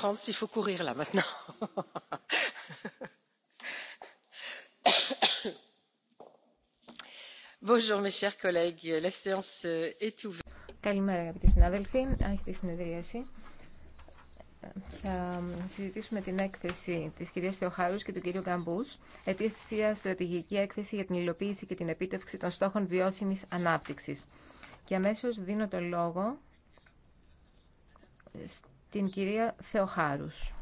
Καλημέρα αγαπητοί συνάδελφοι, συνεδρίαση. Θα συζητήσουμε την έκθεση τη κυρία Θεοχάρου και του κυρίου Γκαμπού. αιτήσια στρατηγική έκθεση για την υλοποίηση και την επίτευξη των στόχων βιώσιμη ανάπτυξη. Και αμέσω δίνω το λόγο την κυρία Θεοχάρους.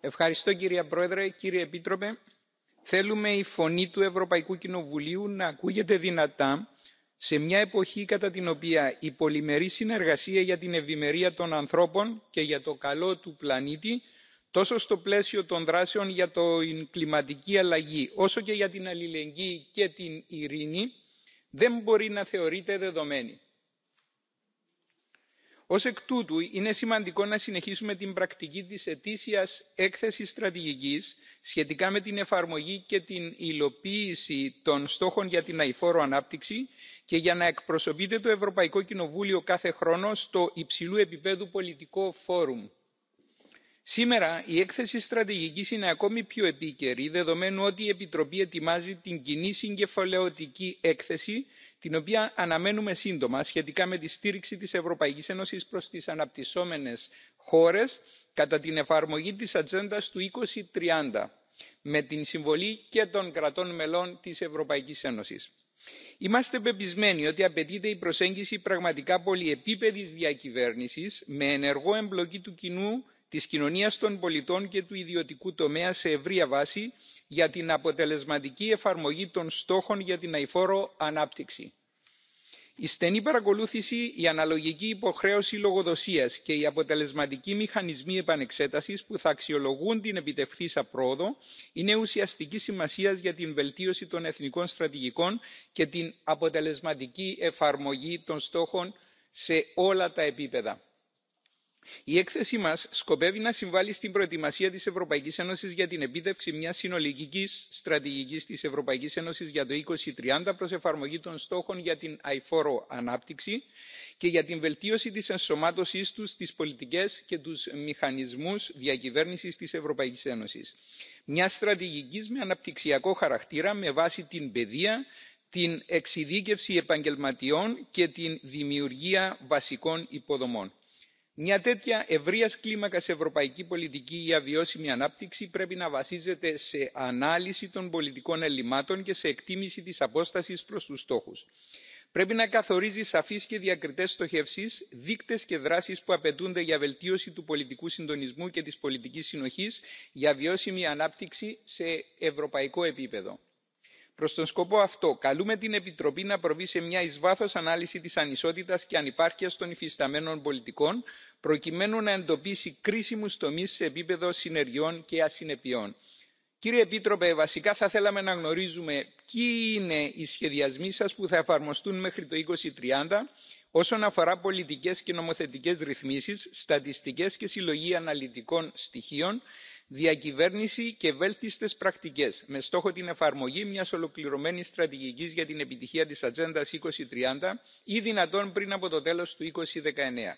Ευχαριστώ κυρία Πρόεδρε, κύριε Επίτροπε. Θέλουμε η φωνή του Ευρωπαϊκού Κοινοβουλίου να ακούγεται δυνατά σε μια εποχή κατά την οποία η πολυμερή συνεργασία για την ευημερία των ανθρώπων και για το καλό του πλανήτη τόσο στο πλαίσιο των δράσεων για την κλιματική αλλαγή όσο και για την αλληλεγγύη και την ειρήνη δεν μπορεί να θεωρείται δεδομένη ως εκ τούτου είναι σημαντικό να συνεχίσουμε την πρακτική της ετήσιας έκθεσης στρατηγικής σχετικά με την εφαρμογή και την υλοποίηση των στόχων για την αηφόρο ανάπτυξη και για να εκπροσωπείται το ευρωπαϊκό κοινοβούλιο κάθε χρόνο στο υψηλού επίπεδου πολιτικό φόρουμ σήμερα η έκθεση στρατηγικής είναι ακόμη πιο επίκαιρη δεδομένου ότι η επιτροπή ετοιμάζει την κοινή συγκεφαλαιωτική έκθεση την οποία αναμένουμε σύντομα σχετικά με τη στήριξη της ευρωπαϊκής ένωσης προς τις αναπτυσσόμενες χώρες κατά την εφαρμογή της ατζέντα του 2030 με την συμβολή και των κρατών μελών της ευρωπαϊκής ένωσης. Είμαστε πεπισμένοι ότι απαιτείται η προσέγγιση πραγματικά πολυεπίπεδης διακυβέρνησης με ενεργό εμπλοκή του κοινού της κοινωνίας των πολιτών και του ιδιωτικού τομέα σε ευρεία βάση για την αποτελεσματική εφαρμογή των στόχων για την αηφόρο ανάπτυξη. η στενή παρακολούθηση η αναλογική υποχρέωση λογοδοσίας και οι αποτελεσματικοί μηχανισμοί επανεξέτασης που θα αξιολογούν την επιτευχθήσα πρόοδο είναι ουσιαστικής σημασίας για την βελτίωση των εθνικών στρατηγικών και την αποτελεσματική εφαρμογή των στόχων σε όλα τα επίπεδα η έκθεσή μα σκοπεύει να συμβάλει στην προετοιμασία τη Ευρωπαϊκή Ένωση για την επίτευξη μια συνολική στρατηγική τη Ευρωπαϊκή Ένωση για το 2030 προς εφαρμογή των στόχων για την αηφόρο ανάπτυξη και για την βελτίωση τη ενσωμάτωσή του στι πολιτικέ και του μηχανισμού διακυβέρνηση τη Ευρωπαϊκή Ένωση, Μια στρατηγική με αναπτυξιακό χαρακτήρα με βάση την παιδεία την εξειδίκευση επαγγελματιών και την δημιουργία βασικών υποδομών μια τέτοια ευρεία κλίμακα ευρωπαϊκή πολιτική για βιώσιμη ανάπτυξη πρέπει να βασίζεται σε ανάλυση των πολιτικών ελλημάτων και σε εκτίμηση της απόσταση προς τους στόχους. πρέπει να καθορίζει σαφεί και διακριτές στοχεύσει, δείκτε και δράσεις που απαιτούνται για βελτίωση του πολιτικού συντονισμού και της πολιτική συνοχή για βιώσιμη ανάπτυξη σε ευρωπαϊκό επίπεδο. Προ τον σκοπό αυτό καλούμε την επιτροπή να προβεί σε μια ει βάθο ανάλυση της ανισότητας και ανυπάρκειας των υφισταμένων πολιτικών προκειμένου να εντοπίσει κρίσιμους τομείς σε επίπεδο συνεργειών και ασυνεπιών. Κύριε Επίτροπε, βασικά θα θέλαμε να γνωρίζουμε ποιοι είναι οι σχεδιασμοί σας που θα εφαρμοστούν μέχρι το 2030 όσον αφορά πολιτικές και νομοθετικές ρυθμίσεις στατιστικές και συλλογή αναλυτικών στοιχείων διακυβέρνηση και βέλτιστες πρακτικές με στόχο την εφαρμογή μιας ολοκληρωμένης στρατηγικής για την επιτυχία της ατζέντα 2030 ή δυνατόν πριν από το τέλος του. 2019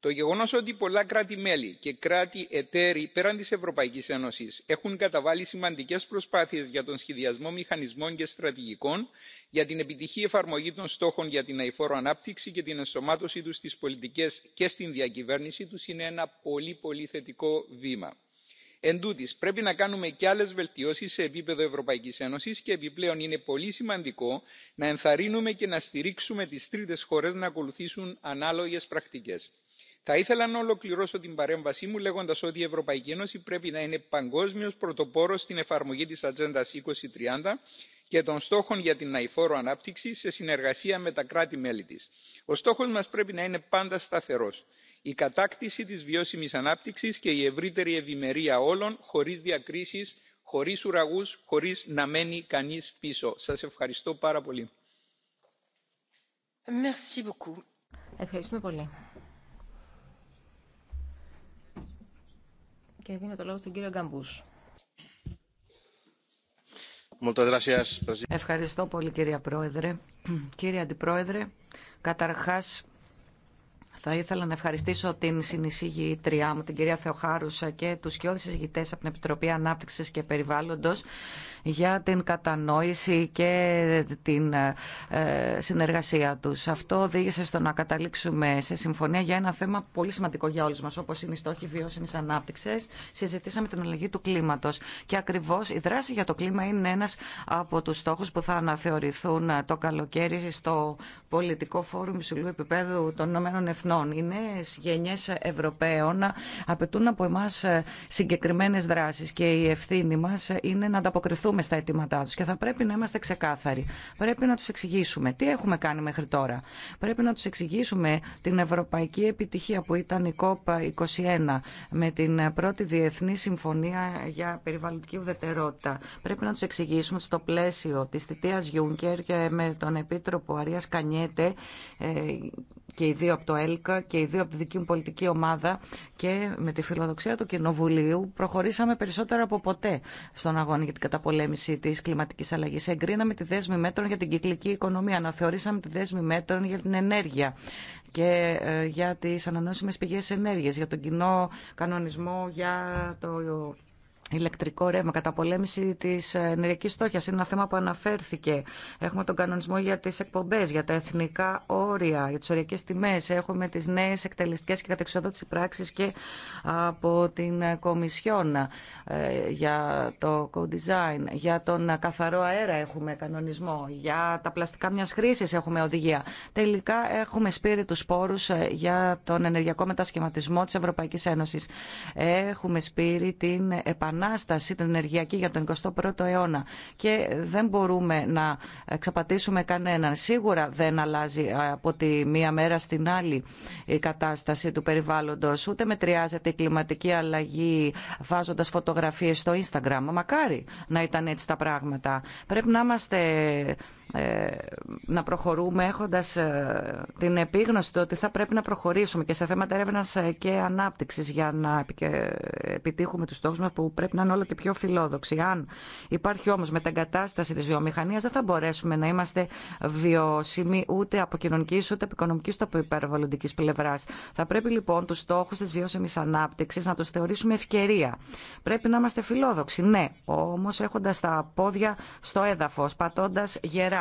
το γεγονό ότι πολλά κράτη μέλη και κράτη εταίροι πέραν τη ευρωπαϊκή ένωση έχουν καταβάλει σημαντικέ προσπάθειε για τον σχεδιασμό μηχανισμών και στρατηγικών για την επιτυχή εφαρμογή των στόχων για την αηφόρο ανάπτυξη και την ενσωμάτωσή του στι πολιτικέ και στην διακυβέρνησή του είναι ένα πολύ πολύ θετικό βήμα. Εν τούτης, πρέπει να κάνουμε και άλλε βελτιώσει σε επίπεδο Ευρωπαϊκή Ένωση και επιπλέον είναι πολύ σημαντικό να ενθαρρύνουμε και να στηρίξουμε τι τρίτε χώρε να ακολουθήσουν ανάλογε πρακτικέ θα ήθελα να ολοκληρώσω την παρέμβασή μου λέγοντα ότι η ευρωπαϊκή ένωση πρέπει να είναι παγκόσμιο πρωτοπόρο στην εφαρμογή τη ατζέντα 2030 και των στόχων για την αηφόρο ανάπτυξη σε συνεργασία με τα κράτη μέλη τη. ο στόχο μα πρέπει να είναι πάντα σταθερό η κατάκτηση τη βιώσιμη ανάπτυξη και η ευρύτερη ευημερία όλων χωρί διακρίσει χωρί ουραγού χωρί να μένει κανεί πίσω. σα ευχαριστώ πάρα πολύ. Ευχαριστούμε πολύ. Και δίνω το λόγο στον κύριο Γκαμπούς. Ευχαριστώ πολύ κύρια Πρόεδρε. Κύριε Αντιπρόεδρε, καταρχάς θα ήθελα να ευχαριστήσω την συνεισηγήτριά μου, την κυρία Θεοχάρουσα και τους κοιόδης συζητητές από την Επιτροπή Ανάπτυξης και Περιβάλλοντος για την κατανόηση και την ε, συνεργασία τους. Αυτό οδήγησε στο να καταλήξουμε σε συμφωνία για ένα θέμα πολύ σημαντικό για όλους μας, όπως είναι οι στόχοι βιώσιμης ανάπτυξης. Συζητήσαμε την αλλαγή του κλίματος και ακριβώς η δράση για το κλίμα είναι ένας από τους στόχους που θα αναθεωρηθούν το καλοκαίρι στο πολιτικό φόρουμ υψηλού επίπεδου των Ηνωμένων Εθνών. Οι νέε γενιέ Ευρωπαίων απαιτούν από εμά συγκεκριμένε δράσει και η ευθύνη μα είναι να ανταποκριθούν με στα αιτήματά του και θα πρέπει να είμαστε ξεκάθαροι. Πρέπει να του εξηγήσουμε τι έχουμε κάνει μέχρι τώρα. Πρέπει να του εξηγήσουμε την ευρωπαϊκή επιτυχία που ήταν η COP21 με την πρώτη διεθνή συμφωνία για περιβαλλοντική ουδετερότητα. Πρέπει να του εξηγήσουμε στο πλαίσιο τη θητεία Γιούγκερ και με τον Επίτροπο Αρία Κανιέτε ε, και οι δύο από το ΕΛΚΑ και οι δύο από τη δική μου πολιτική ομάδα και με τη φιλοδοξία του Κοινοβουλίου προχωρήσαμε περισσότερο από ποτέ στον αγώνα για την καταπολέμηση τη κλιματική αλλαγή. Εγκρίναμε τη δέσμη μέτρων για την κυκλική οικονομία, αναθεωρήσαμε τη δέσμη μέτρων για την ενέργεια και ε, για τι ανανεώσιμε πηγέ ενέργεια, για τον κοινό κανονισμό για το ηλεκτρικό ρεύμα, καταπολέμηση τη ενεργειακή στόχια. Είναι ένα θέμα που αναφέρθηκε. Έχουμε τον κανονισμό για τι εκπομπέ, για τα εθνικά όρια, για τι οριακέ τιμέ. Έχουμε τι νέε εκτελεστικέ και κατεξοδότηση πράξει και από την Κομισιόνα ε, για το co-design. Για τον καθαρό αέρα έχουμε κανονισμό. Για τα πλαστικά μια χρήση έχουμε οδηγία. Τελικά έχουμε σπείρει του πόρου ε, για τον ενεργειακό μετασχηματισμό τη Ευρωπαϊκή Ένωση. Έχουμε σπείρει την επανάσταση επανάσταση την ενεργειακή για τον 21ο αιώνα και δεν μπορούμε να εξαπατήσουμε κανέναν. Σίγουρα δεν αλλάζει από τη μία μέρα στην άλλη η κατάσταση του περιβάλλοντος. Ούτε μετριάζεται η κλιματική αλλαγή βάζοντας φωτογραφίες στο Instagram. Μακάρι να ήταν έτσι τα πράγματα. Πρέπει να είμαστε ε, να προχωρούμε έχοντας ε, την επίγνωση ότι θα πρέπει να προχωρήσουμε και σε θέματα έρευνα ε, και ανάπτυξης για να επιτύχουμε τους στόχους μας που πρέπει να είναι όλο και πιο φιλόδοξοι. Αν υπάρχει όμως μεταγκατάσταση της βιομηχανίας δεν θα μπορέσουμε να είμαστε βιώσιμοι ούτε από κοινωνική ούτε από οικονομική ούτε από υπερβολοντικής πλευράς. Θα πρέπει λοιπόν τους στόχους της βιώσιμης ανάπτυξης να τους θεωρήσουμε ευκαιρία. Πρέπει να είμαστε φιλόδοξοι, ναι, όμως έχοντας τα πόδια στο έδαφος, πατώντας γερά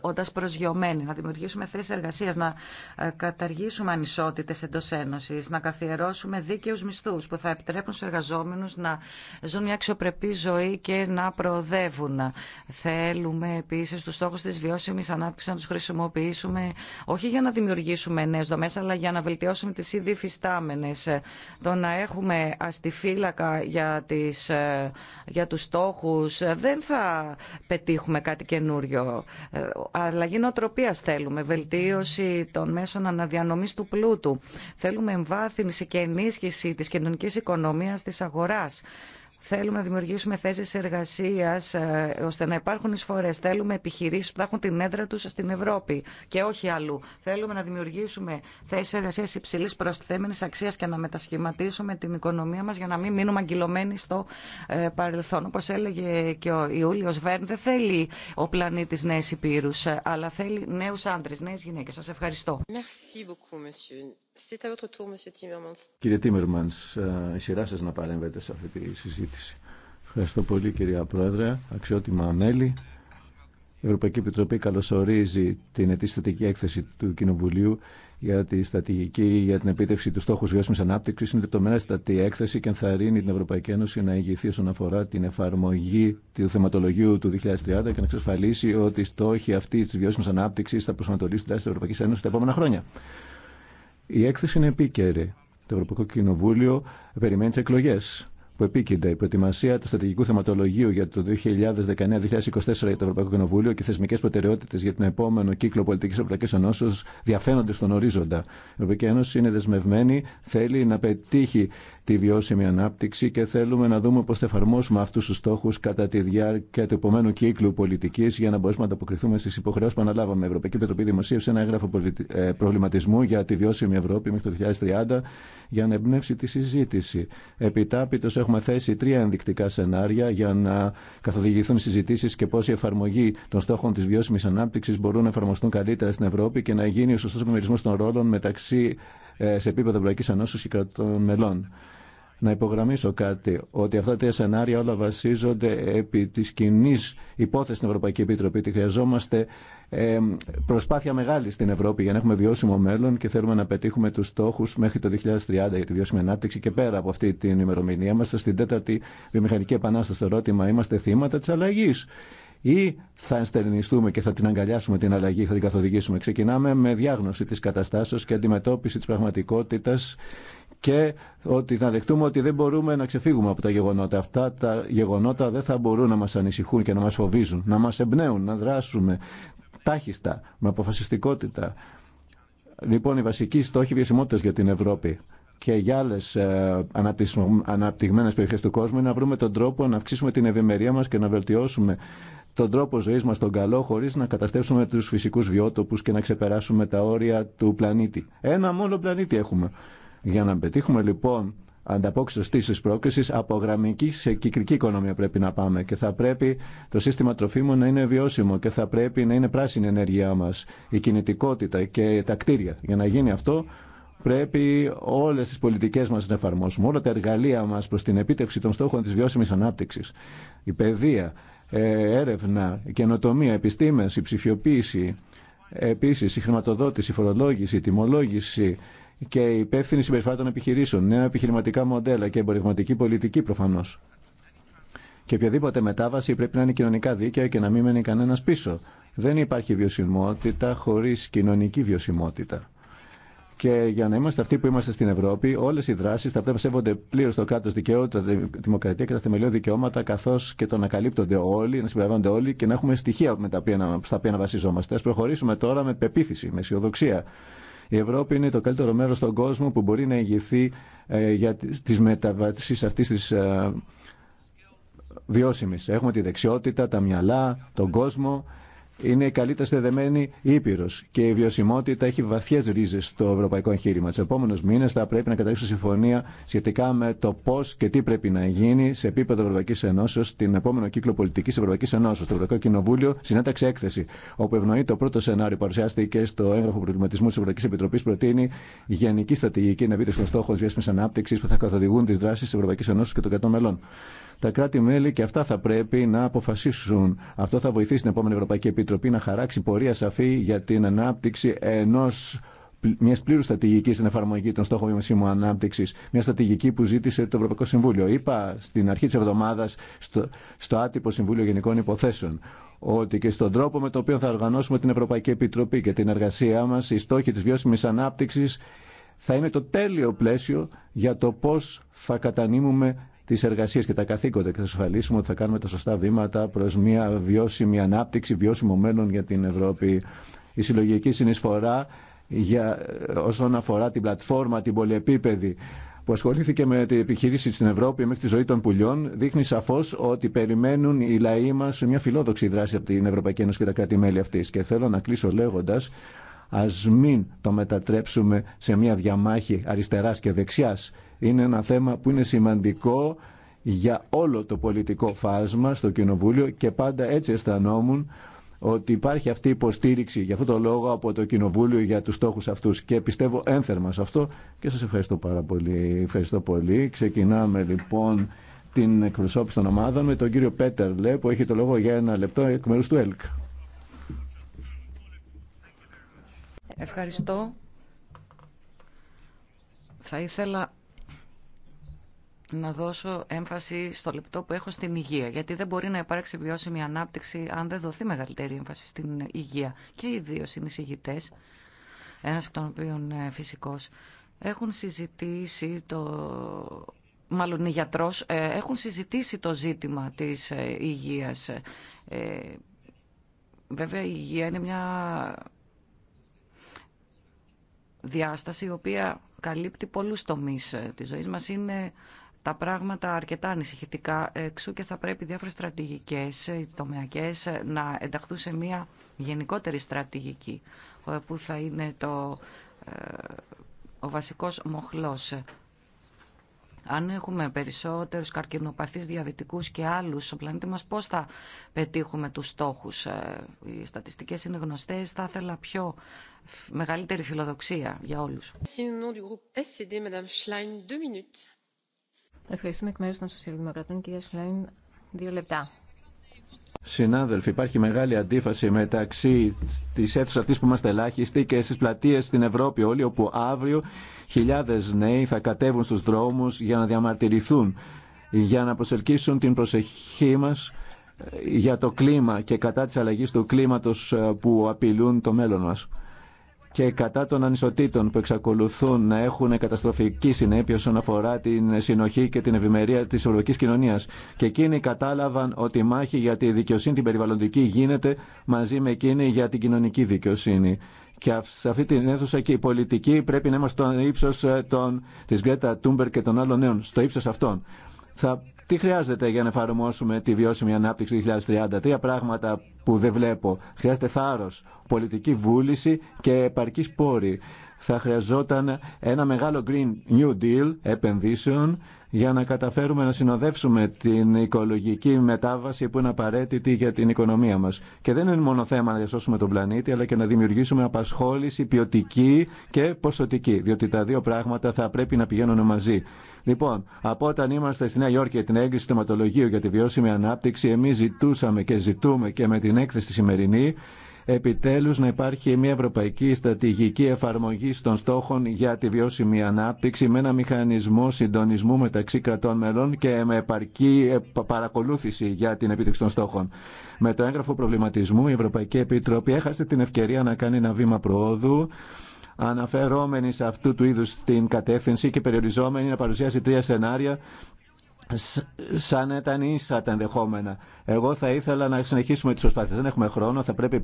όντα προσγειωμένοι, να δημιουργήσουμε θέσει εργασία, να ε, καταργήσουμε ανισότητε εντό Ένωση, να καθιερώσουμε δίκαιου μισθού που θα επιτρέπουν στου εργαζόμενου να ζουν μια αξιοπρεπή ζωή και να προοδεύουν. Θέλουμε επίση του στόχου τη βιώσιμη ανάπτυξη να του χρησιμοποιήσουμε όχι για να δημιουργήσουμε νέε δομέ, αλλά για να βελτιώσουμε τι ήδη υφιστάμενε. Το να έχουμε αστιφύλακα για, τις, ε, για του στόχου ε, δεν θα πετύχουμε κάτι καινούριο αλλαγή νοοτροπία θέλουμε, βελτίωση των μέσων αναδιανομή του πλούτου. Θέλουμε εμβάθυνση και ενίσχυση της κοινωνική οικονομίας της αγοράς Θέλουμε να δημιουργήσουμε θέσει εργασία ε, ώστε να υπάρχουν εισφορέ. Θέλουμε επιχειρήσει που θα έχουν την έδρα του στην Ευρώπη και όχι αλλού. Θέλουμε να δημιουργήσουμε θέσει εργασία υψηλή προστιθέμενη αξία και να μετασχηματίσουμε την οικονομία μα για να μην μείνουμε αγκυλωμένοι στο ε, παρελθόν. Όπω έλεγε και ο Ιούλιο Βέρν, δεν θέλει ο πλανήτη νέε υπήρου, ε, αλλά θέλει νέου άντρε, νέε γυναίκε. Σα ευχαριστώ. Merci beaucoup, monsieur. Κύριε Timmermans, ε, η σειρά σα να παρέμβετε σε αυτή τη συζήτηση. Ευχαριστώ πολύ κυρία Πρόεδρε, αξιότιμα μέλη. Η Ευρωπαϊκή Επιτροπή καλωσορίζει την ετήσιατική έκθεση του Κοινοβουλίου για τη στρατηγική για την επίτευξη του στόχου βιώσιμη ανάπτυξη. Είναι λεπτομερή στατή έκθεση και ενθαρρύνει την Ευρωπαϊκή Ένωση να ηγηθεί όσον αφορά την εφαρμογή του θεματολογίου του 2030 και να εξασφαλίσει ότι οι στόχοι αυτή τη βιώσιμη ανάπτυξη θα προσανατολίσουν τη δράση τη Ευρωπαϊκή Ένωση τα επόμενα χρόνια. Η έκθεση είναι επίκαιρη. Το Ευρωπαϊκό Κοινοβούλιο περιμένει τι εκλογέ που επίκυνται. Η προετοιμασία του στρατηγικού θεματολογίου για το 2019-2024 για το Ευρωπαϊκό Κοινοβούλιο και θεσμικέ προτεραιότητε για τον επόμενο κύκλο πολιτική Ευρωπαϊκή Ενώσεω διαφαίνονται στον ορίζοντα. Η Ευρωπαϊκή Ένωση είναι δεσμευμένη, θέλει να πετύχει τη βιώσιμη ανάπτυξη και θέλουμε να δούμε πώς θα εφαρμόσουμε αυτούς τους στόχους κατά τη διάρκεια του επομένου κύκλου πολιτικής για να μπορέσουμε να ανταποκριθούμε στις υποχρεώσεις που αναλάβαμε. Η Ευρωπαϊκή Επιτροπή δημοσίευσε ένα έγγραφο ε, προβληματισμού για τη βιώσιμη Ευρώπη μέχρι το 2030 για να εμπνεύσει τη συζήτηση. Επιτάπητος έχουμε θέσει τρία ενδεικτικά σενάρια για να καθοδηγηθούν συζητήσει και πώς η εφαρμογή των στόχων της βιώσιμης ανάπτυξη μπορούν να εφαρμοστούν καλύτερα στην Ευρώπη και να γίνει ο σωστός των ρόλων μεταξύ ε, σε επίπεδο Ευρωπαϊκή Ανώσεω και κρατών μελών. Να υπογραμμίσω κάτι, ότι αυτά τα σενάρια όλα βασίζονται επί της κοινή υπόθεσης στην Ευρωπαϊκή Επιτροπή, ότι χρειαζόμαστε ε, προσπάθεια μεγάλη στην Ευρώπη για να έχουμε βιώσιμο μέλλον και θέλουμε να πετύχουμε τους στόχους μέχρι το 2030 για τη βιώσιμη ανάπτυξη και πέρα από αυτή την ημερομηνία. Είμαστε στην τέταρτη βιομηχανική επανάσταση. Το ερώτημα είμαστε θύματα της αλλαγή ή θα ενστερνιστούμε και θα την αγκαλιάσουμε την αλλαγή, θα την καθοδηγήσουμε. Ξεκινάμε με διάγνωση της καταστάσεως και αντιμετώπιση της πραγματικότητας και ότι θα δεχτούμε ότι δεν μπορούμε να ξεφύγουμε από τα γεγονότα. Αυτά τα γεγονότα δεν θα μπορούν να μας ανησυχούν και να μας φοβίζουν, να μας εμπνέουν, να δράσουμε τάχιστα, με αποφασιστικότητα. Λοιπόν, οι βασικοί στόχοι βιωσιμότητας για την Ευρώπη και για άλλε ε, αναπτυγμένε περιοχέ του κόσμου είναι να βρούμε τον τρόπο να αυξήσουμε την ευημερία μα και να βελτιώσουμε τον τρόπο ζωή μα τον καλό, χωρί να καταστρέψουμε του φυσικού βιότοπου και να ξεπεράσουμε τα όρια του πλανήτη. Ένα μόνο πλανήτη έχουμε. Για να πετύχουμε λοιπόν ανταπόκριση σωστή τη πρόκληση, από γραμμική σε κυκλική οικονομία πρέπει να πάμε. Και θα πρέπει το σύστημα τροφίμων να είναι βιώσιμο και θα πρέπει να είναι πράσινη η ενέργειά μα, η κινητικότητα και τα κτίρια. Για να γίνει αυτό, πρέπει όλε τι πολιτικέ μα να εφαρμόσουμε, όλα τα εργαλεία μα προ την επίτευξη των στόχων τη βιώσιμη ανάπτυξη. Η παιδεία, ε, έρευνα, καινοτομία, επιστήμε, η ψηφιοποίηση, επίση η χρηματοδότηση, η φορολόγηση, η τιμολόγηση, και υπεύθυνη συμπεριφορά των επιχειρήσεων, νέα επιχειρηματικά μοντέλα και εμπορευματική πολιτική προφανώ. Και οποιαδήποτε μετάβαση πρέπει να είναι κοινωνικά δίκαια και να μην μένει κανένα πίσω. Δεν υπάρχει βιωσιμότητα χωρί κοινωνική βιωσιμότητα. Και για να είμαστε αυτοί που είμαστε στην Ευρώπη, όλε οι δράσει θα πρέπει να σέβονται πλήρω το κράτο δικαίου, τη δημοκρατία και τα θεμελιώδη δικαιώματα, καθώ και το να καλύπτονται όλοι, να συμπεριλαμβάνονται όλοι και να έχουμε στοιχεία με τα οποία, στα οποία βασιζόμαστε. Α προχωρήσουμε τώρα με πεποίθηση, με αισιοδοξία η Ευρώπη είναι το καλύτερο μέρο στον κόσμο που μπορεί να ηγηθεί ε, για τι μεταβατήσει αυτή τη ε, βιώσιμης. Έχουμε τη δεξιότητα, τα μυαλά, τον κόσμο είναι η καλύτερα στεδεμένη ήπειρο και η βιωσιμότητα έχει βαθιέ ρίζε στο ευρωπαϊκό εγχείρημα. Του επόμενου μήνε θα πρέπει να καταλήξουμε συμφωνία σχετικά με το πώ και τι πρέπει να γίνει σε επίπεδο Ευρωπαϊκή Ενώσεω την επόμενο κύκλο πολιτική Ευρωπαϊκή Ενώσεω. Το Ευρωπαϊκό Κοινοβούλιο συνέταξε έκθεση, όπου ευνοεί το πρώτο σενάριο που παρουσιάστηκε στο έγγραφο προβληματισμού τη Ευρωπαϊκή Επιτροπή, προτείνει γενική στρατηγική των στόχων βιώσιμη ανάπτυξη που θα καθοδηγούν τι δράσει τη Ευρωπαϊκή Ενώσεω και των κρατών μελών. Τα κράτη-μέλη και αυτά θα πρέπει να αποφασίσουν. Αυτό θα βοηθήσει την επόμενη Ευρωπαϊκή Επιτροπή να χαράξει πορεία σαφή για την ανάπτυξη ενό μια πλήρου στρατηγική στην εφαρμογή των στόχων βιομηχανικού ανάπτυξη. Μια στρατηγική που ζήτησε το Ευρωπαϊκό Συμβούλιο. Είπα στην αρχή τη εβδομάδα στο, άτυπο Συμβούλιο Γενικών Υποθέσεων ότι και στον τρόπο με τον οποίο θα οργανώσουμε την Ευρωπαϊκή Επιτροπή και την εργασία μα, οι στόχοι τη βιώσιμη ανάπτυξη θα είναι το τέλειο πλαίσιο για το πώ θα κατανείμουμε τι εργασίε και τα καθήκοντα και θα ασφαλίσουμε ότι θα κάνουμε τα σωστά βήματα προ μια βιώσιμη ανάπτυξη, βιώσιμο μέλλον για την Ευρώπη. Η συλλογική συνεισφορά για, όσον αφορά την πλατφόρμα, την πολυεπίπεδη που ασχολήθηκε με την επιχειρήση στην Ευρώπη μέχρι τη ζωή των πουλιών, δείχνει σαφώ ότι περιμένουν οι λαοί μα μια φιλόδοξη δράση από την Ευρωπαϊκή Ένωση και τα κράτη-μέλη αυτή. Και θέλω να κλείσω λέγοντα Ας μην το μετατρέψουμε σε μια διαμάχη αριστεράς και δεξιάς. Είναι ένα θέμα που είναι σημαντικό για όλο το πολιτικό φάσμα στο Κοινοβούλιο και πάντα έτσι αισθανόμουν ότι υπάρχει αυτή η υποστήριξη για αυτό το λόγο από το Κοινοβούλιο για τους στόχους αυτούς και πιστεύω ένθερμα σε αυτό και σας ευχαριστώ πάρα πολύ. Ευχαριστώ πολύ. Ξεκινάμε λοιπόν την εκπροσώπηση των ομάδων με τον κύριο Πέτερλε που έχει το λόγο για ένα λεπτό εκ μέρους του ΕΛΚ. Ευχαριστώ. Θα ήθελα να δώσω έμφαση στο λεπτό που έχω στην υγεία, γιατί δεν μπορεί να υπάρξει βιώσιμη ανάπτυξη αν δεν δοθεί μεγαλύτερη έμφαση στην υγεία. Και οι δύο συνεισηγητές, ένας από τον οποίων ε, φυσικός, έχουν συζητήσει το μάλλον οι γιατρός, ε, έχουν συζητήσει το ζήτημα της ε, υγείας. βέβαια η υγεία είναι μια διάσταση η οποία καλύπτει πολλούς τομείς ε, της ζωής μας. Είναι τα πράγματα αρκετά ανησυχητικά εξού και θα πρέπει διάφορες στρατηγικές, ε, τομεακές ε, να ενταχθούν σε μια γενικότερη στρατηγική που θα είναι το, ο βασικός μοχλός. Αν έχουμε περισσότερους καρκινοπαθείς διαβητικούς και άλλους στον πλανήτη μας, πώς θα πετύχουμε τους στόχους. Οι στατιστικές είναι γνωστές, θα ήθελα πιο μεγαλύτερη φιλοδοξία για όλους. Ευχαριστούμε εκ μέρους των Σοσιαλδημοκρατών, κυρία Σλάιν, δύο λεπτά. Συνάδελφοι, υπάρχει μεγάλη αντίφαση μεταξύ τη αίθουσα αυτή που είμαστε ελάχιστοι και στι πλατείε στην Ευρώπη όλοι, όπου αύριο χιλιάδε νέοι θα κατέβουν στου δρόμου για να διαμαρτυρηθούν, για να προσελκύσουν την προσεχή μα ε, για το κλίμα και κατά της αλλαγή του κλίματος ε, που απειλούν το μέλλον μας και κατά των ανισοτήτων που εξακολουθούν να έχουν καταστροφική συνέπεια όσον αφορά την συνοχή και την ευημερία τη ευρωπαϊκή κοινωνία. Και εκείνοι κατάλαβαν ότι η μάχη για τη δικαιοσύνη την περιβαλλοντική γίνεται μαζί με εκείνη για την κοινωνική δικαιοσύνη. Και σε αυτή την αίθουσα και η πολιτική πρέπει να είμαστε στο ύψο τη Γκρέτα Τούμπερ και των άλλων νέων, στο ύψο αυτών. Θα τι χρειάζεται για να εφαρμόσουμε τη βιώσιμη ανάπτυξη 2030. Τρία πράγματα που δεν βλέπω. Χρειάζεται θάρρος, πολιτική βούληση και επαρκή πόρη. Θα χρειαζόταν ένα μεγάλο Green New Deal επενδύσεων για να καταφέρουμε να συνοδεύσουμε την οικολογική μετάβαση που είναι απαραίτητη για την οικονομία μας. Και δεν είναι μόνο θέμα να διασώσουμε τον πλανήτη, αλλά και να δημιουργήσουμε απασχόληση ποιοτική και ποσοτική, διότι τα δύο πράγματα θα πρέπει να πηγαίνουν μαζί. Λοιπόν, από όταν είμαστε στη Νέα Υόρκη για την έγκριση του θεματολογίου για τη βιώσιμη ανάπτυξη, εμεί ζητούσαμε και ζητούμε και με την έκθεση σημερινή επιτέλους να υπάρχει μια ευρωπαϊκή στρατηγική εφαρμογή των στόχων για τη βιώσιμη ανάπτυξη με ένα μηχανισμό συντονισμού μεταξύ κρατών μελών και με επαρκή ε, παρακολούθηση για την επίτευξη των στόχων. Με το έγγραφο προβληματισμού η Ευρωπαϊκή Επιτροπή έχασε την ευκαιρία να κάνει ένα βήμα προόδου αναφερόμενη σε αυτού του είδους την κατεύθυνση και περιοριζόμενη να παρουσιάσει τρία σενάρια σαν να ήταν ίσα τα ενδεχόμενα. Εγώ θα ήθελα να συνεχίσουμε τι προσπάθειε. Δεν έχουμε χρόνο. Θα πρέπει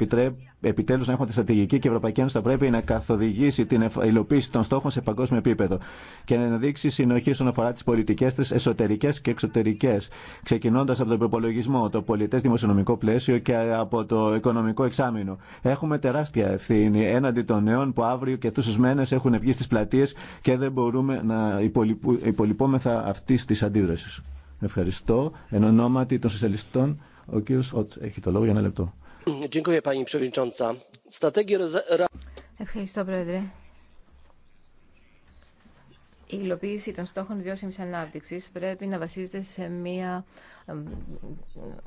επιτέλου να έχουμε τη στρατηγική και η Ευρωπαϊκή Ένωση θα πρέπει να καθοδηγήσει την υλοποίηση των στόχων σε παγκόσμιο επίπεδο και να δείξει συνοχή όσον αφορά τι πολιτικέ τη εσωτερικέ και εξωτερικέ. Ξεκινώντα από τον προπολογισμό, το πολιτέ δημοσιονομικό πλαίσιο και από το οικονομικό εξάμεινο. Έχουμε τεράστια ευθύνη έναντι των νέων που αύριο και αυτού του μένε έχουν βγει στι πλατείε και δεν μπορούμε να υπολοιπούμεθα αυτή τη αντίδραση. Ευχαριστώ. Εν ονόματι των σοσιαλιστών, ο κύριος Ότς έχει το λόγο για ένα λεπτό. Ευχαριστώ, Πρόεδρε. Η υλοποίηση των στόχων βιώσιμης ανάπτυξης πρέπει να βασίζεται σε μία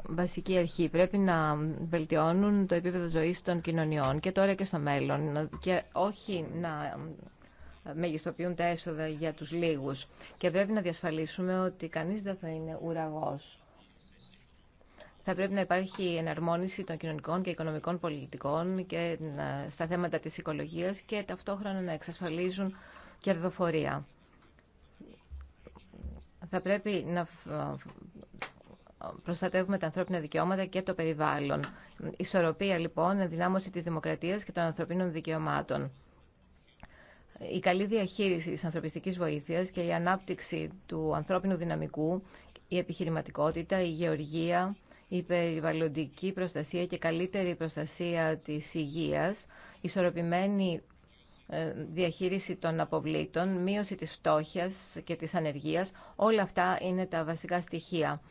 βασική αρχή. Πρέπει να βελτιώνουν το επίπεδο ζωής των κοινωνιών και τώρα και στο μέλλον και όχι να μεγιστοποιούν τα έσοδα για τους λίγους. Και πρέπει να διασφαλίσουμε ότι κανείς δεν θα είναι ουραγός. Θα πρέπει να υπάρχει εναρμόνιση των κοινωνικών και οικονομικών πολιτικών και ε, στα θέματα της οικολογίας και ταυτόχρονα να εξασφαλίζουν κερδοφορία. Θα πρέπει να ε, προστατεύουμε τα ανθρώπινα δικαιώματα και το περιβάλλον. Ισορροπία λοιπόν, ενδυνάμωση της δημοκρατίας και των ανθρωπίνων δικαιωμάτων η καλή διαχείριση της ανθρωπιστικής βοήθειας και η ανάπτυξη του ανθρώπινου δυναμικού, η επιχειρηματικότητα, η γεωργία, η περιβαλλοντική προστασία και καλύτερη προστασία της υγείας, ισορροπημένη ε, διαχείριση των αποβλήτων, μείωση της φτώχειας και της ανεργίας, όλα αυτά είναι τα βασικά στοιχεία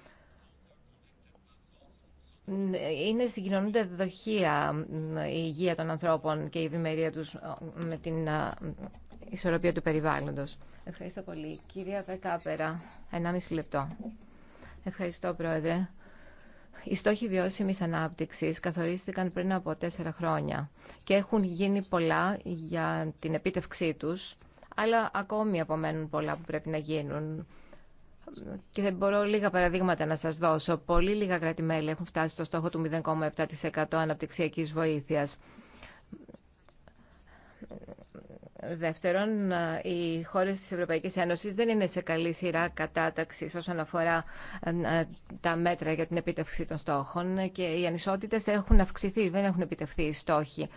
είναι συγκοινωνούνται δοχεία η υγεία των ανθρώπων και η ευημερία τους με την ισορροπία του περιβάλλοντος. Ευχαριστώ πολύ. Κυρία Βεκάπερα, 1,5 λεπτό. Ευχαριστώ, Πρόεδρε. Οι στόχοι βιώσιμη ανάπτυξη καθορίστηκαν πριν από τέσσερα χρόνια και έχουν γίνει πολλά για την επίτευξή του, αλλά ακόμη απομένουν πολλά που πρέπει να γίνουν και δεν μπορώ λίγα παραδείγματα να σας δώσω. Πολύ λίγα έχουν φτάσει στο στόχο του 0,7% αναπτυξιακής βοήθειας. Δεύτερον, ε, οι χώρες της Ευρωπαϊκής Ένωσης δεν είναι σε καλή σειρά κατάταξης όσον αφορά ε, ε, τα μέτρα για την επίτευξη των στόχων και οι ανισότητες έχουν αυξηθεί, δεν έχουν επιτευχθεί οι στόχοι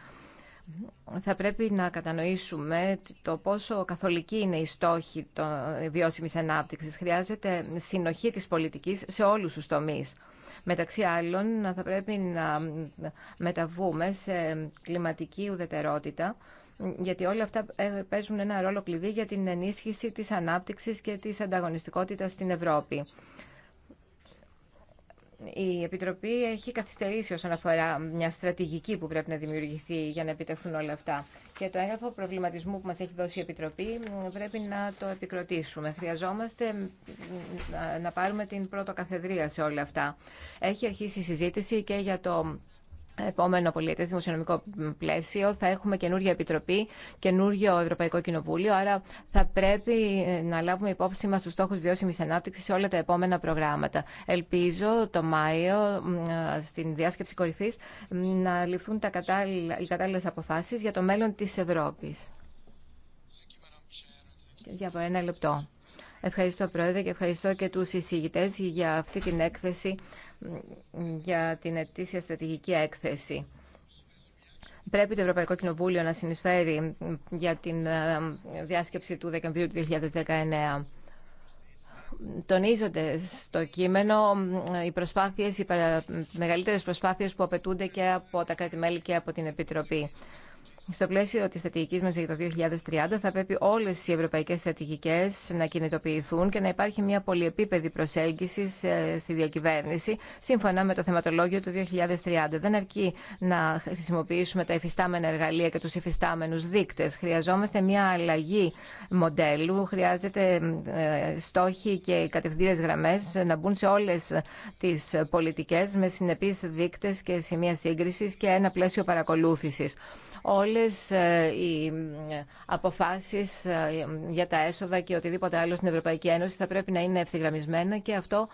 θα πρέπει να κατανοήσουμε το πόσο καθολική είναι η στόχη των βιώσιμης ανάπτυξης. Χρειάζεται συνοχή της πολιτικής σε όλους τους τομείς. Μεταξύ άλλων, θα πρέπει να μεταβούμε σε κλιματική ουδετερότητα, γιατί όλα αυτά ε, παίζουν ένα ρόλο κλειδί για την ενίσχυση της ανάπτυξης και της ανταγωνιστικότητας στην Ευρώπη η Επιτροπή έχει καθυστερήσει όσον αφορά μια στρατηγική που πρέπει να δημιουργηθεί για να επιτευχθούν όλα αυτά. Και το έγγραφο προβληματισμού που μας έχει δώσει η Επιτροπή πρέπει να το επικροτήσουμε. Χρειαζόμαστε να πάρουμε την πρώτο καθεδρία σε όλα αυτά. Έχει αρχίσει η συζήτηση και για το επόμενο πολιετέ δημοσιονομικό πλαίσιο θα έχουμε καινούργια επιτροπή, καινούργιο Ευρωπαϊκό Κοινοβούλιο. Άρα θα πρέπει ε, να λάβουμε υπόψη μα του στόχου βιώσιμη ανάπτυξη σε όλα τα επόμενα προγράμματα. Ελπίζω το Μάιο ε, στην διάσκεψη κορυφή να ληφθούν τα κατάλληλα, οι κατάλληλε αποφάσει για το μέλλον τη Ευρώπη. Για ένα λεπτό. Ευχαριστώ, Πρόεδρε, και ευχαριστώ και τους εισηγητές για αυτή την έκθεση για την ετήσια στρατηγική έκθεση. Πρέπει το Ευρωπαϊκό Κοινοβούλιο να συνεισφέρει για την ε, διάσκεψη του Δεκεμβρίου του 2019 τονίζονται στο κείμενο οι προσπάθειες, οι μεγαλύτερες προσπάθειες που απαιτούνται και από τα κράτη-μέλη και από την Επιτροπή. Στο πλαίσιο τη στρατηγική μα για το 2030 θα πρέπει όλε οι ευρωπαϊκέ στρατηγικές να κινητοποιηθούν και να υπάρχει μια πολυεπίπεδη προσέγγιση ε, στη διακυβέρνηση σύμφωνα με το θεματολόγιο του 2030. Δεν αρκεί να χρησιμοποιήσουμε τα εφιστάμενα εργαλεία και του εφιστάμενου δείκτε. Χρειαζόμαστε μια αλλαγή μοντέλου. Χρειάζεται ε, στόχοι και κατευθύνες γραμμέ, να μπουν σε όλε τι πολιτικέ με συνεπεί δείκτε και σημεία σύγκριση και ένα πλαίσιο παρακολούθηση όλες ε, οι αποφάσεις ε, για τα έσοδα και οτιδήποτε άλλο στην Ευρωπαϊκή Ένωση θα πρέπει να είναι ευθυγραμμισμένα και αυτό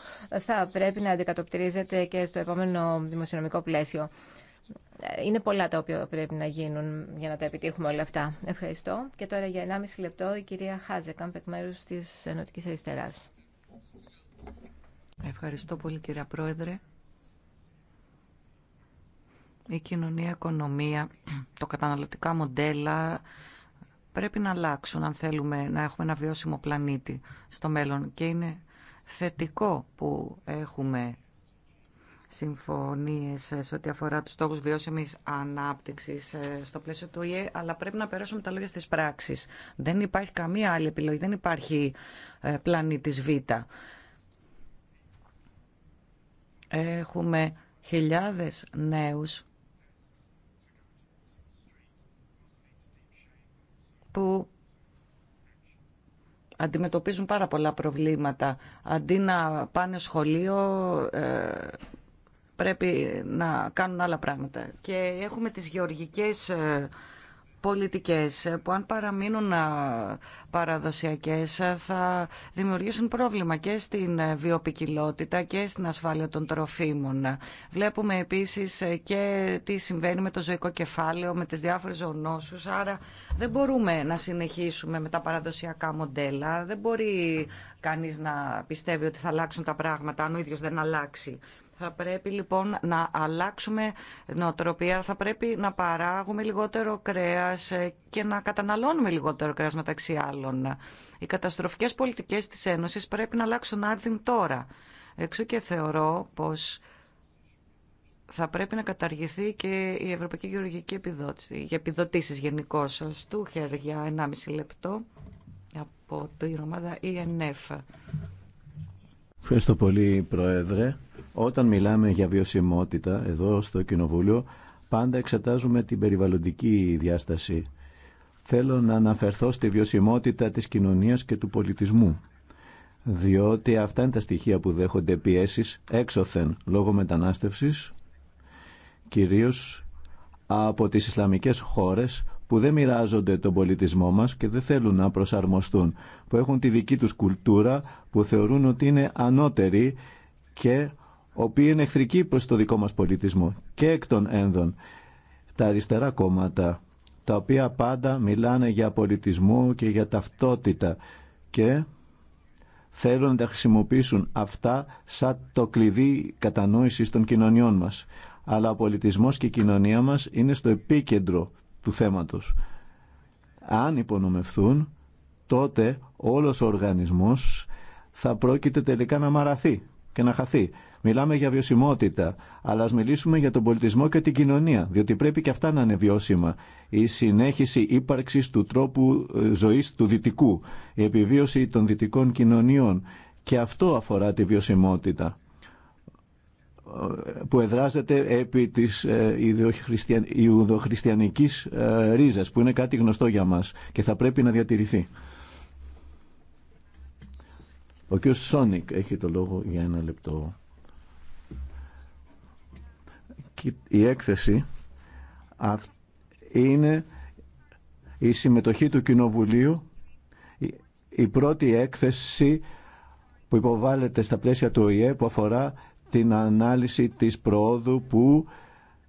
θα πρέπει να αντικατοπτρίζεται και στο επόμενο δημοσιονομικό πλαίσιο. Ε, είναι πολλά τα οποία πρέπει να γίνουν για να τα επιτύχουμε όλα αυτά. Ευχαριστώ. Και τώρα για 1,5 λεπτό η κυρία Χάζεκαμπ εκ μέρου τη Ενωτική Αριστερά. Ευχαριστώ πολύ κυρία Πρόεδρε η κοινωνία, η οικονομία, το καταναλωτικά μοντέλα πρέπει να αλλάξουν αν θέλουμε να έχουμε ένα βιώσιμο πλανήτη στο μέλλον. Και είναι θετικό που έχουμε συμφωνίες σε ό,τι αφορά τους στόχους βιώσιμης ανάπτυξης ε, στο πλαίσιο του ΙΕ, αλλά πρέπει να περάσουμε τα λόγια στις πράξεις. Δεν υπάρχει καμία άλλη επιλογή, δεν υπάρχει ε, πλανήτης Β. Έχουμε χιλιάδες νέους που αντιμετωπίζουν πάρα πολλά προβλήματα. Αντί να πάνε σχολείο, ε, πρέπει να κάνουν άλλα πράγματα. Και έχουμε τις γεωργικές ε, πολιτικές που αν παραμείνουν παραδοσιακές θα δημιουργήσουν πρόβλημα και στην ε, βιοπικιλότητα και στην ασφάλεια των τροφίμων. Βλέπουμε επίσης ε, και τι συμβαίνει με το ζωικό κεφάλαιο, με τις διάφορες ζωνόσους, άρα δεν μπορούμε να συνεχίσουμε με τα παραδοσιακά μοντέλα, δεν μπορεί κανείς να πιστεύει ότι θα αλλάξουν τα πράγματα αν ο ίδιος δεν αλλάξει. Θα πρέπει λοιπόν να αλλάξουμε νοοτροπία, θα πρέπει να παράγουμε λιγότερο κρέας και να καταναλώνουμε λιγότερο κρέας μεταξύ άλλων. Οι καταστροφικές πολιτικές της Ένωσης πρέπει να αλλάξουν άρδιν τώρα. Εξού και θεωρώ πως θα πρέπει να καταργηθεί και η Ευρωπαϊκή Γεωργική Επιδότηση, για επιδοτήσεις γενικώ του χέρια 1,5 λεπτό από την ομάδα ENF. Ευχαριστώ πολύ, Πρόεδρε. Όταν μιλάμε για βιωσιμότητα εδώ στο Κοινοβούλιο, πάντα εξετάζουμε την περιβαλλοντική διάσταση. Θέλω να αναφερθώ στη βιωσιμότητα της κοινωνίας και του πολιτισμού. Διότι αυτά είναι τα στοιχεία που δέχονται πιέσεις έξωθεν λόγω μετανάστευσης, κυρίως από τις Ισλαμικές χώρες που δεν μοιράζονται τον πολιτισμό μας και δεν θέλουν να προσαρμοστούν, που έχουν τη δική τους κουλτούρα, που θεωρούν ότι είναι ανώτεροι και οποίοι είναι εχθρικοί προς το δικό μας πολιτισμό και εκ των ένδων. Τα αριστερά κόμματα, τα οποία πάντα μιλάνε για πολιτισμό και για ταυτότητα και θέλουν να τα χρησιμοποιήσουν αυτά σαν το κλειδί κατανόησης των κοινωνιών μας. Αλλά ο πολιτισμός και η κοινωνία μας είναι στο επίκεντρο του θέματος. Αν υπονομευθούν, τότε όλος ο οργανισμός θα πρόκειται τελικά να μαραθεί και να χαθεί. Μιλάμε για βιωσιμότητα, αλλά ας μιλήσουμε για τον πολιτισμό και την κοινωνία, διότι πρέπει και αυτά να είναι βιώσιμα. Η συνέχιση ύπαρξης του τρόπου ε, ζωής του δυτικού, η επιβίωση των δυτικών κοινωνιών. Και αυτό αφορά τη βιωσιμότητα ε, που εδράζεται επί της ε, ιουδοχριστιανικής ρίζας, που είναι κάτι γνωστό για μας και θα πρέπει να διατηρηθεί. Ο κ. Σόνικ έχει το λόγο για ένα λεπτό η έκθεση είναι η συμμετοχή του Κοινοβουλίου, η πρώτη έκθεση που υποβάλλεται στα πλαίσια του ΟΗΕ που αφορά την ανάλυση της προόδου που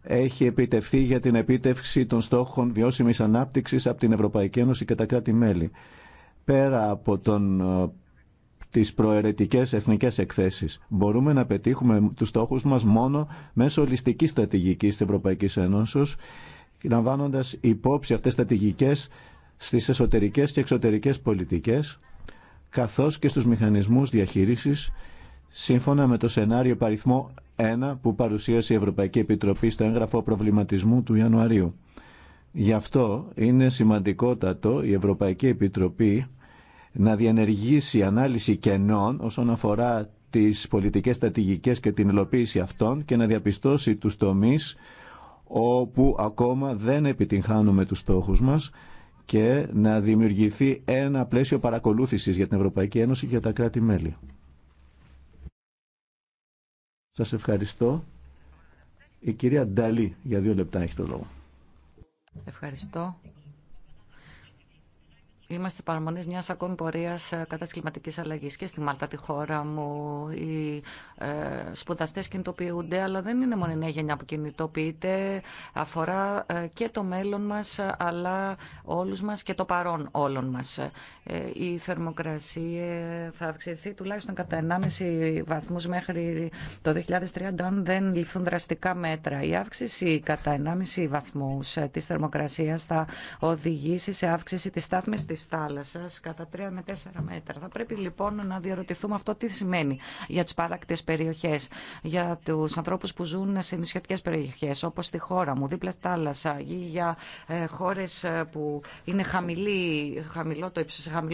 έχει επιτευχθεί για την επίτευξη των στόχων βιώσιμης ανάπτυξης από την Ευρωπαϊκή Ένωση και τα κράτη-μέλη. Πέρα από τον ε, τις προαιρετικές εθνικές εκθέσεις. Μπορούμε να πετύχουμε τους στόχους μας μόνο μέσω ολιστικής στρατηγικής της Ευρωπαϊκής Ένωσης, λαμβάνοντας υπόψη αυτές τις στρατηγικές στις εσωτερικές και εξωτερικές πολιτικές, καθώς και στους μηχανισμούς διαχείρισης, σύμφωνα με το σενάριο παριθμό 1 που παρουσίασε η Ευρωπαϊκή Επιτροπή στο έγγραφο προβληματισμού του Ιανουαρίου. Γι' αυτό είναι σημαντικότατο η Ευρωπαϊκή Επιτροπή να διενεργήσει ανάλυση κενών όσον αφορά τις πολιτικές στρατηγικές και την υλοποίηση αυτών και να διαπιστώσει τους τομείς όπου ακόμα δεν επιτυγχάνουμε τους στόχους μας και να δημιουργηθεί ένα πλαίσιο παρακολούθησης για την Ευρωπαϊκή Ένωση και για τα κράτη-μέλη. Σας ευχαριστώ. Η κυρία Νταλή για δύο λεπτά έχει το λόγο. Ευχαριστώ. Είμαστε παραμονή μια ακόμη πορεία ε, κατά τη κλιματική αλλαγή και στη Μάλτα, τη χώρα μου. Οι ε, σπουδαστέ κινητοποιούνται, αλλά δεν είναι μόνο η νέα γενιά που κινητοποιείται. Αφορά ε, και το μέλλον μα, αλλά όλου μα και το παρόν όλων μα. Ε, η θερμοκρασία θα αυξηθεί τουλάχιστον κατά 1,5 βαθμού μέχρι το 2030, αν δεν ληφθούν δραστικά μέτρα. Η αύξηση κατά 1,5 βαθμού τη θερμοκρασία θα οδηγήσει σε αύξηση τη στάθμη τη της θάλασσας κατά 3 με 4 μέτρα. Θα πρέπει λοιπόν να διαρωτηθούμε αυτό τι σημαίνει για τις παράκτες περιοχές, για τους ανθρώπους που ζουν σε νησιωτικές περιοχές όπως στη χώρα μου, δίπλα στη θάλασσα ή για ε, χώρες ε, που είναι χαμηλή, χαμηλό, το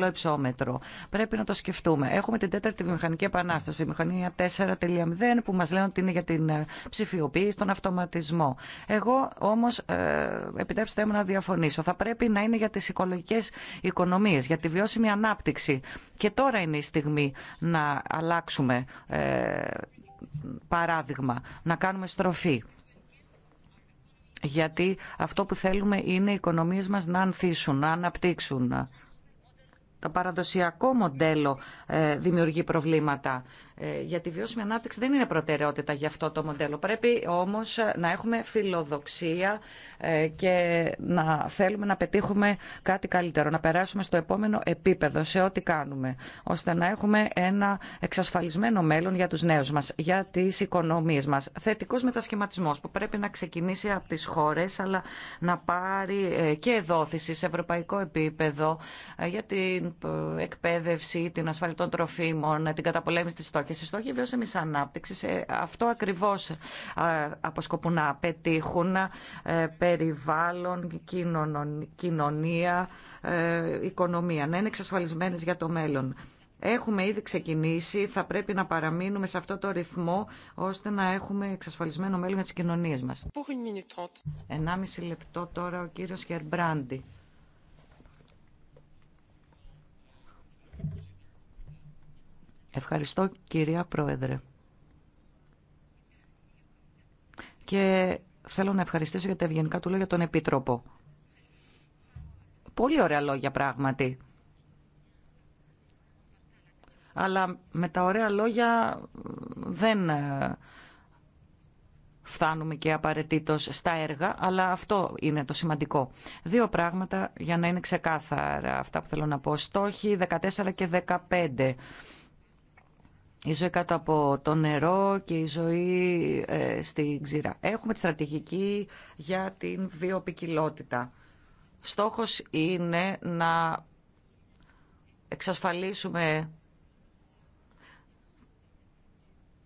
υψόμετρο. Πρέπει να το σκεφτούμε. Έχουμε την τέταρτη βιομηχανική επανάσταση, βιομηχανία 4.0 που μας λένε ότι είναι για την ε, ψηφιοποίηση, τον αυτοματισμό. Εγώ όμως, ε, επιτρέψτε μου να διαφωνήσω, θα πρέπει να είναι για τις οικολογικές για τη βιώσιμη ανάπτυξη. Και τώρα είναι η στιγμή να αλλάξουμε ε, παράδειγμα, να κάνουμε στροφή. Γιατί αυτό που θέλουμε είναι οι οικονομίες μας να ανθίσουν, να αναπτύξουν. Το παραδοσιακό μοντέλο ε, δημιουργεί προβλήματα. Ε, για τη βιώσιμη ανάπτυξη δεν είναι προτεραιότητα για αυτό το μοντέλο. Πρέπει όμως να έχουμε φιλοδοξία ε, και να θέλουμε να πετύχουμε κάτι καλύτερο, να περάσουμε στο επόμενο επίπεδο σε ό,τι κάνουμε, ώστε να έχουμε ένα εξασφαλισμένο μέλλον για τους νέους μας, για τις οικονομίες μας. Θετικός μετασχηματισμός που πρέπει να ξεκινήσει από τις χώρες, αλλά να πάρει ε, και δόθηση σε ευρωπαϊκό επίπεδο για την εκπαίδευση, την ασφαλή των τροφίμων, την καταπολέμηση της και Και στι στόχοι βιώσιμη ανάπτυξη ε, αυτό ακριβώ ε, αποσκοπούν να πετύχουν ε, περιβάλλον, κοινωνία, οικονομία. Να είναι εξασφαλισμένε για το μέλλον. Έχουμε ήδη ξεκινήσει, θα πρέπει να παραμείνουμε σε αυτό το ρυθμό ώστε να έχουμε εξασφαλισμένο μέλλον για τις κοινωνίες μας. 1,5 λεπτό τώρα ο κύριος Γερμπράντη. Ευχαριστώ κυρία Πρόεδρε. Και θέλω να ευχαριστήσω για τα ευγενικά του λόγια τον Επίτροπο. Πολύ ωραία λόγια πράγματι. Αλλά με τα ωραία λόγια δεν ε, φτάνουμε και απαραίτητο στα έργα, αλλά αυτό είναι το σημαντικό. Δύο πράγματα για να είναι ξεκάθαρα αυτά που θέλω να πω. Στόχοι 14 και 15 η ζωή κάτω από το νερό και η ζωή ε, στη ξηρά. Έχουμε τη στρατηγική για την βιοπικιλότητα. Στόχος είναι να εξασφαλίσουμε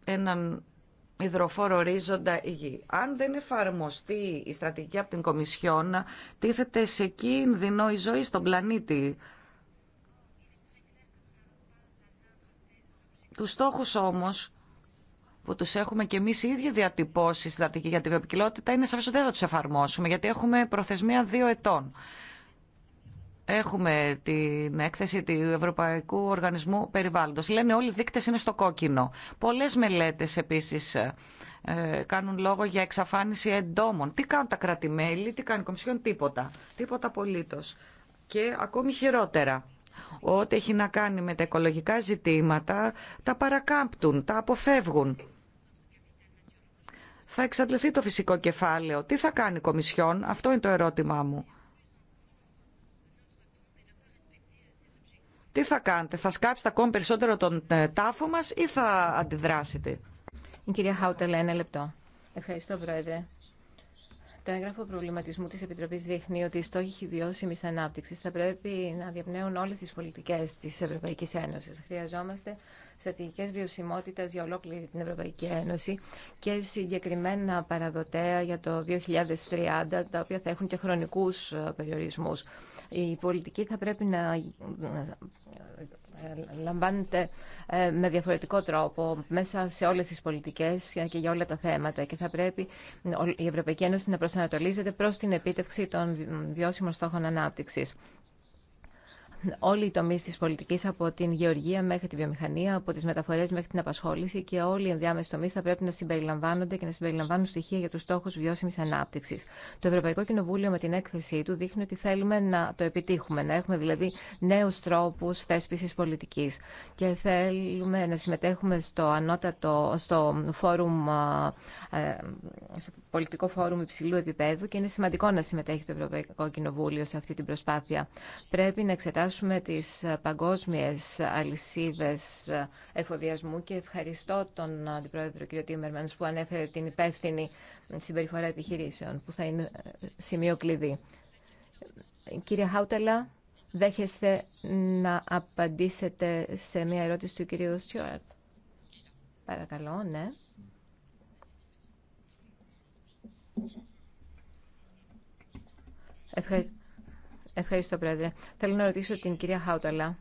έναν υδροφόρο ορίζοντα υγιή. Αν δεν εφαρμοστεί η στρατηγική από την Κομισιόν, τίθεται σε κίνδυνο η ζωή στον πλανήτη. Τους στόχους όμως που τους έχουμε και εμείς οι ίδιοι διατυπώσει στη δατική για τη βιοπικιλότητα είναι σαφές ότι δεν θα τους εφαρμόσουμε γιατί έχουμε προθεσμία δύο ετών. Έχουμε την έκθεση του Ευρωπαϊκού Οργανισμού Περιβάλλοντος. Λένε όλοι οι δείκτες είναι στο κόκκινο. Πολλές μελέτες επίσης ε, κάνουν λόγο για εξαφάνιση εντόμων. Τι κάνουν τα κράτη-μέλη, τι κάνει η Κομισιόν, τίποτα. Τίποτα απολύτως. Και ακόμη χειρότερα ό,τι έχει να κάνει με τα οικολογικά ζητήματα τα παρακάμπτουν, τα αποφεύγουν. Θα εξαντληθεί το φυσικό κεφάλαιο. Τι θα κάνει η Κομισιόν, αυτό είναι το ερώτημά μου. Τι θα κάνετε, θα σκάψετε ακόμη περισσότερο τον ε, τάφο μας ή θα αντιδράσετε. Η κυρία Χάουτελα, ένα λεπτό. Ευχαριστώ, Πρόεδρε. Το έγγραφο προβληματισμού τη Επιτροπή δείχνει ότι οι στόχοι βιώσιμη ανάπτυξη, θα πρέπει να διαπνέουν όλε τι πολιτικέ τη Ευρωπαϊκή Ένωση. Χρειαζόμαστε στρατηγικές βιωσιμότητας για ολόκληρη την Ευρωπαϊκή Ένωση και συγκεκριμένα παραδοτέα για το 2030, τα οποία θα έχουν και χρονικού ε, περιορισμού. Η πολιτική θα πρέπει να ε, ε, λαμβάνεται ε, με διαφορετικό τρόπο μέσα σε όλες τις πολιτικές και για όλα τα θέματα και θα πρέπει ε, η Ευρωπαϊκή Ένωση να προσανατολίζεται προς την επίτευξη των βιώσιμων στόχων ανάπτυξης όλοι οι τομεί τη πολιτική από την γεωργία μέχρι τη βιομηχανία, από τι μεταφορέ μέχρι την απασχόληση και όλοι οι ενδιάμεσοι τομεί θα πρέπει να συμπεριλαμβάνονται και να συμπεριλαμβάνουν στοιχεία για του στόχου βιώσιμη ανάπτυξη. Το Ευρωπαϊκό Κοινοβούλιο με την έκθεσή του δείχνει ότι θέλουμε να το επιτύχουμε, να έχουμε δηλαδή νέου τρόπου θέσπιση πολιτική. και θέλουμε να συμμετέχουμε στο ανώτατο, στο φόρουμ, ε, στο πολιτικό φόρουμ υψηλού επίπεδου και είναι σημαντικό να συμμετέχει το Ευρωπαϊκό Κοινοβούλιο σε αυτή την προσπάθεια. Πρέπει να εξετάσουμε με τις παγκόσμιες αλυσίδες εφοδιασμού και ευχαριστώ τον Αντιπρόεδρο κ. Τίμερμανς που ανέφερε την υπεύθυνη συμπεριφορά επιχειρήσεων που θα είναι σημείο κλειδί. Κύριε Χάουτελα, δέχεστε να απαντήσετε σε μια ερώτηση του κυρίου Στιουαρτ. Παρακαλώ, ναι. Ευχαριστώ. Ευχαριστώ, Πρόεδρε. Θέλω να ρωτήσω την κυρία Χάουταλα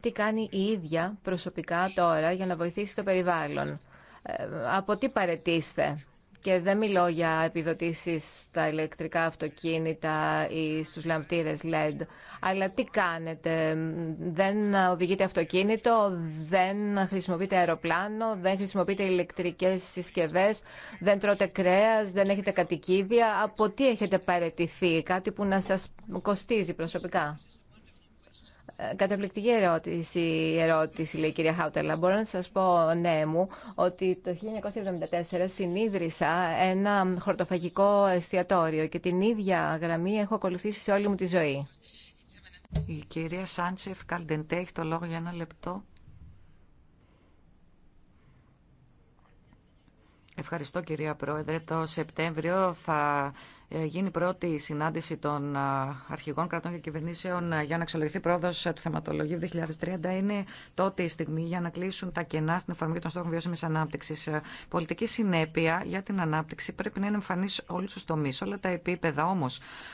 τι κάνει η ίδια προσωπικά τώρα για να βοηθήσει το περιβάλλον. Ε, από τι παρετήστε. Και δεν μιλώ για επιδοτήσεις στα ηλεκτρικά αυτοκίνητα ή στους λαμπτήρες LED. Αλλά τι κάνετε, δεν οδηγείτε αυτοκίνητο, δεν χρησιμοποιείτε αεροπλάνο, δεν χρησιμοποιείτε ηλεκτρικές συσκευές, δεν τρώτε κρέας, δεν έχετε κατοικίδια. Από τι έχετε παρετηθεί, κάτι που να σας κοστίζει προσωπικά. Καταπληκτική ερώτηση, ερώτηση, λέει η κυρία Χάουτελα. Μπορώ να σας πω, ναι μου, ότι το 1974 συνίδρυσα ένα χορτοφαγικό εστιατόριο και την ίδια γραμμή έχω ακολουθήσει σε όλη μου τη ζωή. Η κυρία Σάντσεφ Καλντεντέ έχει το λόγο για ένα λεπτό. Ευχαριστώ κυρία Πρόεδρε. Το Σεπτέμβριο θα ε, γίνει η πρώτη συνάντηση των ε, αρχηγών κρατών και κυβερνήσεων ε, για να εξολογηθεί πρόοδο του θεματολογίου 2030. Είναι τότε η στιγμή για να κλείσουν τα κενά στην εφαρμογή των στόχων βιώσιμη ανάπτυξη. Πολιτική συνέπεια για την ανάπτυξη πρέπει να είναι εμφανή σε όλου του τομεί, όλα τα επίπεδα. Όμω,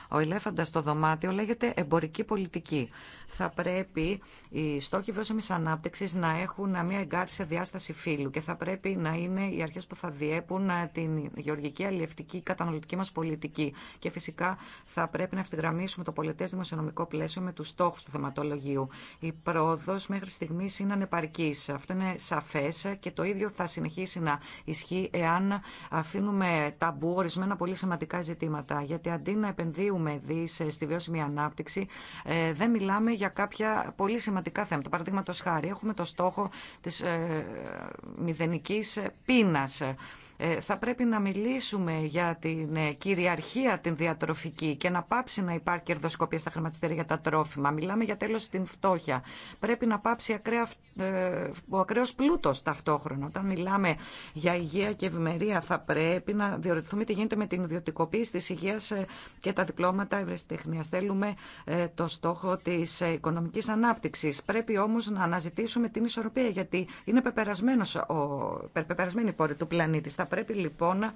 ο ελέφαντα στο δωμάτιο λέγεται εμπορική πολιτική. Θα πρέπει οι στόχοι βιώσιμη ανάπτυξη να έχουν μια εγκάρση διάσταση φύλου και θα πρέπει να είναι οι αρχέ που θα διέπουν την γεωργική, αλληλευτική, καταναλωτική μα πολιτική και φυσικά θα πρέπει να ευθυγραμμίσουμε το πολιτέ δημοσιονομικό πλαίσιο με του στόχου του θεματολογίου. Η πρόοδο μέχρι στιγμή είναι ανεπαρκή. Αυτό είναι σαφέ και το ίδιο θα συνεχίσει να ισχύει εάν αφήνουμε ταμπού ορισμένα πολύ σημαντικά ζητήματα. Γιατί αντί να επενδύουμε δι ε, στη βιώσιμη ανάπτυξη, ε, δεν μιλάμε για κάποια πολύ σημαντικά θέματα. Παραδείγματο χάρη, έχουμε το στόχο τη ε, μηδενική πείνα. Ε, θα πρέπει να μιλήσουμε για την ε, κυριαρχία την διατροφική και να πάψει να υπάρχει κερδοσκοπία στα χρηματιστήρια για τα τρόφιμα. Μιλάμε για τέλος στην φτώχεια. Πρέπει να πάψει ε, ο ακραίος πλούτος ταυτόχρονα. Όταν μιλάμε για υγεία και ευημερία θα πρέπει να διορθωθούμε τι γίνεται με την ιδιωτικοποίηση της υγείας και τα διπλώματα ευρεσιτεχνίας. Θέλουμε το στόχο της οικονομικής ανάπτυξης. Πρέπει όμως να αναζητήσουμε την ισορροπία γιατί είναι πεπερασμένος ο, πόρη του πλανήτη πρέπει λοιπόν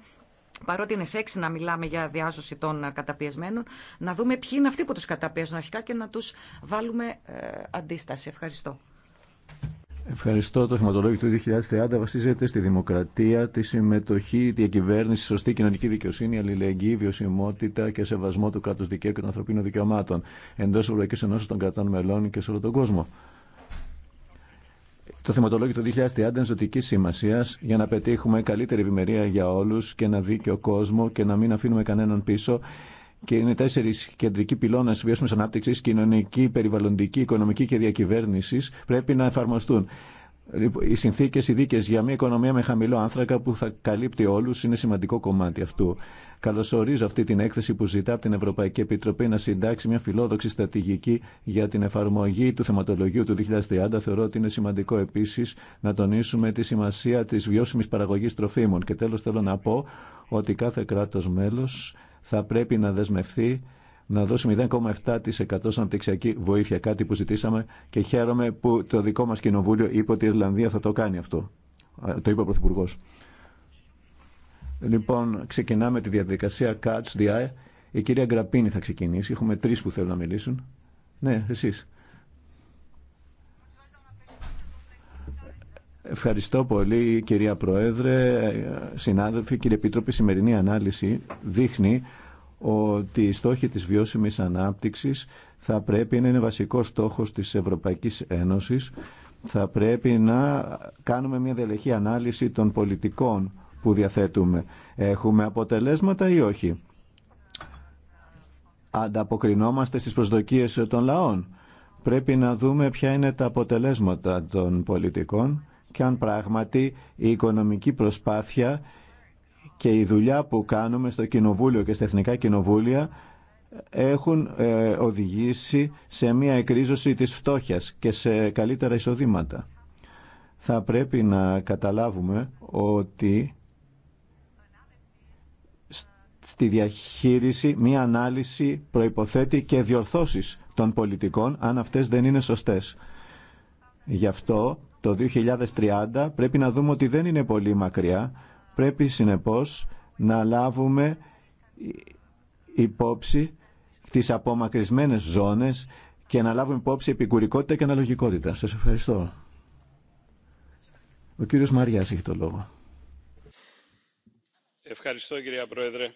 παρότι είναι σεξι να μιλάμε για διάσωση των καταπιεσμένων, να δούμε ποιοι είναι αυτοί που τους καταπιέζουν αρχικά και να τους βάλουμε ε, αντίσταση. Ευχαριστώ. Ευχαριστώ. Το θεματολόγιο του 2030 βασίζεται στη δημοκρατία, τη συμμετοχή, τη διακυβέρνηση, σωστή κοινωνική δικαιοσύνη, αλληλεγγύη, βιωσιμότητα και σεβασμό του κράτου δικαίου και των ανθρωπίνων δικαιωμάτων εντό Ευρωπαϊκή Ενώση των κρατών μελών και σε όλο τον κόσμο. Το θεματολόγιο του 2030 είναι ζωτική σημασία για να πετύχουμε καλύτερη ευημερία για όλου και να δίκαιο κόσμο και να μην αφήνουμε κανέναν πίσω. Και είναι τέσσερι κεντρικοί πυλώνε βιώσιμη ανάπτυξη, κοινωνική, περιβαλλοντική, οικονομική και διακυβέρνηση, πρέπει να εφαρμοστούν. Λοιπόν, οι συνθήκε, οι δίκε για μια οικονομία με χαμηλό άνθρακα που θα καλύπτει όλου είναι σημαντικό κομμάτι αυτού. Καλωσορίζω αυτή την έκθεση που ζητά από την Ευρωπαϊκή Επιτροπή να συντάξει μια φιλόδοξη στρατηγική για την εφαρμογή του θεματολογίου του 2030. Θεωρώ ότι είναι σημαντικό επίση να τονίσουμε τη σημασία τη βιώσιμη παραγωγή τροφίμων. Και τέλο θέλω να πω ότι κάθε κράτο μέλο θα πρέπει να δεσμευθεί να δώσει 0,7% σαν αναπτυξιακή βοήθεια, κάτι που ζητήσαμε και χαίρομαι που το δικό μας κοινοβούλιο είπε ότι η Ιρλανδία θα το κάνει αυτό. Το είπε ο Λοιπόν, ξεκινάμε τη διαδικασία Catch the Eye. Η κυρία Γκραπίνη θα ξεκινήσει. Έχουμε τρεις που θέλουν να μιλήσουν. Ναι, εσείς. Ευχαριστώ πολύ κυρία Προέδρε, συνάδελφοι, κύριε Επίτροπη. Η σημερινή ανάλυση δείχνει ότι οι στόχοι της βιώσιμης ανάπτυξης θα πρέπει να είναι βασικός στόχος της Ευρωπαϊκής Ένωσης. Θα πρέπει να κάνουμε μια δελεχή ανάλυση των πολιτικών που διαθέτουμε. Έχουμε αποτελέσματα ή όχι. Ανταποκρινόμαστε στις προσδοκίες των λαών. Πρέπει να δούμε ποια είναι τα αποτελέσματα των πολιτικών και αν πράγματι η οικονομική προσπάθεια και η δουλειά που κάνουμε στο Κοινοβούλιο και στα Εθνικά Κοινοβούλια έχουν ε, οδηγήσει σε μια εκρίζωση της φτώχειας και σε καλύτερα εισοδήματα. Θα πρέπει να καταλάβουμε ότι στη διαχείριση μία ανάλυση προϋποθέτει και διορθώσεις των πολιτικών αν αυτές δεν είναι σωστές. Γι' αυτό το 2030 πρέπει να δούμε ότι δεν είναι πολύ μακριά. Πρέπει συνεπώς να λάβουμε υπόψη τις απομακρυσμένες ζώνες και να λάβουμε υπόψη επικουρικότητα και αναλογικότητα. Σας ευχαριστώ. Ο κύριος Μαριάς έχει το λόγο. Ευχαριστώ κυρία Πρόεδρε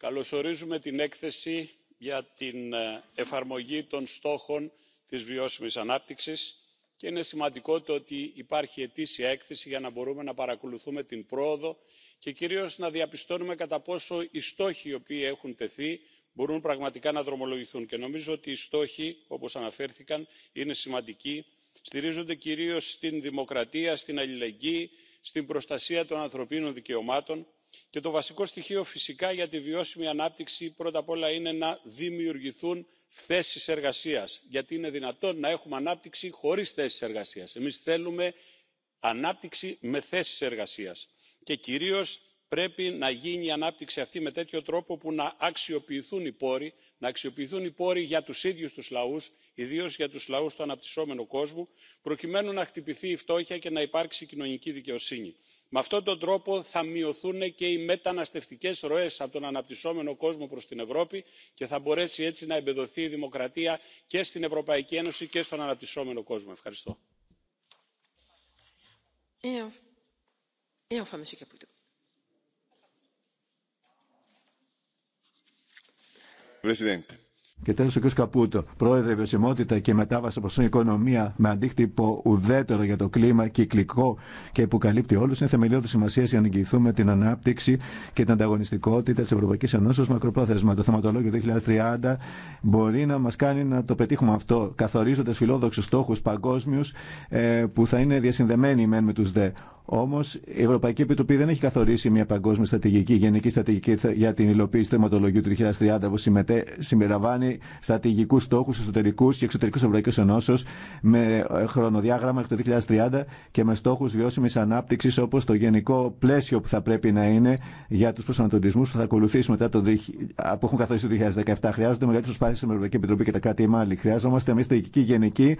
καλωσορίζουμε την έκθεση για την ε, εφαρμογή των στόχων της βιώσιμης ανάπτυξης και είναι σημαντικό το ότι υπάρχει ετήσια έκθεση για να μπορούμε να παρακολουθούμε την πρόοδο και κυρίως να διαπιστώνουμε κατά πόσο οι στόχοι οι οποίοι έχουν τεθεί μπορούν πραγματικά να δρομολογηθούν και νομίζω ότι οι στόχοι όπως αναφέρθηκαν είναι σημαντικοί στηρίζονται κυρίως στην δημοκρατία στην αλληλεγγύη στην προστασία των ανθρωπίνων δικαιωμάτων και το βασικό στοιχείο φυσικά για τη βιώσιμη ανάπτυξη πρώτα απ' όλα είναι να δημιουργηθούν θέσεις εργασίας γιατί είναι δυνατόν να έχουμε ανάπτυξη χωρίς θέσεις εργασίας. εμείς θέλουμε ανάπτυξη με θέσεις εργασίας και κυρίως πρέπει να γίνει η ανάπτυξη αυτή με τέτοιο τρόπο που να αξιοποιηθούν οι πόροι να αξιοποιηθούν οι πόροι για τους ίδιους τους λαούς ιδίως για τους λαούς του αναπτυσσόμενου κόσμου προκειμένου να χτυπηθεί η φτώχεια και να υπάρξει κοινωνική δικαιοσύνη με αυτόν τον τρόπο θα μειωθούν και οι μεταναστευτικές ροές από τον αναπτυσσόμενο κόσμο προς την ευρώπη και θα μπορέσει έτσι να εμπεδοθεί η δημοκρατία και στην ευρωπαϊκή ένωση και στον αναπτυσσόμενο κόσμο. ευχαριστώ. Ε, ε, ε, και τέλο ο κ. Καπούτο, πρόεδρε βιωσιμότητα και μετάβαση προ την οικονομία με αντίκτυπο ουδέτερο για το κλίμα, κυκλικό και που καλύπτει όλου, είναι θεμελιώδη σημασία για να εγγυηθούμε την ανάπτυξη και την ανταγωνιστικότητα τη Ευρωπαϊκή Ενώσεω μακροπρόθεσμα. Το θεματολόγιο 2030 μπορεί να μα κάνει να το πετύχουμε αυτό, καθορίζοντα φιλόδοξου στόχου παγκόσμιου ε, που θα είναι διασυνδεμένοι μεν με του δε. Όμω η Ευρωπαϊκή Επιτροπή δεν έχει καθορίσει μια παγκόσμια στρατηγική, γενική στρατηγική για την υλοποίηση του θεματολογίου του 2030, που συμπεριλαμβάνει στρατηγικού στόχου εσωτερικού και εξωτερικού Ευρωπαϊκή Ενώσεω με ε, χρονοδιάγραμμα μέχρι το 2030 και με στόχου βιώσιμη ανάπτυξη, όπω το γενικό πλαίσιο που θα πρέπει να είναι για του προσανατολισμού που θα ακολουθήσουμε μετά το, που έχουν καθορίσει το 2017. Χρειάζονται μεγάλε προσπάθειε στην Ευρωπαϊκή Επιτροπή και τα κρατη Χρειάζομαστε μια στρατηγική γενική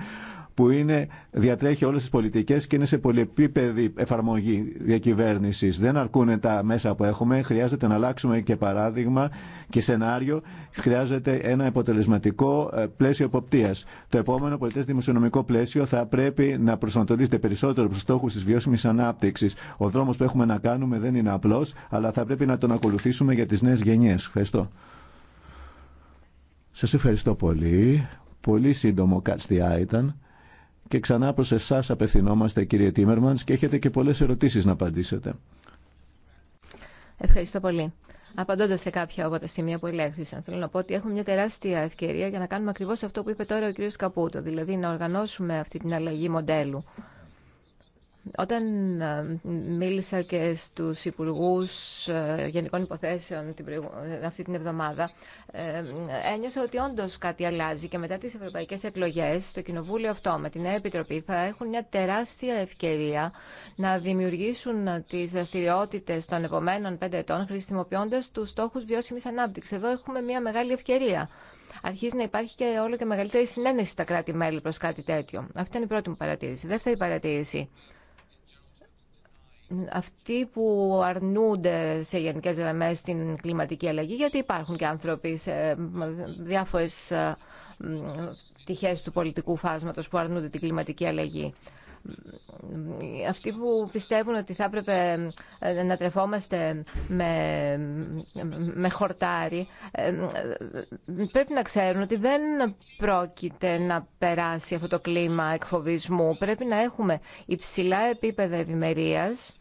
που είναι, διατρέχει όλες τις πολιτικές και είναι σε πολυεπίπεδη εφαρμογή διακυβέρνησης. Δεν αρκούν τα μέσα που έχουμε, χρειάζεται να αλλάξουμε και παράδειγμα και σενάριο, χρειάζεται ένα αποτελεσματικό ε, πλαίσιο εποπτείας. Το επόμενο πολιτές δημοσιονομικό πλαίσιο θα πρέπει να προσανατολίζεται περισσότερο προς στόχους της βιώσιμης ανάπτυξης. Ο δρόμος που έχουμε να κάνουμε δεν είναι απλός, αλλά θα πρέπει να τον ακολουθήσουμε για τις νέες γενιές. Ευχαριστώ. Σας ευχαριστώ πολύ. Πολύ σύντομο κατστιά ήταν και ξανά προ εσά απευθυνόμαστε κύριε Τίμερμαν, και έχετε και πολλές ερωτήσεις να απαντήσετε. Ευχαριστώ πολύ. Απαντώντα σε κάποια από τα σημεία που ελέγχθησαν, θέλω να πω ότι έχουμε μια τεράστια ευκαιρία για να κάνουμε ακριβώ αυτό που είπε τώρα ο κ. Καπούτο, δηλαδή να οργανώσουμε αυτή την αλλαγή μοντέλου. Όταν ε, μίλησα και στους Υπουργούς ε, Γενικών Υποθέσεων ε, αυτή την εβδομάδα, ένιωσα ότι όντως κάτι αλλάζει και μετά τις ευρωπαϊκές εκλογές, το Κοινοβούλιο αυτό με την Νέα Επιτροπή θα έχουν μια τεράστια ευκαιρία να δημιουργήσουν τις δραστηριότητες των επομένων πέντε ετών χρησιμοποιώντας τους στόχους βιώσιμης ανάπτυξης. Εδώ έχουμε μια μεγάλη ευκαιρία. Αρχίζει να υπάρχει και όλο και μεγαλύτερη συνένεση στα κράτη-μέλη προς κάτι τέτοιο. Αυτή ήταν η πρώτη μου παρατήρηση. Δεύτερη παρατήρηση αυτοί που αρνούνται σε γενικές γραμμές την κλιματική αλλαγή, γιατί υπάρχουν και άνθρωποι σε διάφορες ε, τυχές του πολιτικού φάσματος που αρνούνται την κλιματική αλλαγή. Αυτοί που πιστεύουν ότι θα έπρεπε ε, να τρεφόμαστε με, με χορτάρι ε, πρέπει να ξέρουν ότι δεν πρόκειται να περάσει αυτό το κλίμα εκφοβισμού. Πρέπει να έχουμε υψηλά επίπεδα ευημερίας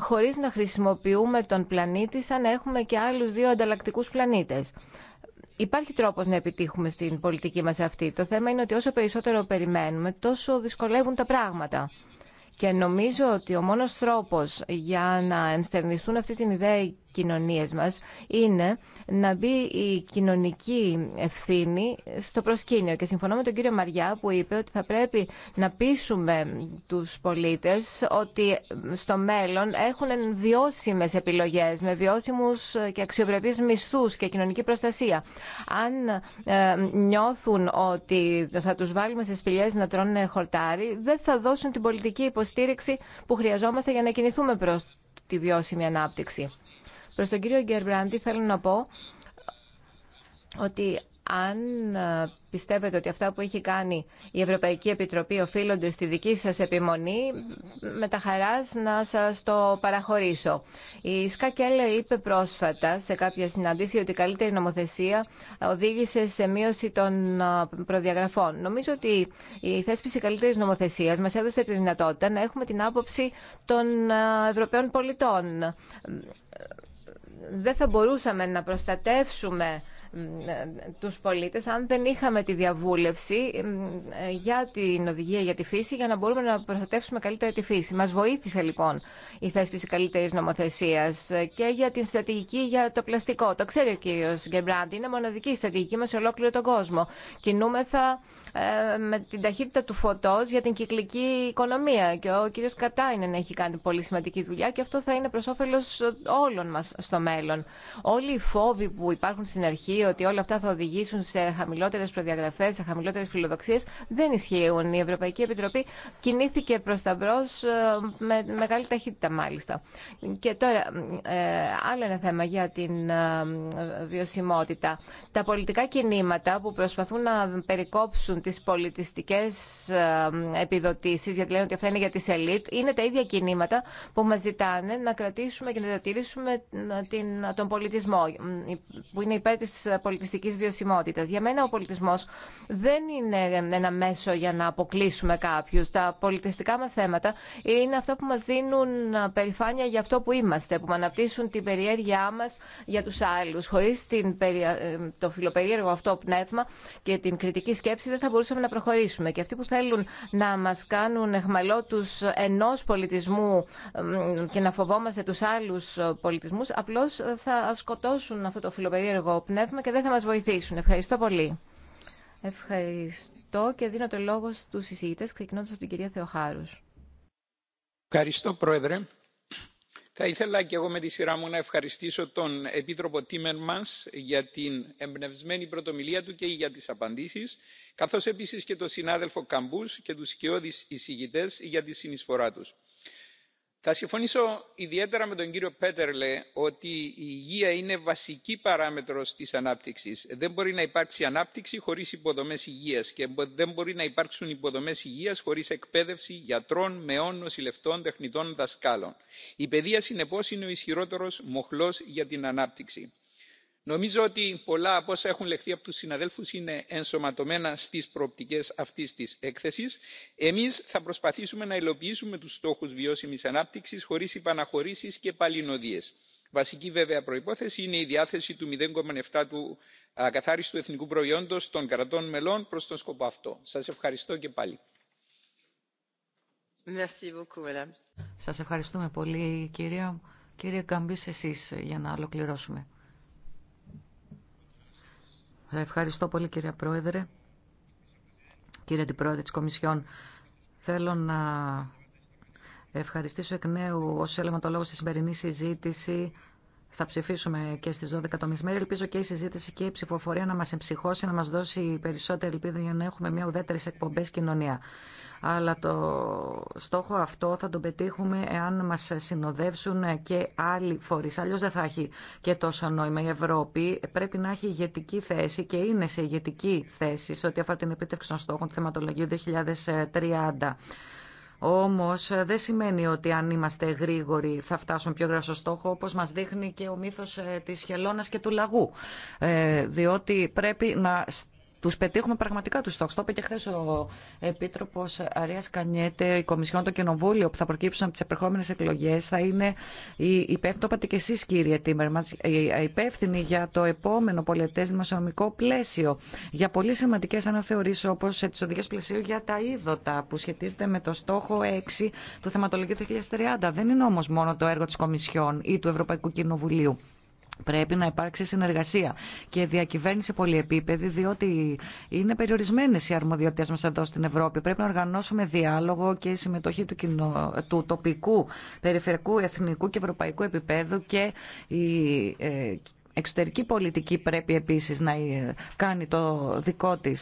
χωρίς να χρησιμοποιούμε τον πλανήτη σαν να έχουμε και άλλους δύο ανταλλακτικού πλανήτες. Υπάρχει τρόπος να επιτύχουμε στην πολιτική μας αυτή. Το θέμα είναι ότι όσο περισσότερο περιμένουμε, τόσο δυσκολεύουν τα πράγματα. Και νομίζω ότι ο μόνος τρόπος για να ενστερνιστούν αυτή την ιδέα κοινωνίες μας είναι να μπει η κοινωνική ευθύνη στο προσκήνιο. Και συμφωνώ με τον κύριο Μαριά που είπε ότι θα πρέπει να πείσουμε τους πολίτες ότι στο μέλλον έχουν βιώσιμες επιλογές με βιώσιμους και αξιοπρεπείς μισθούς και κοινωνική προστασία. Αν ε, νιώθουν ότι θα τους βάλουμε σε σπηλιές να τρώνε χορτάρι, δεν θα δώσουν την πολιτική υποστήριξη που χρειαζόμαστε για να κινηθούμε προς τη βιώσιμη ανάπτυξη. Προς τον κύριο Γκέρμπραντι θέλω να πω ότι αν ε, πιστεύετε ότι αυτά που έχει κάνει η Ευρωπαϊκή Επιτροπή οφείλονται στη δική σας επιμονή, με τα χαράς να σας το παραχωρήσω. Η Σκακέλε είπε πρόσφατα σε κάποια συναντήση ότι η καλύτερη νομοθεσία οδήγησε σε μείωση των ε, προδιαγραφών. Νομίζω ότι η θέσπιση καλύτερη νομοθεσία μας έδωσε τη δυνατότητα να έχουμε την άποψη των ε, Ευρωπαίων πολιτών δεν θα μπορούσαμε να προστατεύσουμε ε, τους πολίτες αν δεν είχαμε τη διαβούλευση ε, για την οδηγία για τη φύση για να μπορούμε να προστατεύσουμε καλύτερα τη φύση. Μας βοήθησε λοιπόν η θέσπιση καλύτερης νομοθεσίας και για την στρατηγική για το πλαστικό. Το ξέρει ο κύριος Γκεμπράντη, είναι μοναδική η στρατηγική μας σε ολόκληρο τον κόσμο. Κινούμεθα ε, με την ταχύτητα του φωτό για την κυκλική οικονομία. Και ο κύριος Κατάινεν έχει κάνει πολύ σημαντική δουλειά και αυτό θα είναι προ όφελο όλων μα στο μέλλον. Όλοι οι φόβοι που υπάρχουν στην αρχή ότι όλα αυτά θα οδηγήσουν σε χαμηλότερε προδιαγραφέ, σε χαμηλότερε φιλοδοξίε δεν ισχύουν. Η Ευρωπαϊκή Επιτροπή κινήθηκε προ τα μπρο ε, με μεγάλη ταχύτητα μάλιστα. Και τώρα, ε, άλλο ένα θέμα για την βιωσιμότητα. Τα πολιτικά κινήματα που προσπαθούν να περικόψουν τι τις πολιτιστικές ε, επιδοτήσεις, γιατί λένε ότι αυτά είναι για τις ελίτ, είναι τα ίδια κινήματα που μας ζητάνε να κρατήσουμε και να διατηρήσουμε ε, τον πολιτισμό, ε, που είναι υπέρ της πολιτιστικής βιωσιμότητας. Για μένα ο πολιτισμός δεν είναι ένα μέσο για να αποκλείσουμε κάποιους. Τα πολιτιστικά μας θέματα είναι αυτά που μας δίνουν περηφάνεια για αυτό που είμαστε, που αναπτύσσουν την περιέργειά μας για τους άλλους. Χωρίς την, το φιλοπερίεργο αυτό πνεύμα και την κριτική σκέψη δεν θα μπορούσαμε να προχωρήσουμε. Και αυτοί που θέλουν να μας κάνουν εχμαλώτους ενός πολιτισμού και να φοβόμαστε τους άλλους πολιτισμούς, απλώς θα σκοτώσουν αυτό το φιλοπερίεργο πνεύμα και δεν θα μας βοηθήσουν. Ευχαριστώ πολύ. Ευχαριστώ και δίνω το λόγο στου συζήτητε, ξεκινώντα από την κυρία Θεοχάρου. Ευχαριστώ, Πρόεδρε θα ήθελα και εγώ με τη σειρά μου να ευχαριστήσω τον επίτροπο τίμερμανς για την εμπνευσμένη πρωτομιλία του και για τις απαντήσεις καθώς επίσης και τον συνάδελφο καμπούς και τους σκιώδεις εισηγητές για τη συνεισφορά τους θα συμφωνήσω ιδιαίτερα με τον κύριο πέτερλε ότι η υγεία είναι βασική παράμετρος της ανάπτυξης. δεν μπορεί να υπάρξει ανάπτυξη χωρίς υποδομές υγείας και δεν μπορεί να υπάρξουν υποδομές υγείας χωρίς εκπαίδευση γιατρών μεών νοσηλευτών τεχνητών δασκάλων. η παιδεία συνεπώς είναι ο ισχυρότερος μοχλός για την ανάπτυξη νομίζω ότι πολλά από όσα έχουν λεχθεί από τους συναδέλφους είναι ενσωματωμένα στις προοπτικές αυτής της έκθεσης. εμείς θα προσπαθήσουμε να υλοποιήσουμε τους στόχους βιώσιμης ανάπτυξης χωρίς υπαναχωρήσεις και παλινοδίες. βασική βέβαια προϋπόθεση είναι η διάθεση του 0,7 του ακαθάριστου εθνικού προϊόντος των κρατών μελών προς τον σκοπό αυτό. σας ευχαριστώ και πάλι. Σας ευχαριστούμε πολύ Κύριε εσείς για να ολοκληρώσουμε. Ευχαριστώ πολύ κύριε Πρόεδρε. Κύριε Αντιπρόεδρε της Κομισιόν, θέλω να ευχαριστήσω εκ νέου όσους έλεγαν το λόγο στη σημερινή συζήτηση θα ψηφίσουμε και στι 12 το μεσημέρι. Ελπίζω και η συζήτηση και η ψηφοφορία να μα εμψυχώσει, να μα δώσει περισσότερη ελπίδα για να έχουμε μια ουδέτερη εκπομπές κοινωνία. Αλλά το στόχο αυτό θα τον πετύχουμε εάν μα συνοδεύσουν και άλλοι φορεί. Αλλιώ δεν θα έχει και τόσο νόημα. Η Ευρώπη πρέπει να έχει ηγετική θέση και είναι σε ηγετική θέση σε ό,τι αφορά την επίτευξη των στόχων του θεματολογίου 2030. Όμως ε, δεν σημαίνει ότι αν είμαστε γρήγοροι θα φτάσουμε πιο γρήγορα στο στόχο, όπως μας δείχνει και ο μύθος ε, της χελώνας και του λαγού. Ε, διότι πρέπει να του πετύχουμε πραγματικά του στόχου. Το είπε και χθε ο Επίτροπος Αρίας Κανιέτε, η Κομισιόν, το Κοινοβούλιο που θα προκύψουν από τι επερχόμενε εκλογές θα είναι η υπεύθυνη, το είπατε και εσεί, κύριε Τίμερ, για το επόμενο πολιτέ δημοσιονομικό πλαίσιο. Για πολύ σημαντικές αναθεωρήσεις όπω τι οδηγίε πλαισίου για τα είδωτα που σχετίζεται με το στόχο 6 του θεματολογίου 2030. Δεν είναι όμω μόνο το έργο τη Κομισιόν ή του Ευρωπαϊκού Κοινοβουλίου. Πρέπει να υπάρξει συνεργασία και διακυβέρνηση πολυεπίπεδη, διότι είναι περιορισμένε οι αρμοδιότητε μα εδώ στην Ευρώπη. Πρέπει να οργανώσουμε διάλογο και συμμετοχή του, του τοπικού, περιφερειακού, εθνικού και ευρωπαϊκού επίπεδου και η ε, εξωτερική πολιτική πρέπει επίσης να ε, κάνει το δικό ε,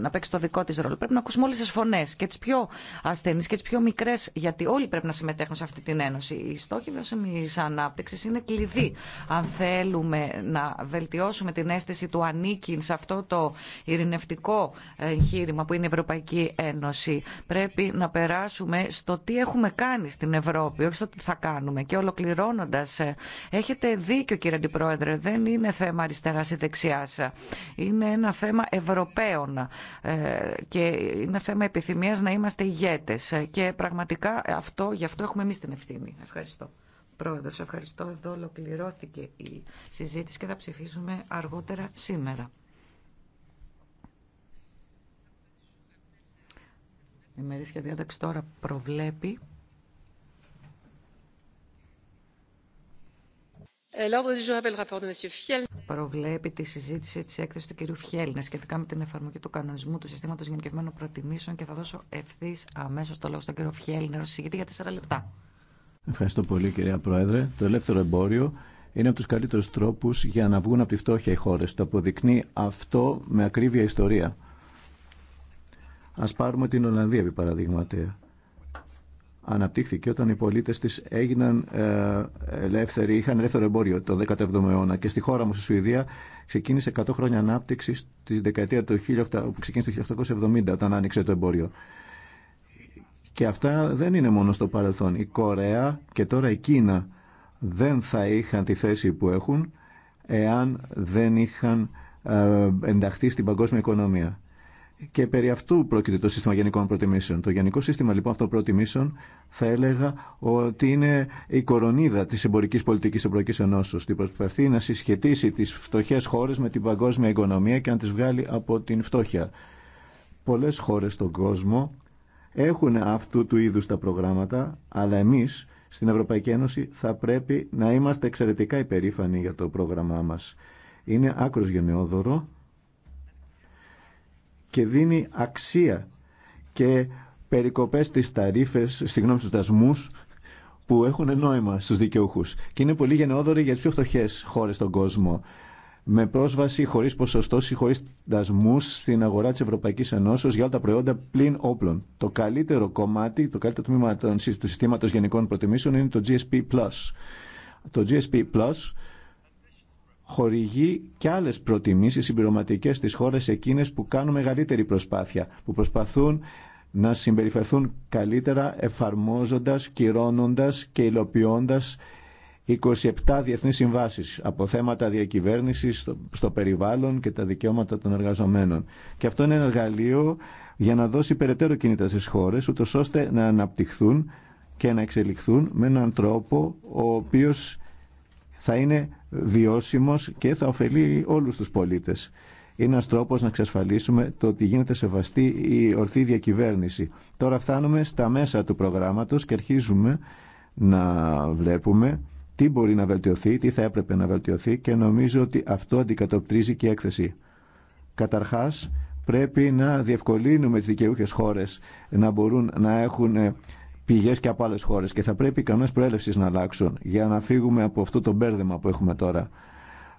να παίξει το δικό της ρόλο. Πρέπει να ακούσουμε όλες τις φωνές και τις πιο ασθενείς και τις πιο μικρές, γιατί όλοι πρέπει να συμμετέχουν σε αυτή την ένωση. Οι στόχοι βιώσιμης ανάπτυξης είναι κλειδί. Αν θέλουμε να βελτιώσουμε την αίσθηση του ανήκει σε αυτό το ειρηνευτικό εγχείρημα που είναι η Ευρωπαϊκή Ένωση, πρέπει να περάσουμε στο τι έχουμε κάνει στην Ευρώπη, όχι στο τι θα κάνουμε. Και ολοκληρώνοντας, ε, έχετε δίκιο κύριε Αντιπρόεδρε, δεν είναι θέμα αριστεράς ή δεξιάς. Είναι ένα θέμα Ευρωπαίων ε, και είναι θέμα επιθυμίας να είμαστε ηγέτες. Και πραγματικά αυτό, γι' αυτό έχουμε εμείς την ευθύνη. Ευχαριστώ. Πρόεδρος, ευχαριστώ. Εδώ ολοκληρώθηκε η δεξιά. ειναι ενα θεμα ευρωπαιων και ειναι θεμα επιθυμιας να ειμαστε ηγέτε. και πραγματικα αυτο γι αυτο εχουμε εμεί την ευθυνη ευχαριστω προεδρος ευχαριστω εδω ολοκληρωθηκε η συζητηση και θα ψηφίσουμε αργότερα σήμερα. Η μερίσια διάταξη τώρα προβλέπει Ε, Προβλέπει τη συζήτηση τη έκθεση του κυρίου Φιέλνε σχετικά με την εφαρμογή του κανονισμού του συστήματο γενικευμένων προτιμήσεων και θα δώσω ευθύ αμέσω το λόγο στον κύριο Φιέλνε, συζητητή για τέσσερα λεπτά. Ευχαριστώ πολύ, κυρία Πρόεδρε. Το ελεύθερο εμπόριο είναι από του καλύτερου τρόπου για να βγουν από τη φτώχεια οι χώρε. Το αποδεικνύει αυτό με ακρίβεια ιστορία. Α πάρουμε την Ολλανδία, επί παραδείγματι αναπτύχθηκε όταν οι πολίτες της έγιναν ε, ελεύθεροι, είχαν ελεύθερο εμπόριο το 17ο αιώνα και στη χώρα μου στη Σουηδία ξεκίνησε 100 χρόνια ανάπτυξη τη δεκαετία του 18, που ξεκίνησε το 1870 όταν άνοιξε το εμπόριο. Και αυτά δεν είναι μόνο στο παρελθόν. Η Κορέα και τώρα η Κίνα δεν θα είχαν τη θέση που έχουν εάν δεν είχαν ε, ενταχθεί στην παγκόσμια οικονομία και περί αυτού πρόκειται το σύστημα γενικών προτιμήσεων. Το γενικό σύστημα λοιπόν αυτών προτιμήσεων θα έλεγα ότι είναι η κορονίδα τη εμπορική πολιτική Ευρωπαϊκή Ενώσεω. Τη προσπαθεί να συσχετήσει τι φτωχέ χώρε με την παγκόσμια οικονομία και να τι βγάλει από την φτώχεια. Πολλέ χώρε στον κόσμο έχουν αυτού του είδου τα προγράμματα, αλλά εμεί στην Ευρωπαϊκή Ένωση θα πρέπει να είμαστε εξαιρετικά υπερήφανοι για το πρόγραμμά μα. Είναι άκρο γενναιόδωρο και δίνει αξία και περικοπές στις ταρίφες, συγγνώμη στους δασμούς που έχουν νόημα στους δικαιούχους και είναι πολύ γενναιόδοροι για τις πιο φτωχέ χώρες στον κόσμο με πρόσβαση χωρίς ποσοστό ή χωρίς δασμούς στην αγορά της Ευρωπαϊκής Ενώσεως για όλα τα προϊόντα πλην όπλων. Το καλύτερο κομμάτι, το καλύτερο τμήμα του συστήματος γενικών προτιμήσεων είναι το GSP+. Το GSP χορηγεί και άλλες προτιμήσεις συμπληρωματικές στις χώρες εκείνες που κάνουν μεγαλύτερη προσπάθεια, που προσπαθούν να συμπεριφερθούν καλύτερα εφαρμόζοντας, κυρώνοντας και υλοποιώντας 27 διεθνείς συμβάσεις από θέματα διακυβέρνησης στο, περιβάλλον και τα δικαιώματα των εργαζομένων. Και αυτό είναι ένα εργαλείο για να δώσει περαιτέρω κινήτα στις χώρες, ούτως ώστε να αναπτυχθούν και να εξελιχθούν με έναν τρόπο ο οποίος θα είναι βιώσιμος και θα ωφελεί όλους τους πολίτες. Είναι ένας τρόπος να εξασφαλίσουμε το ότι γίνεται σεβαστή η ορθή διακυβέρνηση. Τώρα φτάνουμε στα μέσα του προγράμματος και αρχίζουμε να βλέπουμε τι μπορεί να βελτιωθεί, τι θα έπρεπε να βελτιωθεί και νομίζω ότι αυτό αντικατοπτρίζει και η έκθεση. Καταρχάς, πρέπει να διευκολύνουμε τις δικαιούχες χώρες να μπορούν να έχουν ε, πηγές και από άλλες χώρες και θα πρέπει οι κανόνες προέλευσης να αλλάξουν για να φύγουμε από αυτό το μπέρδεμα που έχουμε τώρα.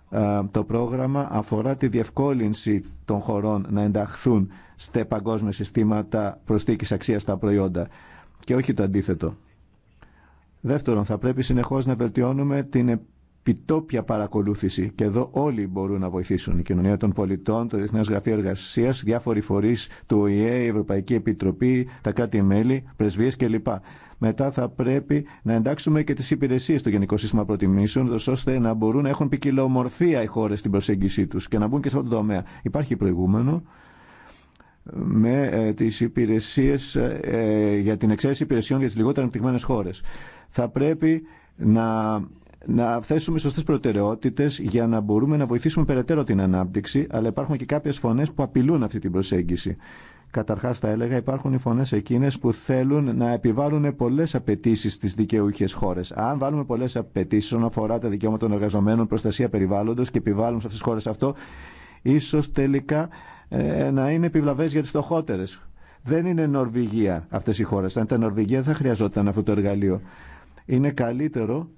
Ε, το πρόγραμμα αφορά τη διευκόλυνση των χωρών να ενταχθούν στα παγκόσμια συστήματα προσθήκης αξίας στα προϊόντα και όχι το αντίθετο. Δεύτερον, θα πρέπει συνεχώς να βελτιώνουμε την επιτόπια παρακολούθηση και εδώ όλοι μπορούν να βοηθήσουν. Η κοινωνία των πολιτών, το Διεθνές Γραφείο Εργασίας, διάφοροι φορείς του ΟΗΕ, η Ευρωπαϊκή Επιτροπή, τα κράτη-μέλη, πρεσβείες κλπ. Μετά θα πρέπει να εντάξουμε και τι υπηρεσίε στο Γενικό Σύστημα Προτιμήσεων, ώστε να μπορούν να έχουν ποικιλομορφία οι χώρε στην προσέγγιση του και να μπουν και σε αυτό το τομέα. Υπάρχει προηγούμενο με ε, τις υπηρεσίες ε, για την εξαίρεση υπηρεσιών για τι λιγότερο χώρες. Θα πρέπει να να θέσουμε σωστέ προτεραιότητες για να μπορούμε να βοηθήσουμε περαιτέρω την ανάπτυξη, αλλά υπάρχουν και κάποιε φωνέ που απειλούν αυτή την προσέγγιση. Καταρχά θα έλεγα υπάρχουν οι φωνέ εκείνε που θέλουν να επιβάλλουν πολλέ απαιτήσει στις δικαιούχε χώρε. Αν βάλουμε πολλέ απαιτήσει όσον αφορά τα δικαιώματα των εργαζομένων, προστασία περιβάλλοντο και επιβάλλουν σε αυτές τις χώρες αυτό, ίσω τελικά ε, να είναι επιβλαβέ για τι φτωχότερε. Δεν είναι Νορβηγία αυτέ οι χώρε. Αν ήταν Νορβηγία θα χρειαζόταν αυτό το εργαλείο. Είναι καλύτερο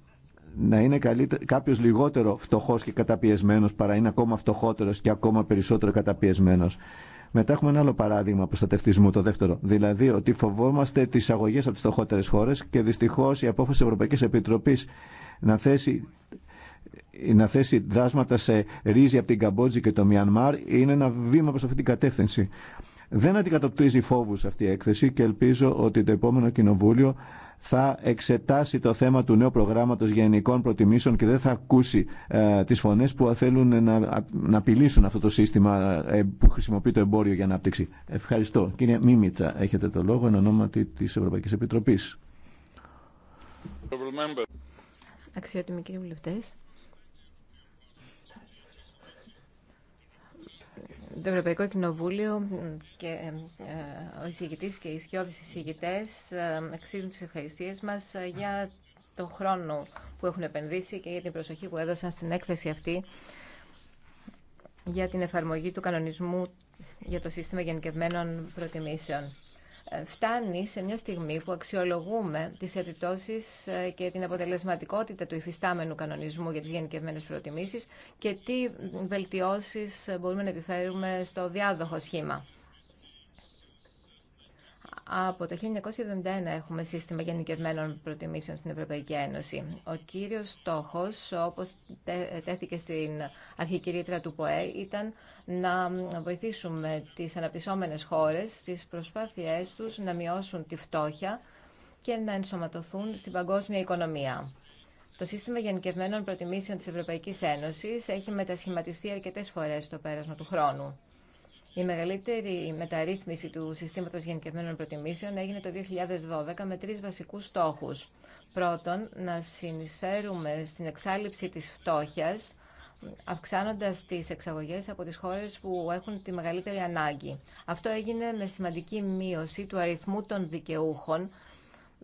να είναι κάποιο λιγότερο φτωχό και καταπιεσμένο, παρά είναι ακόμα φτωχότερο και ακόμα περισσότερο καταπιεσμένο. Μετά έχουμε ένα άλλο παράδειγμα προστατευτισμού, το δεύτερο. Δηλαδή ότι φοβόμαστε τι αγωγέ από τι φτωχότερε χώρε και δυστυχώ η απόφαση τη Ευρωπαϊκή Επιτροπή να θέσει να θέσει δάσματα σε ρύζι από την Καμπότζη και το Μιανμάρ είναι ένα βήμα προς αυτή την κατεύθυνση. Δεν αντικατοπτρίζει φόβους αυτή η έκθεση και ελπίζω ότι το επόμενο κοινοβούλιο θα εξετάσει το θέμα του νέου προγράμματος γενικών προτιμήσεων και δεν θα ακούσει ε, τις φωνές που θέλουν να, να απειλήσουν αυτό το σύστημα ε, που χρησιμοποιεί το εμπόριο για ανάπτυξη. Ευχαριστώ. Κύριε Μίμητσα, έχετε το λόγο εν ονόματι της Ευρωπαϊκής Επιτροπής. Αξιότιμοι κύριοι βουλευτές, το Ευρωπαϊκό Κοινοβούλιο και ε, ε, ο εισηγητής και οι σκιώδεις εισηγητές ε, αξίζουν τις ευχαριστίες μας για το χρόνο που έχουν επενδύσει και για την προσοχή που έδωσαν στην έκθεση αυτή για την εφαρμογή του κανονισμού για το σύστημα γενικευμένων προτιμήσεων φτάνει σε μια στιγμή που αξιολογούμε τις επιπτώσεις ε, και την αποτελεσματικότητα του υφιστάμενου κανονισμού για τις γενικευμένες προτιμήσεις και τι βελτιώσεις μπορούμε να επιφέρουμε στο διάδοχο σχήμα. Από το 1971 έχουμε σύστημα γενικευμένων προτιμήσεων στην Ευρωπαϊκή Ένωση. Ο κύριος στόχος, όπως τέθηκε στην αρχική ρήτρα του ΠΟΕ, ήταν να βοηθήσουμε τις αναπτυσσόμενες χώρες στις προσπάθειές τους να μειώσουν τη φτώχεια και να ενσωματωθούν στην παγκόσμια οικονομία. Το σύστημα γενικευμένων προτιμήσεων της Ευρωπαϊκής Ένωσης έχει μετασχηματιστεί αρκετές φορές στο πέρασμα του χρόνου. Η μεγαλύτερη μεταρρύθμιση του συστήματος γενικευμένων προτιμήσεων έγινε το 2012 με τρει βασικούς στόχους. Πρώτον, να συνεισφέρουμε στην εξάλληψη της φτώχειας, αυξάνοντας τις εξαγωγές από τις χώρες που έχουν τη μεγαλύτερη ανάγκη. Αυτό έγινε με σημαντική μείωση του αριθμού των δικαιούχων,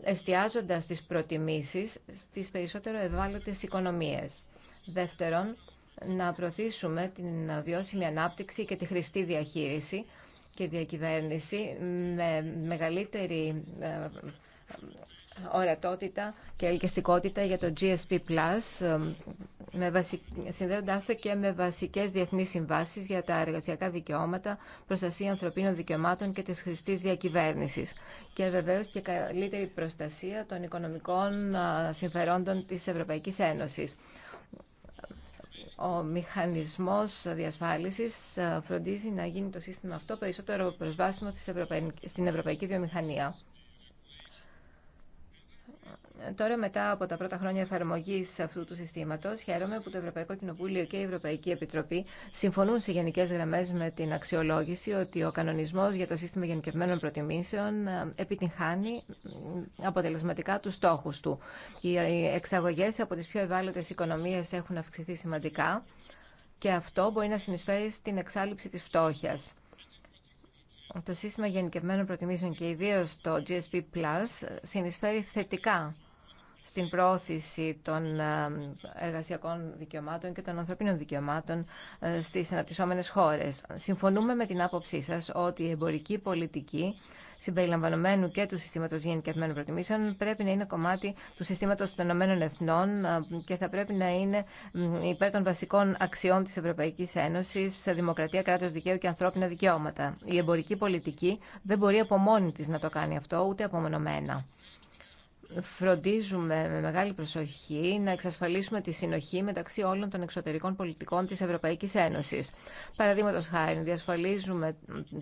εστιάζοντας τις προτιμήσεις στις περισσότερο ευάλωτες οικονομίες. Δεύτερον, να προωθήσουμε την βιώσιμη ανάπτυξη και τη χρηστή διαχείριση και διακυβέρνηση με μεγαλύτερη ε, ορατότητα και ελκυστικότητα για το GSP+, ε, με συνδέοντάς το και με βασικές διεθνείς συμβάσεις για τα εργασιακά δικαιώματα, προστασία ανθρωπίνων δικαιωμάτων και της χρηστής διακυβέρνησης. Και βεβαίως και καλύτερη προστασία των οικονομικών ε, συμφερόντων της Ευρωπαϊκής Ένωσης ο μηχανισμός διασφάλισης ε, φροντίζει να γίνει το σύστημα αυτό περισσότερο προσβάσιμο στην ευρωπαϊκή βιομηχανία. Τώρα μετά από τα πρώτα χρόνια εφαρμογή αυτού του συστήματο, χαίρομαι που το Ευρωπαϊκό Κοινοβούλιο και η Ευρωπαϊκή Επιτροπή συμφωνούν σε γενικέ γραμμέ με την αξιολόγηση ότι ο κανονισμό για το σύστημα γενικευμένων προτιμήσεων ε, επιτυγχάνει αποτελεσματικά του στόχου του. Οι ε, εξαγωγέ από τι πιο ευάλωτε οικονομίε έχουν αυξηθεί σημαντικά και αυτό μπορεί να συνεισφέρει στην εξάλληψη τη φτώχεια. Το σύστημα γενικευμένων προτιμήσεων και ιδίω το GSP Plus ε, συνεισφέρει θετικά στην προώθηση των ε, εργασιακών δικαιωμάτων και των ανθρωπίνων δικαιωμάτων ε, στις αναπτυσσόμενες χώρες. Συμφωνούμε με την άποψή σας ότι η εμπορική πολιτική συμπεριλαμβανομένου και του συστήματο γενικευμένων προτιμήσεων, πρέπει να είναι κομμάτι του συστήματο των Ηνωμένων Εθνών ε, και θα πρέπει να είναι υπέρ των βασικών αξιών τη Ευρωπαϊκή Ένωση σε δημοκρατία, κράτο δικαίου και ανθρώπινα δικαιώματα. Η εμπορική πολιτική δεν μπορεί από μόνη τη να το κάνει αυτό, ούτε απομονωμένα φροντίζουμε με μεγάλη προσοχή να εξασφαλίσουμε τη συνοχή μεταξύ όλων των εξωτερικών πολιτικών της Ευρωπαϊκής Ένωσης. Παραδείγματος χάρη, διασφαλίζουμε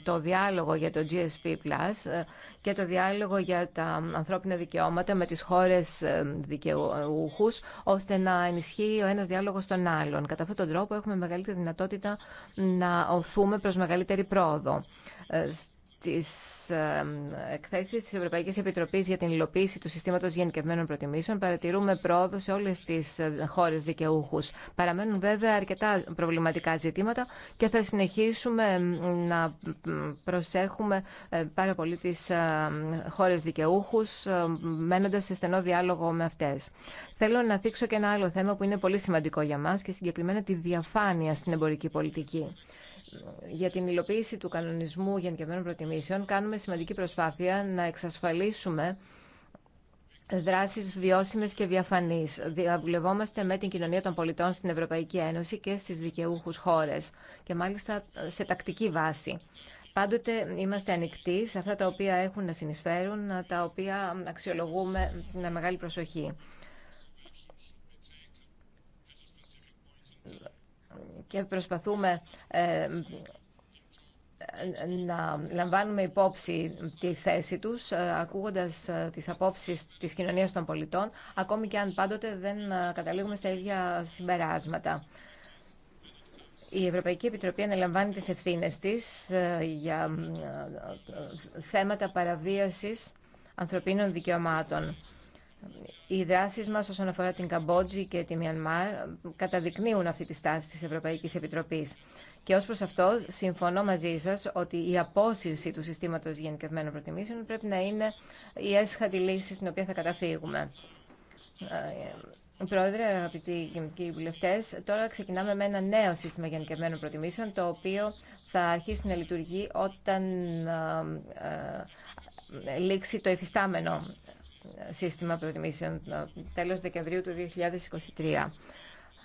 το διάλογο για το GSP Plus ε, και το διάλογο για τα ανθρώπινα δικαιώματα με τις χώρες ε, δικαιούχους, ώστε να ενισχύει ο ένας διάλογος τον άλλον. Κατά αυτόν τον τρόπο έχουμε μεγαλύτερη δυνατότητα να οθούμε προς μεγαλύτερη πρόοδο. Ε, της εκθέσεις της Ευρωπαϊκής Επιτροπής για την υλοποίηση του συστήματος γενικευμένων προτιμήσεων παρατηρούμε πρόοδο σε όλες τις ε, χώρες δικαιούχους. Παραμένουν βέβαια αρκετά προβληματικά ζητήματα και θα συνεχίσουμε να προσέχουμε ε, πάρα πολύ τις ε, χώρες δικαιούχους μένοντας σε στενό διάλογο με αυτές. Θέλω να θίξω και ένα άλλο θέμα που είναι πολύ σημαντικό για μας και συγκεκριμένα τη διαφάνεια στην εμπορική πολιτική για την υλοποίηση του κανονισμού γενικευμένων προτιμήσεων κάνουμε σημαντική προσπάθεια να εξασφαλίσουμε δράσεις βιώσιμες και διαφανείς. Διαβουλευόμαστε με την κοινωνία των πολιτών στην Ευρωπαϊκή Ένωση και στις δικαιούχους χώρες και μάλιστα σε τακτική βάση. Πάντοτε είμαστε ανοιχτοί σε αυτά τα οποία έχουν να συνεισφέρουν, τα οποία αξιολογούμε με μεγάλη προσοχή. και προσπαθούμε ε, να λαμβάνουμε υπόψη τη θέση τους, ε, ακούγοντας ε, τις απόψεις της κοινωνίας των πολιτών, ακόμη και αν πάντοτε δεν καταλήγουμε στα ίδια συμπεράσματα. Η Ευρωπαϊκή Επιτροπή αναλαμβάνει τις ευθύνες της για θέματα παραβίασης ανθρωπίνων δικαιωμάτων. Οι δράσει μα όσον αφορά την Καμπότζη και τη Μιανμάρ καταδεικνύουν αυτή τη στάση τη Ευρωπαϊκή Επιτροπή. Και ω προ αυτό, συμφωνώ μαζί σα ότι η απόσυρση του συστήματο γενικευμένων προτιμήσεων πρέπει να είναι η έσχατη λύση στην οποία θα καταφύγουμε. Ε, πρόεδρε, αγαπητοί κύριοι βουλευτέ, τώρα ξεκινάμε με ένα νέο σύστημα γενικευμένων προτιμήσεων, το οποίο θα αρχίσει να λειτουργεί όταν ε, ε, λήξει το εφιστάμενο σύστημα προτιμήσεων ε, τέλος Δεκεμβρίου του 2023.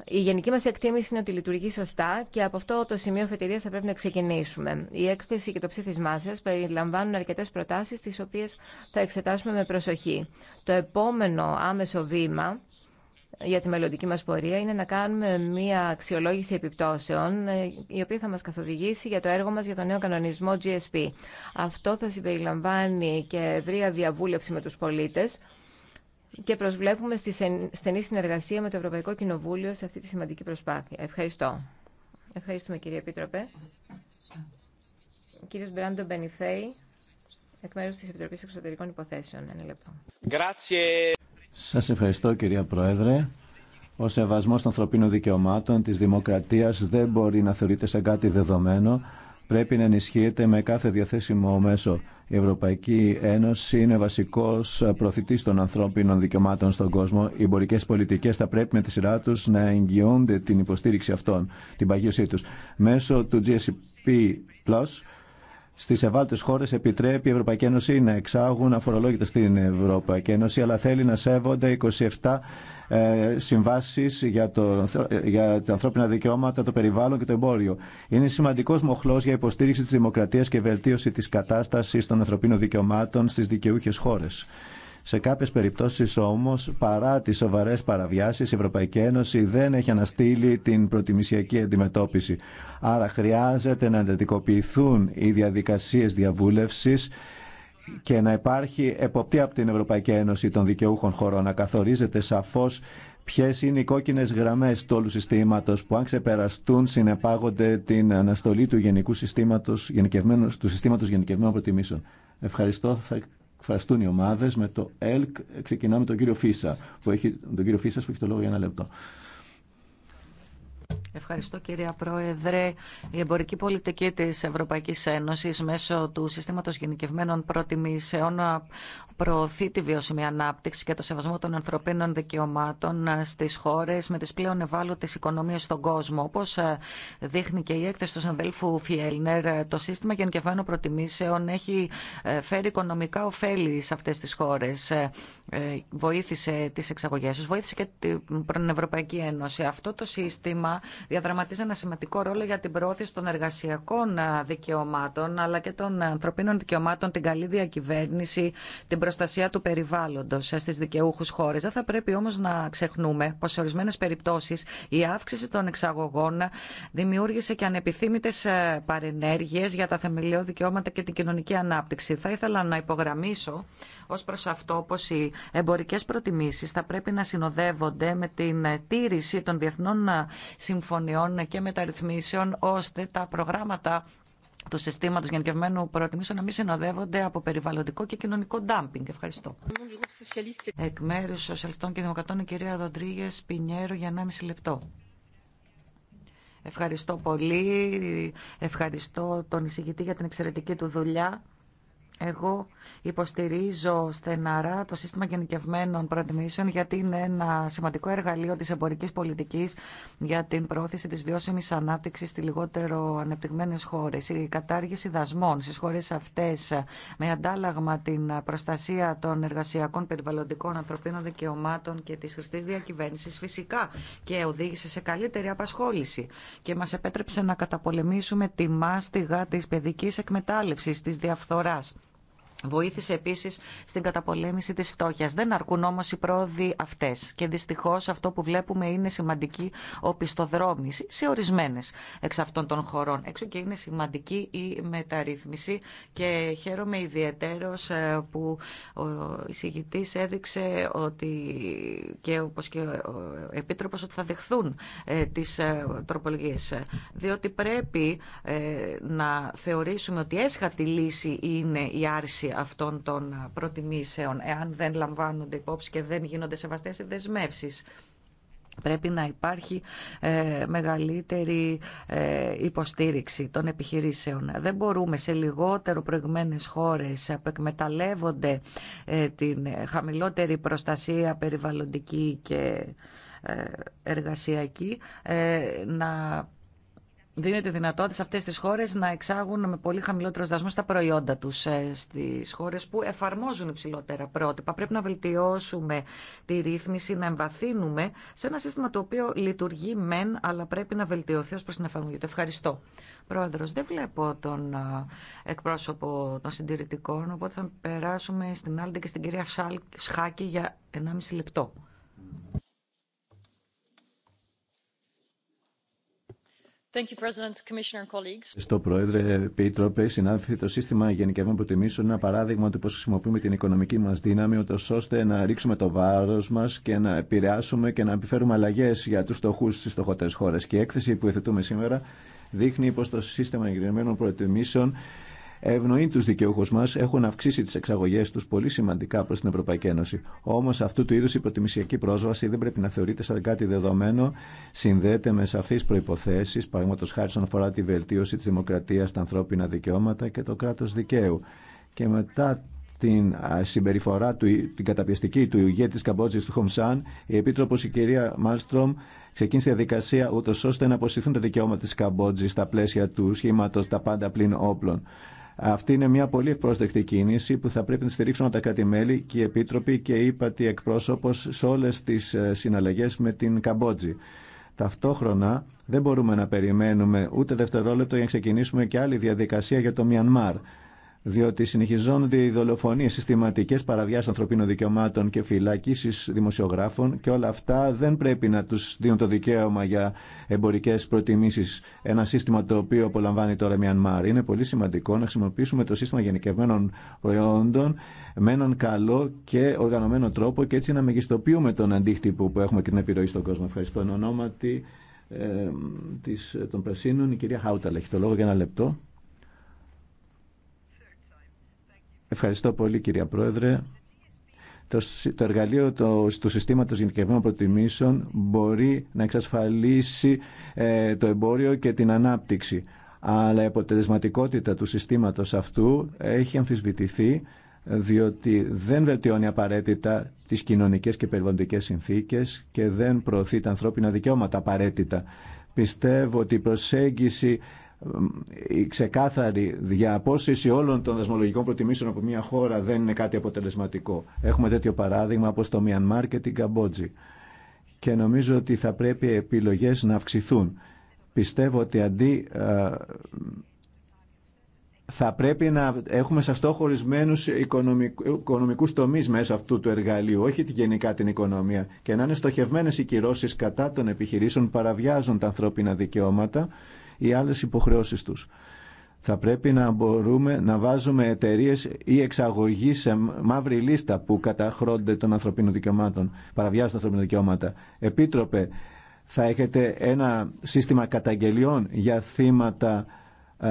Η γενική μας εκτίμηση είναι ότι λειτουργεί σωστά και από αυτό το σημείο φετηρία θα πρέπει να ξεκινήσουμε. Η έκθεση και το ψήφισμά σα περιλαμβάνουν αρκετές προτάσεις τις οποίες θα εξετάσουμε με προσοχή. Το επόμενο άμεσο βήμα για τη μελλοντική μας πορεία είναι να κάνουμε μία αξιολόγηση επιπτώσεων ε, η οποία θα μας καθοδηγήσει για το έργο μας για το νέο κανονισμό GSP. Αυτό θα συμπεριλαμβάνει και ευρία διαβούλευση με τους πολίτες και προσβλέπουμε στη στενή συνεργασία με το Ευρωπαϊκό Κοινοβούλιο σε αυτή τη σημαντική προσπάθεια. Ευχαριστώ. Ευχαριστούμε κύριε Επίτροπε. Κύριος Μπράντο Μπενιφέη, εκ μέρους της Επιτροπής Εξωτερικών Υποθέσεων. λεπτό. Σας ευχαριστώ κυρία Πρόεδρε. Ο σεβασμό των ανθρωπίνων δικαιωμάτων, τη δημοκρατίας δεν μπορεί να θεωρείται σαν κάτι δεδομένο. Πρέπει να ενισχύεται με κάθε διαθέσιμο μέσο. Η Ευρωπαϊκή Ένωση είναι βασικό προθητή των ανθρώπινων δικαιωμάτων στον κόσμο. Οι εμπορικέ πολιτικέ θα πρέπει με τη σειρά του να εγγυώνται την υποστήριξη αυτών, την παγίωσή του. Μέσω του GSP Plus στι ευάλωτε χώρε επιτρέπει η Ευρωπαϊκή Ένωση να εξάγουν αφορολόγητα στην Ευρωπαϊκή Ένωση, αλλά θέλει να σέβονται 27 ε, συμβάσει για, το, για τα ανθρώπινα δικαιώματα, το περιβάλλον και το εμπόριο. Είναι σημαντικό μοχλό για υποστήριξη τη δημοκρατία και βελτίωση τη κατάσταση των ανθρωπίνων δικαιωμάτων στι δικαιούχε χώρε. Σε κάποιε περιπτώσει όμω, παρά τι σοβαρέ παραβιάσει, η Ευρωπαϊκή Ένωση δεν έχει αναστείλει την προτιμησιακή αντιμετώπιση. Άρα χρειάζεται να εντατικοποιηθούν οι διαδικασίε διαβούλευση και να υπάρχει εποπτεία από την Ευρωπαϊκή Ένωση των δικαιούχων χωρών. Να καθορίζεται σαφώ ποιε είναι οι κόκκινε γραμμέ του όλου συστήματο που, αν ξεπεραστούν, συνεπάγονται την αναστολή του, γενικού συστήματος, συστήματο γενικευμένων προτιμήσεων. Ευχαριστώ εκφραστούν οι ομάδε. Με το ΕΛΚ ξεκινάμε τον κύριο Φίσα, που έχει, τον κύριο Φίσα που έχει το λόγο για ένα λεπτό. Ευχαριστώ κυρία Πρόεδρε. Η εμπορική πολιτική της Ευρωπαϊκής Ένωσης μέσω του συστήματος γενικευμένων προτιμήσεων προωθεί τη βιώσιμη ανάπτυξη και το σεβασμό των ανθρωπίνων δικαιωμάτων στις χώρες με τις πλέον ευάλωτες οικονομίες στον κόσμο. Όπως δείχνει και η έκθεση του συναδέλφου Φιέλνερ, το σύστημα γενικευμένων προτιμήσεων έχει ε, φέρει οικονομικά ωφέλη σε αυτές τις χώρες. Ε, βοήθησε τις εξαγωγές του, βοήθησε και την Ευρωπαϊκή Ένωση. Αυτό το σύστημα διαδραματίζει ένα σημαντικό ρόλο για την προώθηση των εργασιακών δικαιωμάτων αλλά και των ανθρωπίνων δικαιωμάτων, την καλή διακυβέρνηση, την προστασία του περιβάλλοντο ε, στι δικαιούχου χώρε. Δεν θα πρέπει όμω να ξεχνούμε πω σε ορισμένε περιπτώσει η αύξηση των εξαγωγών ε, δημιούργησε και ανεπιθύμητε παρενέργειε για τα θεμελιώδη δικαιώματα και την κοινωνική ανάπτυξη. Θα ήθελα να υπογραμμίσω Ω προ αυτό, πως οι εμπορικέ προτιμήσει θα πρέπει να συνοδεύονται με την τήρηση των διεθνών συμφωνιών και μεταρρυθμίσεων, ώστε τα προγράμματα του συστήματο γενικευμένου προτιμήσεων να μην συνοδεύονται από περιβαλλοντικό και κοινωνικό ντάμπινγκ. Ευχαριστώ. Εκ μέρου Σοσιαλιστών και Δημοκρατών, η κυρία Ροντρίγε Πινιέρο για 1,5 λεπτό. Ευχαριστώ πολύ. Ευχαριστώ τον εισηγητή για την εξαιρετική του δουλειά. Εγώ υποστηρίζω στεναρά το σύστημα γενικευμένων προτιμήσεων γιατί είναι ένα σημαντικό εργαλείο της εμπορικής πολιτικής για την πρόθεση της βιώσιμης ανάπτυξης στη λιγότερο ανεπτυγμένες χώρες. Η κατάργηση δασμών στις χώρες αυτές με αντάλλαγμα την προστασία των εργασιακών περιβαλλοντικών ανθρωπίνων δικαιωμάτων και της χρηστή διακυβέρνησης φυσικά και οδήγησε σε καλύτερη απασχόληση και μας επέτρεψε να καταπολεμήσουμε τη μάστιγα της παιδικής εκμετάλλευσης, της διαφθοράς Βοήθησε επίση στην καταπολέμηση τη φτώχεια. Δεν αρκούν όμω οι πρόοδοι αυτέ. Και δυστυχώ αυτό που βλέπουμε είναι σημαντική οπισθοδρόμηση σε ορισμένε εξ αυτών των χωρών. Έξω και είναι σημαντική η μεταρρύθμιση και χαίρομαι ιδιαίτερω ε, που ο εισηγητή έδειξε ότι και όπω και ο Επίτροπο ότι θα δεχθούν ε, τι ε, τροπολογίε. Διότι πρέπει να θεωρήσουμε ότι έσχατη λύση είναι η άρση αυτών των προτιμήσεων, εάν δεν λαμβάνονται υπόψη και δεν γίνονται σεβαστές οι δεσμεύσεις. Πρέπει να υπάρχει ε, μεγαλύτερη ε, υποστήριξη των επιχειρήσεων. Δεν μπορούμε σε λιγότερο προηγμένες χώρες που εκμεταλλεύονται ε, την χαμηλότερη προστασία περιβαλλοντική και ε, εργασιακή να δίνεται δυνατότητα σε αυτές τις χώρες να εξάγουν με πολύ χαμηλότερους δασμούς τα προϊόντα τους ε, στις χώρες που εφαρμόζουν υψηλότερα πρότυπα. Πρέπει να βελτιώσουμε τη ρύθμιση, να εμβαθύνουμε σε ένα σύστημα το οποίο λειτουργεί μεν, αλλά πρέπει να βελτιωθεί ως προς την εφαρμογή του. Ευχαριστώ. Πρόεδρος, δεν βλέπω τον ε, εκπρόσωπο των συντηρητικών, οπότε θα περάσουμε στην Άλντε και στην κυρία Σχάκη για 1,5 λεπτό. Ευχαριστώ, Πρόεδρε. Επίτροπε, συνάδελφοι, το σύστημα γενικευμένων προτιμήσεων είναι ένα παράδειγμα του πώ χρησιμοποιούμε την οικονομική μα δύναμη, ούτω ώστε να ρίξουμε το βάρο μα και να επηρεάσουμε και να επιφέρουμε αλλαγέ για του φτωχού στι φτωχότερε χώρε. Και η έκθεση που εθετούμε σήμερα δείχνει πω το σύστημα γενικευμένων προτιμήσεων ευνοεί του δικαιούχου μα, έχουν αυξήσει τι εξαγωγέ του πολύ σημαντικά προ την Ευρωπαϊκή Ένωση. Όμω αυτού του είδου η προτιμησιακή πρόσβαση δεν πρέπει να θεωρείται σαν κάτι δεδομένο. Συνδέεται με σαφεί προποθέσει, παραδείγματο χάρη όσον αφορά τη βελτίωση τη δημοκρατία, τα ανθρώπινα δικαιώματα και το κράτο δικαίου. Και μετά την συμπεριφορά του, την καταπιεστική του ηγέτη τη Καμπότζη του Χομσάν, η Επίτροπο η κυρία Μάλστρομ ξεκίνησε διαδικασία ούτω ώστε να αποσυρθούν τα δικαιώματα τη Καμπότζη στα πλαίσια του σχήματο Τα Πάντα Πλην Όπλων. Αυτή είναι μια πολύ ευπρόσδεκτη κίνηση που θα πρέπει να στηρίξουν τα κράτη-μέλη και οι επίτροποι και η ύπατη εκπρόσωπο σε όλε τι ε, συναλλαγέ με την Καμπότζη. Ταυτόχρονα δεν μπορούμε να περιμένουμε ούτε δευτερόλεπτο για να ξεκινήσουμε και άλλη διαδικασία για το Μιανμάρ διότι συνεχιζόνται οι δολοφονίε, συστηματικέ παραβιάσει ανθρωπίνων δικαιωμάτων και φυλακίσει δημοσιογράφων και όλα αυτά δεν πρέπει να του δίνουν το δικαίωμα για εμπορικέ προτιμήσει. Ένα σύστημα το οποίο απολαμβάνει τώρα Μιανμάρ. Είναι πολύ σημαντικό να χρησιμοποιήσουμε το σύστημα γενικευμένων προϊόντων με έναν καλό και οργανωμένο τρόπο και έτσι να μεγιστοποιούμε τον αντίκτυπο που έχουμε και την επιρροή στον κόσμο. Ευχαριστώ. Εν ε, της, των Πρασίνων, η κυρία Χάουτα, έχει το λόγο για ένα λεπτό. Ευχαριστώ πολύ κυρία Πρόεδρε. Το, το εργαλείο το, του συστήματος γενικευμένων προτιμήσεων μπορεί να εξασφαλίσει ε, το εμπόριο και την ανάπτυξη. Αλλά η αποτελεσματικότητα του συστήματος αυτού έχει αμφισβητηθεί διότι δεν βελτιώνει απαραίτητα τις κοινωνικές και περιβαλλοντικές συνθήκες και δεν προωθεί τα ανθρώπινα δικαιώματα απαραίτητα. Πιστεύω ότι η προσέγγιση ε, η ξεκάθαρη διαπόσυση όλων των δασμολογικών προτιμήσεων από μια χώρα δεν είναι κάτι αποτελεσματικό. Έχουμε τέτοιο παράδειγμα όπως το Μιανμάρ και την Καμπότζη. Και νομίζω ότι θα πρέπει οι επιλογές να αυξηθούν. Πιστεύω ότι αντί ε, θα πρέπει να έχουμε σαν στόχο ορισμένου οικονομικού τομεί μέσα αυτού του εργαλείου, όχι γενικά την οικονομία, και να είναι στοχευμένε οι κυρώσει κατά των επιχειρήσεων που παραβιάζουν τα ανθρώπινα δικαιώματα ή άλλες υποχρεώσεις τους. Θα πρέπει να μπορούμε να βάζουμε εταιρείε ή εξαγωγή σε μαύρη λίστα που καταχρώνται των ανθρωπίνων δικαιωμάτων, παραβιάζουν τα ανθρωπίνα δικαιώματα. Επίτροπε, θα έχετε ένα σύστημα καταγγελιών για θύματα ε,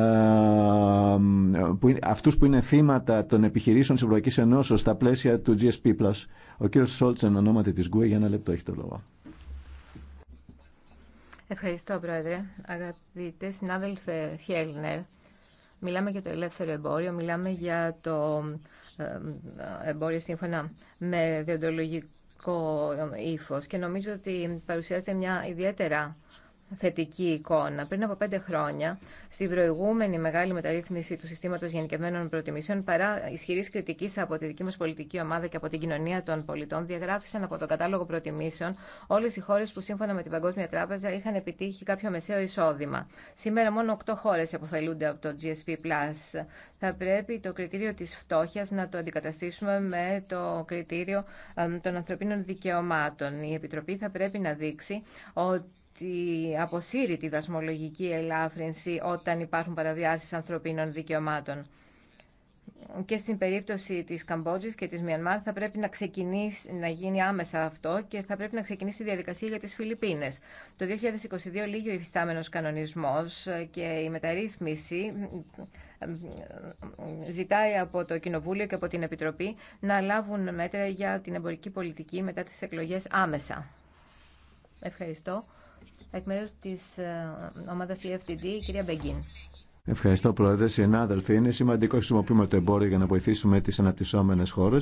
που είναι, αυτούς που είναι θύματα των επιχειρήσεων της Ευρωπαϊκής Ενώσεως στα πλαίσια του GSP+. Ο κύριος Σόλτσεν ονόματι της ΓΚΟΕ για ένα λεπτό έχει το λόγο. Ευχαριστώ, Πρόεδρε. Αγαπητέ συνάδελφε Φιέλνερ, μιλάμε για το ελεύθερο εμπόριο, μιλάμε για το ε, εμπόριο σύμφωνα με διοντολογικό ύφο και νομίζω ότι παρουσιάζεται μια ιδιαίτερα θετική εικόνα. Πριν από πέντε χρόνια, στην προηγούμενη μεγάλη μεταρρύθμιση του συστήματο γενικευμένων προτιμήσεων, παρά ισχυρή κριτική από τη δική μα πολιτική ομάδα και από την κοινωνία των πολιτών, διαγράφησαν από τον κατάλογο προτιμήσεων όλε οι χώρε που σύμφωνα με την Παγκόσμια Τράπεζα είχαν επιτύχει κάποιο μεσαίο εισόδημα. Σήμερα μόνο 8 χώρε αποφελούνται από το GSP. Θα πρέπει το κριτήριο τη φτώχεια να το αντικαταστήσουμε με το κριτήριο των ανθρωπίνων δικαιωμάτων. Η Επιτροπή θα πρέπει να δείξει ότι τη αποσύρει τη δασμολογική ελάφρυνση όταν υπάρχουν παραβιάσεις ανθρωπίνων δικαιωμάτων. Και στην περίπτωση της Καμπότζης και της Μιανμάρ θα πρέπει να ξεκινήσει να γίνει άμεσα αυτό και θα πρέπει να ξεκινήσει η διαδικασία για τις Φιλιππίνες. Το 2022 λύγει ο υφιστάμενος κανονισμός και η μεταρρύθμιση ζητάει από το Κοινοβούλιο και από την Επιτροπή να λάβουν μέτρα για την εμπορική πολιτική μετά τις εκλογές άμεσα. Ευχαριστώ. Εκ μέρου τη ε, ομάδα EFTD, η κυρία Μπεγκίν. Ευχαριστώ, Πρόεδρε. Συνάδελφοι, είναι σημαντικό να χρησιμοποιούμε το εμπόριο για να βοηθήσουμε τι αναπτυσσόμενε χώρε,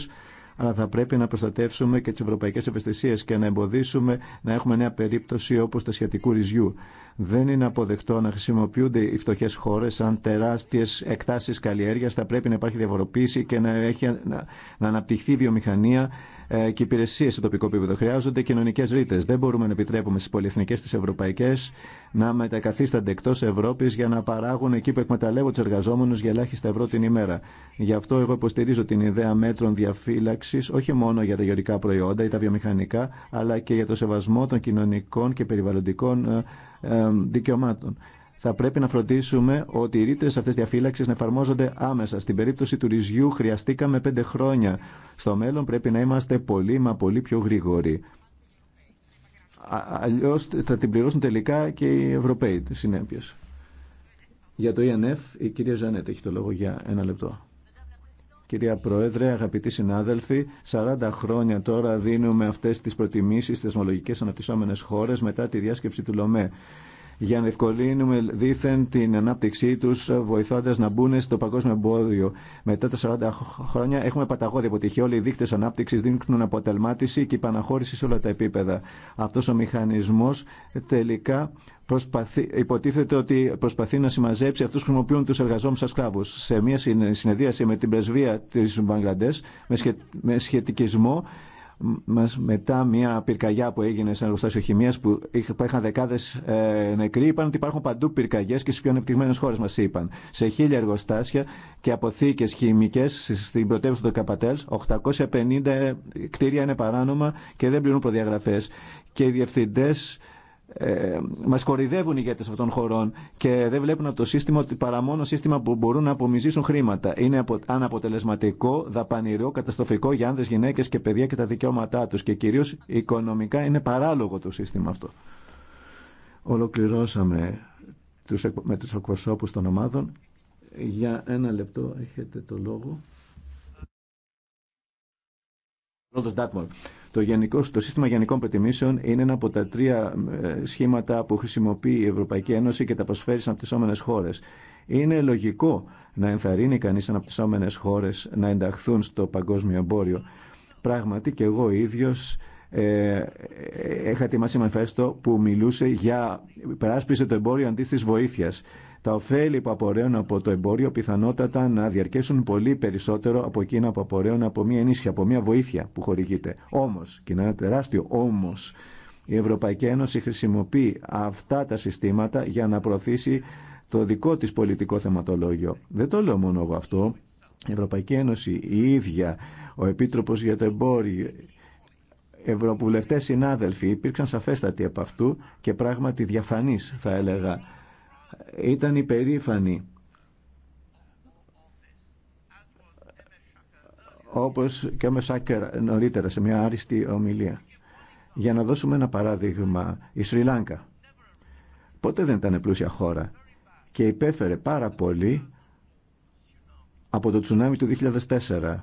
αλλά θα πρέπει να προστατεύσουμε και τι ευρωπαϊκέ ευαισθησίε και να εμποδίσουμε να έχουμε νέα περίπτωση όπω το σχετικού ρυζιού. Δεν είναι αποδεκτό να χρησιμοποιούνται οι φτωχέ χώρε σαν τεράστιε εκτάσει καλλιέργεια. Θα πρέπει να υπάρχει διαφοροποίηση και να, έχει, να, να αναπτυχθεί η βιομηχανία ε, και υπηρεσίε σε τοπικό επίπεδο. Χρειάζονται κοινωνικέ ρήτε. Δεν μπορούμε να επιτρέπουμε στι πολυεθνικέ, τι ευρωπαϊκέ, να μετακαθίστανται εκτό Ευρώπη για να παράγουν εκεί που εκμεταλλεύονται του εργαζόμενου για ελάχιστα ευρώ την ημέρα. Γι' αυτό εγώ υποστηρίζω την ιδέα μέτρων διαφύλαξη όχι μόνο για τα γεωρικά προϊόντα ή τα βιομηχανικά, αλλά και για το σεβασμό των κοινωνικών και περιβαλλοντικών ε, ε, δικαιωμάτων θα πρέπει να φροντίσουμε ότι οι ρήτρε αυτέ διαφύλαξη να εφαρμόζονται άμεσα. Στην περίπτωση του ρυζιού χρειαστήκαμε πέντε χρόνια. Στο μέλλον πρέπει να είμαστε πολύ μα πολύ πιο γρήγοροι. Αλλιώ θα την πληρώσουν τελικά και οι Ευρωπαίοι συνέπειε. Για το ΕΝΕΦ, e η κυρία Ζανέτ έχει το λόγο για ένα λεπτό. Κυρία Πρόεδρε, αγαπητοί συνάδελφοι, 40 χρόνια τώρα δίνουμε αυτές τις προτιμήσεις στις θεσμολογικές αναπτυσσόμενες χώρες μετά τη διάσκεψη του ΛΟΜΕ για να ευκολύνουμε δήθεν την ανάπτυξή του, βοηθώντα να μπουν στο παγκόσμιο εμπόριο. Μετά τα 40 χρόνια έχουμε παταγώδη αποτυχία. Όλοι οι δείκτε ανάπτυξη δίνουν αποτελμάτιση και υπαναχώρηση σε όλα τα επίπεδα. Αυτό ο μηχανισμό τελικά προσπαθεί, υποτίθεται ότι προσπαθεί να συμμαζέψει αυτού που χρησιμοποιούν του εργαζόμενου σαν σκλάβου. Σε μια συνεδρίαση με την πρεσβεία τη Μπαγκλαντέ, με σχετικισμό, μας μετά μια πυρκαγιά που έγινε σε εργοστάσιο χημίας που είχαν δεκάδες ε, νεκροί είπαν ότι υπάρχουν παντού πυρκαγιές και στις πιο ανεπτυγμένες χώρες μας είπαν. Σε χίλια εργοστάσια και αποθήκες χημικές στην πρωτεύουσα του Καπατέλς 850 κτίρια είναι παράνομα και δεν πληρούν προδιαγραφές και οι διευθυντές ε, μα κορυδεύουν οι ηγέτε αυτών των χωρών και δεν βλέπουν από το σύστημα ότι παρά μόνο σύστημα που μπορούν να απομυζήσουν χρήματα. Είναι απο, αναποτελεσματικό, δαπανηρό, καταστροφικό για άνδρες, γυναίκε και παιδιά και τα δικαιώματά του. Και κυρίω οικονομικά είναι παράλογο το σύστημα αυτό. Ολοκληρώσαμε τους, με του εκπροσώπου των ομάδων. Για ένα λεπτό έχετε το λόγο. Το, γενικό, το σύστημα γενικών προτιμήσεων είναι ένα από τα τρία ε, σχήματα που χρησιμοποιεί η Ευρωπαϊκή Ένωση και τα προσφέρει στι αναπτυσσόμενε χώρε. Είναι λογικό να ενθαρρύνει κανεί αναπτυσσόμενε χώρε να ενταχθούν στο παγκόσμιο εμπόριο. Πράγματι και εγώ ίδιο ε, ε, είχα ετοιμάσει μανιφέστο που μιλούσε για περάσπιση το εμπόριο αντί τη βοήθεια. Τα ωφέλη που απορρέουν από το εμπόριο πιθανότατα να διαρκέσουν πολύ περισσότερο από εκείνα που απορρέουν από μια ενίσχυα, από μια βοήθεια που χορηγείται. Όμω, και είναι ένα τεράστιο όμω, η Ευρωπαϊκή Ένωση χρησιμοποιεί αυτά τα συστήματα για να προωθήσει το δικό της πολιτικό θεματολόγιο. Δεν το λέω μόνο εγώ αυτό. Η Ευρωπαϊκή Ένωση, η ίδια, ο Επίτροπος για το Εμπόριο, ευρωβουλευτέ συνάδελφοι υπήρξαν σαφέστατοι από αυτού και πράγματι διαφανεί θα έλεγα ήταν υπερήφανοι όπως και ο Μεσάκερ νωρίτερα σε μια άριστη ομιλία. Για να δώσουμε ένα παράδειγμα, η Σρι Λάγκα ποτέ δεν ήταν πλούσια χώρα και υπέφερε πάρα πολύ από το τσουνάμι του 2004.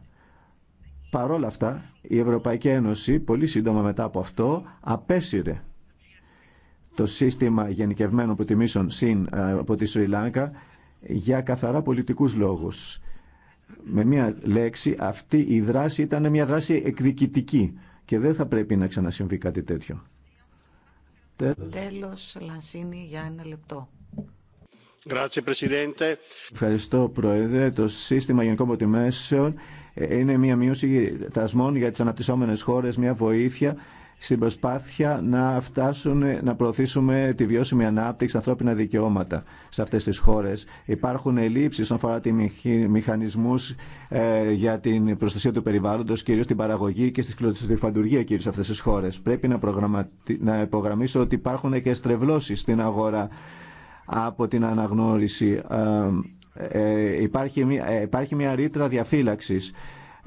Παρόλα αυτά, η Ευρωπαϊκή Ένωση πολύ σύντομα μετά από αυτό απέσυρε το σύστημα γενικευμένων προτιμήσεων συν ε, από τη Σρι για καθαρά πολιτικούς λόγους. Με μία λέξη, αυτή η δράση ήταν μια δράση εκδικητική και δεν θα πρέπει να ξανασυμβεί κάτι τέτοιο. Τέλος, Λανσίνη, για ένα λεπτό. Ευχαριστώ, Πρόεδρε. Το σύστημα γενικών προτιμήσεων ε, είναι μια μείωση τασμών για τις αναπτυσσόμενες χώρες, μια βοήθεια στην προσπάθεια να φτάσουν, να προωθήσουμε τη βιώσιμη ανάπτυξη, ανθρώπινα δικαιώματα σε αυτές τις χώρες. Υπάρχουν ελλείψεις όσον αφορά τη μηχανισμούς ε, για την προστασία του περιβάλλοντος, κυρίως στην παραγωγή και στη φαντουργία κυρίως σε αυτές τις χώρες. Πρέπει να, προγραμματι... να υπογραμμίσω ότι υπάρχουν και στρεβλώσεις στην αγορά από την αναγνώριση. Ε, ε, υπάρχει, μια, υπάρχει μια ρήτρα διαφύλαξης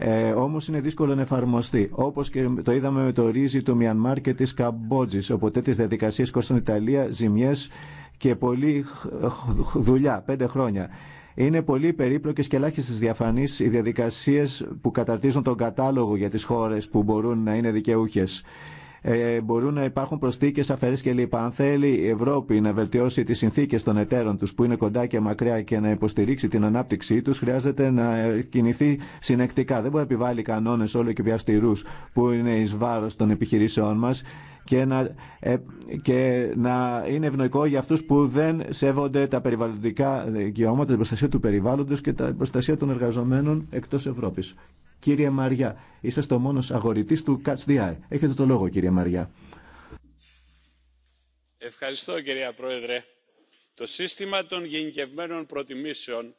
ε, όμως είναι δύσκολο να εφαρμοστεί. Όπως και το είδαμε με το ρίζι του Μιανμάρ και της Καμπότζης, οπότε τις διαδικασίες κόστον Ιταλία ζημιές και πολλή δουλειά, πέντε χρόνια. Είναι πολύ περίπλοκες και ελάχιστε διαφανείς οι διαδικασίες που καταρτίζουν τον κατάλογο για τις χώρες που μπορούν να είναι δικαιούχες ε, μπορούν να υπάρχουν προσθήκε, αφαιρέ κλπ. Αν θέλει η Ευρώπη να βελτιώσει τι συνθήκε των εταίρων του που είναι κοντά και μακριά και να υποστηρίξει την ανάπτυξή του, χρειάζεται να κινηθεί συνεκτικά. Δεν μπορεί να επιβάλλει κανόνε όλο και πιο αυστηρού που είναι ει βάρο των επιχειρήσεών μα και να, ε, και να είναι ευνοϊκό για αυτούς που δεν σέβονται τα περιβαλλοντικά δικαιώματα, την προστασία του περιβάλλοντος και την προστασία των εργαζομένων εκτός Ευρώπης. Κύριε Μαριά, είσαστε ο μόνος αγορητής του Catch the Eye. Έχετε το λόγο, κύριε Μαριά. Ευχαριστώ, κυρία Πρόεδρε. Το σύστημα των γενικευμένων προτιμήσεων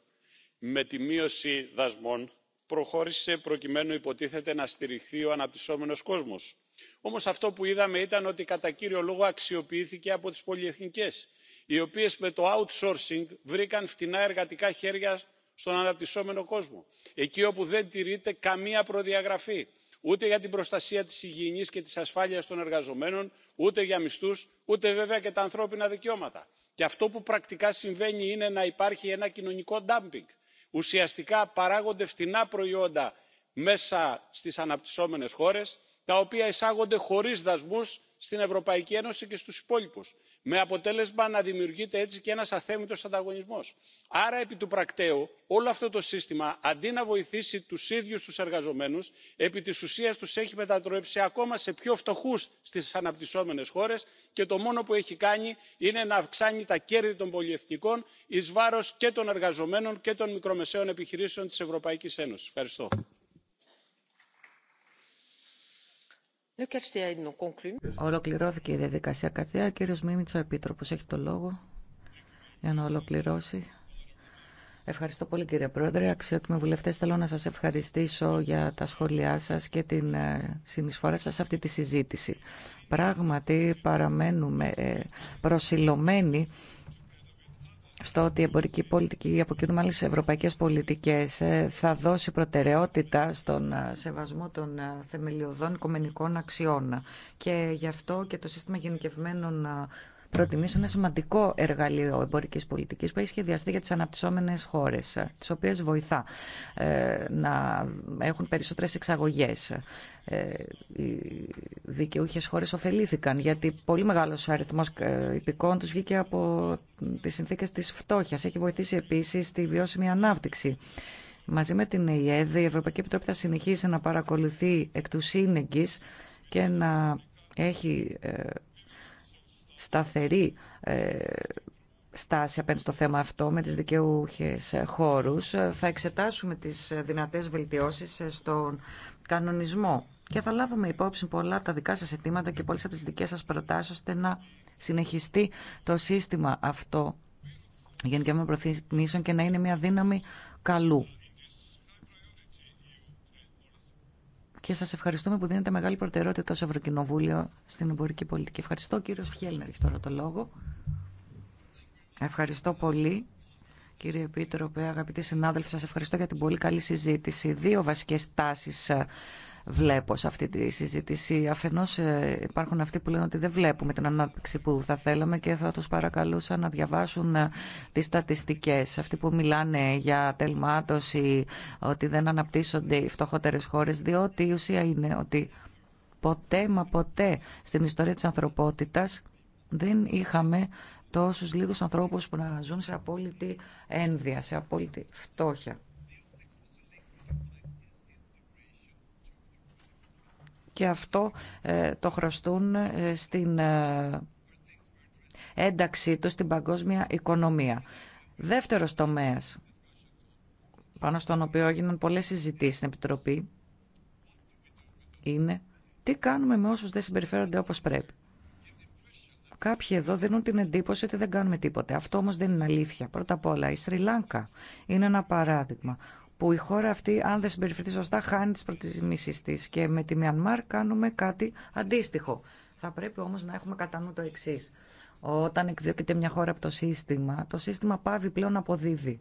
με τη μείωση δασμών προχώρησε προκειμένου υποτίθεται να στηριχθεί ο αναπτυσσόμενος κόσμος. Όμως αυτό που είδαμε ήταν ότι κατά κύριο λόγο αξιοποιήθηκε από τις πολυεθνικές, οι οποίες με το outsourcing βρήκαν φτηνά εργατικά χέρια στον αναπτυσσόμενο κόσμο εκεί όπου δεν τηρείται καμία προδιαγραφή ούτε για την προστασία της υγιεινής και της ασφάλειας των εργαζομένων ούτε για μισθούς ούτε βέβαια και τα ανθρώπινα δικαιώματα. και αυτό που πρακτικά συμβαίνει είναι να υπάρχει ένα κοινωνικό ντάμπινγκ. ουσιαστικά παράγονται φτηνά προϊόντα μέσα στις αναπτυσσόμενες χώρες τα οποία εισάγονται χωρίς δασμούς στην ευρωπαϊκή ένωση και στους υπόλοιπους με αποτέλεσμα να δημιουργείται έτσι και ένας αθέμητος ανταγωνισμός. άρα επί του πρακτέου όλο αυτό το σύστημα αντί να βοηθήσει τους ίδιους τους εργαζομένους επί της ουσίας τους έχει μετατρέψει ακόμα σε πιο φτωχούς στις αναπτυσσόμενες χώρες και το μόνο που έχει κάνει είναι να αυξάνει τα κέρδη των πολυεθνικών εις βάρος και των εργαζομένων και των μικρομεσαίων επιχειρήσεων της ευρωπαϊκής ένωσης. ευχαριστώ. Ολοκληρώθηκε η διαδικασία κατσιά. Ο κύριος Μίμητς, ο Επίτροπος, έχει το λόγο για να ολοκληρώσει. Ευχαριστώ πολύ κύριε Πρόεδρε. Αξιότιμοι βουλευτές, θέλω να σας ευχαριστήσω για τα σχόλιά σας και την ε, συνεισφορά σας σε αυτή τη συζήτηση. Πράγματι παραμένουμε ε, προσιλωμένοι στο ότι η εμπορική πολιτική από κοινού μάλιστα ευρωπαϊκές πολιτικές ε, θα δώσει προτεραιότητα στον ε, σεβασμό των ε, θεμελιωδών οικομενικών αξιών. Και γι' αυτό και το σύστημα γενικευμένων Προτιμήσω ένα σημαντικό εργαλείο εμπορική πολιτική που έχει σχεδιαστεί για τι αναπτυσσόμενε χώρε, τι οποίε βοηθά ε, να έχουν περισσότερε εξαγωγέ. Ε, οι δικαιούχε χώρε ωφελήθηκαν γιατί πολύ μεγάλο αριθμό ε, υπηκών του βγήκε από τι συνθήκε τη φτώχεια. Έχει βοηθήσει επίση τη βιώσιμη ανάπτυξη. Μαζί με την ΕΕΔ, η Ευρωπαϊκή Επιτροπή θα συνεχίσει να παρακολουθεί εκ του σύνεγγυς και να έχει σταθερή ε, στάση απέναντι στο θέμα αυτό με τις δικαιούχες χώρους. Θα εξετάσουμε τις δυνατές βελτιώσεις στον κανονισμό και θα λάβουμε υπόψη πολλά από τα δικά σας αιτήματα και πολλές από τις δικές σας προτάσεις ώστε να συνεχιστεί το σύστημα αυτό γενικά με προθυμίσεων και να είναι μια δύναμη καλού. και σας ευχαριστούμε που δίνετε μεγάλη προτεραιότητα στο Ευρωκοινοβούλιο στην εμπορική πολιτική. Ευχαριστώ κύριο Φιέλνερ, έχει τώρα το λόγο. Ευχαριστώ πολύ. Κύριε Επίτροπε, αγαπητοί συνάδελφοι, σας ευχαριστώ για την πολύ καλή συζήτηση. Δύο βασικές τάσεις ε, βλέπω σε αυτή τη συζήτηση. Αφενός ε, υπάρχουν αυτοί που λένε ότι δεν βλέπουμε την ανάπτυξη που θα θέλαμε και θα τους παρακαλούσα να διαβάσουν ε, τι στατιστικές. Αυτοί που μιλάνε για τελμάτωση, ότι δεν αναπτύσσονται οι φτωχότερε χώρες, διότι η ουσία είναι ότι ποτέ μα ποτέ στην ιστορία της ανθρωπότητας δεν είχαμε τόσους λίγους ανθρώπους που να ζουν σε απόλυτη ένδυα, σε απόλυτη φτώχεια. και αυτό ε, το χρωστούν ε, στην ε, ένταξή του στην παγκόσμια οικονομία. Δεύτερος τομέας, πάνω στον οποίο έγιναν πολλές συζητήσεις στην Επιτροπή, είναι τι κάνουμε με όσους δεν συμπεριφέρονται όπως πρέπει. Κάποιοι εδώ δίνουν την εντύπωση ότι δεν κάνουμε τίποτε. Αυτό όμως δεν είναι αλήθεια. Πρώτα απ' όλα η Σρι Λάνκα είναι ένα παράδειγμα που η χώρα αυτή, αν δεν συμπεριφερθεί σωστά, χάνει τι προτιμήσει τη Και με τη Μιανμάρ κάνουμε κάτι αντίστοιχο. Θα πρέπει όμω να έχουμε κατά νου το εξή. Όταν εκδιώκεται μια χώρα από το σύστημα, το σύστημα πάβει πλέον αποδίδει.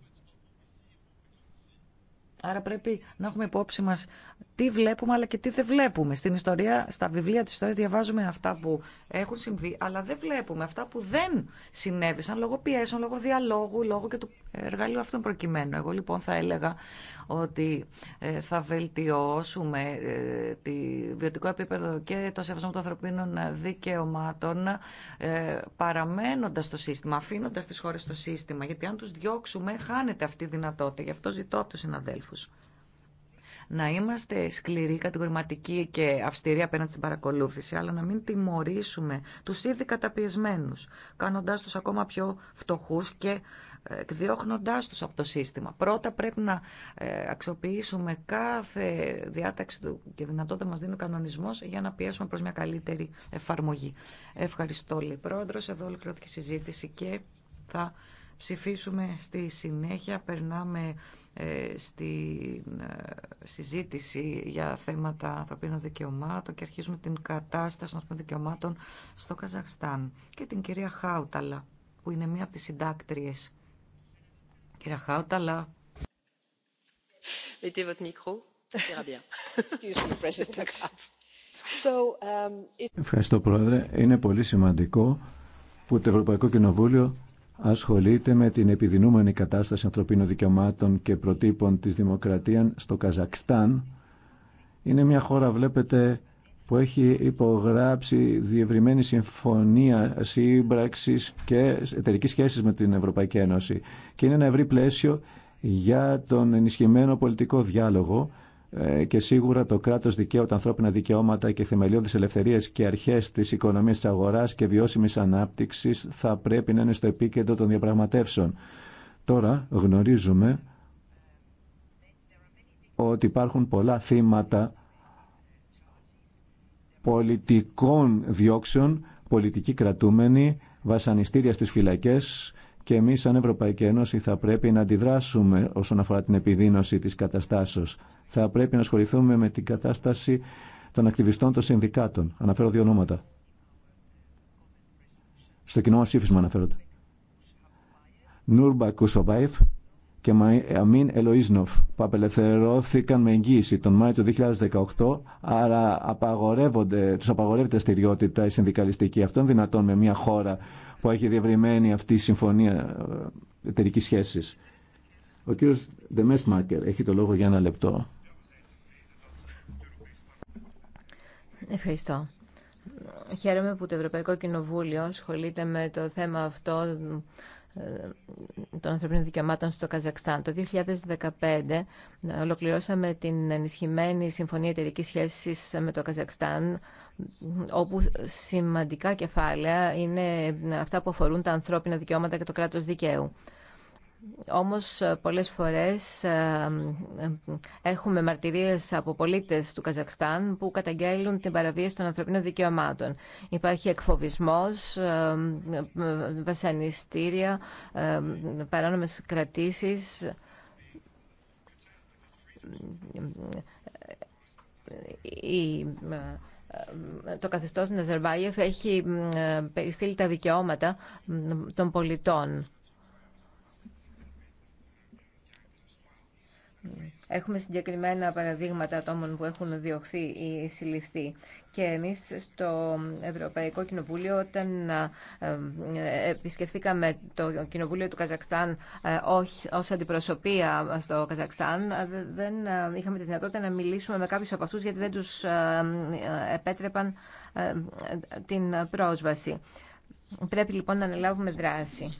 Άρα πρέπει να έχουμε υπόψη μας τι βλέπουμε αλλά και τι δεν βλέπουμε. Στην ιστορία, στα βιβλία της ιστορίας διαβάζουμε αυτά που έχουν συμβεί, αλλά δεν βλέπουμε αυτά που δεν συνέβησαν λόγω πιέσεων, λόγω διαλόγου, λόγω και του εργαλείου αυτών προκειμένου. Εγώ λοιπόν θα έλεγα ότι ε, θα βελτιώσουμε ε, τη βιωτικό επίπεδο και το σεβασμό των ανθρωπίνων δικαιωμάτων ε, παραμένοντας το σύστημα, αφήνοντας τις χώρες στο σύστημα, γιατί αν τους διώξουμε χάνεται αυτή η δυνατότητα. Γι' αυτό ζητώ από τους συναδέλφους να είμαστε σκληροί, κατηγορηματικοί και αυστηροί απέναντι στην παρακολούθηση, αλλά να μην τιμωρήσουμε τους ήδη καταπιεσμένους, κάνοντάς τους ακόμα πιο φτωχούς και ε, εκδιώχνοντάς τους από το σύστημα. Πρώτα πρέπει να ε, αξιοποιήσουμε κάθε διάταξη του και δυνατότητα μας δίνει ο κανονισμό για να πιέσουμε προς μια καλύτερη εφαρμογή. Ευχαριστώ, λέει πρόεδρο Εδώ ολοκληρώθηκε η συζήτηση και θα ψηφίσουμε στη συνέχεια. Περνάμε ε, στη ε, συζήτηση για θέματα ανθρωπίνων δικαιωμάτων και αρχίζουμε την κατάσταση των ανθρωπίνων δικαιωμάτων στο Καζαχστάν και την κυρία Χάουταλα που είναι μία από τις συντάκτριες. Κυρία Χάουταλα. Mettez votre micro, um, Ευχαριστώ Πρόεδρε. Είναι πολύ σημαντικό που το Ευρωπαϊκό Κοινοβούλιο ασχολείται με την επιδεινούμενη κατάσταση ανθρωπίνων δικαιωμάτων και προτύπων της δημοκρατίας στο Καζακστάν. Είναι μια χώρα, βλέπετε, που έχει υπογράψει διευρυμένη συμφωνία σύμπραξη και εταιρική σχέση με την Ευρωπαϊκή Ένωση. Και είναι ένα ευρύ πλαίσιο για τον ενισχυμένο πολιτικό διάλογο ε, και σίγουρα το κράτος δικαίου, τα ανθρώπινα δικαιώματα και θεμελιώδεις ελευθερίες και αρχές της οικονομίας της αγοράς και βιώσιμης ανάπτυξης θα πρέπει να είναι στο επίκεντρο των διαπραγματεύσεων. Τώρα γνωρίζουμε ότι υπάρχουν πολλά θύματα πολιτικών διώξεων, πολιτικοί κρατούμενοι, βασανιστήρια στις φυλακές και εμείς σαν Ευρωπαϊκή Ένωση θα πρέπει να αντιδράσουμε όσον αφορά την επιδείνωση της καταστάσεως. Θα πρέπει να ασχοληθούμε με την κατάσταση των ακτιβιστών των συνδικάτων. Αναφέρω δύο ονόματα. Στο κοινό μας ψήφισμα αναφέρονται. Νούρμπα Κουσοβάιφ και Αμίν Ελοίζνοφ που απελευθερώθηκαν με εγγύηση τον Μάιο του 2018 άρα του τους απαγορεύεται στηριότητα η συνδικαλιστική. Αυτό είναι δυνατόν με μια χώρα που έχει διευρυμένη αυτή η συμφωνία ε, εταιρική σχέση. Ο κύριος Μάκερ έχει το λόγο για ένα λεπτό. Ευχαριστώ. Χαίρομαι που το Ευρωπαϊκό Κοινοβούλιο ασχολείται με το θέμα αυτό ε, των ανθρωπίνων δικαιωμάτων στο Καζακστάν. Το 2015 ε, ολοκληρώσαμε την ενισχυμένη Συμφωνία Εταιρικής Σχέσης με το Καζακστάν, όπου σημαντικά κεφάλαια είναι αυτά που αφορούν τα ανθρώπινα δικαιώματα και το κράτος δικαίου. Όμως ε, πολλές φορές ε, ε, έχουμε μαρτυρίες από πολίτες του Καζακστάν που καταγγέλουν την παραβίαση των ανθρωπίνων δικαιωμάτων. Υπάρχει εκφοβισμός, βασανιστήρια, παράνομες κρατήσεις το καθεστώς Ναζερβάγεφ έχει περιστήλει τα δικαιώματα των πολιτών. Έχουμε συγκεκριμένα παραδείγματα ατόμων που έχουν διωχθεί ή συλληφθεί. Και εμείς στο Ευρωπαϊκό Κοινοβούλιο, όταν ε, ε, επισκεφθήκαμε το Κοινοβούλιο του Καζακστάν ε, όχι, ως αντιπροσωπεία στο Καζακστάν, δεν είχαμε τη δυνατότητα να μιλήσουμε με κάποιους από αυτούς, γιατί δεν τους επέτρεπαν την πρόσβαση. Πρέπει λοιπόν να αναλάβουμε δράση.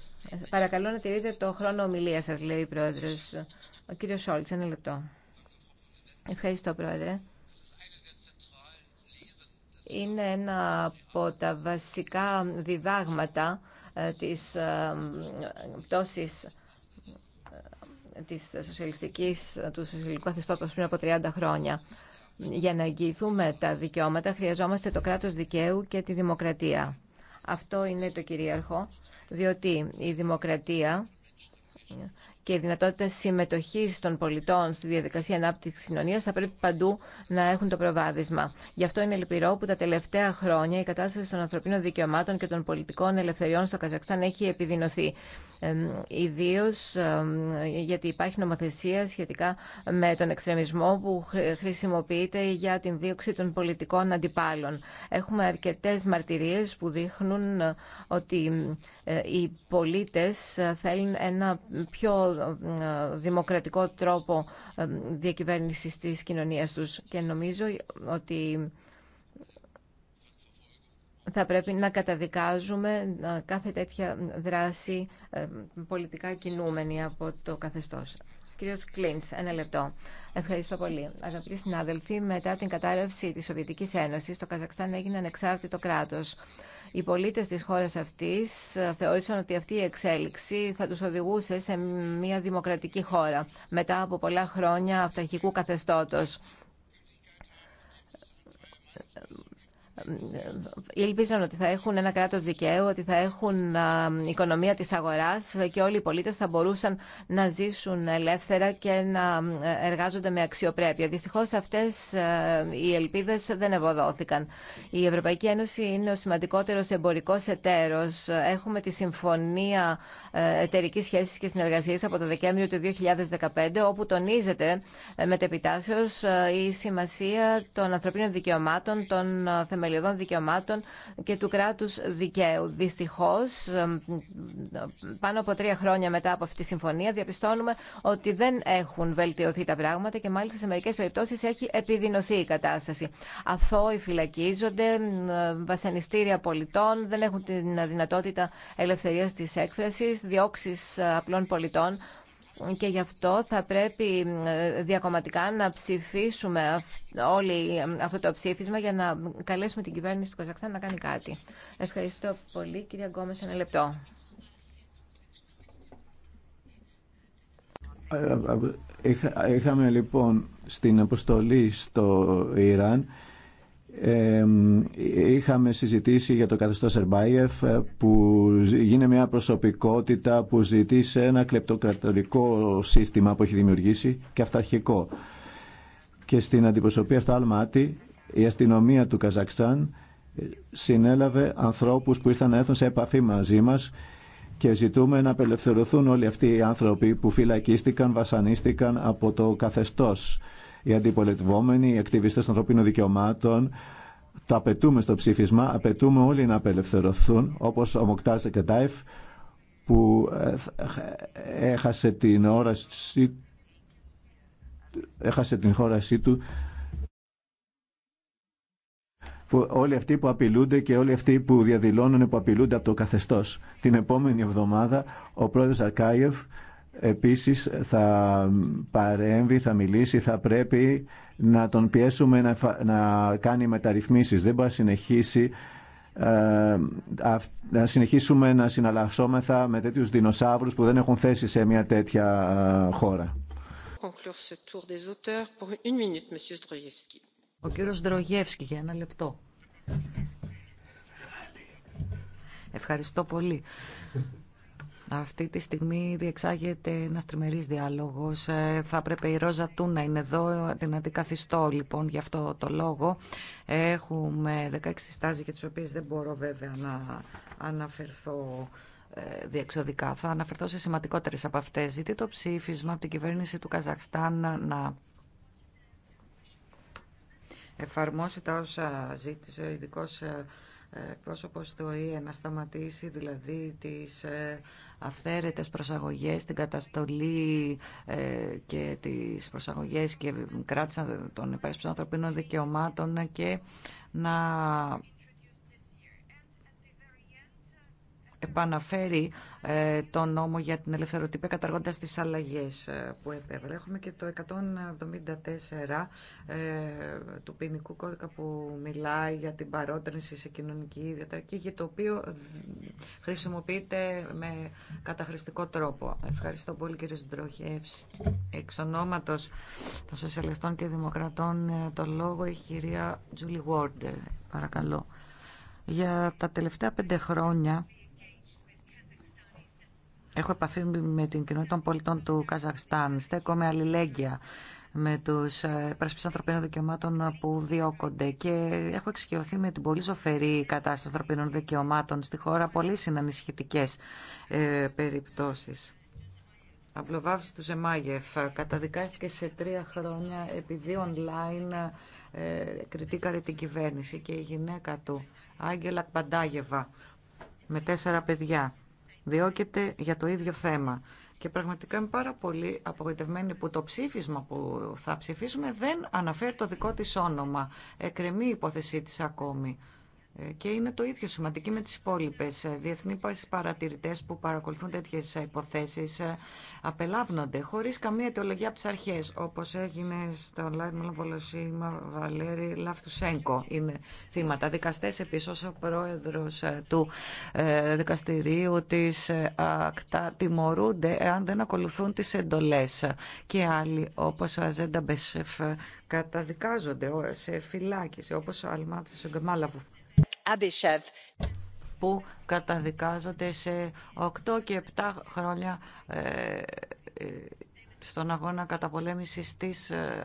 Παρακαλώ να τηρείτε το χρόνο ομιλία σας, λέει η Πρόεδρος. Ο Σόλτ, Σόλτς, ένα λεπτό. Ευχαριστώ, Πρόεδρε. Είναι ένα από τα βασικά διδάγματα ε, της ε, πτώσης ε, της σοσιαλιστικής, του σοσιαλιστικού αθεστώτος πριν από 30 χρόνια. Για να εγγυηθούμε τα δικαιώματα χρειαζόμαστε το κράτος δικαίου και τη δημοκρατία. Αυτό είναι το κυρίαρχο, διότι η δημοκρατία και η δυνατότητα συμμετοχή των πολιτών στη διαδικασία ανάπτυξη κοινωνία θα πρέπει παντού να έχουν το προβάδισμα. Γι' αυτό είναι λυπηρό που τα τελευταία χρόνια η κατάσταση των ανθρωπίνων δικαιωμάτων και των πολιτικών ελευθεριών στο Καζακστάν έχει επιδεινωθεί ιδίως γιατί υπάρχει νομοθεσία σχετικά με τον εξτρεμισμό που χρησιμοποιείται για την δίωξη των πολιτικών αντιπάλων. Έχουμε αρκετές μαρτυρίες που δείχνουν ε, ότι ε, οι πολίτες ε, θέλουν ένα πιο δημοκρατικό τρόπο διακυβέρνησης της κοινωνίας τους και νομίζω ότι θα πρέπει να καταδικάζουμε κάθε τέτοια δράση ε, πολιτικά κινούμενη από το καθεστώς. Κύριο Κλίντ, ένα λεπτό. Ευχαριστώ πολύ. Αγαπητοί συνάδελφοι, μετά την κατάρρευση τη Σοβιετική Ένωση, το Καζακστάν έγινε ανεξάρτητο κράτο. Οι πολίτες της χώρας αυτής ε, θεώρησαν ότι αυτή η εξέλιξη θα του οδηγούσε σε μια δημοκρατική χώρα μετά από πολλά χρόνια αυταρχικού καθεστώτος. Ε, ελπίζαν ότι θα έχουν ένα κράτο δικαίου, ότι θα έχουν οικονομία τη αγορά και όλοι οι πολίτε θα μπορούσαν να ζήσουν ελεύθερα και να ε, εργάζονται με αξιοπρέπεια. Δυστυχώ αυτέ ε, οι ελπίδε δεν ευωδόθηκαν. Η Ευρωπαϊκή Ένωση είναι ο σημαντικότερο εμπορικό εταίρος. Έχουμε τη Συμφωνία εταιρική σχέση και συνεργασία από το Δεκέμβριο του 2015, όπου τονίζεται μετεπιτάσεω η σημασία των ανθρωπίνων δικαιωμάτων, των θεμελιωδών θεμελιωδών δικαιωμάτων και του κράτου δικαίου. Δυστυχώ, πάνω από τρία χρόνια μετά από αυτή τη συμφωνία, διαπιστώνουμε ότι δεν έχουν βελτιωθεί τα πράγματα και μάλιστα σε μερικέ περιπτώσει έχει επιδεινωθεί η κατάσταση. Αθώοι φυλακίζονται, βασανιστήρια πολιτών δεν έχουν την δυνατότητα ελευθερία τη έκφραση, διώξει ε, απλών πολιτών και γι' αυτό θα πρέπει ε, διακομματικά να ψηφίσουμε όλοι ε, αυτό το ψήφισμα για να καλέσουμε την κυβέρνηση του Καζακστάν να κάνει κάτι. Ευχαριστώ πολύ. Κυρία Γκόμες, ένα λεπτό. Ε, είχαμε λοιπόν στην αποστολή στο Ιράν είχαμε συζητήσει για το καθεστώς Ερμπάιεφ ε, που γίνει μια προσωπικότητα που ζητεί σε ένα κλεπτοκρατορικό σύστημα που έχει δημιουργήσει και αυταρχικό. Και στην αντιπροσωπή αυτά Αλμάτι η αστυνομία του Καζακστάν ε, συνέλαβε ανθρώπους που ήρθαν να έρθουν σε επαφή μαζί μας και ζητούμε να απελευθερωθούν όλοι αυτοί οι άνθρωποι που φυλακίστηκαν, βασανίστηκαν από το καθεστώς οι αντιπολιτευόμενοι, οι ακτιβιστές των ανθρωπίνων δικαιωμάτων. Το απαιτούμε στο ψήφισμα, απαιτούμε όλοι να απελευθερωθούν, όπως ο Μοκτάζ Κεντάιφ, που ε, έχασε την όρασή έχασε την χώρασή του που όλοι αυτοί που απειλούνται και όλοι αυτοί που διαδηλώνουν που απειλούνται από το καθεστώς. Την επόμενη εβδομάδα ο πρόεδρος Αρκάιεφ Επίσης θα παρέμβει, θα μιλήσει, θα πρέπει να τον πιέσουμε να, κάνει μεταρρυθμίσεις. Δεν μπορεί να συνεχίσει ε, να συνεχίσουμε να συναλλασσόμεθα με τέτοιους δεινοσαύρους που δεν έχουν θέση σε μια τέτοια ε, χώρα. Ο κύριος για ένα λεπτό. Ευχαριστώ πολύ. Αυτή τη στιγμή διεξάγεται ένα τριμερής διάλογος. Ε, θα έπρεπε η Ρόζα του να είναι εδώ, την αντικαθιστώ λοιπόν γι' αυτό το λόγο. Έχουμε 16 στάσεις για τις οποίες δεν μπορώ βέβαια να αναφερθώ ε, διεξοδικά. Θα αναφερθώ σε σημαντικότερες από αυτές. Ζητεί το ψήφισμα από την κυβέρνηση του Καζακστάν να εφαρμόσει τα όσα ζήτησε ο ειδικό ε, εκπρόσωπος του ΟΗΕ να σταματήσει δηλαδή τις αυθαίρετες προσαγωγές, στην καταστολή ε, και τις προσαγωγές και κράτησαν των ανθρωπίνων δικαιωμάτων και να επαναφέρει ε, τον νόμο για την ελευθεροτυπία καταργώντας τις αλλαγές ε, που επέβαλε. Έχουμε και το 174 ε, του ποινικού κώδικα που μιλάει για την παρότρινση σε κοινωνική ιδιαίτερη και το οποίο χρησιμοποιείται με καταχρηστικό τρόπο. Ευχαριστώ πολύ κύριε Συντροχεύση. Εξ ονόματος των Σοσιαλιστών και Δημοκρατών το λόγο η κυρία Τζούλι Βόρντερ. Παρακαλώ. Για τα τελευταία πέντε χρόνια Έχω επαφή με την κοινότητα των πολιτών του Καζαχστάν. Στέκομαι αλληλέγγυα με του πρέσβει ανθρωπίνων δικαιωμάτων που διώκονται. Και έχω εξοικειωθεί με την πολύ ζωφερή κατάσταση ανθρωπίνων δικαιωμάτων στη χώρα. πολύ συνανισχυτικέ ε, περιπτώσει. Αυλοβάφηση του Ζεμάγεφ καταδικάστηκε σε τρία χρόνια επειδή online ε, κριτήκαρε την κυβέρνηση και η γυναίκα του, Άγγελα Παντάγεβα, με τέσσερα παιδιά διώκεται για το ίδιο θέμα. Και πραγματικά είμαι πάρα πολύ απογοητευμένη που το ψήφισμα που θα ψηφίσουμε δεν αναφέρει το δικό της όνομα. Εκκρεμεί η υπόθεσή της ακόμη. Ε, και είναι το ίδιο σημαντική με τις υπόλοιπε ε, διεθνεί παρατηρητές που παρακολουθούν τέτοιες ε, υποθέσεις απελάβνονται χωρίς καμία αιτιολογία από τις αρχές όπως έγινε στο Λάιν Μαλαβολοσίμα Βαλέρη Λαφτουσέγκο είναι θύματα δικαστές επίσης ο πρόεδρος του δικαστηρίου της ΑΚΤΑ τιμωρούνται αν δεν ακολουθούν τις εντολές και άλλοι όπως ο Αζέντα Μπεσεφ καταδικάζονται σε φυλάκιση όπως ο που καταδικάζονται σε 8 και 7 χρόνια ε, ε, στον αγώνα καταπολέμησης της ε,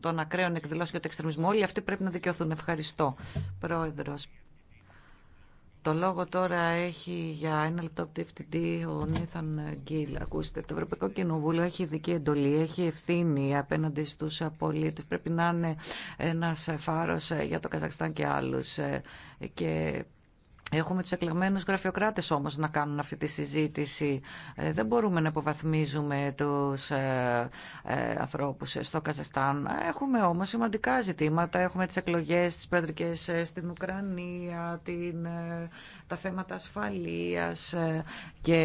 των ακραίων εκδηλώσεων και του εξτρεμισμού. Όλοι αυτοί πρέπει να δικαιωθούν. Ευχαριστώ, Πρόεδρος. Το λόγο τώρα έχει για ένα λεπτό από τη FTD ο Νίθαν Γκίλ. Ακούστε, το Ευρωπαϊκό Κοινοβούλιο έχει ειδική εντολή, έχει ευθύνη απέναντι στους πολίτες. Πρέπει να είναι ένας φάρος για το Καζακστάν και άλλους. Ε, και Έχουμε τους εκλεγμένους γραφειοκράτες όμως να κάνουν αυτή τη συζήτηση. Ε, δεν μπορούμε να υποβαθμίζουμε τους ε, ε, ανθρώπους στο Καζαστάν. Έχουμε όμως σημαντικά ζητήματα. Έχουμε τις εκλογές, τις πέτρικες ε, στην Ουκρανία, την, ε, τα θέματα ασφαλείας και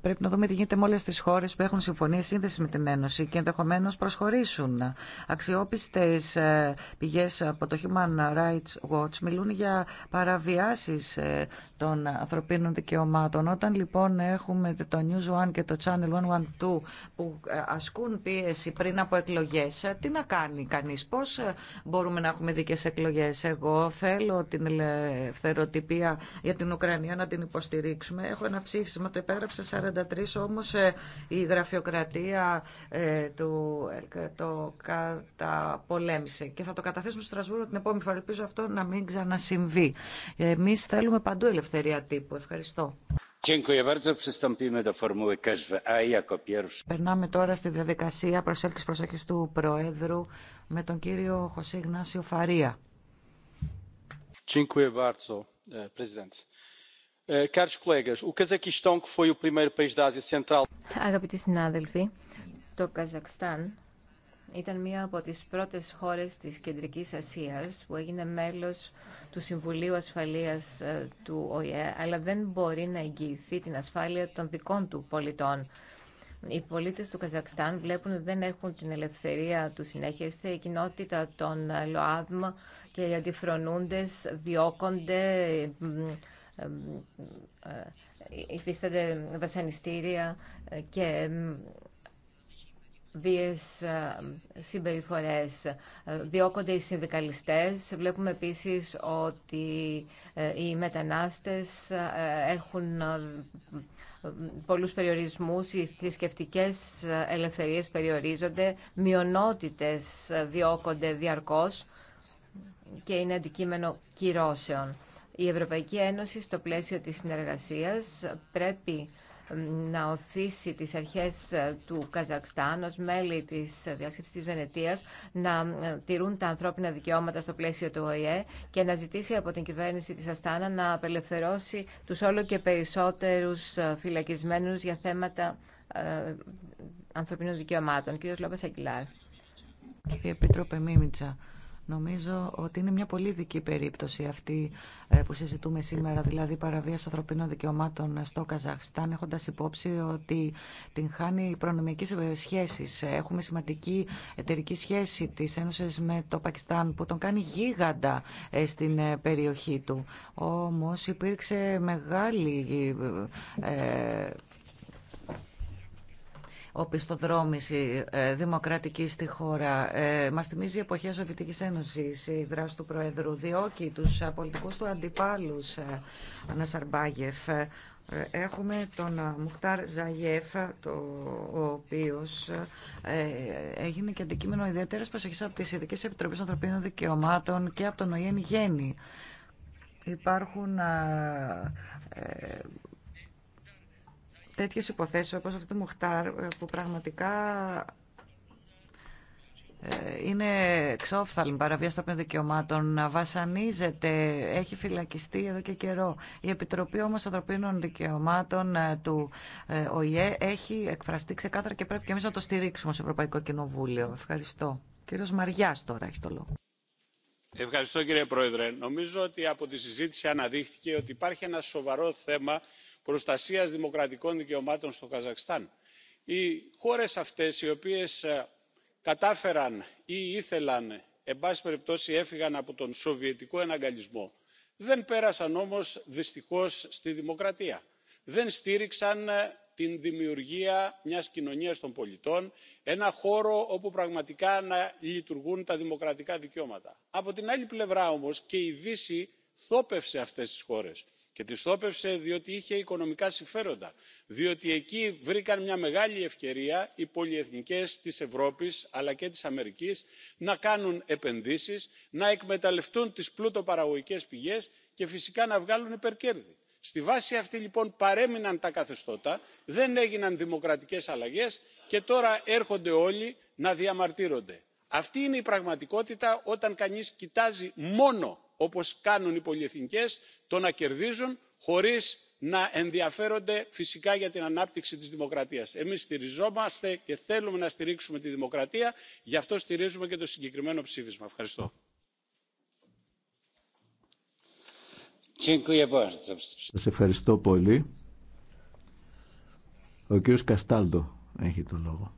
πρέπει να δούμε τι γίνεται με όλες τις χώρες που έχουν συμφωνίες σύνδεση με την Ένωση και ενδεχομένω προσχωρήσουν. Αξιόπιστες πηγές από το Human Rights Watch μιλούν για παραβιάσεις των ανθρωπίνων δικαιωμάτων. Όταν λοιπόν έχουμε το News One και το Channel 112 που ε, ασκούν πίεση πριν από εκλογές, ε, τι να κάνει κανείς, πώς ε, μπορούμε να έχουμε δίκες εκλογές. Εγώ θέλω την ελευθεροτυπία για την Ουκρανία να την υποστηρίξουμε. Έχω ένα ψήφισμα, το υπέγραψα 43, όμως η γραφειοκρατία του το καταπολέμησε και θα το καταθέσουμε στο Στρασβούργο την επόμενη φορά. Ελπίζω αυτό να μην ξανασυμβεί. Εμείς θέλουμε παντού παντού ελευθερία τύπου. Ευχαριστώ. Περνάμε τώρα στη διαδικασία προσέλκυσης προσοχής του Προέδρου με τον κύριο Χωσή Γνάσιο Φαρία. Αγαπητοί συνάδελφοι, το Καζακστάν ήταν μία από τις πρώτες χώρες της Κεντρικής Ασίας που έγινε μέλος του Συμβουλίου Ασφαλείας ε, του ΟΗΕ, αλλά δεν μπορεί να εγγυηθεί την ασφάλεια των δικών του πολιτών. Οι πολίτες του Καζακστάν βλέπουν ότι δεν έχουν την ελευθερία του συνέχεστε. Η κοινότητα των ε, ΛΟΑΔΜ και οι αντιφρονούντες διώκονται, ε, υφίστανται βασανιστήρια και βίες ε, συμπεριφορές. Ε, διώκονται οι συνδικαλιστές. Βλέπουμε επίσης ότι ε, οι μετανάστες έχουν πολλούς περιορισμούς, οι θρησκευτικέ ελευθερίες περιορίζονται, μειονότητες διώκονται διαρκώς και είναι αντικείμενο κυρώσεων. Η Ευρωπαϊκή Ένωση στο πλαίσιο της συνεργασίας πρέπει να οθήσει τις αρχές ε, του Καζακστάν ως μέλη της διάσκεψης της Βενετίας να ε, τηρούν τα ανθρώπινα δικαιώματα στο πλαίσιο του ΟΗΕ και να ζητήσει από την κυβέρνηση της Αστάνα να απελευθερώσει τους όλο και περισσότερους ε, φυλακισμένους για θέματα ανθρωπίνων δικαιωμάτων. Κύριος Λόπες Αγγιλάρ. Κύριε Επίτροπε Μίμητσα, Νομίζω ότι είναι μια πολύ δική περίπτωση αυτή ε, που συζητούμε σήμερα, δηλαδή παραβίαση ανθρωπίνων δικαιωμάτων στο Καζαχστάν, έχοντα υπόψη ότι την χάνει προνομιακή ε, σχέση. Έχουμε σημαντική εταιρική σχέση τη Ένωση με το Πακιστάν που τον κάνει γίγαντα ε, στην περιοχή του. Όμω υπήρξε μεγάλη οπισθοδρόμηση ε, δημοκρατική στη χώρα. Ε, μα θυμίζει η εποχή Σοβιτικής Ένωση, η δράση του Προέδρου διώκει του ε, πολιτικού του αντιπάλους Ανασαρμπάγεφ. Έχουμε τον Μουχτάρ Ζαγιέφ, το, ο οποίος έγινε και αντικείμενο ιδιαίτερη προσοχή από τι ειδικέ Επιτροπές Ανθρωπίνων Δικαιωμάτων και από τον ΟΗΕΝ Γέννη. Υπάρχουν τέτοιες υποθέσεις όπως αυτό του Μουχτάρ ε, που πραγματικά ε, είναι ξόφθαλμη παραβίαση των δικαιωμάτων, βασανίζεται, έχει φυλακιστεί εδώ και καιρό. Η Επιτροπή όμως Ανθρωπίνων Δικαιωμάτων ε, του ΟΗΕ έχει εκφραστεί ξεκάθαρα και πρέπει και εμείς να το στηρίξουμε στο Ευρωπαϊκό Κοινοβούλιο. Ευχαριστώ. Κύριος Μαριάς τώρα έχει το λόγο. Ευχαριστώ κύριε Πρόεδρε. Νομίζω ότι από τη συζήτηση αναδείχθηκε ότι υπάρχει ένα σοβαρό θέμα προστασίας δημοκρατικών δικαιωμάτων στο καζακστάν. οι χώρες αυτές οι οποίες ε, κατάφεραν ή ήθελαν εν πάση περιπτώσει έφυγαν από τον σοβιετικό εναγκαλισμό δεν πέρασαν όμως δυστυχώς στη δημοκρατία. δεν στήριξαν ε, την δημιουργία μιας κοινωνίας των πολιτών ένα χώρο όπου πραγματικά να λειτουργούν τα δημοκρατικά δικαιώματα. από την άλλη πλευρά όμως και η δύση θόπευσε αυτές τις χώρες και τη στόπευσε διότι είχε οικονομικά συμφέροντα διότι εκεί βρήκαν μια μεγάλη ευκαιρία οι πολυεθνικές της ευρώπης αλλά και της αμερικής να κάνουν επενδύσεις να εκμεταλλευτούν τις πλούτοπαραγωγικές πηγές και φυσικά να βγάλουν υπερκέρδη. στη βάση αυτή λοιπόν παρέμειναν τα καθεστώτα δεν έγιναν δημοκρατικές αλλαγές και τώρα έρχονται όλοι να διαμαρτύρονται. αυτή είναι η πραγματικότητα όταν κανείς κοιτάζει μόνο όπως κάνουν οι πολυεθνικές το να κερδίζουν χωρίς να ενδιαφέρονται φυσικά για την ανάπτυξη της δημοκρατίας. εμείς στηριζόμαστε και θέλουμε να στηρίξουμε τη δημοκρατία γι' αυτό στηρίζουμε και το συγκεκριμένο ψήφισμα. ευχαριστώ. Σας ευχαριστώ πολύ. Ο κύριος Καστάλτο έχει το λόγο.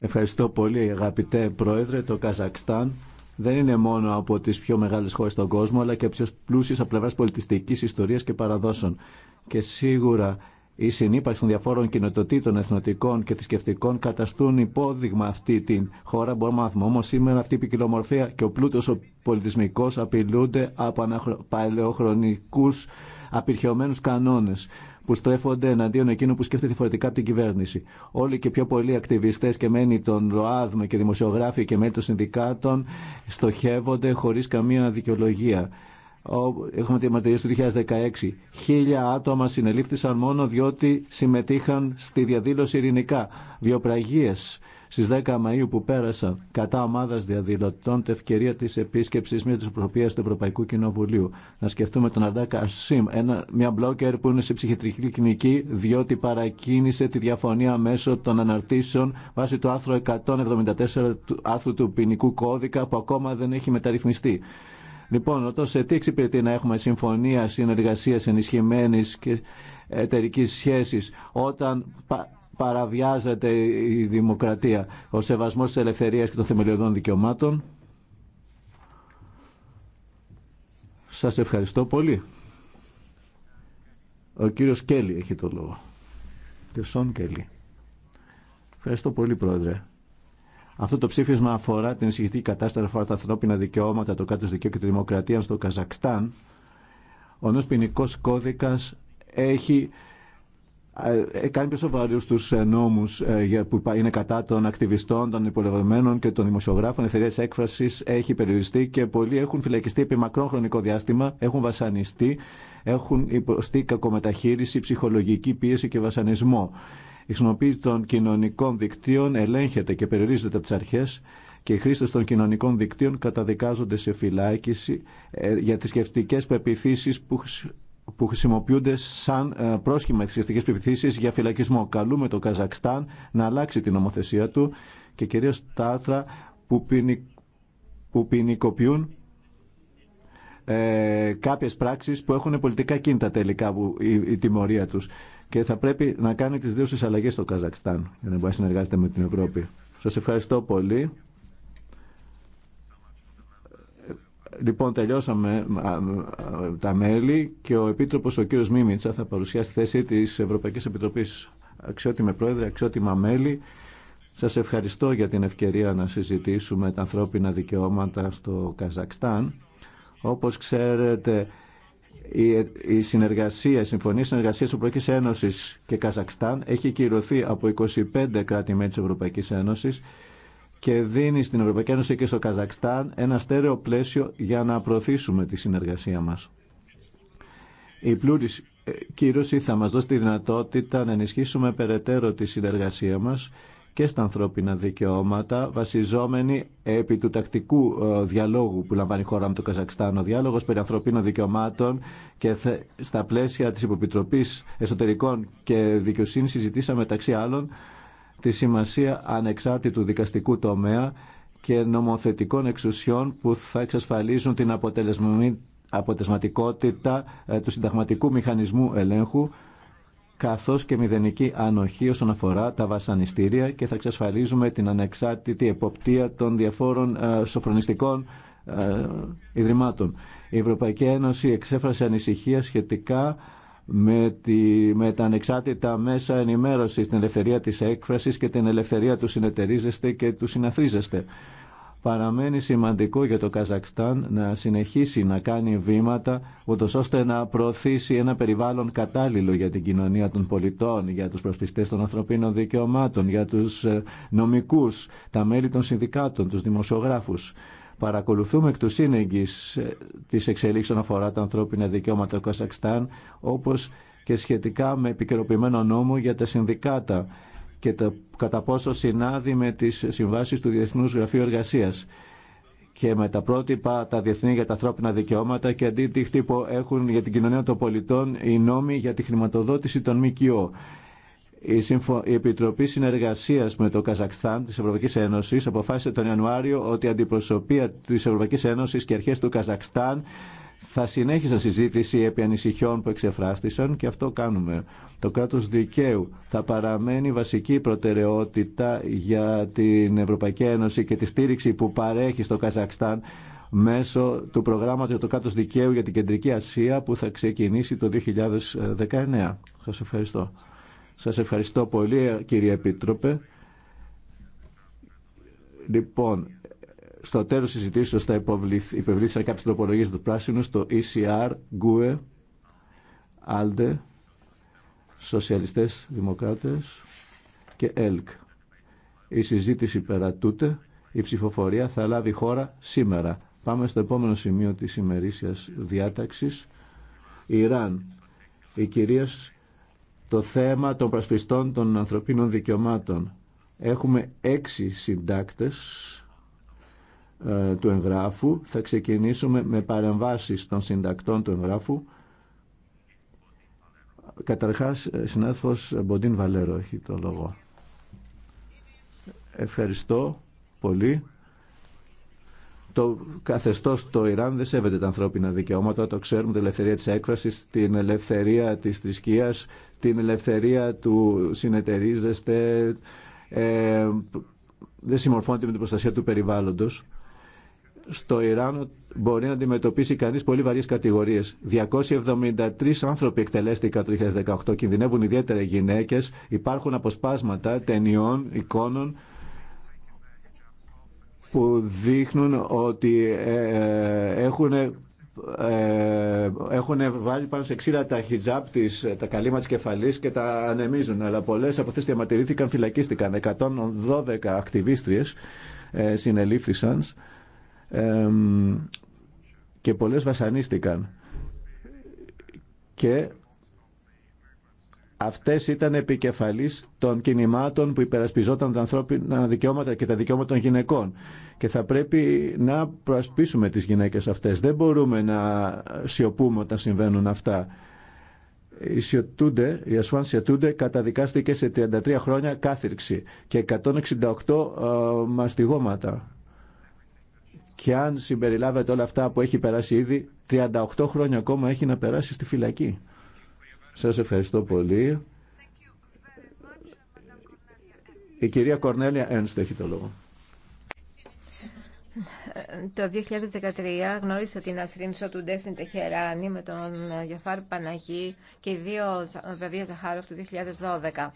Ευχαριστώ πολύ αγαπητέ Πρόεδρε. Το Καζακστάν δεν είναι μόνο από τι πιο μεγάλες χώρες στον κόσμο, αλλά και από τι πλούσιες από πλευράς πολιτιστικής ιστορίας και παραδόσεων. Και σίγουρα η συνύπαρξη των διαφόρων κοινοτοτήτων, εθνοτικών και θρησκευτικών καταστούν υπόδειγμα αυτή την χώρα. Μπορούμε να μάθουμε. όμω σήμερα αυτή η ποικιλομορφία και ο πλούτο ο πολιτισμικό απειλούνται από παλαιοχρονικού απειρχαιωμένου κανόνε που στρέφονται εναντίον εκείνου που σκέφτεται φορετικά από την κυβέρνηση. Όλοι και πιο πολλοί ακτιβιστέ και μένει των ΛΟΑΔΜ και δημοσιογράφοι και μέλη των συνδικάτων στοχεύονται χωρί καμία δικαιολογία. Έχουμε τη μαρτυρία του 2016. Χίλια άτομα συνελήφθησαν μόνο διότι συμμετείχαν στη διαδήλωση ειρηνικά. Βιοπραγίε. Στι 10 Μαου που πέρασαν κατά ομάδα διαδηλωτών την ευκαιρία της επίσκεψης μια της του Ευρωπαϊκού Κοινοβουλίου. Να σκεφτούμε τον Αρντάκα ένα, μια μπλόκερ που είναι σε ψυχιατρική κλινική διότι παρακίνησε τη διαφωνία μέσω των αναρτήσεων βάσει του άρθρου 174 του άρθρου του ποινικού κώδικα που ακόμα δεν έχει μεταρρυθμιστεί. Λοιπόν, ο σε τι εξυπηρετεί να έχουμε συμφωνία συνεργασία ενισχυμένη και εταιρική σχέση όταν παραβιάζεται η δημοκρατία, ο σεβασμός της ελευθερίας και των θεμελιωδών δικαιωμάτων. Σας ευχαριστώ πολύ. Ο κύριος Κέλλη έχει το λόγο. Και Σον Κέλλη. Ευχαριστώ πολύ, Πρόεδρε. Αυτό το ψήφισμα αφορά την εισηγητή κατάσταση αφορά τα ανθρώπινα δικαιώματα, το κράτο δικαίου και τη δημοκρατία στο Καζακστάν. Ο νέο ποινικό κώδικα έχει ε, κάνει πιο σοβαρού του ε, νόμου ε, που είναι κατά των ακτιβιστών, των υπολογισμένων και των δημοσιογράφων. Η ελευθερία έκφραση έχει περιοριστεί και πολλοί έχουν φυλακιστεί επί μακρόν χρονικό διάστημα, έχουν βασανιστεί, έχουν υποστεί κακομεταχείριση, ψυχολογική πίεση και βασανισμό. Η χρησιμοποίηση των κοινωνικών δικτύων ελέγχεται και περιορίζεται από τι αρχέ και οι χρήστε των κοινωνικών δικτύων καταδικάζονται σε φυλάκιση για τι σκεφτικέ πεπιθήσει που που χρησιμοποιούνται σαν ε, πρόσχημα θρησκευτικέ πεπιθήσει για φυλακισμό. Καλούμε το Καζακστάν να αλλάξει την νομοθεσία του και κυρίω τα άρθρα που, ποινικοποιούν ε, κάποιες πράξεις που έχουν πολιτικά κίνητα τελικά η, η τιμωρία τους και θα πρέπει να κάνει τι δύο στις στο Καζακστάν για να μπορεί να συνεργάζεται με την Ευρώπη. Σα ευχαριστώ πολύ. Λοιπόν, τελειώσαμε τα μέλη και ο Επίτροπος ο κύριο Μίμητσα θα παρουσιάσει τη θέση της Ευρωπαϊκής Επιτροπής. Αξιότιμε Πρόεδρε, αξιότιμα μέλη, σας ευχαριστώ για την ευκαιρία να συζητήσουμε τα ανθρώπινα δικαιώματα στο Καζακστάν. Όπως ξέρετε, η συνεργασία, η συμφωνία συνεργασίας Ευρωπαϊκής Ένωσης και Καζακστάν έχει κυρωθεί από 25 κράτη-μέλη της Ευρωπαϊκής Ένωσης και δίνει στην Ευρωπαϊκή Ένωση και στο Καζακστάν ένα στέρεο πλαίσιο για να προωθήσουμε τη συνεργασία μας. Η πλήρης κύρωση θα μας δώσει τη δυνατότητα να ενισχύσουμε περαιτέρω τη συνεργασία μας και στα ανθρώπινα δικαιώματα, βασιζόμενοι επί του τακτικού ε, διαλόγου που λαμβάνει η χώρα με το Καζακστάν, ο διάλογος περί ανθρωπίνων δικαιωμάτων και στα πλαίσια της Υποπιτροπής Εσωτερικών και Δικαιοσύνης συζητήσαμε μεταξύ άλλων τη σημασία ανεξάρτητου δικαστικού τομέα και νομοθετικών εξουσιών που θα εξασφαλίζουν την αποτελεσματικότητα ε, του συνταγματικού μηχανισμού ελέγχου καθώς και μηδενική ανοχή όσον αφορά τα βασανιστήρια και θα εξασφαλίζουμε την ανεξάρτητη εποπτεία των διαφόρων ε, σοφρονιστικών ε, ιδρυμάτων. Η Ευρωπαϊκή Ένωση εξέφρασε ανησυχία σχετικά με, τη, με τα ανεξάρτητα μέσα ενημέρωση, την ελευθερία της έκφρασης και την ελευθερία του συνεταιρίζεστε και του συναθρίζεστε. Παραμένει σημαντικό για το Καζακστάν να συνεχίσει να κάνει βήματα, ούτως ώστε να προωθήσει ένα περιβάλλον κατάλληλο για την κοινωνία των πολιτών, για τους προσπιστές των ανθρωπίνων δικαιωμάτων, για τους ε, νομικούς, τα μέλη των συνδικάτων, τους δημοσιογράφους. Παρακολουθούμε εκ του σύνεγγυ ε, τις εξελίξεις όσον αφορά τα ανθρώπινα δικαιώματα του Καζακστάν, όπω και σχετικά με επικαιροποιημένο νόμο για τα συνδικάτα και το κατά πόσο συνάδει με τι συμβάσει του Διεθνούς Γραφείου εργασία και με τα πρότυπα τα διεθνή για τα ανθρώπινα δικαιώματα και αντί τι έχουν για την κοινωνία των πολιτών οι νόμοι για τη χρηματοδότηση των ΜΚΟ. Η Επιτροπή συνεργασία με το Καζακστάν τη Ευρωπαϊκή Ένωση αποφάσισε τον Ιανουάριο ότι η αντιπροσωπεία τη Ευρωπαϊκή Ένωση και αρχέ του Καζακστάν θα συνέχιζαν συζήτηση επί ανησυχιών που εξεφράστησαν και αυτό κάνουμε. Το κράτο δικαίου θα παραμένει βασική προτεραιότητα για την Ευρωπαϊκή Ένωση και τη στήριξη που παρέχει στο Καζακστάν μέσω του προγράμματο για το κράτο δικαίου για την Κεντρική Ασία που θα ξεκινήσει το 2019. Σα ευχαριστώ. Σας ευχαριστώ πολύ κύριε Επίτροπε. Λοιπόν, στο τέλος της συζητήσεως θα υπευλήθησαν κάποιες τροπολογίες του πράσινου στο ECR, GUE, ALDE, Σοσιαλιστές Δημοκράτες και ΕΛΚ. Η συζήτηση περατούτε, η ψηφοφορία θα λάβει χώρα σήμερα. Πάμε στο επόμενο σημείο της ημερήσιας διάταξης. Ιράν. Η κυρία το θέμα των πρασπιστών των ανθρωπίνων δικαιωμάτων. Έχουμε έξι συντάκτες ε, του εγγράφου. Θα ξεκινήσουμε με παρεμβάσεις των συντακτών του εγγράφου. Καταρχάς, ε, συνάδελφος Μποντίν Βαλέρο έχει το λόγο. Ευχαριστώ πολύ. Το καθεστώς το Ιράν δεν σέβεται τα ανθρώπινα δικαιώματα, το ξέρουμε, την ελευθερία της έκφρασης, την ελευθερία της θρησκείας την ελευθερία του συνεταιρίζεστε, ε, δεν συμμορφώνεται με την προστασία του περιβάλλοντος. Στο Ιράν μπορεί να αντιμετωπίσει κανείς πολύ βαριές κατηγορίες. 273 άνθρωποι εκτελέστηκαν το 2018, κινδυνεύουν ιδιαίτερα οι γυναίκες, υπάρχουν αποσπάσματα ταινιών, εικόνων, που δείχνουν ότι ε, ε, έχουν ε, έχουν βάλει πάνω σε ξύλα τα χιτζάπ της, ε, τα καλύμα τη κεφαλής και τα ανεμίζουν. Αλλά πολλέ από αυτέ διαμαρτυρήθηκαν, φυλακίστηκαν. 112 ακτιβίστριες ε, συνελήφθησαν και πολλέ βασανίστηκαν. Και αυτές ήταν επικεφαλής των κινημάτων που υπερασπιζόταν τα ανθρώπινα δικαιώματα και τα δικαιώματα των γυναικών και θα πρέπει να προασπίσουμε τις γυναίκες αυτές. Δεν μπορούμε να σιωπούμε όταν συμβαίνουν αυτά. Η, Σιωτούντε, η Ασφάν Σιωτούντε καταδικάστηκε σε 33 χρόνια κάθυρξη και 168 ε, μαστιγώματα. Και αν συμπεριλάβετε όλα αυτά που έχει περάσει ήδη, 38 χρόνια ακόμα έχει να περάσει στη φυλακή. Σας ευχαριστώ πολύ. Uh, η κυρία Κορνέλια ένστε έχει το λόγο. Το 2013 γνώρισα την Ασρίν του στην Τεχεράνη με τον Γιαφάρ Παναγή και οι δύο βραβεία Ζαχάροφ του 2012.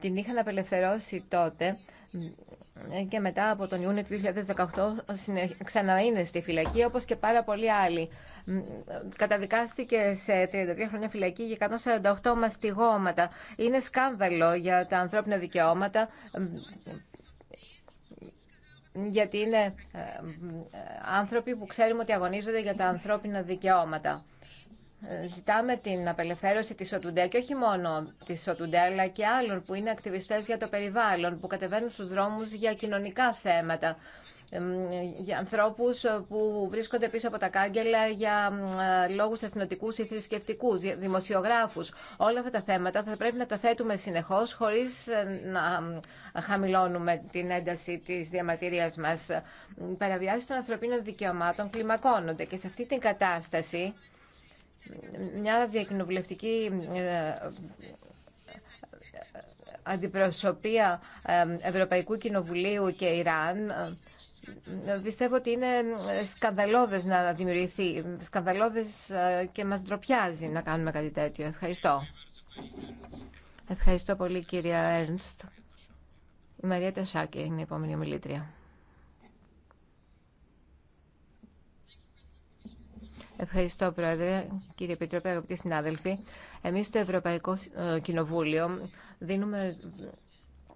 Την είχαν απελευθερώσει τότε και μετά από τον Ιούνιο του 2018 ξαναείνε στη φυλακή όπως και πάρα πολλοί άλλοι. Καταδικάστηκε σε 33 χρόνια φυλακή για 148 μαστιγώματα. Είναι σκάνδαλο για τα ανθρώπινα δικαιώματα γιατί είναι ε, ε, άνθρωποι που ξέρουμε ότι αγωνίζονται για τα ανθρώπινα δικαιώματα. Ε, ζητάμε την απελευθέρωση της Σοτουντέ και όχι μόνο της Σοτουντέ αλλά και άλλων που είναι ακτιβιστές για το περιβάλλον, που κατεβαίνουν στους δρόμους για κοινωνικά θέματα, για ανθρώπους που βρίσκονται πίσω από τα κάγκελα για λόγους εθνοτικούς ή θρησκευτικού, δημοσιογράφους. Όλα αυτά τα θέματα θα πρέπει να τα θέτουμε συνεχώς χωρίς να χαμηλώνουμε την ένταση της διαμαρτυρίας μας. Οι παραβιάσεις των ανθρωπίνων δικαιωμάτων κλιμακώνονται και σε αυτή την κατάσταση μια διακοινοβουλευτική αντιπροσωπεία Ευρωπαϊκού Κοινοβουλίου και Ιράν πιστεύω ότι είναι σκανδαλώδες να δημιουργηθεί, σκανδαλώδες ε, και μας ντροπιάζει να κάνουμε κάτι τέτοιο. Ευχαριστώ. Ευχαριστώ πολύ κυρία Έρνστ. Η Μαρία Τεσάκη είναι η επόμενη ομιλήτρια. Ευχαριστώ, Πρόεδρε, κύριε Επιτροπή, αγαπητοί συνάδελφοι. Εμείς στο Ευρωπαϊκό ε, Κοινοβούλιο δίνουμε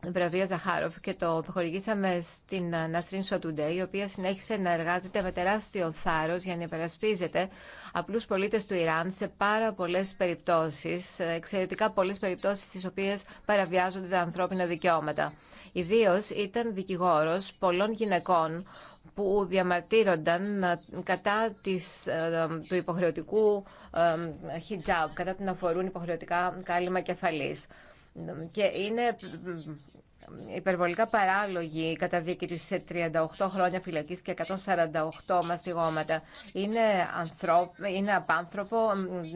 βραβείο Ζαχάροφ και το χορηγήσαμε στην ε, Νασρίν Σοτουντέ, η οποία συνέχισε να εργάζεται με τεράστιο θάρρος για να υπερασπίζεται απλούς πολίτες του Ιράν σε πάρα πολλές περιπτώσεις, ε, εξαιρετικά πολλές περιπτώσεις στις οποίες παραβιάζονται τα ανθρώπινα δικαιώματα. Ιδίω ήταν δικηγόρος πολλών γυναικών που διαμαρτύρονταν ε, κατά της, του υποχρεωτικού χιτζάμπ, κατά την αφορούν υποχρεωτικά κάλυμα κεφαλής και είναι υπερβολικά παράλογη η καταδίκη της σε 38 χρόνια φυλακής και 148 μαστιγώματα. Είναι, ανθρώπ, είναι απάνθρωπο,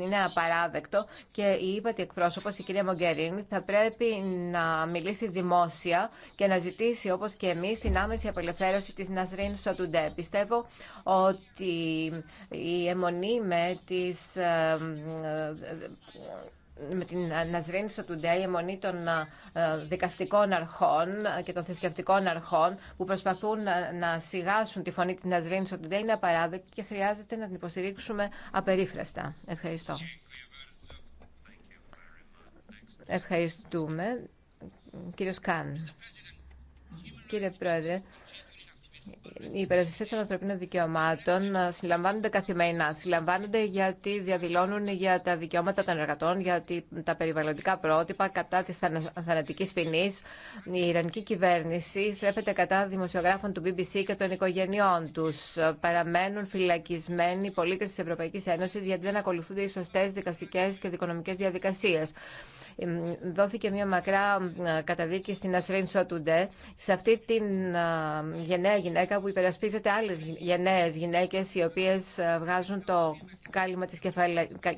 είναι απαράδεκτο και η ύπατη εκπρόσωπος, η κυρία Μογκερίνη, θα πρέπει να μιλήσει δημόσια και να ζητήσει, όπως και εμείς, την άμεση απελευθέρωση της Νασρίν Σοτουντέ. Πιστεύω ότι η αιμονή με τις ε, ε, με την αναζρένηση του η αιμονή των ε, δικαστικών αρχών ε, και των θρησκευτικών αρχών που προσπαθούν ε, να σιγάσουν τη φωνή της αναζρένησης του είναι απαράδεκτη και χρειάζεται να την υποστηρίξουμε απερίφραστα. Ευχαριστώ. Ευχαριστούμε. Κύριος Καν. Κύριε Πρόεδρε, οι υπερασπιστέ των ανθρωπίνων δικαιωμάτων ε, συλλαμβάνονται καθημερινά. Συλλαμβάνονται γιατί διαδηλώνουν για τα δικαιώματα των εργατών, για τα περιβαλλοντικά πρότυπα, κατά τη θανατική ποινή. Η Ιρανική κυβέρνηση στρέφεται κατά δημοσιογράφων του BBC και των οικογενειών του. Παραμένουν φυλακισμένοι πολίτε τη Ευρωπαϊκή Ένωση γιατί δεν ακολουθούνται οι σωστέ δικαστικέ και δικονομικέ διαδικασίε δόθηκε μια μακρά καταδίκη στην Αθρήν Σοτουντέ, σε αυτή τη γενναία γυναίκα που υπερασπίζεται άλλε γενναίε γυναίκες οι οποίες βγάζουν το κάλυμα τη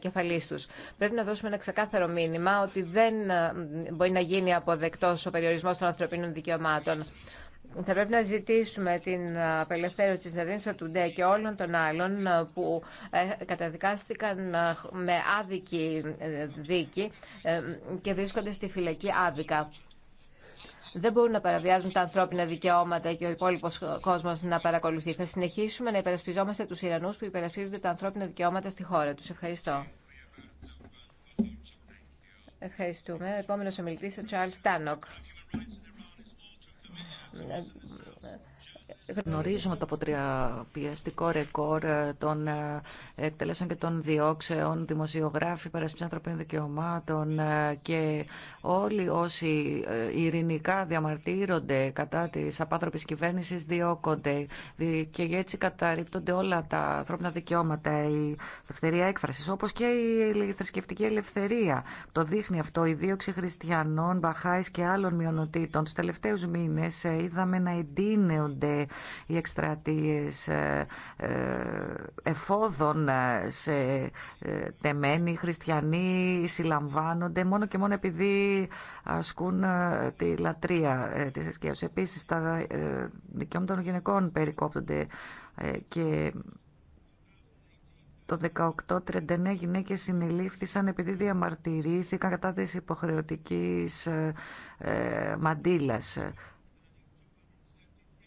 κεφαλή του. Πρέπει να δώσουμε ένα ξεκάθαρο μήνυμα ότι δεν μπορεί να γίνει αποδεκτό ο περιορισμό των ανθρωπίνων δικαιωμάτων θα πρέπει να ζητήσουμε την απελευθέρωση της νερίνσα του και όλων των άλλων ε, που ε, καταδικάστηκαν ε, με άδικη δίκη και βρίσκονται στη φυλακή άδικα. Δεν μπορούν να παραβιάζουν τα ανθρώπινα δικαιώματα και ο υπόλοιπο κόσμο να παρακολουθεί. Θα συνεχίσουμε να υπερασπιζόμαστε του Ιρανού που υπερασπίζονται τα ανθρώπινα δικαιώματα στη χώρα του. Ευχαριστώ. Ευχαριστούμε. Επόμενο ομιλητή ο Τσάρλ Τάνοκ για ε, Γνωρίζουμε το αποτριαπιαστικό ρεκόρ ε, των ε, εκτελέσεων και των διώξεων, δημοσιογράφοι, παρασπιστές ανθρωπίνων δικαιωμάτων ε, και όλοι όσοι ειρηνικά διαμαρτύρονται κατά της απάνθρωπης κυβέρνησης διώκονται και έτσι καταρρύπτονται όλα τα ανθρώπινα δικαιώματα, η ελευθερία έκφρασης όπως και η θρησκευτική ελευθερία. Το δείχνει αυτό η δίωξη χριστιανών, μπαχάης και άλλων μειονοτήτων. Τους τελευταίους μήνες είδαμε να εντείνονται οι εκστρατείες ε, ε, εφόδων ε, σε τεμένοι χριστιανοί συλλαμβάνονται μόνο και μόνο επειδή ασκούν τη λατρεία της εσκέως. Επίσης τα δικαιώματα των γυναικών περικόπτονται και το 1839 γυναίκες συνελήφθησαν επειδή διαμαρτυρήθηκαν κατά της υποχρεωτικής μαντήλας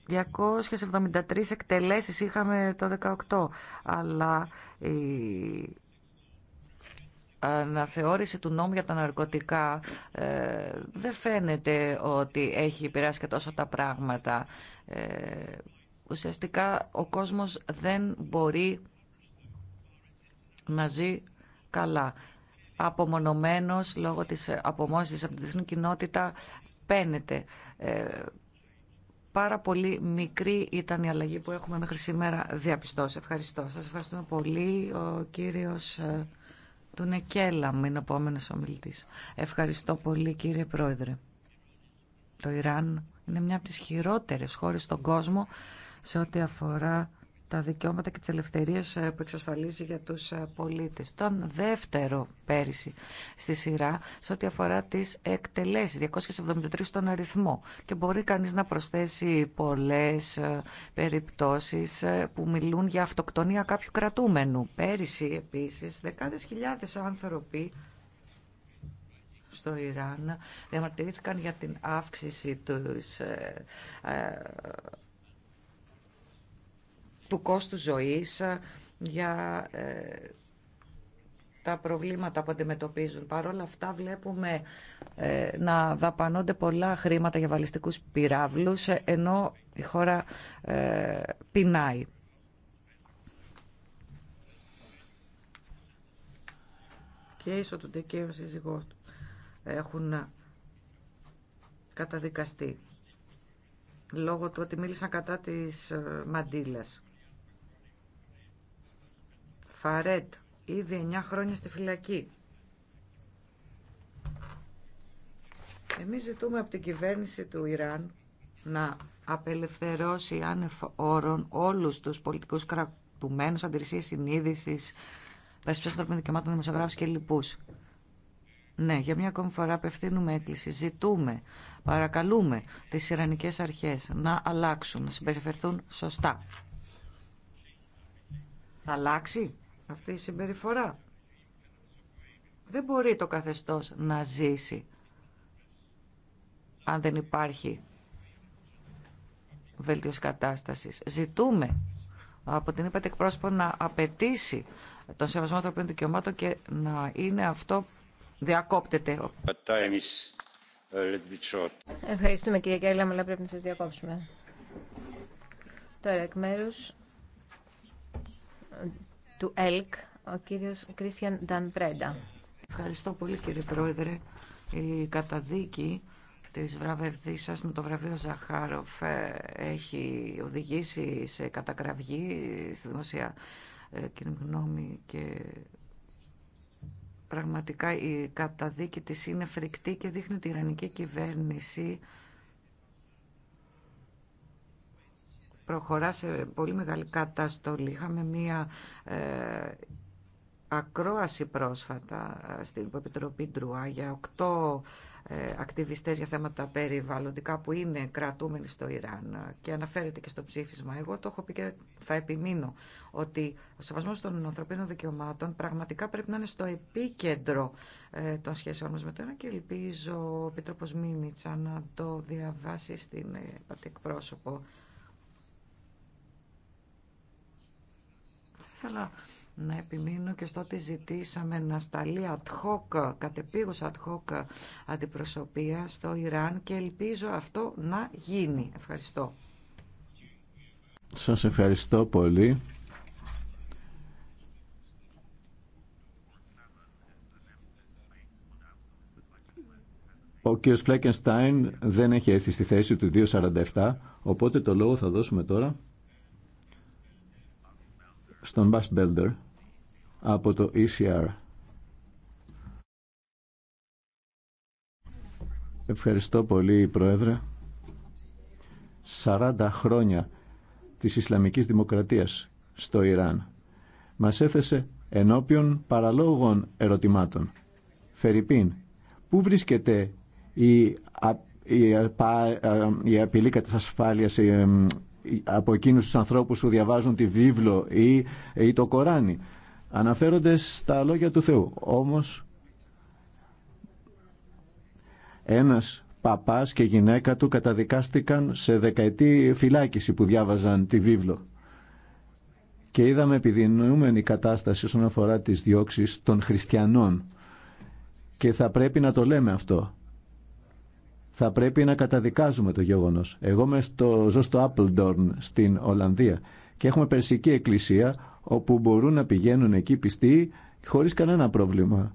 273 εκτελέσεις είχαμε το 18, αλλά η αναθεώρηση του νόμου για τα ναρκωτικά ε, δεν φαίνεται ότι έχει επηρεάσει και τόσο τα πράγματα. Ε, ουσιαστικά ο κόσμος δεν μπορεί να ζει καλά. Απομονωμένος λόγω της απομόνωσης από τη διεθνή κοινότητα παίνεται. Ε, πάρα πολύ μικρή ήταν η αλλαγή που έχουμε μέχρι σήμερα διαπιστώσει. Ευχαριστώ. Σας ευχαριστούμε πολύ. Ο κύριος ε, του μου είναι ο επόμενος ομιλητής. Ευχαριστώ πολύ κύριε Πρόεδρε. Το Ιράν είναι μια από τις χειρότερες χώρες στον κόσμο σε ό,τι αφορά τα δικαιώματα και τις ελευθερίες ε, που εξασφαλίζει για τους ε, πολίτες. Τον δεύτερο πέρυσι στη σειρά σε ό,τι αφορά τις εκτελέσεις, 273 στον αριθμό. Και μπορεί κανείς να προσθέσει πολλές ε, περιπτώσεις που μιλούν για αυτοκτονία κάποιου κρατούμενου. Πέρυσι επίσης δεκάδες χιλιάδες άνθρωποι στο Ιράν διαμαρτυρήθηκαν για την αύξηση της του κόστου ζωής, ε, για ε, τα προβλήματα που αντιμετωπίζουν. Παρ' όλα αυτά βλέπουμε ε, να δαπανώνται πολλά χρήματα για βαλιστικούς πυράβλους, ενώ η χώρα πεινάει. Και ίσο του δικαίου σύζυγός του έχουν καταδικαστεί λόγω του ότι μίλησαν κατά της μαντήλας. Φαρέτ, ήδη 9 χρόνια στη φυλακή. Εμείς ζητούμε από την κυβέρνηση του Ιράν να απελευθερώσει άνευ όρων όλους τους πολιτικούς κρατουμένους, αντιρρησίες συνείδησης, περισπιστές των δικαιωμάτων δημοσιογράφους και λοιπούς. Ναι, για μια ακόμη φορά απευθύνουμε έκκληση. Ζητούμε, παρακαλούμε τις Ιρανικές αρχές να αλλάξουν, να συμπεριφερθούν σωστά. Θα αλλάξει αυτή η συμπεριφορά. Δεν μπορεί το καθεστώς να ζήσει αν δεν υπάρχει βελτίωση κατάστασης. Ζητούμε από την είπατε εκπρόσωπο να απαιτήσει τον σεβασμό ανθρωπίνων δικαιωμάτων και να είναι αυτό διακόπτεται. Ευχαριστούμε κυρία Κέλλα, αλλά πρέπει να σας διακόψουμε. Τώρα εκ μέρους του ΕΛΚ, ο κύριος Κρίστιαν Ντανπρέντα. Ευχαριστώ πολύ κύριε Πρόεδρε. Η καταδίκη της βραβευτής σας με το βραβείο Ζαχάροφ ε, έχει οδηγήσει σε κατακραυγή στη δημοσία ε, κοινή γνώμη και πραγματικά η καταδίκη της είναι φρικτή και δείχνει ότι η Ιρανική κυβέρνηση προχωρά σε πολύ μεγάλη καταστολή. Είχαμε μία ε, ακρόαση πρόσφατα ε, στην Υποπιτροπή Ντρουά για οκτώ ε, ακτιβιστές για θέματα περιβαλλοντικά που είναι κρατούμενοι στο Ιράν ε, και αναφέρεται και στο ψήφισμα. Εγώ το έχω πει και θα επιμείνω ότι ο σεβασμός των ανθρωπίνων δικαιωμάτων πραγματικά πρέπει να είναι στο επίκεντρο ε, των σχέσεων μας με το Ιράν και ελπίζω ο Επίτροπος Μίμητσα να το διαβάσει στην ε, εκπρόσωπο ήθελα να επιμείνω και στο ότι ζητήσαμε να σταλεί ad hoc, αντιπροσωπεία στο Ιράν και ελπίζω αυτό να γίνει. Ευχαριστώ. Σας ευχαριστώ πολύ. Ο κ. Φλέκενστάιν δεν έχει έρθει στη θέση του 2.47, οπότε το λόγο θα δώσουμε τώρα στον Bas Μπέλντερ από το ECR. Ευχαριστώ πολύ, Πρόεδρε. 40 χρόνια της Ισλαμικής Δημοκρατίας στο Ιράν μας έθεσε ενώπιον παραλόγων ερωτημάτων. Φερρυπίν, πού βρίσκεται η, η, απειλή κατά η ασφάλειας από εκείνους τους ανθρώπους που διαβάζουν τη βίβλο ή, το Κοράνι. Αναφέρονται στα λόγια του Θεού. Όμως ένας παπάς και γυναίκα του καταδικάστηκαν σε δεκαετή φυλάκιση που διάβαζαν τη βίβλο. Και είδαμε επιδεινούμενη κατάσταση όσον αφορά τις διώξεις των χριστιανών. Και θα πρέπει να το λέμε αυτό θα πρέπει να καταδικάζουμε το γεγονό. Εγώ με στο, ζω στο Appledorn στην Ολλανδία και έχουμε περσική εκκλησία όπου μπορούν να πηγαίνουν εκεί πιστοί χωρίς κανένα πρόβλημα.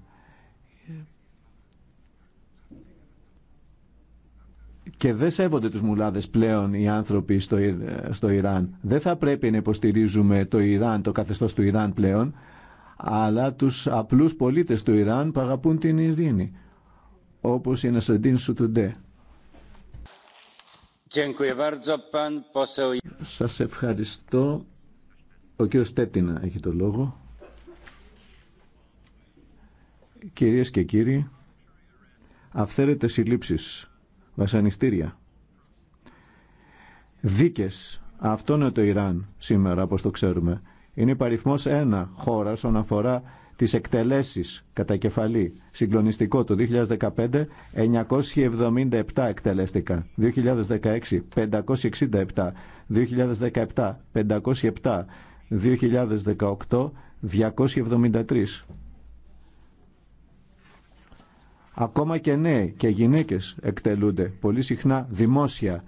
Και δεν σέβονται τους μουλάδες πλέον οι άνθρωποι στο, στο Ιράν. Δεν θα πρέπει να υποστηρίζουμε το Ιράν, το καθεστώς του Ιράν πλέον, αλλά τους απλούς πολίτες του Ιράν που αγαπούν την ειρήνη, όπως η Νασαντίν Σουτουντέ. Σας ευχαριστώ. Ο κύριος Τέτινα έχει το λόγο. Κυρίες και κύριοι, αυθαίρετες συλλήψεις, βασανιστήρια, δίκες. Αυτό είναι το Ιράν σήμερα, όπως το ξέρουμε. Είναι παριθμός ένα χώρα όσον αφορά τις εκτελέσεις κατά κεφαλή. Συγκλονιστικό το 2015 977 εκτελέστηκα, 2016 567, 2017 507, 2018 273. Ακόμα και νέοι και γυναίκες εκτελούνται πολύ συχνά δημόσια.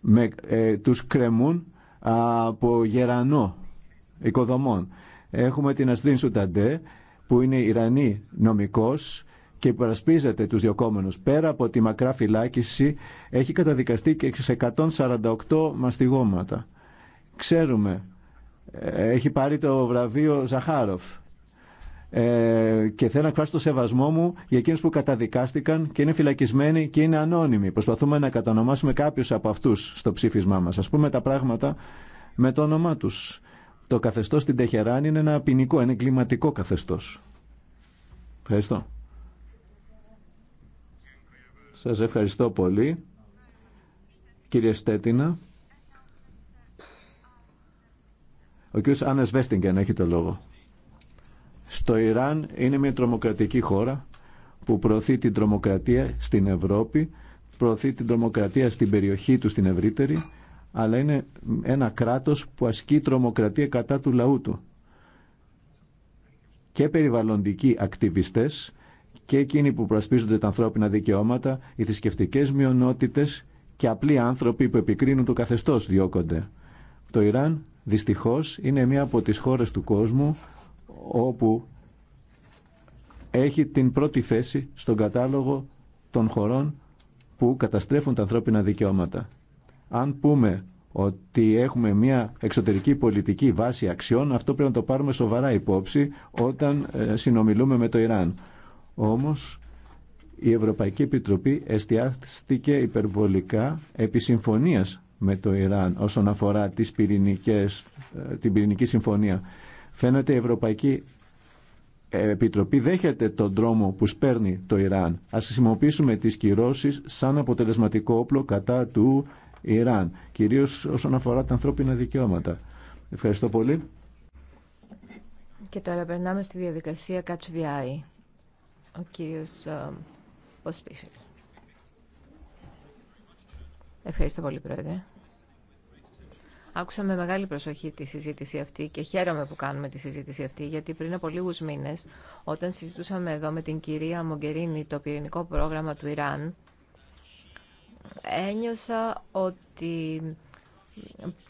Με, ε, τους κρεμούν από γερανό οικοδομών. Έχουμε την Αστρίν Σουταντέ, που είναι Ιρανή νομικός και υπερασπίζεται τους διοκόμενους. Πέρα από τη μακρά φυλάκιση, έχει καταδικαστεί και σε 148 μαστιγώματα. Ξέρουμε, ε, έχει πάρει το βραβείο Ζαχάροφ. Ε, και θέλω να εκφράσω το σεβασμό μου για εκείνου που καταδικάστηκαν και είναι φυλακισμένοι και είναι ανώνυμοι. Προσπαθούμε να κατανομάσουμε κάποιου από αυτού στο ψήφισμά μα. Α πούμε τα πράγματα με το όνομά του. Το καθεστώς στην Τεχεράνη είναι ένα ποινικό, ένα εγκληματικό καθεστώς. Ευχαριστώ. Σα ευχαριστώ πολύ. Κύριε Στέτινα. Ο κύριο Άννα Βέστιγκεν έχει το λόγο. Στο Ιράν είναι μια τρομοκρατική χώρα που προωθεί την τρομοκρατία στην Ευρώπη, προωθεί την τρομοκρατία στην περιοχή του, στην ευρύτερη αλλά είναι ένα κράτος που ασκεί τρομοκρατία κατά του λαού του. Και περιβαλλοντικοί ακτιβιστές και εκείνοι που προσπίζονται τα ανθρώπινα δικαιώματα, οι θρησκευτικέ μειονότητες και απλοί άνθρωποι που επικρίνουν το καθεστώς διώκονται. Το Ιράν δυστυχώς είναι μία από τις χώρες του κόσμου όπου έχει την πρώτη θέση στον κατάλογο των χωρών που καταστρέφουν τα ανθρώπινα δικαιώματα. Αν πούμε ότι έχουμε μια εξωτερική πολιτική βάση αξιών, αυτό πρέπει να το πάρουμε σοβαρά υπόψη όταν ε, συνομιλούμε με το Ιράν. Όμως η Ευρωπαϊκή Επιτροπή εστιάστηκε υπερβολικά επί συμφωνίας με το Ιράν όσον αφορά τις πυρηνικές, ε, την πυρηνική συμφωνία. Φαίνεται η Ευρωπαϊκή ε, Επιτροπή δέχεται τον τρόμο που σπέρνει το Ιράν. Ας χρησιμοποιήσουμε τις κυρώσεις σαν αποτελεσματικό όπλο κατά του Ιράν, κυρίως όσον αφορά τα ανθρώπινα δικαιώματα. Ευχαριστώ πολύ. Και τώρα περνάμε στη διαδικασία Κατσουδιάη. Ο κύριος Ποσπίσελ. Ευχαριστώ πολύ, Πρόεδρε. Άκουσα με μεγάλη προσοχή τη συζήτηση αυτή και χαίρομαι που κάνουμε τη συζήτηση αυτή, γιατί πριν από λίγους μήνες, όταν συζητούσαμε εδώ με την κυρία Μογκερίνη το πυρηνικό πρόγραμμα του Ιράν, ένιωσα ότι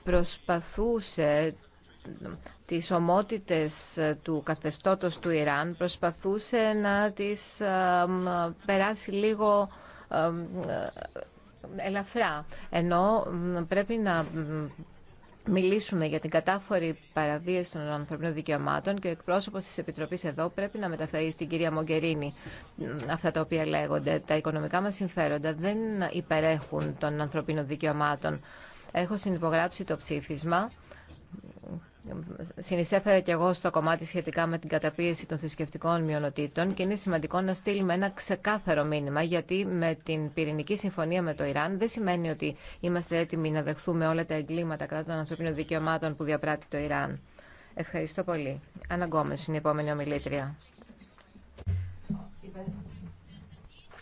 προσπαθούσε τις ομότητες του καθεστώτος του Ιράν προσπαθούσε να τις περάσει λίγο ελαφρά ενώ πρέπει να μιλήσουμε για την κατάφορη παραβίαση των ανθρωπίνων δικαιωμάτων και ο εκπρόσωπο τη Επιτροπή εδώ πρέπει να μεταφέρει στην κυρία Μογκερίνη αυτά τα οποία λέγονται. Τα οικονομικά μα συμφέροντα δεν υπερέχουν των ανθρωπίνων δικαιωμάτων. Έχω συνυπογράψει το ψήφισμα συνεισέφερα και εγώ στο κομμάτι σχετικά με την καταπίεση των θρησκευτικών μειονοτήτων και είναι σημαντικό να στείλουμε ένα ξεκάθαρο μήνυμα γιατί με την πυρηνική συμφωνία με το Ιράν δεν σημαίνει ότι είμαστε έτοιμοι να δεχθούμε όλα τα εγκλήματα κατά των ανθρωπίνων δικαιωμάτων που διαπράττει το Ιράν. Ευχαριστώ πολύ. Αναγκόμε είναι η επόμενη ομιλήτρια.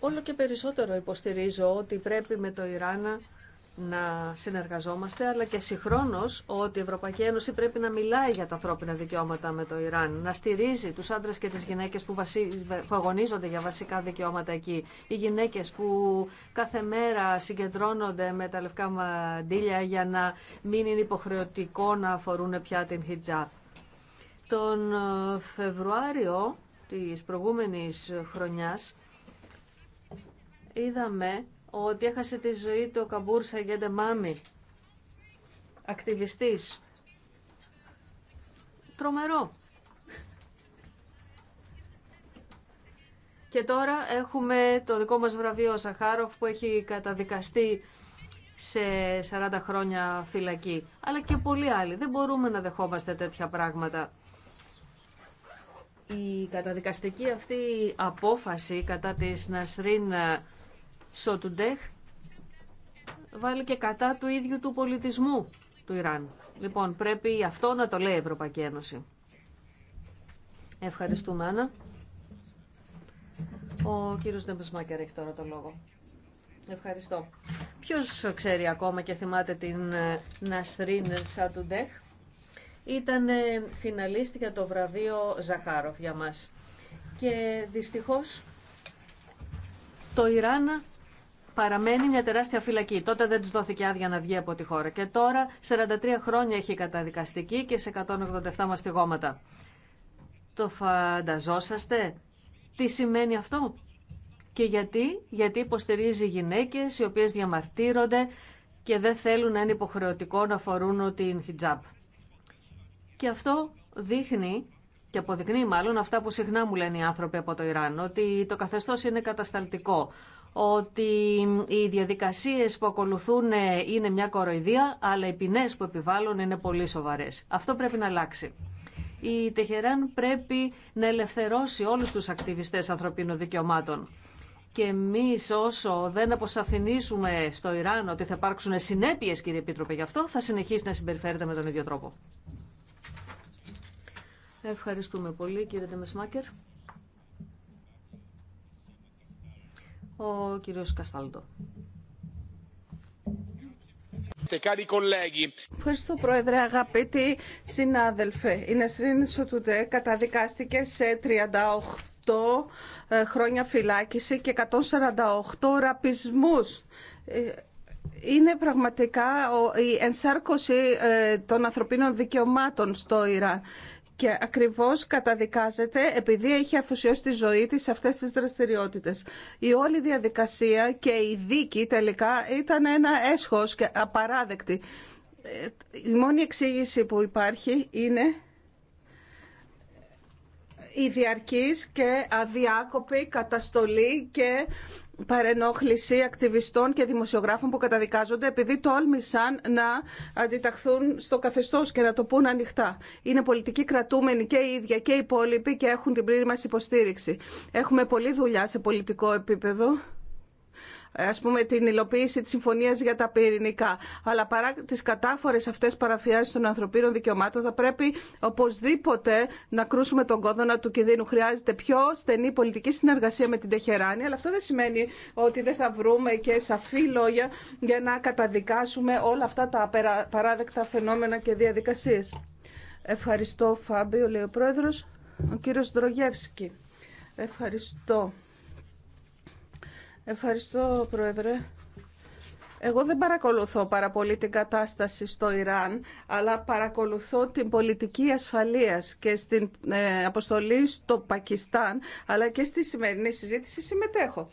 Όλο και περισσότερο υποστηρίζω ότι πρέπει με το Ιράν να συνεργαζόμαστε, αλλά και συγχρόνως ότι η Ευρωπαϊκή Ένωση πρέπει να μιλάει για τα ανθρώπινα δικαιώματα με το Ιράν, να στηρίζει τους άντρες και τις γυναίκες που, βασι... που αγωνίζονται για βασικά δικαιώματα εκεί, οι γυναίκες που κάθε μέρα συγκεντρώνονται με τα λευκά μαντήλια για να μην είναι υποχρεωτικό να αφορούν πια την χιτζάπ. Τον ε, Φεβρουάριο της προηγούμενης χρονιάς είδαμε ότι έχασε τη ζωή του ο Καμπούρ Σαγέντε Μάμι, ακτιβιστής. Τρομερό. Και τώρα έχουμε το δικό μας βραβείο Σαχάροφ που έχει καταδικαστεί σε 40 χρόνια φυλακή. Αλλά και πολλοί άλλοι. Δεν μπορούμε να δεχόμαστε τέτοια πράγματα. Η καταδικαστική αυτή απόφαση κατά της Νασρίν Σότουντεχ βάλει και κατά του ίδιου του πολιτισμού του Ιράν. Λοιπόν, πρέπει αυτό να το λέει η Ευρωπαϊκή Ένωση. Ευχαριστούμε, Άννα. Ο κύριος Ντεμπεσμάκερ έχει τώρα το λόγο. Ευχαριστώ. Ποιος ξέρει ακόμα και θυμάται την ε, Ναστρίν Σατουντέχ. Ήταν ε, φιναλίστη για το βραβείο Ζαχάροφ για μας. Και δυστυχώς το Ιράν παραμένει μια τεράστια φυλακή. Τότε δεν τη δόθηκε άδεια να βγει από τη χώρα. Και τώρα 43 χρόνια έχει καταδικαστική και σε 187 μαστιγώματα. Το φανταζόσαστε τι σημαίνει αυτό. Και γιατί, γιατί υποστηρίζει γυναίκες οι οποίες διαμαρτύρονται και δεν θέλουν να είναι υποχρεωτικό να φορούν την χιτζάπ. Και αυτό δείχνει και αποδεικνύει μάλλον αυτά που συχνά μου λένε οι άνθρωποι από το Ιράν, ότι το καθεστώς είναι κατασταλτικό, ότι οι διαδικασίες που ακολουθούν ε, είναι μια κοροϊδία, αλλά οι ποινές που επιβάλλουν είναι πολύ σοβαρές. Αυτό πρέπει να αλλάξει. Η Τεχεράν πρέπει να ελευθερώσει όλους τους ακτιβιστές ανθρωπίνων δικαιωμάτων. Και εμεί όσο δεν αποσαφηνίσουμε στο Ιράν ότι θα υπάρξουν συνέπειες, κύριε Επίτροπε, γι' αυτό θα συνεχίσει να συμπεριφέρεται με τον ίδιο τρόπο. Ευχαριστούμε πολύ, κύριε Τεμεσμάκερ. ο κύριος Καστάλτο. Ευχαριστώ Πρόεδρε, αγαπητοί συνάδελφε. Η Νεσρίνη Σουτουτέ καταδικάστηκε σε 38 ε, χρόνια φυλάκιση και 148 ραπισμούς ε, είναι πραγματικά η ενσάρκωση ε, των ανθρωπίνων δικαιωμάτων στο Ιράν και ακριβώς καταδικάζεται επειδή έχει αφοσιώσει τη ζωή της σε αυτές τις δραστηριότητες. Η όλη διαδικασία και η δίκη τελικά ήταν ένα έσχος και απαράδεκτη. Ε, η μόνη εξήγηση που υπάρχει είναι η διαρκής και αδιάκοπη καταστολή και παρενόχληση ακτιβιστών και δημοσιογράφων που καταδικάζονται επειδή τόλμησαν να αντιταχθούν στο καθεστώς και να το πούν ανοιχτά. Είναι πολιτικοί κρατούμενοι και οι ίδια και οι υπόλοιποι και έχουν την πλήρη μας υποστήριξη. Έχουμε πολλή δουλειά σε πολιτικό επίπεδο ας πούμε, την υλοποίηση τη συμφωνίας για τα πυρηνικά. Αλλά παρά τις κατάφορες αυτές παραφιάσεις των ανθρωπίνων δικαιωμάτων θα πρέπει οπωσδήποτε να κρούσουμε τον κόδωνα του κινδύνου. Χρειάζεται πιο στενή πολιτική συνεργασία με την Τεχεράνη, αλλά αυτό δεν σημαίνει ότι δεν θα βρούμε και σαφή λόγια για να καταδικάσουμε όλα αυτά τα παράδεκτα φαινόμενα και διαδικασίες. Ευχαριστώ Φάμπιο, λέει ο Πρόεδρος. Ο κύριος Δρογεύσκη, Ευχαριστώ. Ευχαριστώ, Πρόεδρε. Εγώ δεν παρακολουθώ πάρα πολύ την κατάσταση στο Ιράν, αλλά παρακολουθώ την πολιτική ασφαλείας και στην ε, αποστολή στο Πακιστάν, αλλά και στη σημερινή συζήτηση συμμετέχω.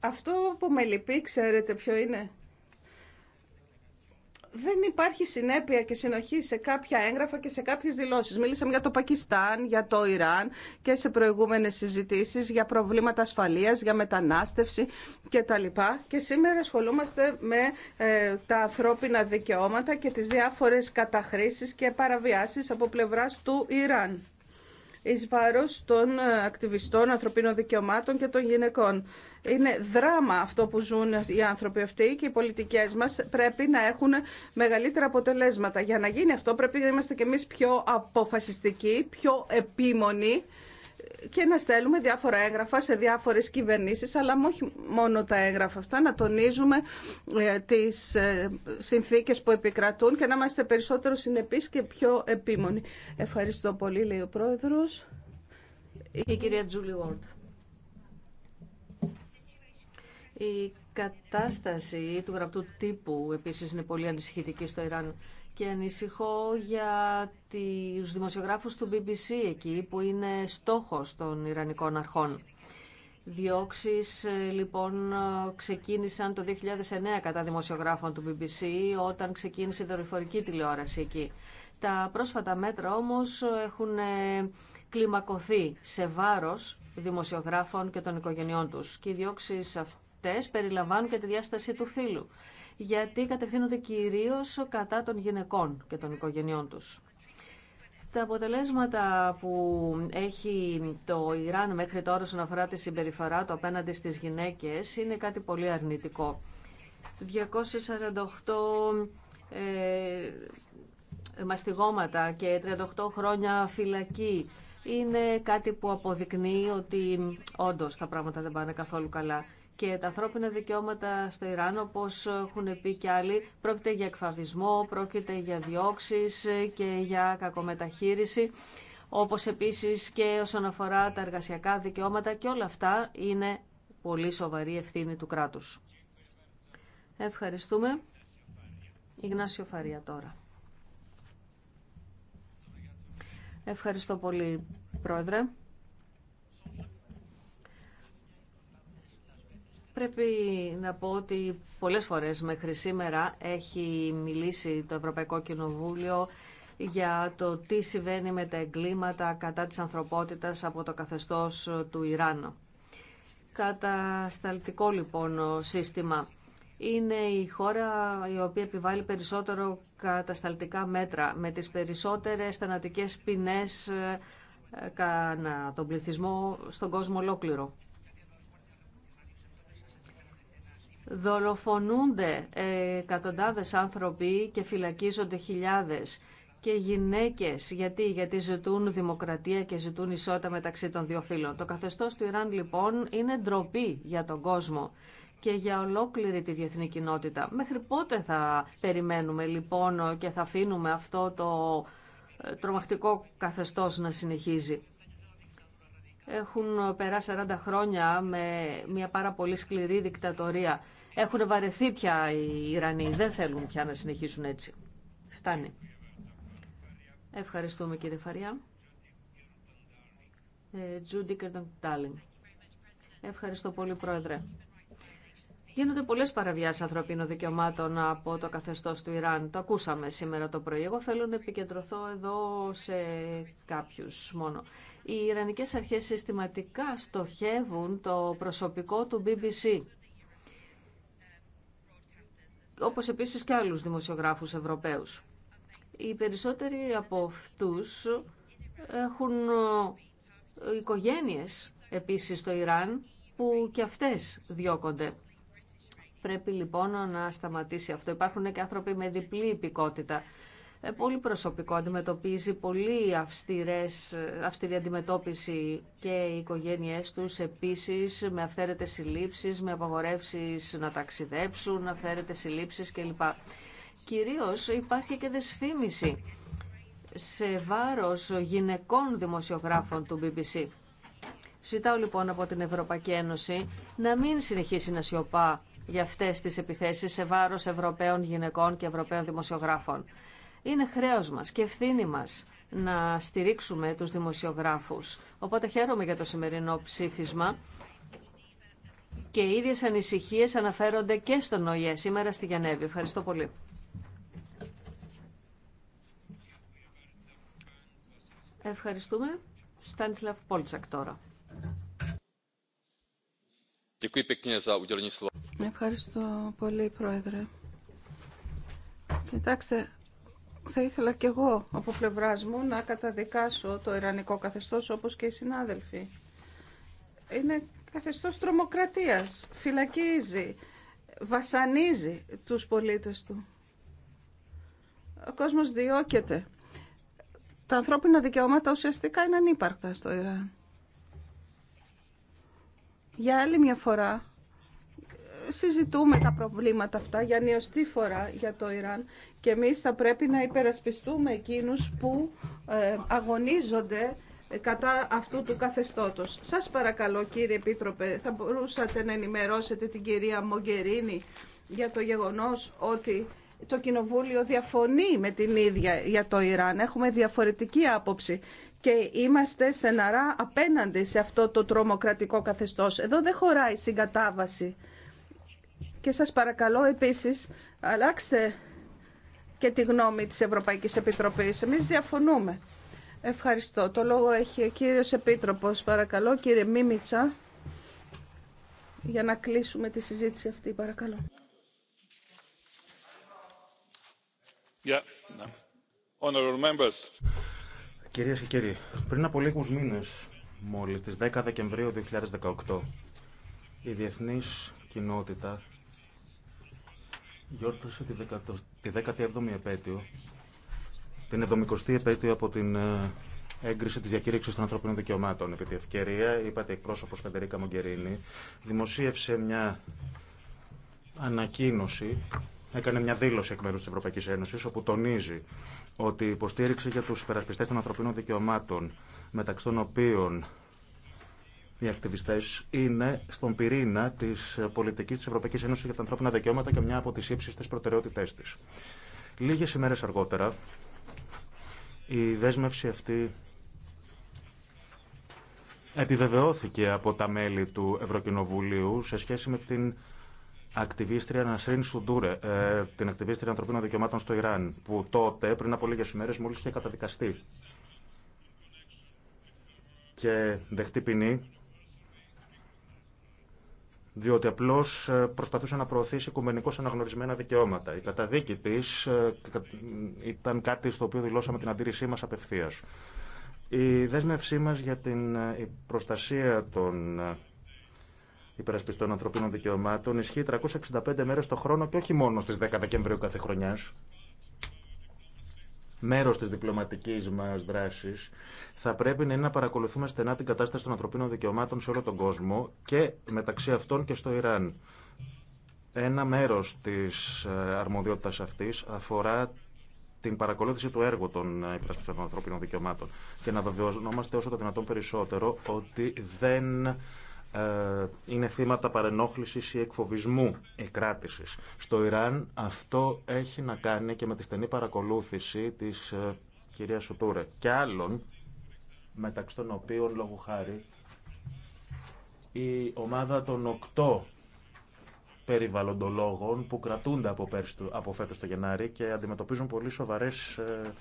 Αυτό που με λυπεί, ξέρετε ποιο είναι δεν υπάρχει συνέπεια και συνοχή σε κάποια έγγραφα και σε κάποιες δηλώσεις. Μίλησαμε για το Πακιστάν, για το Ιράν και σε προηγούμενες συζητήσεις για προβλήματα ασφαλείας, για μετανάστευση κτλ. Και σήμερα ασχολούμαστε με ε, τα ανθρώπινα δικαιώματα και τις διάφορες καταχρήσεις και παραβιάσεις από πλευράς του Ιράν εις βάρος των ε, ακτιβιστών ανθρωπίνων δικαιωμάτων και των γυναικών. Είναι δράμα αυτό που ζουν οι άνθρωποι αυτοί και οι πολιτικές μας πρέπει να έχουν μεγαλύτερα αποτελέσματα. Για να γίνει αυτό πρέπει να είμαστε κι εμείς πιο αποφασιστικοί, πιο επίμονοι και να στέλνουμε διάφορα έγγραφα σε διάφορες κυβερνήσεις, αλλά όχι μόνο τα έγγραφα αυτά, να τονίζουμε ε, τις ε, συνθήκες που επικρατούν και να είμαστε περισσότερο συνεπείς και πιο επίμονοι. Ευχαριστώ πολύ, λέει ο Πρόεδρος. Η κυρία Τζούλι Η κατάσταση του γραπτού τύπου επίσης είναι πολύ ανησυχητική στο Ιράν και ανησυχώ για τους δημοσιογράφους του BBC εκεί που είναι στόχος των Ιρανικών αρχών. Διώξεις ε, λοιπόν ε, ξεκίνησαν το 2009 κατά δημοσιογράφων του BBC όταν ξεκίνησε η δορυφορική τηλεόραση εκεί. Τα πρόσφατα μέτρα όμως έχουν ε, κλιμακωθεί σε βάρος δημοσιογράφων και των οικογενειών τους και οι διώξεις αυτές περιλαμβάνουν και τη διάσταση του φύλου γιατί κατευθύνονται κυρίως κατά των γυναικών και των οικογενειών τους. Τα αποτελέσματα που έχει το Ιράν μέχρι τώρα όσον αφορά τη συμπεριφορά του απέναντι στις γυναίκες είναι κάτι πολύ αρνητικό. 248 ε, μαστιγώματα και 38 χρόνια φυλακή είναι κάτι που αποδεικνύει ότι όντως τα πράγματα δεν πάνε καθόλου καλά και τα ανθρώπινα δικαιώματα στο Ιράν, όπως έχουν πει και άλλοι, πρόκειται για εκφαβισμό, πρόκειται για διώξεις και για κακομεταχείριση, όπως επίσης και όσον αφορά τα εργασιακά δικαιώματα και όλα αυτά είναι πολύ σοβαρή ευθύνη του κράτους. Ευχαριστούμε. Ιγνάσιο Φαρία τώρα. Ευχαριστώ πολύ, Πρόεδρε. Πρέπει να πω ότι πολλές φορές μέχρι σήμερα έχει μιλήσει το Ευρωπαϊκό Κοινοβούλιο για το τι συμβαίνει με τα εγκλήματα κατά της ανθρωπότητας από το καθεστώς του Ιράν. Κατασταλτικό λοιπόν σύστημα. Είναι η χώρα η οποία επιβάλλει περισσότερο κατασταλτικά μέτρα με τις περισσότερες θανατικές ποινές ε, ε, κατά τον πληθυσμό στον κόσμο ολόκληρο. Δολοφονούνται ε, εκατοντάδες άνθρωποι και φυλακίζονται χιλιάδες και γυναίκες. Γιατί, γιατί ζητούν δημοκρατία και ζητούν ισότητα μεταξύ των δύο φύλων. Το καθεστώς του Ιράν λοιπόν είναι ντροπή για τον κόσμο και για ολόκληρη τη διεθνή κοινότητα. Μέχρι πότε θα περιμένουμε λοιπόν και θα αφήνουμε αυτό το ε, τρομακτικό καθεστώς να συνεχίζει. Έχουν περάσει 40 χρόνια με μια πάρα πολύ σκληρή δικτατορία έχουν βαρεθεί πια οι Ιρανοί, δεν θέλουν πια να συνεχίσουν έτσι. Φτάνει. Ευχαριστούμε κύριε Φαριά. Ε, Τζούντι Ευχαριστώ πολύ πρόεδρε. Γίνονται πολλέ παραβιάσει ανθρωπίνων δικαιωμάτων από το καθεστώ του Ιράν. Το ακούσαμε σήμερα το πρωί. Εγώ θέλω να επικεντρωθώ εδώ σε κάποιου μόνο. Οι Ιρανικέ αρχέ συστηματικά στοχεύουν το προσωπικό του BBC όπως επίσης και άλλους δημοσιογράφους Ευρωπαίους. Οι περισσότεροι από αυτούς έχουν ε, οικογένειες επίσης στο Ιράν που και αυτές διώκονται. Πρέπει λοιπόν να σταματήσει αυτό. Υπάρχουν και άνθρωποι με διπλή υπηκότητα. Ε, πολύ προσωπικό, αντιμετωπίζει πολύ αυστηρές, αυστηρή αντιμετώπιση και οι οικογένειές τους επίσης με αυθαίρετες συλλήψεις, με απαγορεύσεις να ταξιδέψουν, αυθαίρετες συλλήψεις κλπ. Κυρίως υπάρχει και δεσφήμιση σε βάρος γυναικών δημοσιογράφων του BBC. Ζητάω λοιπόν από την Ευρωπαϊκή Ένωση να μην συνεχίσει να σιωπά για αυτές τις επιθέσεις σε βάρος Ευρωπαίων γυναικών και Ευρωπαίων δημοσιογράφων. Είναι χρέος μας και ευθύνη μας να στηρίξουμε τους δημοσιογράφους. Οπότε χαίρομαι για το σημερινό ψήφισμα. Και οι ίδιες ανησυχίες αναφέρονται και στον ΟΗΕ σήμερα στη Γενέβη. Ευχαριστώ πολύ. Ευχαριστούμε. Στάνισλαφ Πόλτσακ τώρα. Ευχαριστώ πολύ, Πρόεδρε. Κοιτάξτε, θα ήθελα κι εγώ από πλευρά μου να καταδικάσω το Ιρανικό καθεστώς όπως και οι συνάδελφοι. Είναι καθεστώς τρομοκρατίας, φυλακίζει, βασανίζει τους πολίτες του. Ο κόσμος διώκεται. Τα ανθρώπινα δικαιώματα ουσιαστικά είναι ανύπαρκτα στο Ιράν. Για άλλη μια φορά συζητούμε τα προβλήματα αυτά για νιωστή φορά για το Ιράν και εμείς θα πρέπει να υπερασπιστούμε εκείνους που ε, αγωνίζονται ε, κατά αυτού του καθεστώτος. Σας παρακαλώ κύριε Επίτροπε, θα μπορούσατε να ενημερώσετε την κυρία Μογκερίνη για το γεγονός ότι το Κοινοβούλιο διαφωνεί με την ίδια για το Ιράν. Έχουμε διαφορετική άποψη και είμαστε στεναρά απέναντι σε αυτό το τρομοκρατικό καθεστώς. Εδώ δεν χωράει συγκατάβαση. Και σας παρακαλώ επίσης αλλάξτε και τη γνώμη της Ευρωπαϊκής Επιτροπής. Εμείς διαφωνούμε. Ευχαριστώ. Το λόγο έχει ο κύριος Επίτροπος. Παρακαλώ κύριε Μίμητσα για να κλείσουμε τη συζήτηση αυτή. Παρακαλώ. Yeah. Members. Κυρίες και κύριοι, πριν από λίγους μήνες, μόλις, στις 10 Δεκεμβρίου 2018, η διεθνής κοινότητα γιόρτασε τη, 17η επέτειο, την 70η επέτειο από την ε, έγκριση τη διακήρυξη των ανθρωπίνων δικαιωμάτων. Επί τη ευκαιρία, είπατε εκπρόσωπο Φεντερίκα Μογκερίνη, δημοσίευσε μια ανακοίνωση, έκανε μια δήλωση εκ μέρου τη Ευρωπαϊκή Ένωση, όπου τονίζει ότι η επετειο την 70 η επετειο απο την εγκριση της διακηρυξη των ανθρωπινων δικαιωματων επι τη ευκαιρια ειπατε εκπρόσωπος, φεντερικα μογκερινη δημοσιευσε μια ανακοινωση εκανε μια δηλωση εκ μέρους της Ευρωπαϊκής Ένωσης οπου τονιζει οτι υποστήριξε για τους υπερασπιστές των ανθρωπίνων δικαιωμάτων, μεταξύ των οποίων οι ακτιβιστέ είναι στον πυρήνα τη πολιτική τη Ευρωπαϊκή Ένωση για τα ανθρώπινα δικαιώματα και μια από τι ύψιστε προτεραιότητέ τη. Λίγε ημέρε αργότερα, η δέσμευση αυτή επιβεβαιώθηκε από τα μέλη του Ευρωκοινοβουλίου σε σχέση με την ακτιβίστρια Νασρίν Σουντούρε, ε, την ακτιβίστρια ανθρωπίνων δικαιωμάτων στο Ιράν, που τότε, πριν από λίγες ημέρες, μόλις είχε καταδικαστεί και δεχτεί ποινή διότι απλώ ε, προσπαθούσε να προωθήσει οικουμενικώ αναγνωρισμένα δικαιώματα. Η καταδίκη τη ε, ήταν κάτι στο οποίο δηλώσαμε την αντίρρησή μα απευθεία. Η δέσμευσή μα για την ε, προστασία των υπερασπιστών ανθρωπίνων δικαιωμάτων ισχύει 365 μέρε το χρόνο και όχι μόνο στι 10 Δεκεμβρίου κάθε χρονιά μέρο τη διπλωματικής μα δράση θα πρέπει να είναι να παρακολουθούμε στενά την κατάσταση των ανθρωπίνων δικαιωμάτων σε όλο τον κόσμο και μεταξύ αυτών και στο Ιράν. Ένα μέρο τη ε, αρμοδιότητας αυτή αφορά την παρακολούθηση του έργου των ε, υπερασπιστών ανθρωπίνων δικαιωμάτων και να βεβαιωνόμαστε όσο το δυνατόν περισσότερο ότι δεν ε, είναι θύματα παρενόχλησης ή εκφοβισμού εκράτησης. Στο Ιράν αυτό έχει να κάνει και με τη στενή παρακολούθηση της ε, κυρίας Σουτούρε και άλλων, μεταξύ των οποίων λόγω χάρη η ομάδα των οκτώ περιβαλλοντολόγων που κρατούνται από, πέρσι, από φέτος το Γενάρη και αντιμετωπίζουν πολύ σοβαρές ε,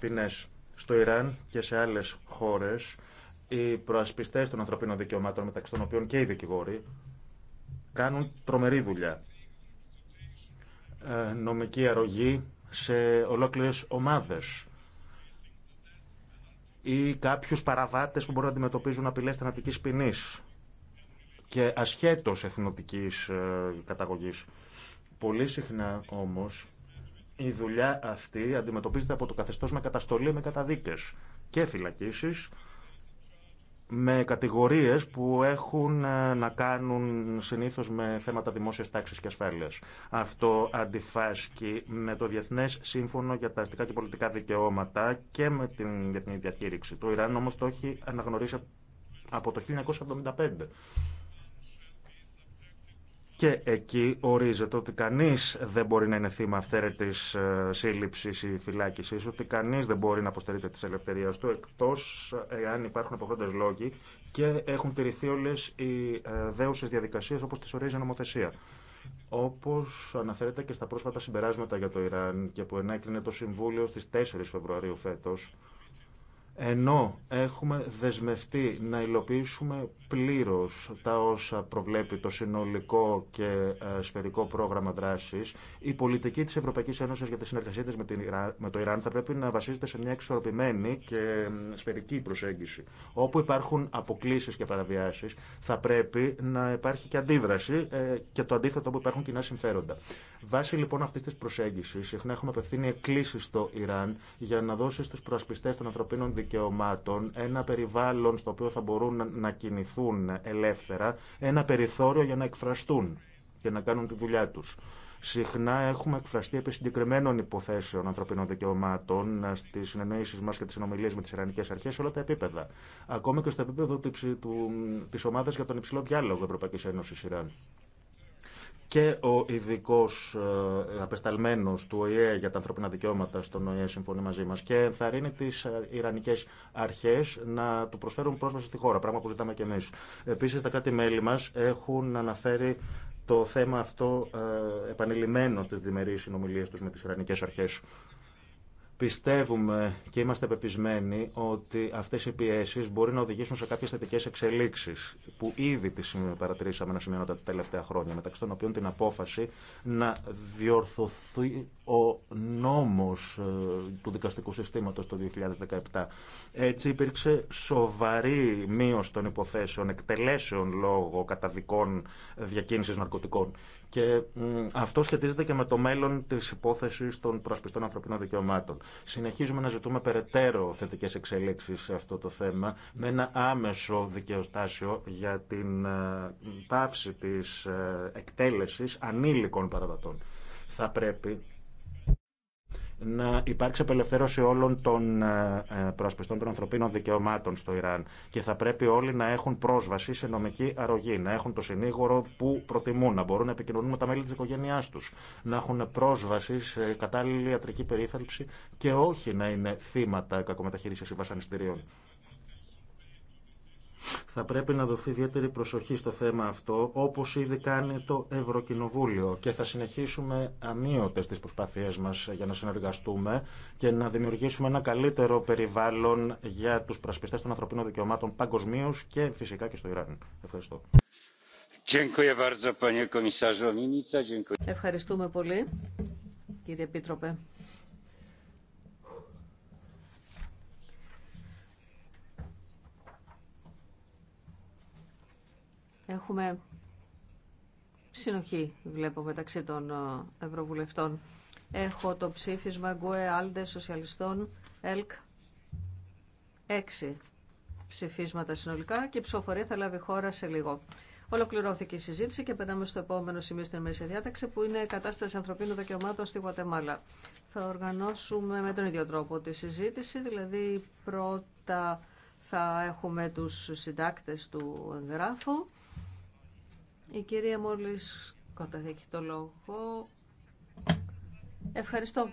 ποινές. Στο Ιράν και σε άλλες χώρες οι προασπιστέ των ανθρωπίνων δικαιωμάτων, μεταξύ των οποίων και οι δικηγόροι, κάνουν τρομερή δουλειά. Ε, νομική αρρωγή σε ολόκληρε ομάδε ή κάποιου παραβάτε που μπορούν να αντιμετωπίζουν απειλέ απειλές θανατικής ποινή και ασχέτως εθνοτικής ε, καταγωγής. Πολύ συχνά όμως η δουλειά αυτή αντιμετωπίζεται από το καθεστώς με καταστολή, με καταδίκες και ασχετως εθνοτικης καταγωγης πολυ συχνα ομω η δουλεια αυτη αντιμετωπιζεται απο το καθεστω με καταστολη με καταδικες και φυλακισεις με κατηγορίες που έχουν ε, να κάνουν συνήθως με θέματα δημόσιας τάξης και ασφάλειας. Αυτό αντιφάσκει με το Διεθνές Σύμφωνο για τα Αστικά και Πολιτικά Δικαιώματα και με την Διεθνή Διακήρυξη. Το Ιράν όμως το έχει αναγνωρίσει από το 1975. Και εκεί ορίζεται ότι κανεί δεν μπορεί να είναι θύμα αυθαίρετη ε, σύλληψη ή φυλάκιση, ότι κανεί δεν μπορεί να αποστερείται τη ελευθερία του, εκτό εάν υπάρχουν αποφόντε λόγοι και έχουν τηρηθεί όλε οι ε, δέουσε διαδικασίε όπω τι ορίζει η νομοθεσία. εκτο εαν υπαρχουν αποχροντες λογοι και εχουν τηρηθει ολε οι αναφέρεται και στα πρόσφατα συμπεράσματα για το Ιράν και που ενέκρινε το Συμβούλιο στι 4 Φεβρουαρίου φέτο, ενώ έχουμε δεσμευτεί να υλοποιήσουμε πλήρως τα όσα προβλέπει το συνολικό και ε, σφαιρικό πρόγραμμα δράσης, η πολιτική της Ευρωπαϊκής Ένωσης για τη συνεργασία της με το Ιράν θα πρέπει να βασίζεται σε μια εξορροπημένη και σφαιρική προσέγγιση. Όπου υπάρχουν αποκλήσεις και παραβιάσεις θα πρέπει να υπάρχει και αντίδραση ε, και το αντίθετο όπου υπάρχουν κοινά συμφέροντα. Βάσει λοιπόν αυτή τη προσέγγιση, συχνά έχουμε απευθύνει εκκλήσει στο Ιράν για να δώσει στου προασπιστέ των ανθρωπίνων δικαιωμάτων, ένα περιβάλλον στο οποίο θα μπορούν να κινηθούν ελεύθερα, ένα περιθώριο για να εκφραστούν και να κάνουν τη δουλειά τους. Συχνά έχουμε εκφραστεί επί συγκεκριμένων υποθέσεων ανθρωπίνων δικαιωμάτων στι συνεννοήσει μα και τι συνομιλίε με τι Ιρανικέ Αρχέ σε όλα τα επίπεδα. Ακόμα και στο επίπεδο τη ομάδα για τον υψηλό διάλογο Ευρωπαϊκή Ένωση Ιράν και ο ειδικό ε, απεσταλμένο του ΟΗΕ για τα ανθρωπίνα δικαιώματα στον ΟΗΕ συμφωνεί μαζί μα και ενθαρρύνει τι Ιρανικέ αρχέ να του προσφέρουν πρόσβαση στη χώρα, πράγμα που ζητάμε και εμεί. Επίση, τα κράτη-μέλη μα έχουν αναφέρει το θέμα αυτό ε, επανειλημμένο στι διμερεί συνομιλίε του με τι Ιρανικέ αρχέ. Πιστεύουμε και είμαστε πεπισμένοι ότι αυτές οι πιέσεις μπορεί να οδηγήσουν σε κάποιες θετικέ εξελίξεις που ήδη τις παρατηρήσαμε να σημειώνονται τα τελευταία χρόνια, μεταξύ των οποίων την απόφαση να διορθωθεί ο νόμος ε, του δικαστικού συστήματος το 2017. Έτσι υπήρξε σοβαρή μείωση των υποθέσεων, εκτελέσεων λόγω καταδικών διακίνησης ναρκωτικών. Και αυτό σχετίζεται και με το μέλλον τη υπόθεση των προασπιστών ανθρωπίνων δικαιωμάτων. Συνεχίζουμε να ζητούμε περαιτέρω θετικέ εξελίξει σε αυτό το θέμα, με ένα άμεσο δικαιοστάσιο για την πάυση ε, τη ε, εκτέλεση ανήλικων παραβατών. Θα πρέπει να υπάρξει απελευθέρωση όλων των ε, ε, προασπιστών των ανθρωπίνων δικαιωμάτων στο Ιράν και θα πρέπει όλοι να έχουν πρόσβαση σε νομική αρρωγή, να έχουν το συνήγορο που προτιμούν, να μπορούν να επικοινωνούν με τα μέλη της οικογένειάς τους, να έχουν πρόσβαση σε κατάλληλη ιατρική περίθαλψη και όχι να είναι θύματα κακομεταχείριση ή βασανιστήριων. Θα πρέπει να δοθεί ιδιαίτερη προσοχή στο θέμα αυτό, όπως ήδη κάνει το Ευρωκοινοβούλιο και θα συνεχίσουμε αμύωτε τι προσπάθειές μας για να συνεργαστούμε και να δημιουργήσουμε ένα καλύτερο περιβάλλον για τους πρασπιστέ των ανθρωπίνων δικαιωμάτων παγκοσμίω και φυσικά και στο Ιράν. Ευχαριστώ. Ευχαριστούμε πολύ, κύριε Επίτροπε. Έχουμε συνοχή, βλέπω, μεταξύ των ε, Ευρωβουλευτών. Έχω το ψήφισμα Γκουέ Άλντε Σοσιαλιστών ΕΛΚ. Έξι ψηφίσματα συνολικά και η ψηφοφορία θα λάβει χώρα σε λίγο. Ολοκληρώθηκε η συζήτηση και περνάμε στο επόμενο σημείο στην μέση διάταξη που είναι η κατάσταση ανθρωπίνων δικαιωμάτων στη Γουατεμάλα. Θα οργανώσουμε με τον ίδιο τρόπο τη συζήτηση, δηλαδή πρώτα θα έχουμε τους συντάκτες του εγγράφου η κυρία μόλις κότα το λόγο. Ευχαριστώ.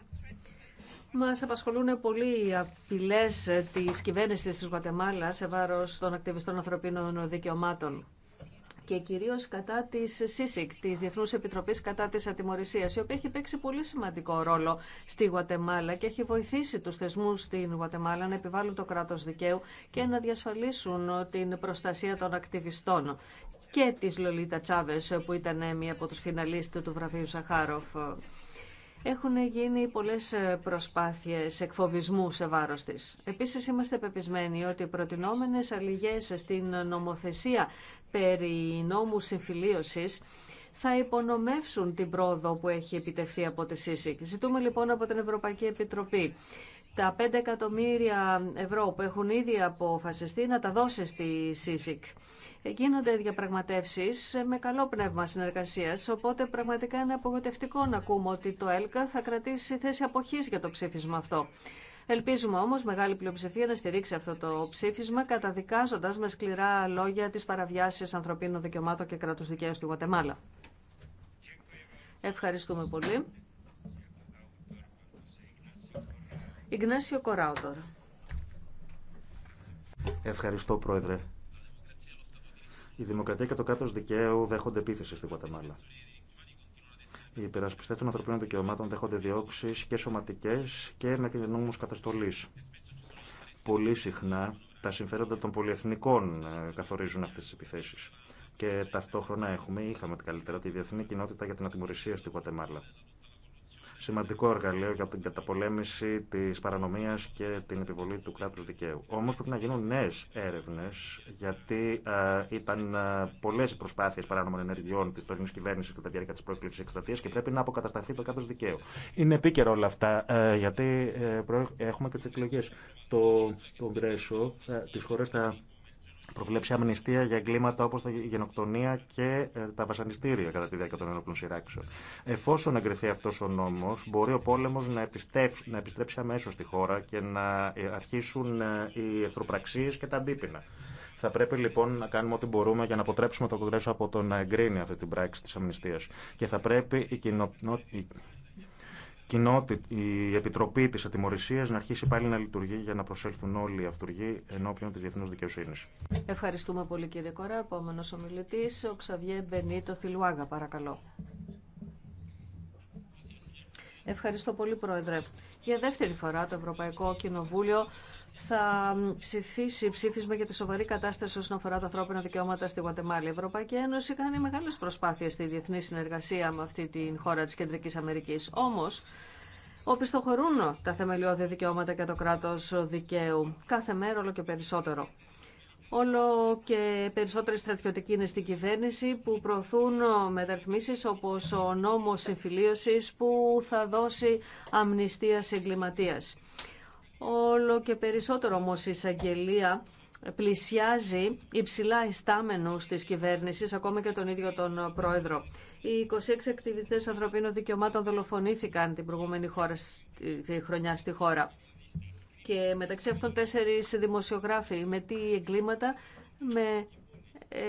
Μα απασχολούν πολύ οι απειλέ τη κυβέρνηση τη Γουατεμάλα σε βάρο των ακτιβιστών ανθρωπίνων δικαιωμάτων και κυρίω κατά τη ΣΥΣΙΚ, τη Διεθνού Επιτροπή κατά τη Ατιμορρησία, η οποία έχει παίξει πολύ σημαντικό ρόλο στη Γουατεμάλα και έχει βοηθήσει του θεσμού στην Γουατεμάλα να επιβάλλουν το κράτο δικαίου και να διασφαλίσουν την προστασία των ακτιβιστών και της Λολίτα Τσάβες που ήταν μία από τους φιναλίστε του βραβείου Σαχάροφ. Έχουν γίνει πολλές προσπάθειες εκφοβισμού σε βάρος της. Επίσης είμαστε πεπισμένοι ότι οι προτινόμενες αλληγές στην νομοθεσία περί νόμου συμφιλίωσης θα υπονομεύσουν την πρόοδο που έχει επιτευχθεί από τη ΣΥΣΙΚ. Ζητούμε λοιπόν από την Ευρωπαϊκή Επιτροπή τα 5 εκατομμύρια ευρώ που έχουν ήδη αποφασιστεί να τα δώσει στη ΣΥΣΙΚ. Γίνονται διαπραγματεύσεις με καλό πνεύμα συνεργασίας, οπότε πραγματικά είναι απογοητευτικό να ακούμε ότι το ΕΛΚΑ θα κρατήσει θέση αποχής για το ψήφισμα αυτό. Ελπίζουμε όμω μεγάλη πλειοψηφία να στηρίξει αυτό το ψήφισμα, καταδικάζοντα με σκληρά λόγια τι παραβιάσει ανθρωπίνων δικαιωμάτων και κράτου δικαίου στη Γουατεμάλα. Ευχαριστούμε πολύ. Ιγνάσιο Κοράουτορ Ευχαριστώ, Πρόεδρε. Η δημοκρατία και το κράτο δικαίου δέχονται επίθεση στη Γουατεμάλα. Οι υπερασπιστέ των ανθρωπίνων δικαιωμάτων δέχονται διώξει και σωματικέ και με νόμου καταστολή. Πολύ συχνά τα συμφέροντα των πολυεθνικών ε, καθορίζουν αυτέ τι επιθέσει. Και ταυτόχρονα έχουμε, είχαμε καλύτερα, τη διεθνή κοινότητα για την Ατιμορρυσία στη Γουατεμάλα σημαντικό εργαλείο για την καταπολέμηση τη παρανομία και την επιβολή του κράτου δικαίου. Όμω πρέπει να γίνουν νέε έρευνε, γιατί ε, ήταν ε, πολλέ οι προσπάθειε παράνομων ενεργειών τη τωρινή κυβέρνηση κατά τη διάρκεια τη πρόκληση εκστατεία και πρέπει να αποκατασταθεί το κράτο δικαίου. Είναι επίκαιρο όλα αυτά, ε, γιατί έχουμε και τι εκλογέ. Το Κογκρέσο τη χώρα θα προβλέψει αμνηστία για εγκλήματα όπω τα γενοκτονία και ε, τα βασανιστήρια κατά τη διάρκεια των ενόπλων σειράξεων. Εφόσον εγκριθεί αυτό ο νόμο, μπορεί ο πόλεμο να, να επιστρέψει αμέσω στη χώρα και να ε, αρχίσουν ε, οι εχθροπραξίε και τα αντίπεινα. Θα πρέπει λοιπόν να κάνουμε ό,τι μπορούμε για να αποτρέψουμε το Κογκρέσο από το να εγκρίνει αυτή την πράξη τη αμνηστία. Και θα πρέπει η κοινότητα κοινότητα, η Επιτροπή της Ατιμορρησίας να αρχίσει πάλι να λειτουργεί για να προσέλθουν όλοι οι αυτούργοι ενώπιον της διεθνούς δικαιοσύνης. Ευχαριστούμε πολύ κύριε Κορά. Επόμενος ομιλητής, ο Ξαβιέ Μπενίτο Θηλουάγα, παρακαλώ. Ευχαριστώ πολύ, Πρόεδρε. Για δεύτερη φορά το Ευρωπαϊκό Κοινοβούλιο θα ψηφίσει ψήφισμα για τη σοβαρή κατάσταση όσον αφορά τα ανθρώπινα δικαιώματα στη Γουατεμάλη. Η Ευρωπαϊκή Ένωση κάνει μεγάλε προσπάθειε στη διεθνή συνεργασία με αυτή τη χώρα τη Κεντρική Αμερική. Όμω, οπισθοχωρούν τα θεμελιώδη δικαιώματα και το κράτο δικαίου. Κάθε μέρα όλο και περισσότερο. Όλο και περισσότεροι στρατιωτικοί είναι στην κυβέρνηση που προωθούν μεταρρυθμίσει όπω ο νόμο συμφιλίωση που θα δώσει αμνηστία σε εγκληματίας. Όλο και περισσότερο όμω η εισαγγελία πλησιάζει υψηλά ιστάμενου τη κυβέρνηση, ακόμα και τον ίδιο τον πρόεδρο. Οι 26 ακτιβιστές ανθρωπίνων δικαιωμάτων δολοφονήθηκαν την προηγούμενη χώρα, χρονιά στη χώρα. Και μεταξύ αυτών τέσσερι δημοσιογράφοι με τι εγκλήματα, με, ε,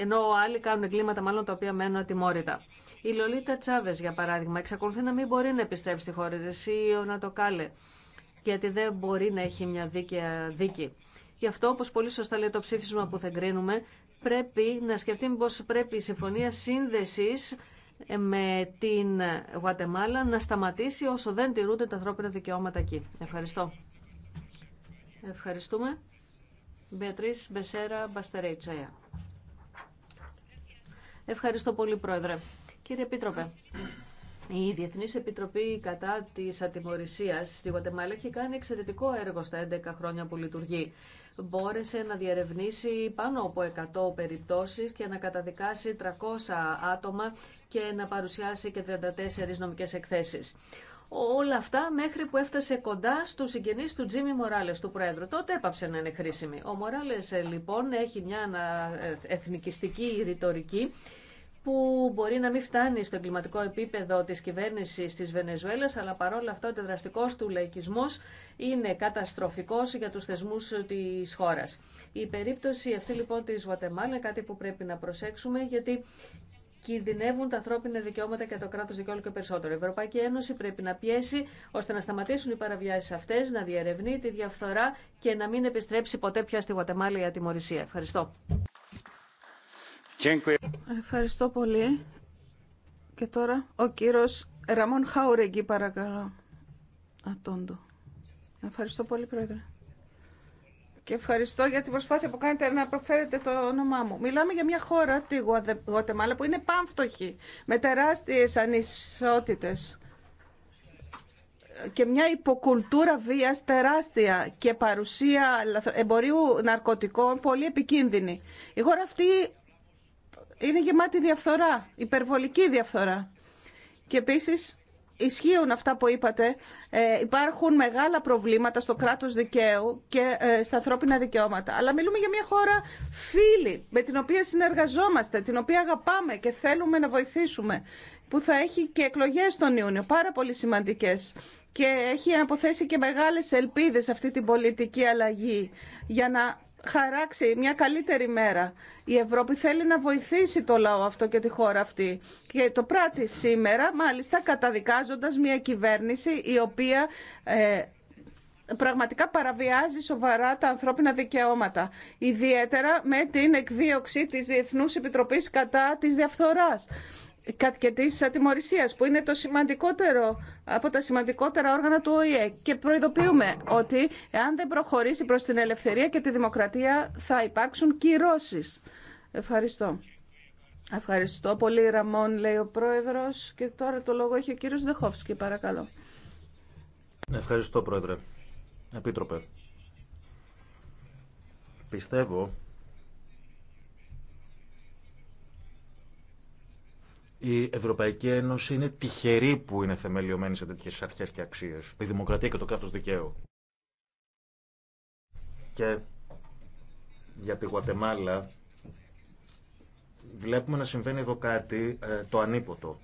ενώ άλλοι κάνουν εγκλήματα μάλλον τα οποία μένουν ατιμόρυτα. Η Λολίτα Τσάβε, για παράδειγμα, εξακολουθεί να μην μπορεί να επιστρέψει στη χώρα τη ή το κάλε γιατί δεν μπορεί να έχει μια δίκαια δίκη. Γι' αυτό, όπως πολύ σωστά λέει το ψήφισμα που θα εγκρίνουμε, πρέπει να σκεφτεί πώς πρέπει η συμφωνία σύνδεσης με την Γουατεμάλα να σταματήσει όσο δεν τηρούνται τα ανθρώπινα δικαιώματα εκεί. Ευχαριστώ. Ευχαριστούμε. Μπεατρίς Μπεσέρα Μπαστερέιτσαια. Ευχαριστώ πολύ, Πρόεδρε. Κύριε Επίτροπε, η Διεθνής Επιτροπή κατά της ατιμορρησίας στη Γουατεμάλα έχει κάνει εξαιρετικό έργο στα 11 χρόνια που λειτουργεί. Μπόρεσε να διερευνήσει πάνω από 100 περιπτώσεις και να καταδικάσει 300 άτομα και να παρουσιάσει και 34 νομικές εκθέσεις. Όλα αυτά μέχρι που έφτασε κοντά στους συγγενείς του Τζίμι Μοράλες, του Πρόεδρου. Τότε έπαψε να είναι χρήσιμη. Ο Μοράλες λοιπόν έχει μια ε, εθνικιστική ρητορική που μπορεί να μην φτάνει στο εγκληματικό επίπεδο της κυβέρνησης της Βενεζουέλας, αλλά παρόλα αυτό ο αντιδραστικός του λαϊκισμός είναι καταστροφικός για τους θεσμούς της χώρας. Η περίπτωση αυτή λοιπόν της Γουατεμάλα είναι κάτι που πρέπει να προσέξουμε, γιατί κινδυνεύουν τα ανθρώπινα δικαιώματα και το κράτο δικαιώματο και περισσότερο. Η Ευρωπαϊκή Ένωση πρέπει να πιέσει ώστε να σταματήσουν οι παραβιάσει αυτέ, να διερευνεί τη διαφθορά και να μην επιστρέψει ποτέ πια στη Γουατεμάλη η ατιμορρησία. Ευχαριστώ. Ευχαριστώ πολύ. Και τώρα ο κύριος Ραμόν Χαουρεγγί, παρακαλώ. Ατόντο. Ευχαριστώ πολύ, Πρόεδρε. Και ευχαριστώ για την προσπάθεια που κάνετε να προφέρετε το όνομά μου. Μιλάμε για μια χώρα, τη Γουατεμάλα, που είναι πάμφτωχη, με τεράστιες ανισότητες και μια υποκουλτούρα βίας τεράστια και παρουσία εμπορίου ναρκωτικών πολύ επικίνδυνη. Η χώρα αυτή είναι γεμάτη διαφθορά, υπερβολική διαφθορά. Και επίσης ισχύουν αυτά που είπατε, ε, υπάρχουν μεγάλα προβλήματα στο κράτος δικαίου και ε, στα ανθρώπινα δικαιώματα. Αλλά μιλούμε για μια χώρα φίλη, με την οποία συνεργαζόμαστε, την οποία αγαπάμε και θέλουμε να βοηθήσουμε, που θα έχει και εκλογές τον Ιούνιο, πάρα πολύ σημαντικές. Και έχει αποθέσει και μεγάλες ελπίδες αυτή την πολιτική αλλαγή για να χαράξει μια καλύτερη μέρα. Η Ευρώπη θέλει να βοηθήσει το λαό αυτό και τη χώρα αυτή. Και το πράττει σήμερα, μάλιστα καταδικάζοντας μια κυβέρνηση η οποία ε, πραγματικά παραβιάζει σοβαρά τα ανθρώπινα δικαιώματα. Ιδιαίτερα με την εκδίωξη της Διεθνούς Επιτροπής κατά της διαφθοράς τη ατιμορρησίας που είναι το σημαντικότερο από τα σημαντικότερα όργανα του ΟΗΕ και προειδοποιούμε ότι αν δεν προχωρήσει προς την ελευθερία και τη δημοκρατία θα υπάρξουν κυρώσεις. Ευχαριστώ. Ευχαριστώ πολύ Ραμόν λέει ο Πρόεδρος και τώρα το λόγο έχει ο κύριος Δεχόφσκι παρακαλώ. Ευχαριστώ Πρόεδρε. Επίτροπε. Πιστεύω Η Ευρωπαϊκή Ένωση είναι τυχερή που είναι θεμελιωμένη σε τέτοιε αρχέ και αξίε. Η δημοκρατία και το κράτο δικαίου. Και για τη Γουατεμάλα βλέπουμε να συμβαίνει εδώ κάτι ε, το ανίποτο.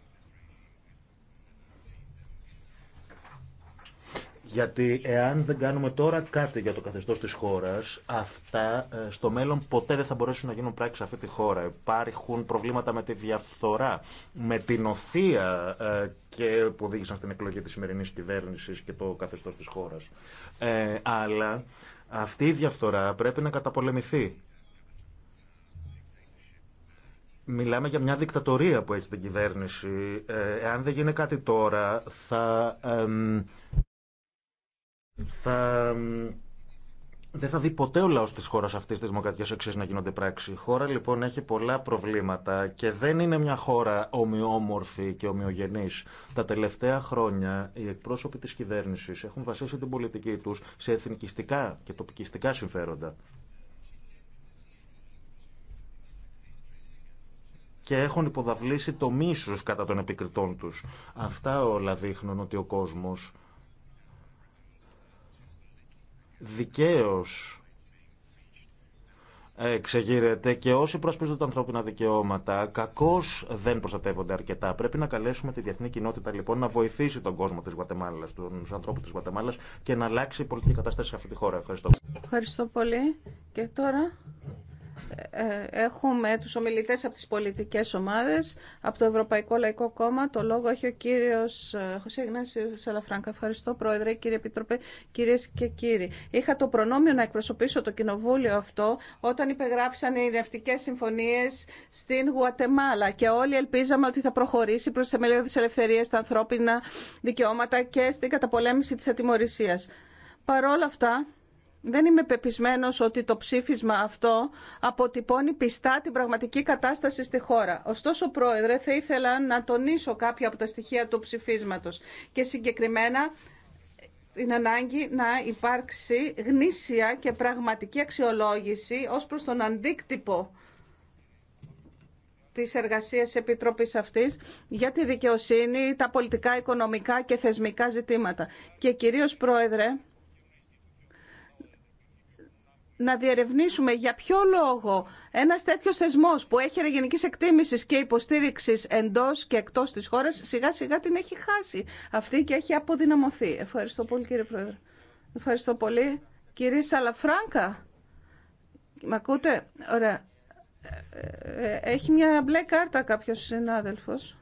Γιατί εάν δεν κάνουμε τώρα κάτι για το καθεστώς της χώρας, αυτά ε, στο μέλλον ποτέ δεν θα μπορέσουν να γίνουν πράξη σε αυτή τη χώρα. Υπάρχουν προβλήματα με τη διαφθορά, με την οθεία ε, και που οδήγησαν στην εκλογή της σημερινής κυβέρνησης και το καθεστώς της χώρας. Ε, αλλά αυτή η διαφθορά πρέπει να καταπολεμηθεί. Μιλάμε για μια δικτατορία που έχει την κυβέρνηση. Ε, εάν δεν γίνει κάτι τώρα, θα... Θα... Δεν θα δει ποτέ ο λαό τη χώρα αυτή τη δημοκρατία εξή να γίνονται πράξη. Η χώρα λοιπόν έχει πολλά προβλήματα και δεν είναι μια χώρα ομοιόμορφη και ομοιογενή. Τα τελευταία χρόνια οι εκπρόσωποι τη κυβέρνηση έχουν βασίσει την πολιτική του σε εθνικιστικά και τοπικιστικά συμφέροντα. και έχουν υποδαβλήσει το μίσος κατά των επικριτών τους. Αυτά όλα δείχνουν ότι ο κόσμος δικαίως ε, ξεγείρεται και όσοι προσπίζουν τα ανθρώπινα δικαιώματα κακώ δεν προστατεύονται αρκετά. Πρέπει να καλέσουμε τη διεθνή κοινότητα λοιπόν να βοηθήσει τον κόσμο τη Γουατεμάλα, του ανθρώπου τη Γουατεμάλα και να αλλάξει η πολιτική κατάσταση σε αυτή τη χώρα. Ευχαριστώ. Ευχαριστώ πολύ. Και τώρα ε, έχουμε τους ομιλητές από τις πολιτικές ομάδες. Από το Ευρωπαϊκό Λαϊκό Κόμμα το λόγο έχει ο κύριος ε, Χωσέ Γνάσιο Σαλαφράγκα. Ευχαριστώ Πρόεδρε, κύριε Επίτροπε, κυρίες και κύριοι. Είχα το προνόμιο να εκπροσωπήσω το κοινοβούλιο αυτό όταν υπεγράφησαν οι ρευτικές συμφωνίες στην Γουατεμάλα και όλοι ελπίζαμε ότι θα προχωρήσει προς της ελευθερίες, τα ανθρώπινα δικαιώματα και στην καταπολέμηση της ατιμορρησίας. Παρόλα αυτά, δεν είμαι πεπισμένος ότι το ψήφισμα αυτό αποτυπώνει πιστά την πραγματική κατάσταση στη χώρα. Ωστόσο, Πρόεδρε, θα ήθελα να τονίσω κάποια από τα στοιχεία του ψηφίσματος και συγκεκριμένα την ανάγκη να υπάρξει γνήσια και πραγματική αξιολόγηση ως προς τον αντίκτυπο της εργασίας της Επιτροπής αυτής για τη δικαιοσύνη, τα πολιτικά, οικονομικά και θεσμικά ζητήματα. Και κυρίως, Πρόεδρε, να διερευνήσουμε για ποιο λόγο ένα τέτοιο θεσμό που έχει γενική εκτίμηση και υποστήριξη εντό και εκτό τη χώρα, σιγά σιγά την έχει χάσει αυτή και έχει αποδυναμωθεί. Ευχαριστώ πολύ κύριε Πρόεδρε. Ευχαριστώ πολύ. Κύριε Σαλαφράγκα, με ακούτε. Ωραία. Ε, ε, έχει μια μπλε κάρτα κάποιος συνάδελφος.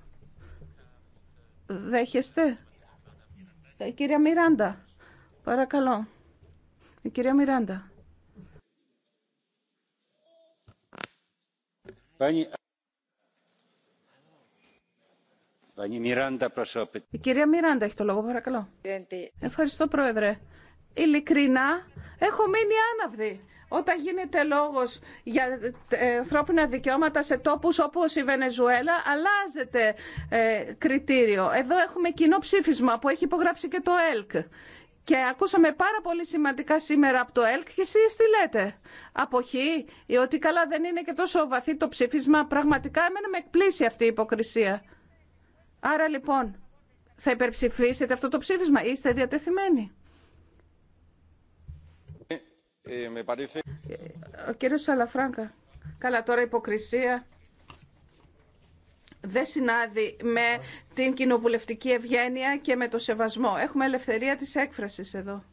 Δέχεστε. Ε, κυρία Μιράντα, παρακαλώ. κυρία Μιράντα. Η κυρία Μιράντα έχει το λόγο, παρακαλώ. Ευχαριστώ, Πρόεδρε. Ειλικρινά, έχω μείνει άναυδη όταν γίνεται λόγος για ε, ανθρώπινα δικαιώματα σε τόπους όπως η Βενεζουέλα, αλλάζεται ε, κριτήριο. Εδώ έχουμε κοινό ψήφισμα που έχει υπογράψει και το ΕΛΚ και ακούσαμε πάρα πολύ σημαντικά σήμερα από το ΕΛΚ και εσείς τι λέτε. Αποχή ή ότι καλά δεν είναι και τόσο βαθύ το ψήφισμα. Πραγματικά εμένα με εκπλήσει αυτή η υποκρισία. Άρα λοιπόν, θα υπερψηφίσετε αυτό το ψήφισμα. Είστε διατεθειμένοι. Ε, ε, Ο κύριος Σαλαφράγκα. Καλά τώρα υποκρισία δεν συνάδει με την κοινοβουλευτική ευγένεια και με το σεβασμό. Έχουμε ελευθερία της έκφρασης εδώ.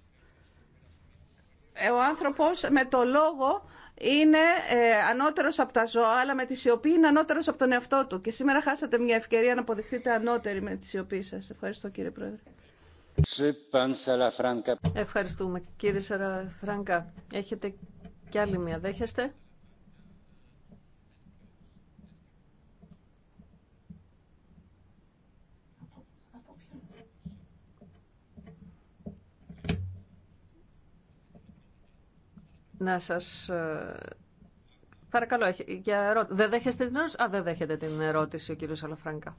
Ε, ο άνθρωπος με το λόγο είναι ε, ανώτερος από τα ζώα, αλλά με τη σιωπή είναι ανώτερος από τον εαυτό του. Και σήμερα χάσατε μια ευκαιρία να αποδειχθείτε ανώτεροι με τη σιωπή σας. Ευχαριστώ κύριε Πρόεδρε. Ευχαριστούμε. Κύριε Σαραφράγκα, έχετε κι άλλη μία. Δέχεστε. να σας... Ε, παρακαλώ, για ερώτηση. Δεν δέχεστε την ερώτηση. Α, δεν δέχεται την ερώτηση ο κύριος Αλαφράγκα.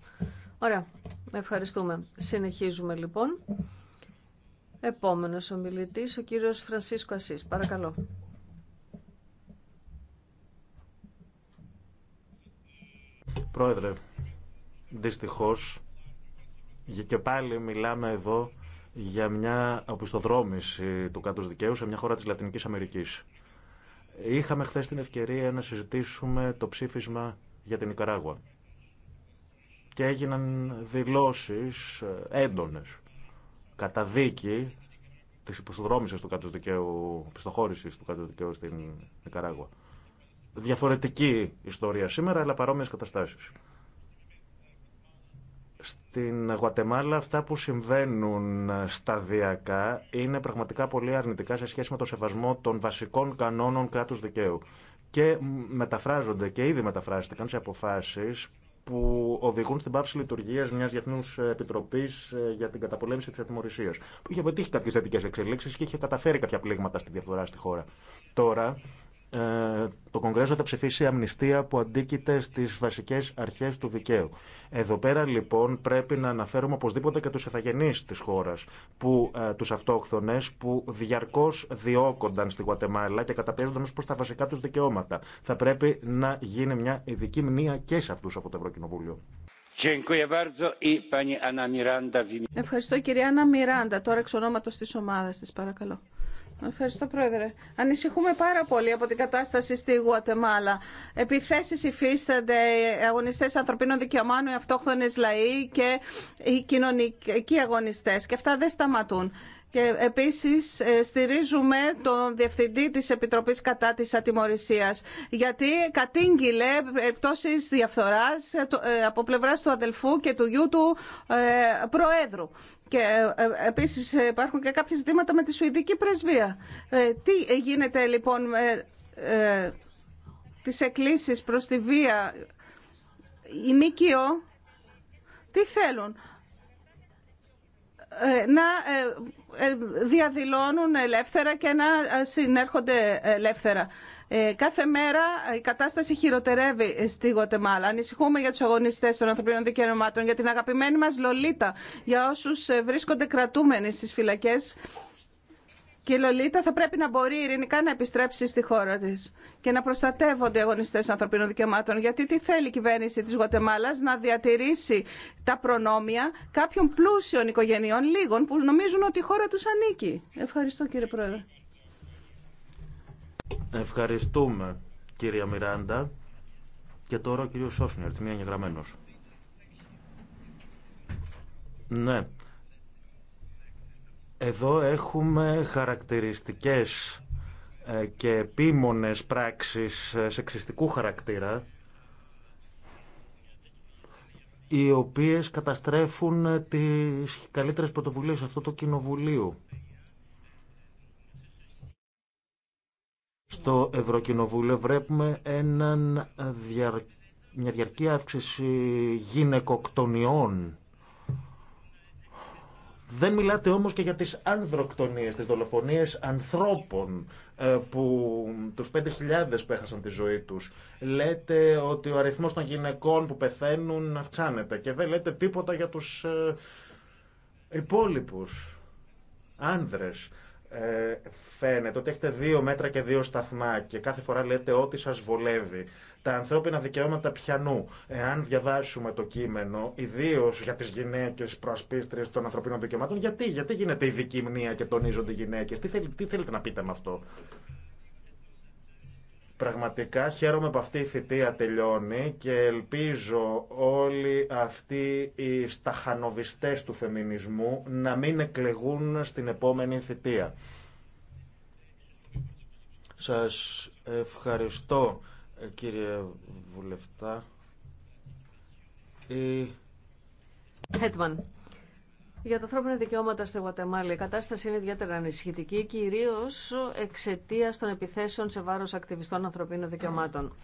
Ωραία, ευχαριστούμε. Συνεχίζουμε λοιπόν. Επόμενος ομιλητής, ο κύριος Φρανσίσκο Ασής. Παρακαλώ. Πρόεδρε, δυστυχώς και πάλι μιλάμε εδώ για μια οπισθοδρόμηση του κράτου δικαίου σε μια χώρα της Λατινικής Αμερικής. Είχαμε χθε την ευκαιρία να συζητήσουμε το ψήφισμα για την Ικαράγουα και έγιναν δηλώσει ε, έντονες κατά δίκη τη οπισθοδρόμηση του κράτου δικαίου, του κράτου δικαίου στην Ικαράγουα. Διαφορετική ιστορία σήμερα, αλλά παρόμοιε καταστάσεις. Στην Γουατεμάλα αυτά που συμβαίνουν σταδιακά είναι πραγματικά πολύ αρνητικά σε σχέση με το σεβασμό των βασικών κανόνων κράτους δικαίου. Και μεταφράζονται και ήδη μεταφράστηκαν σε αποφάσεις που οδηγούν στην πάυση λειτουργία μια διεθνού επιτροπή ε, για την καταπολέμηση τη ατιμορρησία. Που είχε πετύχει κάποιε θετικέ εξελίξει και είχε καταφέρει κάποια πλήγματα στη διαφθορά στη χώρα. Τώρα ε, το Κογκρέσο θα ψηφίσει αμνηστία που αντίκειται στι βασικέ αρχέ του δικαίου. Εδώ πέρα λοιπόν πρέπει να αναφέρουμε οπωσδήποτε και του εθαγενεί τη χώρα, ε, τους αυτόχθονες που διαρκώ διώκονταν στη Γουατεμάλα και καταπιέζονταν ω προ τα βασικά του δικαιώματα. Θα πρέπει να γίνει μια ειδική μνήμα και σε αυτού από το Ευρωκοινοβούλιο. Ευχαριστώ κυρία Άννα Μιράντα, τώρα εξ ονόματο τη ομάδα τη, παρακαλώ. Ευχαριστώ Πρόεδρε. Ανησυχούμε πάρα πολύ από την κατάσταση στη Γουατεμάλα. Επιθέσεις υφίστανται οι αγωνιστές ανθρωπίνων δικαιωμάτων, οι αυτόχθονες λαοί και οι κοινωνικοί αγωνιστές. Και αυτά δεν σταματούν. Και επίσης ε, στηρίζουμε τον Διευθυντή της Επιτροπής κατά της Ατιμορρησίας γιατί κατήγγειλε περιπτώσεις διαφθοράς ε, ε, από πλευράς του αδελφού και του γιού του Προέδρου. Και ε, ε, επίσης ε, υπάρχουν και κάποια ζητήματα με τη Σουηδική Πρεσβεία. Τι γίνεται λοιπόν με τις εκκλήσεις προς τη βία. Η ΜΚΟ τι θέλουν. Να διαδηλώνουν ελεύθερα και να συνέρχονται ελεύθερα. Ε, κάθε μέρα η κατάσταση χειροτερεύει στη Γοτεμάλα. Ανησυχούμε για του αγωνιστέ των ανθρωπίνων δικαιωμάτων, για την αγαπημένη μα Λολίτα, για όσου ε, βρίσκονται κρατούμενοι στι φυλακέ. Και η Λολίτα θα πρέπει να μπορεί ειρηνικά να επιστρέψει στη χώρα τη και να προστατεύονται οι αγωνιστέ ανθρωπίνων δικαιωμάτων. Γιατί τι θέλει η κυβέρνηση τη Γοτεμάλα να διατηρήσει τα προνόμια κάποιων πλούσιων οικογενειών, λίγων, που νομίζουν ότι η χώρα του ανήκει. Ευχαριστώ κύριε Πρόεδρε. Ευχαριστούμε κυρία Μιράντα και τώρα ο κύριος Σόσνιαρτς, μία εγγεγραμμένος. Ναι. Εδώ έχουμε χαρακτηριστικές ε, και επίμονες πράξεις ε, σεξιστικού χαρακτήρα οι οποίες καταστρέφουν ε, τις καλύτερες πρωτοβουλίες αυτού του κοινοβουλίου. Στο Ευρωκοινοβούλιο βρέπουμε έναν μια διαρκή αύξηση γυναικοκτονιών. Δεν μιλάτε όμως και για τις ανδροκτονίες, τις δολοφονίες ανθρώπων ε, που τους 5.000 που έχασαν τη ζωή τους. Λέτε ότι ο αριθμός των γυναικών που πεθαίνουν αυξάνεται και δεν λέτε τίποτα για τους ε, υπόλοιπους άνδρες. Ε, φαίνεται ότι έχετε δύο μέτρα και δύο σταθμά και κάθε φορά λέτε ό,τι σας βολεύει. Τα ανθρώπινα δικαιώματα πιανού. Εάν διαβάσουμε το κείμενο, ιδίω για τι γυναίκε προασπίστριε των ανθρωπίνων δικαιωμάτων, γιατί, γιατί γίνεται ειδική μνήμα και τονίζονται οι γυναίκε, τι, τι θέλετε να πείτε με αυτό. Πραγματικά χαίρομαι που αυτή η θητεία τελειώνει και ελπίζω όλοι αυτοί οι σταχανοβιστές του φεμινισμού να μην εκλεγούν στην επόμενη θητεία. Σας ευχαριστώ κύριε Βουλευτά. Η... Για τα ανθρώπινα δικαιώματα στη Γουατεμάλη η κατάσταση είναι ιδιαίτερα ανησυχητική, κυρίω εξαιτία των επιθέσεων σε βάρο ακτιβιστών ανθρωπίνων δικαιωμάτων.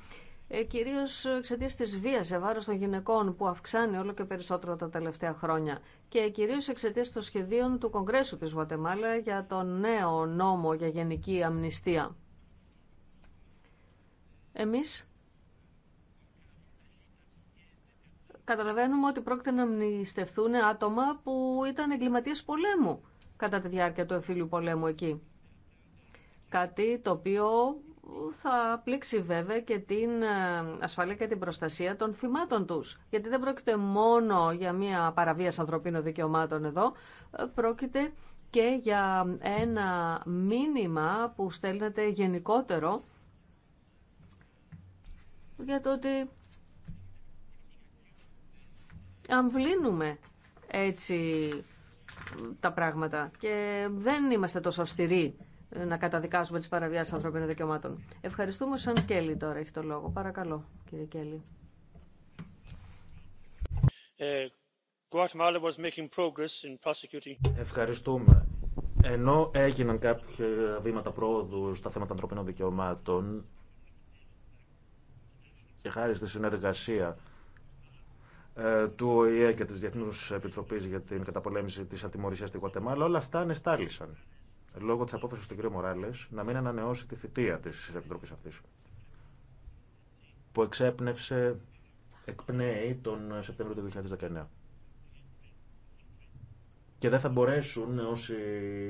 Ε, κυρίω εξαιτία τη βία σε βάρο των γυναικών που αυξάνει όλο και περισσότερο τα τελευταία χρόνια. Και κυρίω εξαιτία των σχεδίων του Κογκρέσου τη Γουατεμάλα για τον νέο νόμο για γενική αμνηστία. Εμείς καταλαβαίνουμε ότι πρόκειται να μνηστευτούν άτομα που ήταν εγκληματίες πολέμου κατά τη διάρκεια του εμφύλιου πολέμου εκεί. Κάτι το οποίο θα πλήξει βέβαια και την ε, ασφαλεία και την προστασία των θυμάτων τους. Γιατί δεν πρόκειται μόνο για μια παραβίαση ανθρωπίνων δικαιωμάτων εδώ, ε, πρόκειται και για ένα μήνυμα που στέλνεται γενικότερο για το ότι αμβλύνουμε έτσι τα πράγματα και δεν είμαστε τόσο αυστηροί να καταδικάζουμε τις παραβιάσεις ανθρωπίνων δικαιωμάτων. Ευχαριστούμε σαν Κέλλη τώρα έχει το λόγο. Παρακαλώ κύριε Κέλλη. Ε, Ευχαριστούμε. Ενώ έγιναν κάποια βήματα πρόοδου στα θέματα ανθρωπίνων δικαιωμάτων και χάρη στη συνεργασία ε, του ΟΗΕ και τη Διεθνού Επιτροπής για την καταπολέμηση της ατιμορρυσία στη Γουατεμάλα, όλα αυτά ανεστάλησαν λόγω της απόφασης του κ. Μοράλε να μην ανανεώσει τη θητεία της Επιτροπής αυτής που εξέπνευσε εκπνέει τον Σεπτέμβριο του 2019 και δεν θα μπορέσουν όσοι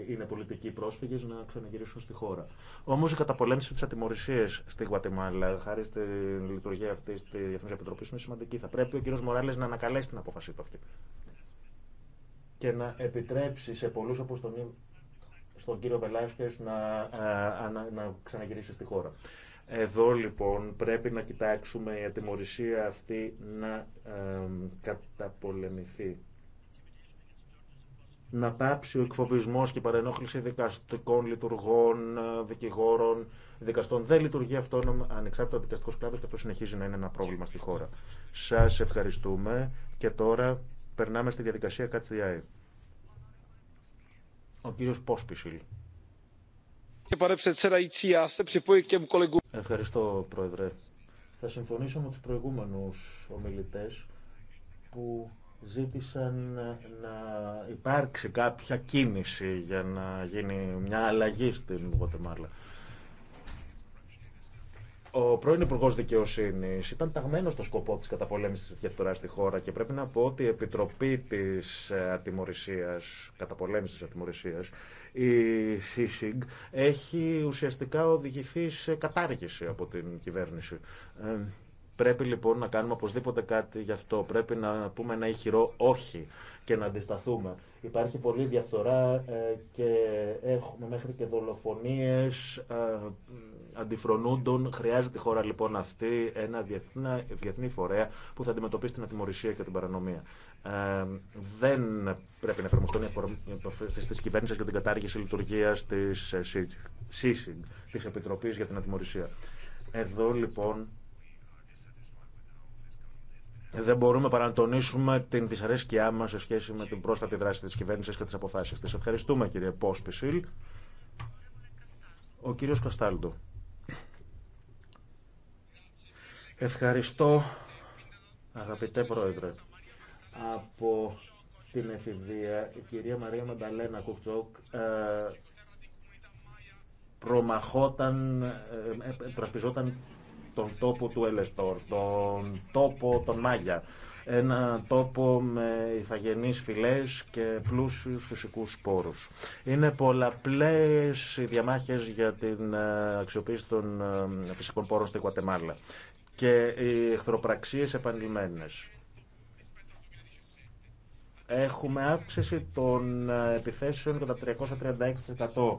είναι πολιτικοί πρόσφυγες να ξαναγυρίσουν στη χώρα. Όμως η καταπολέμηση της ατιμορρησίας στη Γουατεμάλα, χάρη στη λειτουργία αυτής της Διεθνού Επιτροπής, είναι σημαντική. Θα πρέπει ο κ. Μοράλε να ανακαλέσει την απόφασή του αυτή και να επιτρέψει σε πολλούς όπως τον, στον κύριο Βελάσκες να, ε, να, ξαναγυρίσει στη χώρα. Εδώ λοιπόν πρέπει να κοιτάξουμε η ατιμορρησία αυτή να ε, καταπολεμηθεί να πάψει ο εκφοβισμό και η παρενόχληση δικαστικών λειτουργών, ε, δικηγόρων, δικαστών. Δεν λειτουργεί αυτό ανεξάρτητα ο δικαστικό κλάδο και αυτό συνεχίζει να είναι ένα πρόβλημα στη χώρα. Σα ευχαριστούμε και τώρα περνάμε στη διαδικασία ΚΑΤΣΔΙΑΕ. Ο κύριο Πόσπισιλ. Ευχαριστώ, Πρόεδρε. Θα συμφωνήσω με του προηγούμενου ομιλητέ που ζήτησαν ε, να υπάρξει κάποια κίνηση για να γίνει μια αλλαγή στην Γουατεμάλα. Ο πρώην Υπουργό Δικαιοσύνη ήταν ταγμένο στο σκοπό τη καταπολέμηση τη διαφθορά στη χώρα και πρέπει να πω ότι η Επιτροπή τη ε, Ατιμορρησία, καταπολέμηση τη η ΣΥΣΙΓ, έχει ουσιαστικά οδηγηθεί σε κατάργηση από την κυβέρνηση. Ε, Πρέπει λοιπόν να κάνουμε οπωσδήποτε κάτι γι' αυτό. Πρέπει να πούμε ένα ηχηρό όχι και να αντισταθούμε. Υπάρχει πολλή διαφθορά ε, και έχουμε μέχρι και δολοφονίες ε, αντιφρονούντων. Χρειάζεται η χώρα λοιπόν αυτή ένα διεθνή, διεθνή φορέα που θα αντιμετωπίσει την ατιμορρησία και την παρανομία. Ε, δεν πρέπει να εφαρμοστούν οι αποφάσει τη κυβέρνηση για την κατάργηση λειτουργία τη ε, ΣΥΣΙΝ, τη Επιτροπή για την Ατιμορρησία. Εδώ λοιπόν δεν μπορούμε παρά να τονίσουμε την δυσαρέσκειά μα σε σχέση με την πρόσφατη δράση τη κυβέρνηση και τι αποφάσει τη. Ευχαριστούμε, κύριε Πόσπισιλ. Ο κύριο Καστάλντο. Ευχαριστώ, αγαπητέ Πρόεδρε. Από την εφηβεία, η κυρία Μαρία Μανταλένα Κουκτσόκ ε, προμαχόταν, ε, ε, ε τον τόπο του Ελεστόρ, τον τόπο των Μάγια, ένα τόπο με ηθαγενείς φυλές και πλούσιους φυσικούς πόρους. Είναι πολλαπλές οι διαμάχες για την ε, αξιοποίηση των ε, φυσικών πόρων στη Γουατεμάλα και οι εχθροπραξίες επανειλημμένες. Έχουμε αύξηση των ε, επιθέσεων κατά 336%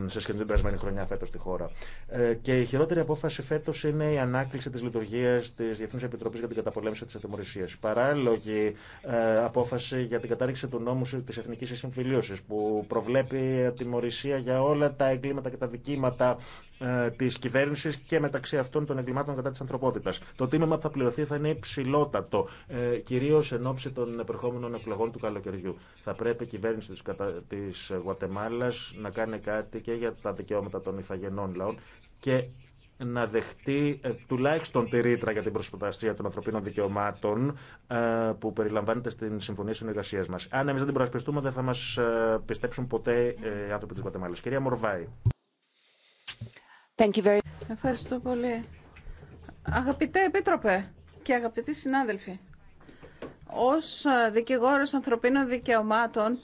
σε σχέση με την περασμένη χρονιά φέτο στη χώρα. Ε, και η χειρότερη απόφαση φέτο είναι η ανάκληση τη λειτουργία τη Διεθνού Επιτροπή για την Καταπολέμηση τη Ατιμορρησία. Παράλογη ε, απόφαση για την κατάρριξη του νόμου τη Εθνική Συμφιλίωση που προβλέπει ατιμορρησία για όλα τα εγκλήματα και τα δικήματα ε, τη κυβέρνηση και μεταξύ αυτών των εγκλημάτων κατά τη ανθρωπότητα. Το τίμημα που θα πληρωθεί θα είναι υψηλότατο, κυρίω εν ώψη των επερχόμενων εκλογών του καλοκαιριού. Θα πρέπει η κυβέρνηση τη Γουατεμάλα να κάνει κάτι και για τα δικαιώματα των ηθαγενών λαών και να δεχτεί ε, τουλάχιστον τη ρήτρα για την προστασία των ανθρωπίνων δικαιωμάτων ε, που περιλαμβάνεται στην Συμφωνία Συνεργασία μα. Αν εμεί δεν την προασπιστούμε, δεν θα μα ε, πιστέψουν ποτέ οι άνθρωποι τη Γουατεμάλα. Κυρία Μορβάη. Thank you very... Ευχαριστώ πολύ. Αγαπητέ Επίτροπε και αγαπητοί συνάδελφοι, ως δικηγόρος ανθρωπίνων δικαιωμάτων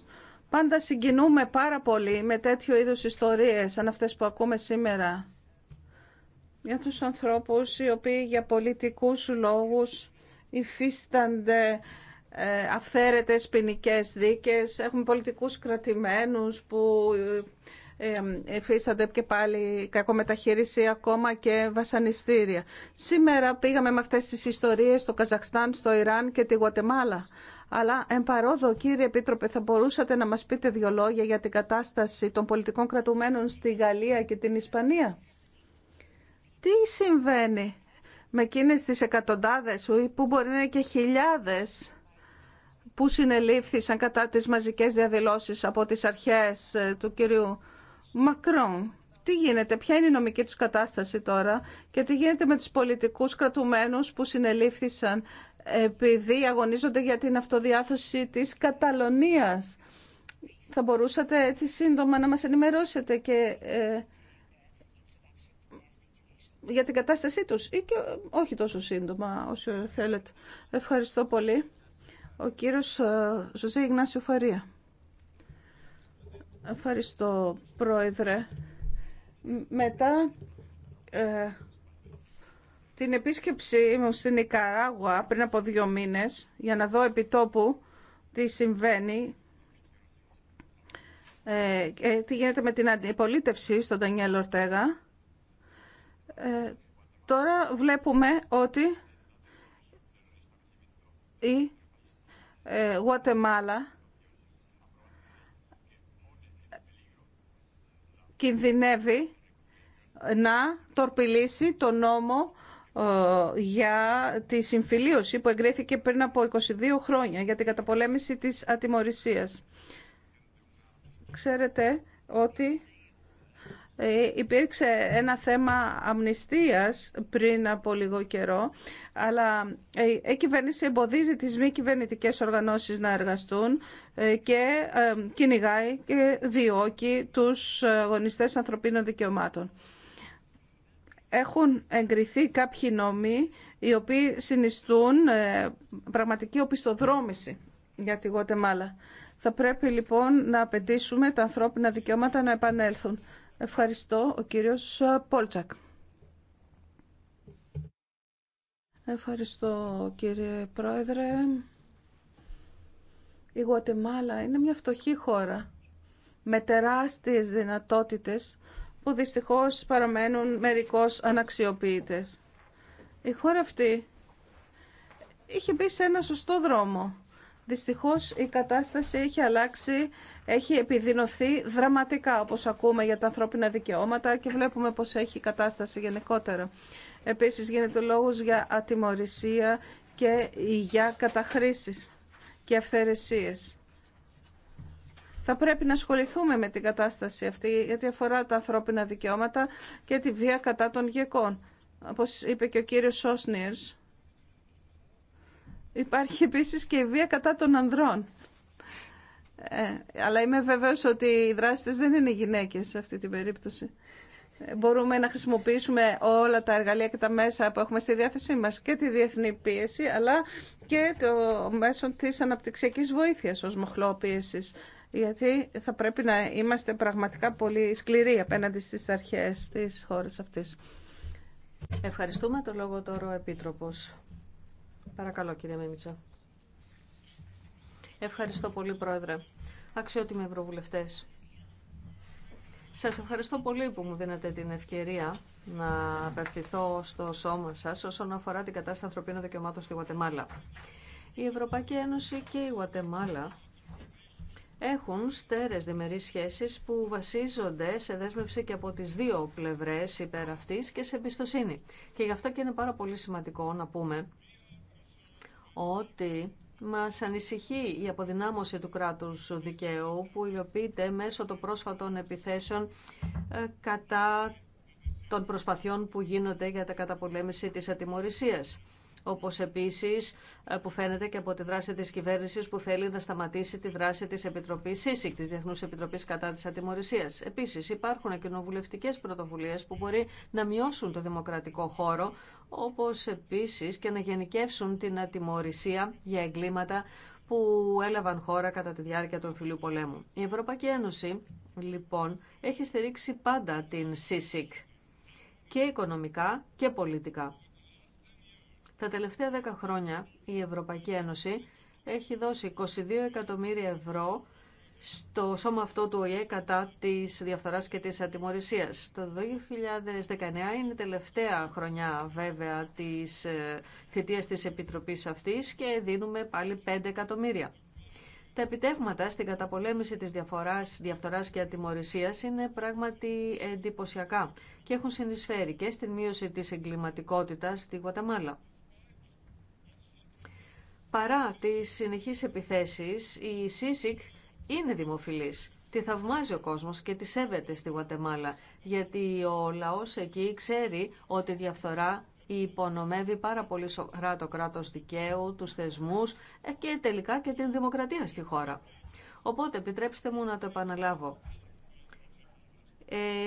Πάντα συγκινούμε πάρα πολύ με τέτοιου είδους ιστορίες, σαν αυτές που ακούμε σήμερα. Για τους ανθρώπους οι οποίοι για πολιτικούς λόγους υφίστανται ε, αυθαίρετες ποινικέ δίκες, έχουμε πολιτικούς κρατημένους που ε, ε, υφίστανται και πάλι κακομεταχείριση ακόμα και βασανιστήρια. Σήμερα πήγαμε με αυτές τις ιστορίες στο Καζακστάν, στο Ιράν και τη Γουατεμάλα. Αλλά εν παρόδο, κύριε Επίτροπε, θα μπορούσατε να μας πείτε δύο λόγια για την κατάσταση των πολιτικών κρατουμένων στη Γαλλία και την Ισπανία. Τι συμβαίνει με εκείνες τις εκατοντάδες που μπορεί να είναι και χιλιάδες που συνελήφθησαν κατά τις μαζικές διαδηλώσεις από τις αρχές ε, του κυρίου Μακρόν. Τι γίνεται, ποια είναι η νομική τους κατάσταση τώρα και τι γίνεται με τους πολιτικούς κρατουμένους που συνελήφθησαν επειδή αγωνίζονται για την αυτοδιάθεση της Καταλωνίας. Θα μπορούσατε έτσι σύντομα να μας ενημερώσετε και ε, για την κατάστασή τους ή και όχι τόσο σύντομα όσο θέλετε. Ευχαριστώ πολύ. Ο κύριος ε, Ζωζέ Ιγνάσιο Φαρία. Ευχαριστώ, Πρόεδρε. Μετά... Ε, την επίσκεψή μου στην Ικαράγουα πριν από δύο μήνες για να δω επιτόπου τι συμβαίνει ε, και τι γίνεται με την αντιπολίτευση στον Τανιέλ Ορτέγα. Ε, τώρα βλέπουμε ότι η ε, Γουατεμάλα κινδυνεύει να τορπιλήσει το νόμο ε, για τη συμφιλίωση που εγκρίθηκε πριν από 22 χρόνια για την καταπολέμηση της ατιμορρησίας. Ξέρετε ότι ε, υπήρξε ένα θέμα αμνηστίας πριν από λίγο καιρό, αλλά ε, η κυβέρνηση εμποδίζει τις μη κυβερνητικέ οργανώσεις να εργαστούν και κυνηγάει και διώκει τους αγωνιστές ανθρωπίνων δικαιωμάτων έχουν εγκριθεί κάποιοι νόμοι οι οποίοι συνιστούν ε, πραγματική οπισθοδρόμηση για τη Γοτέμαλα. Θα πρέπει λοιπόν να απαιτήσουμε τα ανθρώπινα δικαιώματα να επανέλθουν. Ευχαριστώ ο κύριος Πόλτσακ. Ευχαριστώ κύριε Πρόεδρε. Η Γουατεμάλα είναι μια φτωχή χώρα με τεράστιες δυνατότητες που δυστυχώς παραμένουν μερικώς αναξιοποιητές. Η χώρα αυτή είχε μπει σε ένα σωστό δρόμο. Δυστυχώς η κατάσταση έχει αλλάξει, έχει επιδεινωθεί δραματικά όπως ακούμε για τα ανθρώπινα δικαιώματα και βλέπουμε πως έχει η κατάσταση γενικότερα. Επίσης γίνεται λόγος για ατιμορρησία και για καταχρήσεις και αυθαιρεσίες. Θα πρέπει να ασχοληθούμε με την κατάσταση αυτή γιατί αφορά τα ανθρώπινα δικαιώματα και τη βία κατά των γεκών. Όπως είπε και ο κύριος Σόσνιερς, υπάρχει επίσης και η βία κατά των ανδρών. Ε, αλλά είμαι βέβαιος ότι οι δράστες δεν είναι γυναίκες σε αυτή την περίπτωση. Ε, μπορούμε να χρησιμοποιήσουμε όλα τα εργαλεία και τα μέσα που έχουμε στη διάθεσή μας και τη διεθνή πίεση αλλά και το μέσο της αναπτυξιακής βοήθειας ως μοχλό πίεσης γιατί θα πρέπει να είμαστε πραγματικά πολύ σκληροί απέναντι στις αρχές της χώρας αυτής. Ευχαριστούμε. Το λόγο τώρα ο Επίτροπος. Παρακαλώ κύριε Μίμητσα. Ευχαριστώ πολύ Πρόεδρε. Αξιότιμοι Ευρωβουλευτές. Σας ευχαριστώ πολύ που μου δίνετε την ευκαιρία να απευθυνθώ στο σώμα σας όσον αφορά την κατάσταση ανθρωπίνων δικαιωμάτων στη Γουατεμάλα. Η Ευρωπαϊκή Ένωση και η Γουατεμάλα έχουν στέρες διμερείς σχέσεις που βασίζονται σε δέσμευση και από τις δύο πλευρές υπέρ αυτής και σε εμπιστοσύνη. Και γι' αυτό και είναι πάρα πολύ σημαντικό να πούμε ότι μας ανησυχεί η αποδυνάμωση του κράτους δικαίου που υλοποιείται μέσω των πρόσφατων επιθέσεων ε, κατά των προσπαθειών που γίνονται για τα καταπολέμηση της ατιμορρησίας. Όπω επίση ε, που φαίνεται και από τη δράση τη κυβέρνηση που θέλει να σταματήσει τη δράση τη επιτροπή ΣΥΣΙΚ, της Διεθνού Επιτροπή κατά τη Ατιμορρησία. Επίση, υπάρχουν κοινοβουλευτικέ πρωτοβουλίε που μπορεί να μειώσουν το δημοκρατικό χώρο, όπω επίση και να γενικεύσουν την ατιμορρησία για εγκλήματα που έλαβαν χώρα κατά τη διάρκεια του εμφυλίου πολέμου. Η Ευρωπαϊκή Ένωση, λοιπόν, έχει στηρίξει πάντα την ΣΥΣΙΚ και οικονομικά και πολιτικά. Τα τελευταία 10 χρόνια η Ευρωπαϊκή Ένωση έχει δώσει 22 εκατομμύρια ευρώ στο σώμα αυτό του ΟΗΕ κατά της διαφθοράς και της ατιμορρησίας. Το 2019 είναι η τελευταία χρονιά βέβαια της ε, θητείας της Επιτροπής αυτής και δίνουμε πάλι 5 εκατομμύρια. Τα επιτεύγματα στην καταπολέμηση της διαφοράς, διαφθοράς και ατιμορρησίας είναι πράγματι εντυπωσιακά και έχουν συνεισφέρει και στην μείωση της εγκληματικότητας στη Γουαταμάλα. Παρά τις συνεχείς επιθέσεις, η ΣΥΣΙΚ είναι δημοφιλής. Τη θαυμάζει ο κόσμος και τη σέβεται στη Γουατεμάλα, γιατί ο λαός εκεί ξέρει ότι διαφθορά υπονομεύει πάρα πολύ σοκρά το κράτος δικαίου, τους θεσμούς ε, και τελικά και την δημοκρατία στη χώρα. Οπότε επιτρέψτε μου να το επαναλάβω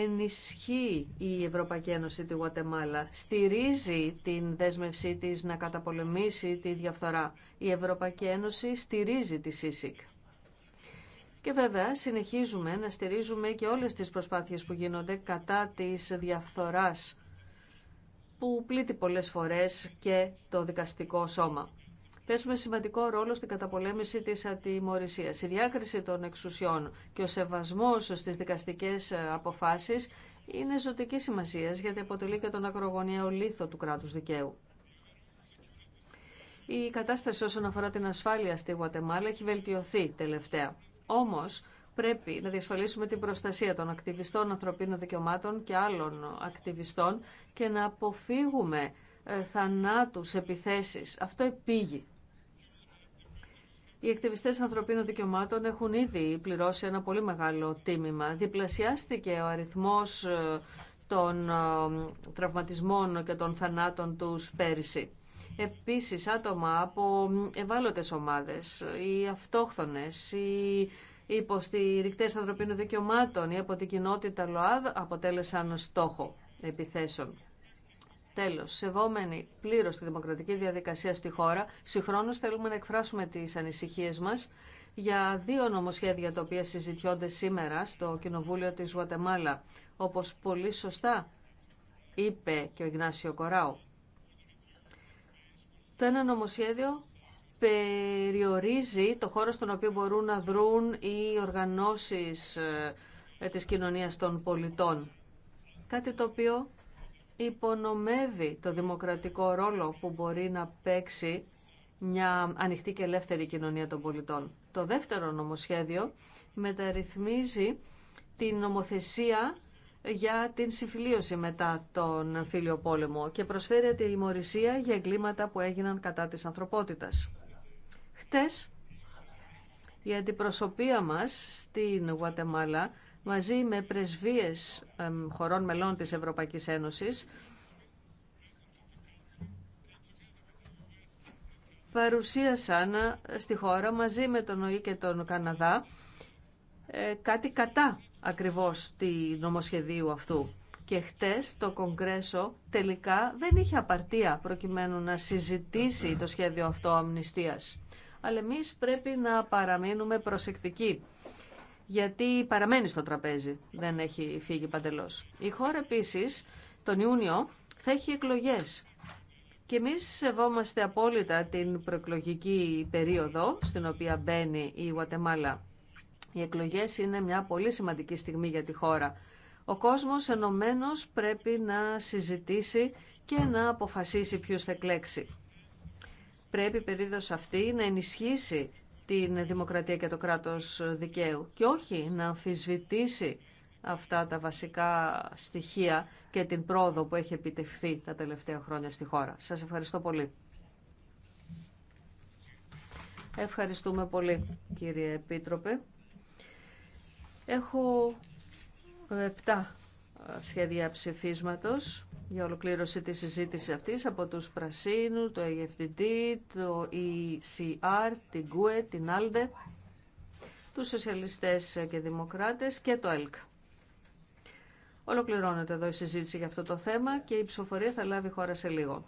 ενισχύει η Ευρωπαϊκή Ένωση τη Γουατεμάλα, στηρίζει την δέσμευσή της να καταπολεμήσει τη διαφθορά. Η Ευρωπαϊκή Ένωση στηρίζει τη ΣΥΣΙΚ. Και βέβαια συνεχίζουμε να στηρίζουμε και όλες τις προσπάθειες που γίνονται κατά της διαφθοράς που πλήττει πολλές φορές και το δικαστικό σώμα παίζουμε σημαντικό ρόλο στην καταπολέμηση της ατιμορρησίας. Η διάκριση των εξουσιών και ο σεβασμός στις δικαστικές αποφάσεις είναι ζωτική σημασία γιατί αποτελεί και τον ακρογωνιαίο λίθο του κράτους δικαίου. Η κατάσταση όσον αφορά την ασφάλεια στη Γουατεμάλα έχει βελτιωθεί τελευταία. Όμως, πρέπει να διασφαλίσουμε την προστασία των ακτιβιστών ανθρωπίνων δικαιωμάτων και άλλων ακτιβιστών και να αποφύγουμε ε, θανάτους, επιθέσεις. Αυτό επίγει οι ακτιβιστές ανθρωπίνων δικαιωμάτων έχουν ήδη πληρώσει ένα πολύ μεγάλο τίμημα. Διπλασιάστηκε ο αριθμό ε, των ε, τραυματισμών και των θανάτων τους πέρυσι. Επίσης άτομα από ευάλωτε ομάδες, οι αυτόχθονες, οι υποστηρικτέ ανθρωπίνων δικαιωμάτων ή από την κοινότητα ΛΟΑΔ αποτέλεσαν στόχο επιθέσεων. Τέλος, σεβόμενοι πλήρω τη δημοκρατική διαδικασία στη χώρα, Συγχρόνω θέλουμε να εκφράσουμε τις ανησυχίες μας για δύο νομοσχέδια τα οποία συζητιώνται σήμερα στο Κοινοβούλιο της Γουατεμάλα, όπως πολύ σωστά είπε και ο Ιγνάσιο Κοράου. Το ένα νομοσχέδιο περιορίζει το χώρο στον οποίο μπορούν να δρουν οι οργανώσεις ε, της κοινωνίας των πολιτών. Κάτι το οποίο υπονομεύει το δημοκρατικό ρόλο που μπορεί να παίξει μια ανοιχτή και ελεύθερη κοινωνία των πολιτών. Το δεύτερο νομοσχέδιο μεταρρυθμίζει την νομοθεσία για την συμφιλίωση μετά τον φίλιο πόλεμο και προσφέρει ατιμορρησία για εγκλήματα που έγιναν κατά της ανθρωπότητας. Χτες, η αντιπροσωπεία μας στην Γουατεμάλα μαζί με πρεσβείες χωρών μελών της Ευρωπαϊκής Ένωσης παρουσίασαν ε, στη χώρα μαζί με τον ΟΗ και τον Καναδά ε, κάτι κατά ακριβώς τη νομοσχεδίου αυτού. Και χτες το Κογκρέσο τελικά δεν είχε απαρτία προκειμένου να συζητήσει το σχέδιο αυτό αμνηστίας. Αλλά εμείς πρέπει να παραμείνουμε προσεκτικοί γιατί παραμένει στο τραπέζι, δεν έχει φύγει παντελώς. Η χώρα επίσης τον Ιούνιο θα έχει εκλογές. Και εμείς σεβόμαστε απόλυτα την προεκλογική περίοδο στην οποία μπαίνει η Γουατεμάλα. Οι εκλογές είναι μια πολύ σημαντική στιγμή για τη χώρα. Ο κόσμος ενωμένο πρέπει να συζητήσει και να αποφασίσει ποιο θα εκλέξει. Πρέπει η αυτή να ενισχύσει την δημοκρατία και το κράτος δικαίου και όχι να αμφισβητήσει αυτά τα βασικά στοιχεία και την πρόοδο που έχει επιτευχθεί τα τελευταία χρόνια στη χώρα. Σας ευχαριστώ πολύ. Ευχαριστούμε πολύ κύριε Επίτροπε. Έχω επτά σχέδια ψηφίσματος για ολοκλήρωση της συζήτησης αυτής από τους Πρασίνου, το EFTD, το ECR, την ΚΟΕ, e, την ΑΛΔΕ, τους Σοσιαλιστές και Δημοκράτες και το ΕΛΚ. Ολοκληρώνεται εδώ η συζήτηση για αυτό το θέμα και η ψηφοφορία θα λάβει χώρα σε λίγο.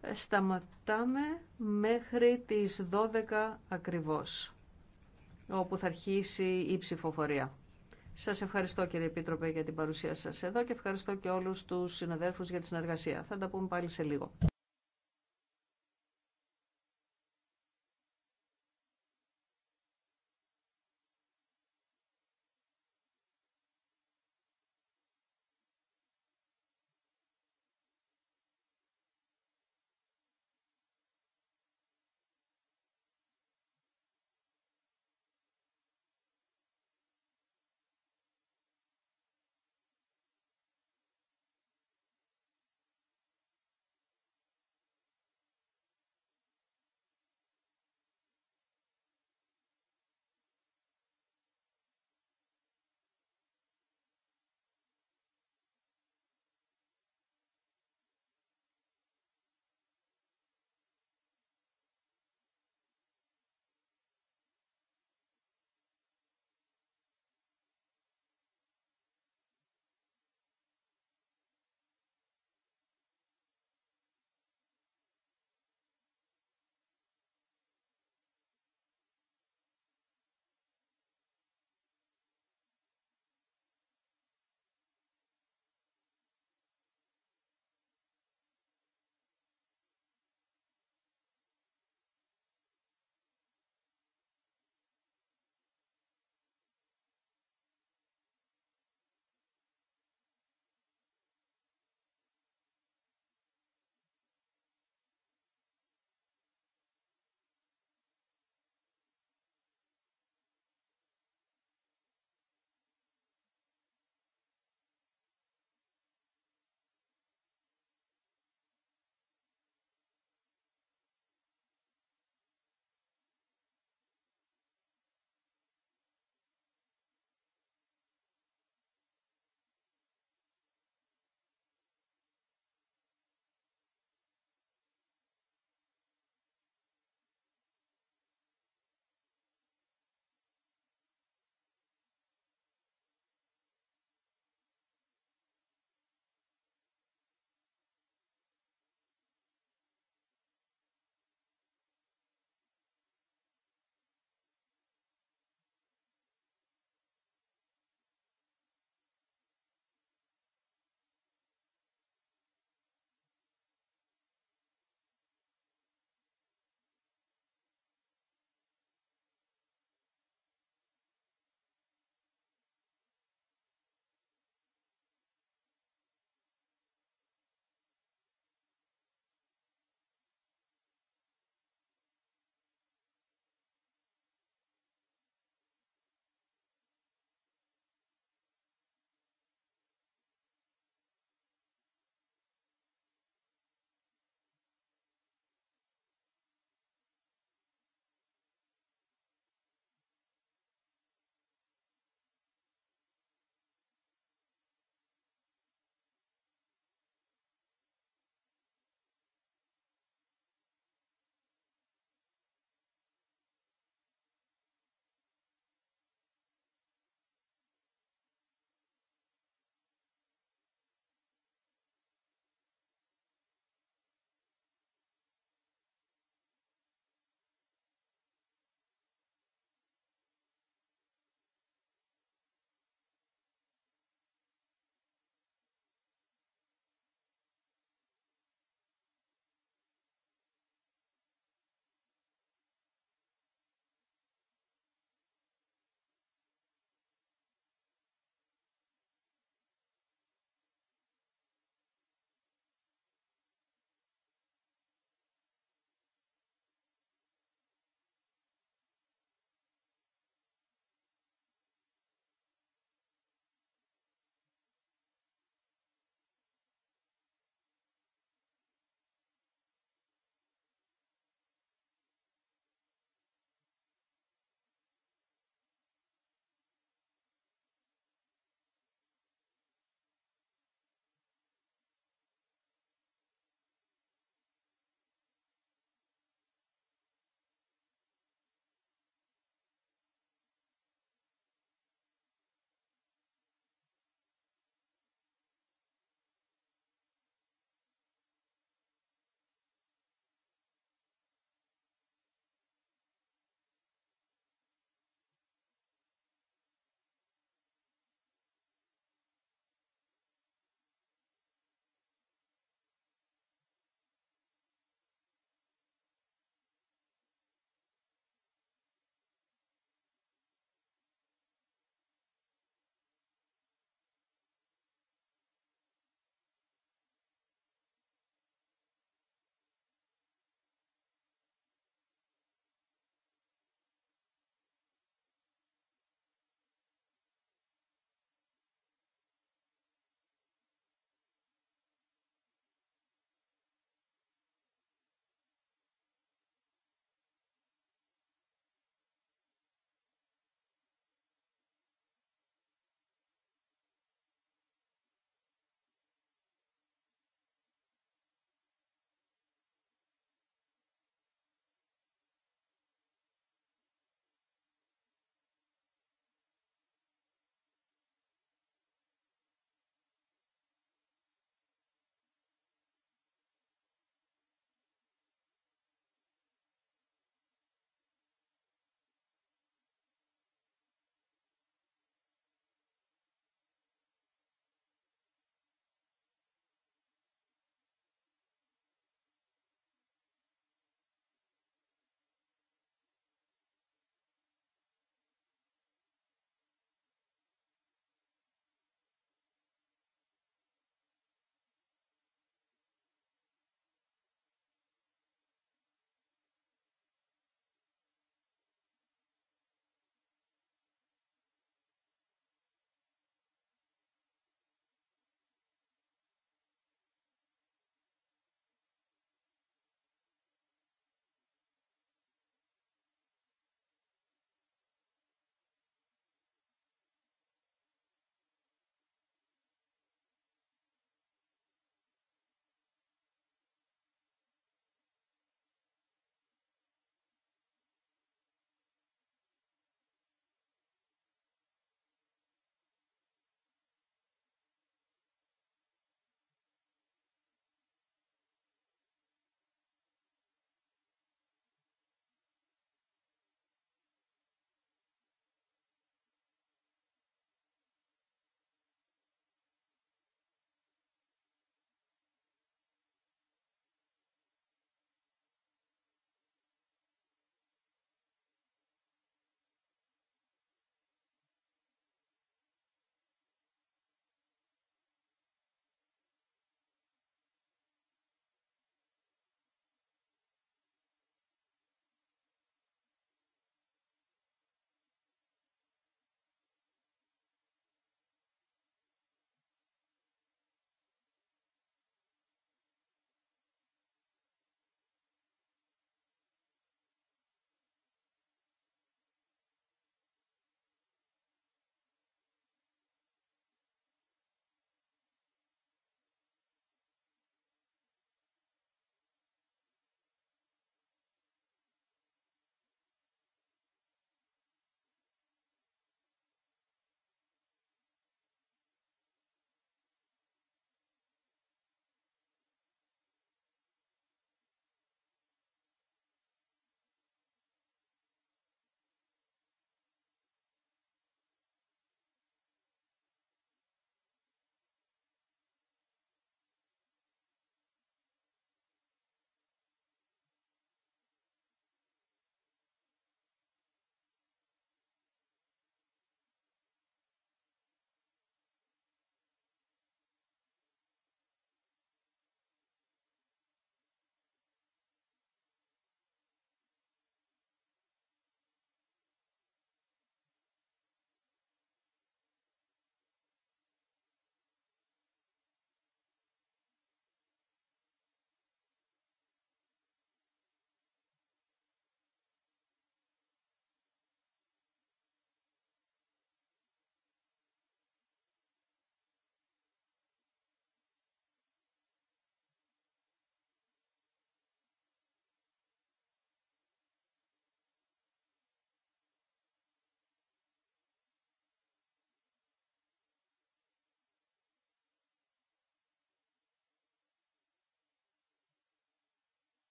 Ε, σταματάμε μέχρι τις 12 ακριβώς, όπου θα αρχίσει η ψηφοφορία. Σας ευχαριστώ κύριε Επίτροπε για την παρουσία σας εδώ και ευχαριστώ και όλους τους συναδέλφου για τη συνεργασία. Θα τα πούμε πάλι σε λίγο.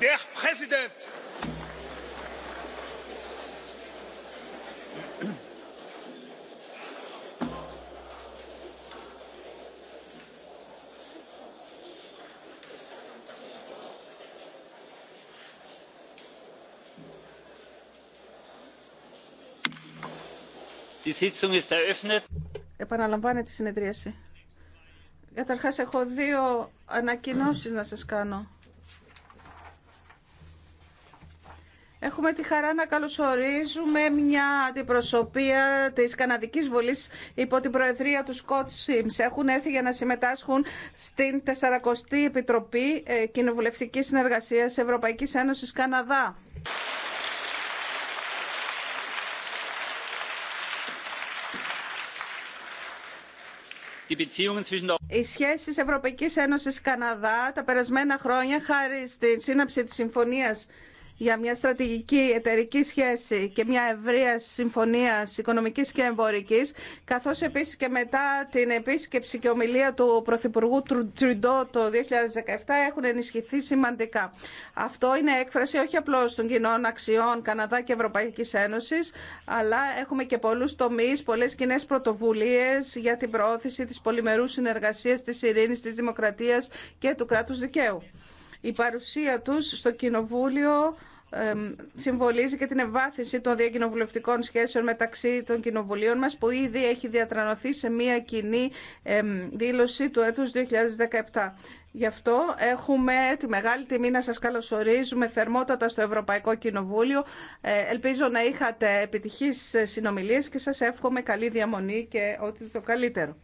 Der Präsident! Die Sitzung ist eröffnet. Επαναλαμβάνεται τη συνεδρίαση. Καταρχάς έχω δύο ανακοινώσεις να σας κάνω. έχουμε τη χαρά να καλωσορίζουμε μια αντιπροσωπεία της Καναδικής Βουλή υπό την Προεδρία του Σκοτ Σιμς. Έχουν έρθει για να συμμετάσχουν στην 40η Επιτροπή ε, κοινοβουλευτικη Συνεργασίας ευρωπαικη ενωση Καναδά. Οι σχέσει Ευρωπαϊκή Ένωση Καναδά τα περασμένα χρόνια, χάρη στην σύναψη τη Συμφωνία για μια στρατηγική εταιρική σχέση και μια ευρεία συμφωνία οικονομική και εμπορική, καθώ επίση και μετά την επίσκεψη και ομιλία του Πρωθυπουργού Τριντό το 2017 έχουν ενισχυθεί σημαντικά. Αυτό είναι έκφραση όχι απλώ των κοινών αξιών Καναδά και Ευρωπαϊκή Ένωση, αλλά έχουμε και πολλού τομεί, πολλέ κοινέ πρωτοβουλίε για την προώθηση τη πολυμερού συνεργασία, τη ειρήνη, τη δημοκρατία και του κράτου δικαίου. Η παρουσία τους στο Κοινοβούλιο συμβολίζει και την ευάθυνση των διακοινοβουλευτικών σχέσεων μεταξύ των κοινοβουλίων μας που ήδη έχει διατρανωθεί σε μία κοινή δήλωση του έτους 2017. Γι' αυτό έχουμε τη μεγάλη τιμή να σας καλωσορίζουμε θερμότατα στο Ευρωπαϊκό Κοινοβούλιο. Ε, ελπίζω να είχατε επιτυχείς συνομιλίες και σας εύχομαι καλή διαμονή και ό,τι το καλύτερο.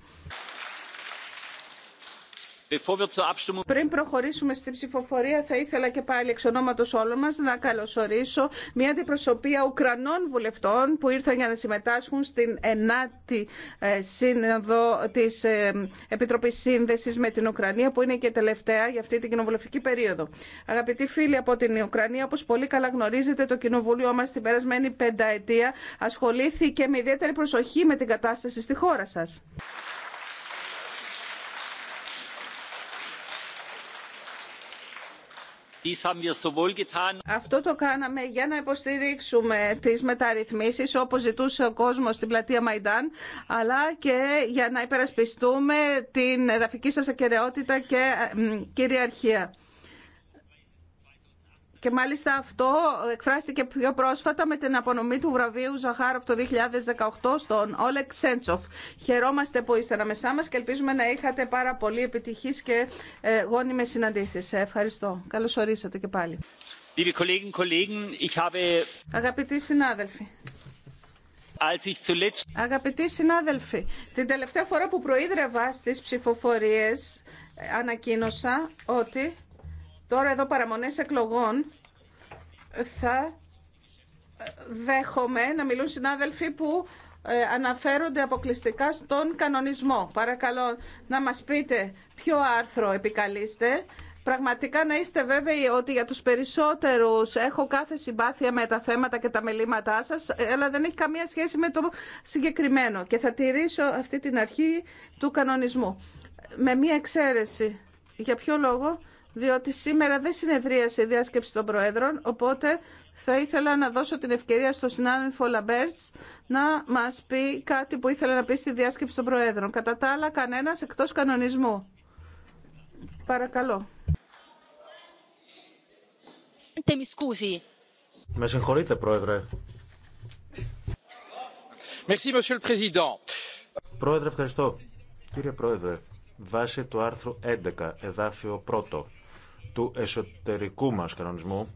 Πριν προχωρήσουμε στην ψηφοφορία, θα ήθελα και πάλι εξ ονόματο όλων μα να καλωσορίσω μια αντιπροσωπεία Ουκρανών βουλευτών που ήρθαν για να συμμετάσχουν στην ενάτη η ε, σύνοδο της ε, Επιτροπή σύνδεση με την Ουκρανία, που είναι και τελευταία για αυτή την κοινοβουλευτική περίοδο. Αγαπητοί φίλοι από την Ουκρανία, όπω πολύ καλά γνωρίζετε, το κοινοβούλιο μα την περασμένη πενταετία ασχολήθηκε με ιδιαίτερη προσοχή με την κατάσταση στη χώρα σα. Αυτό το κάναμε για να υποστηρίξουμε τις μεταρρυθμίσεις όπως ζητούσε ο κόσμος στην πλατεία Μαϊντάν αλλά και για να υπερασπιστούμε την εδαφική σας ακεραιότητα και κυριαρχία. Και μάλιστα αυτό εκφράστηκε πιο πρόσφατα με την απονομή του βραβείου Ζαχάροφ το 2018 στον Όλεξ Σέντσοφ. Χαιρόμαστε που είστε ανάμεσά μα και ελπίζουμε να είχατε πάρα πολύ επιτυχεί και ε, γόνιμες συναντήσεις. Ευχαριστώ. Καλώ ορίσατε και πάλι. Αγαπητοί συνάδελφοι, Αγαπητοί συνάδελφοι, την τελευταία φορά που προείδρευα στις ψηφοφορίες ε, ανακοίνωσα ότι Τώρα εδώ παραμονές εκλογών θα ε, δέχομαι να μιλούν συνάδελφοι που ε, αναφέρονται αποκλειστικά στον κανονισμό. Παρακαλώ να μας πείτε ποιο άρθρο επικαλείστε. Πραγματικά να είστε βέβαιοι ότι για τους περισσότερους έχω κάθε συμπάθεια με τα θέματα και τα μελήματά σας, ε, αλλά δεν έχει καμία σχέση με το συγκεκριμένο και θα τηρήσω αυτή την αρχή του κανονισμού. Με μία εξαίρεση. Για ποιο λόγο διότι σήμερα δεν συνεδρίασε η διάσκεψη των Προέδρων, οπότε θα ήθελα να δώσω την ευκαιρία στον συνάδελφο Λαμπέρτς να μας πει κάτι που ήθελα να πει στη διάσκεψη των Προέδρων. Κατά τα άλλα, κανένας εκτός κανονισμού. Παρακαλώ. Με συγχωρείτε, Πρόεδρε. Merci, Πρόεδρε, ευχαριστώ. Κύριε Πρόεδρε, βάσει του άρθρου 11, εδάφιο 1 του εσωτερικού μας κανονισμού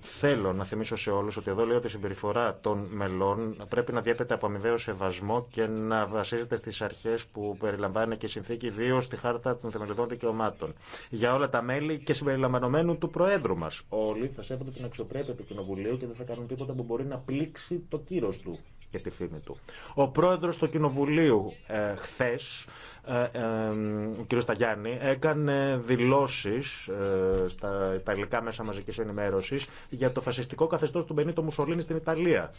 θέλω να θυμίσω σε όλους ότι εδώ λέω ότι η συμπεριφορά των μελών πρέπει να διέπεται από αμοιβαίο σεβασμό και να βασίζεται στις αρχές που περιλαμβάνει και η συνθήκη ιδίω στη χάρτα των θεμελιωδών δικαιωμάτων. Για όλα τα μέλη και συμπεριλαμβανομένου του Προέδρου μας. Όλοι θα σέβονται την αξιοπρέπεια του Κοινοβουλίου και δεν θα κάνουν τίποτα που μπορεί να πλήξει το κύρος του και τη φήμη του. Ο πρόεδρος του Κοινοβουλίου ε, χθες, ε, ε ο κ. Σταγιάννη, έκανε δηλώσεις ε, στα Ιταλικά Μέσα Μαζικής Ενημέρωσης για το φασιστικό καθεστώς του Μπενίτο Μουσολίνη στην Ιταλία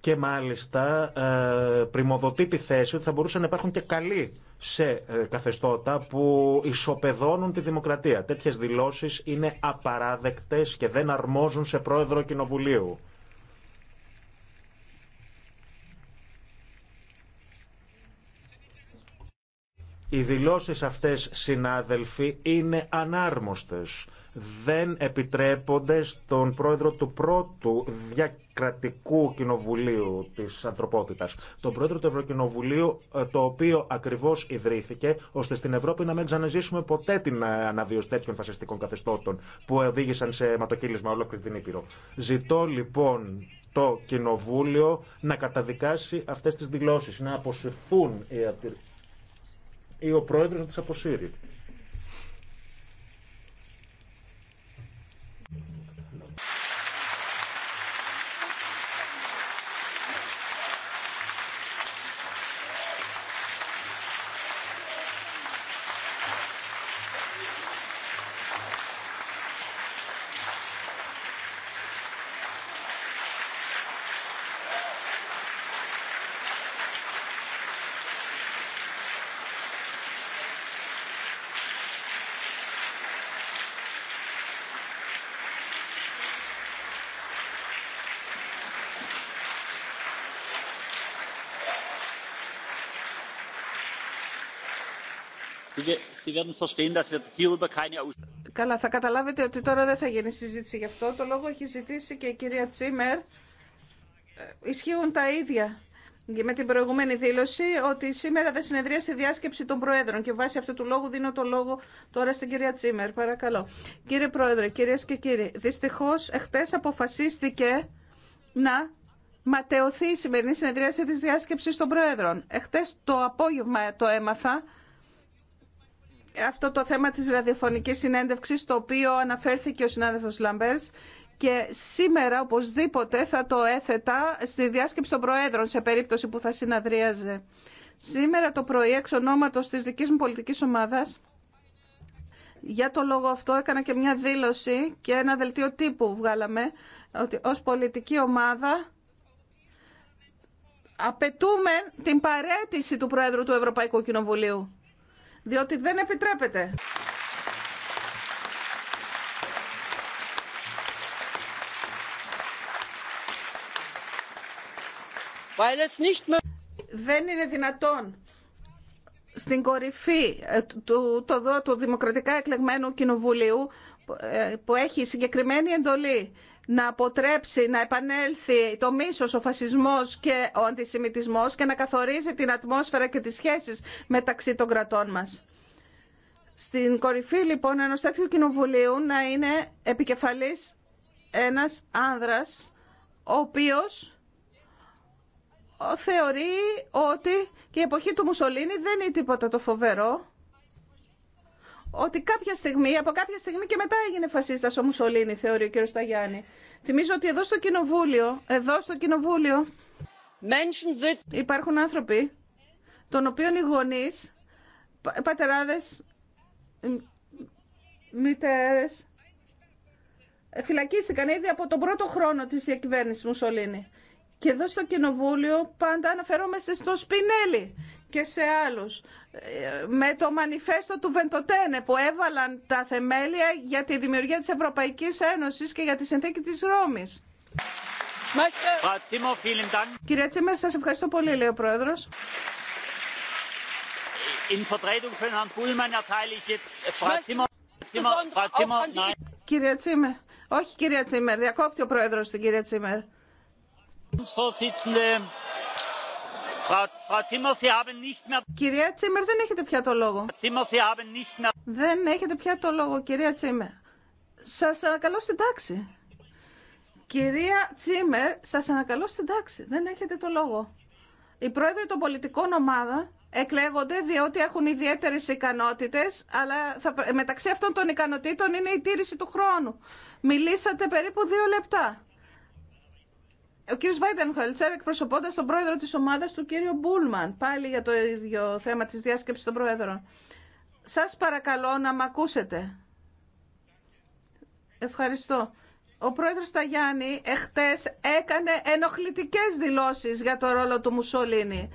και μάλιστα ε, πρημοδοτεί τη θέση ότι θα μπορούσαν να υπάρχουν και καλοί σε καθεστώτα που ισοπεδώνουν τη δημοκρατία. Τέτοιες δηλώσεις είναι απαράδεκτες και δεν αρμόζουν σε πρόεδρο κοινοβουλίου. Οι δηλώσεις αυτές, συνάδελφοι, είναι ανάρμοστες. Δεν επιτρέπονται στον πρόεδρο του πρώτου διακρατικού κοινοβουλίου της ανθρωπότητας. Τον πρόεδρο του Ευρωκοινοβουλίου, ε, το οποίο ακριβώς ιδρύθηκε, ώστε στην Ευρώπη να μην ξαναζήσουμε ποτέ την ε, αναβίωση τέτοιων φασιστικών καθεστώτων που οδήγησαν σε αιματοκύλισμα ολόκληρη την Ήπειρο. Ζητώ λοιπόν το Κοινοβούλιο να καταδικάσει αυτές τις δηλώσεις, να αποσυρθούν οι ή ο πρόεδρος να τις αποσύρει. Καλά, θα καταλάβετε ότι τώρα δεν θα γίνει συζήτηση γι' αυτό. Το λόγο έχει ζητήσει και η κυρία Τσίμερ. Ε, ισχύουν τα ίδια με την προηγούμενη δήλωση ότι σήμερα δεν συνεδρίασε η διάσκεψη των Προέδρων και βάσει αυτού του λόγου δίνω το λόγο τώρα στην κυρία Τσίμερ. Παρακαλώ. Κύριε Πρόεδρε, κυρίες και κύριοι, δυστυχώς εχθές αποφασίστηκε να ματαιωθεί η σημερινή συνεδρίαση τη διάσκεψη των Προέδρων. Εχθές το απόγευμα το έμαθα αυτό το θέμα της ραδιοφωνικής συνέντευξης το οποίο αναφέρθηκε ο συνάδελφος Λαμπέρς και σήμερα οπωσδήποτε θα το έθετα στη διάσκεψη των Προέδρων σε περίπτωση που θα συναδρίαζε. Σήμερα το πρωί εξ ονόματος της δικής μου πολιτικής ομάδας για το λόγο αυτό έκανα και μια δήλωση και ένα δελτίο τύπου βγάλαμε ότι ως πολιτική ομάδα απαιτούμε την παρέτηση του Πρόεδρου του Ευρωπαϊκού Κοινοβουλίου διότι δεν επιτρέπεται. Δεν είναι δυνατόν στην κορυφή ε, του, το, του δημοκρατικά εκλεγμένου κοινοβουλίου ε, που έχει συγκεκριμένη εντολή να αποτρέψει να επανέλθει το μίσος, ο φασισμός και ο αντισημιτισμός και να καθορίζει την ατμόσφαιρα και τις σχέσεις μεταξύ των κρατών μας. Στην κορυφή λοιπόν ενός τέτοιου κοινοβουλίου να είναι επικεφαλής ένας άνδρας ο οποίος θεωρεί ότι η εποχή του Μουσολίνη δεν είναι τίποτα το φοβερό ότι κάποια στιγμή, από κάποια στιγμή και μετά έγινε φασίστας ο Μουσολίνη, θεωρεί ο κ. Σταγιάννη. Θυμίζω ότι εδώ στο κοινοβούλιο, εδώ στο κοινοβούλιο υπάρχουν άνθρωποι των οποίων οι γονεί, πατεράδε πατεράδες, μητέρες, φυλακίστηκαν ήδη από τον πρώτο χρόνο της διακυβέρνηση Μουσολίνη. Και εδώ στο κοινοβούλιο πάντα αναφερόμαστε στο Σπινέλη και σε άλλους. Ε, με το μανιφέστο του Βεντοτένε που έβαλαν τα θεμέλια για τη δημιουργία της Ευρωπαϊκής Ένωσης και για τη συνθήκη της Ρώμης. Κυρία Τσίμερ, σας ευχαριστώ πολύ, λέει ο Πρόεδρος. Κυρία Τσίμερ, όχι κυρία Τσίμερ, διακόπτει ο Πρόεδρος την κυρία Τσίμερ. Κυρία Τσίμερ, δεν έχετε πια το λόγο. Δεν έχετε πια το λόγο, κυρία Τσίμερ. Σας ανακαλώ στην τάξη. Κυρία Τσίμερ, σας ανακαλώ στην τάξη. Δεν έχετε το λόγο. Οι πρόεδροι των πολιτικών ομάδων εκλέγονται διότι έχουν ιδιαίτερε ικανότητε, αλλά μεταξύ αυτών των ικανοτήτων είναι η τήρηση του χρόνου. Μιλήσατε περίπου δύο λεπτά. Ο κύριος Βάιντεν Χαλτσέρ εκπροσωπώντας τον πρόεδρο της ομάδας του κύριο Μπούλμαν, πάλι για το ίδιο θέμα της διάσκεψης των πρόεδρων. Σας παρακαλώ να με ακούσετε. Ευχαριστώ. Ο πρόεδρος Ταγιάννη εχθές έκανε ενοχλητικές δηλώσεις για το ρόλο του Μουσολίνη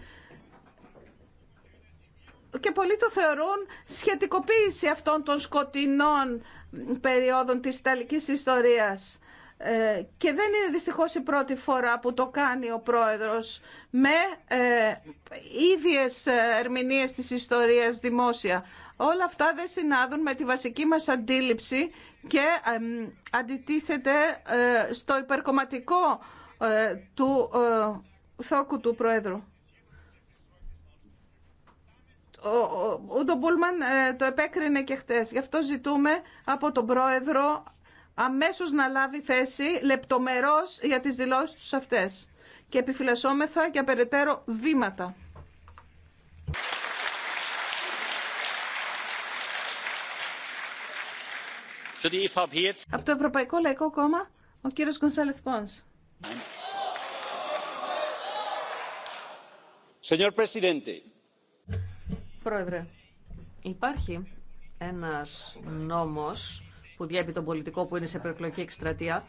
και πολλοί το θεωρούν σχετικοποίηση αυτών των σκοτεινών περιόδων της Ιταλικής ιστορίας. Ε, και δεν είναι δυστυχώς η πρώτη φορά που το κάνει ο πρόεδρος με ε, ίδιες ερμηνείες της ιστορίας δημόσια. Όλα αυτά δεν συνάδουν με τη βασική μας αντίληψη και αντιτίθεται ε, στο υπερκομματικό ε, του θόκου του Πρόεδρου. Ο Ούντο Μπούλμαν το επέκρινε και χτες. Γι' αυτό ζητούμε από τον Πρόεδρο αμέσως να λάβει θέση λεπτομερώς για τις δηλώσεις τους αυτές και επιφυλασσόμεθα για περαιτέρω βήματα. E Από το Ευρωπαϊκό Λαϊκό Κόμμα, ο κύριος Κονσάλεθ Πόνς. Πρόεδρε, υπάρχει ένας νόμος που διέπει τον πολιτικό που είναι σε προεκλογική εκστρατεία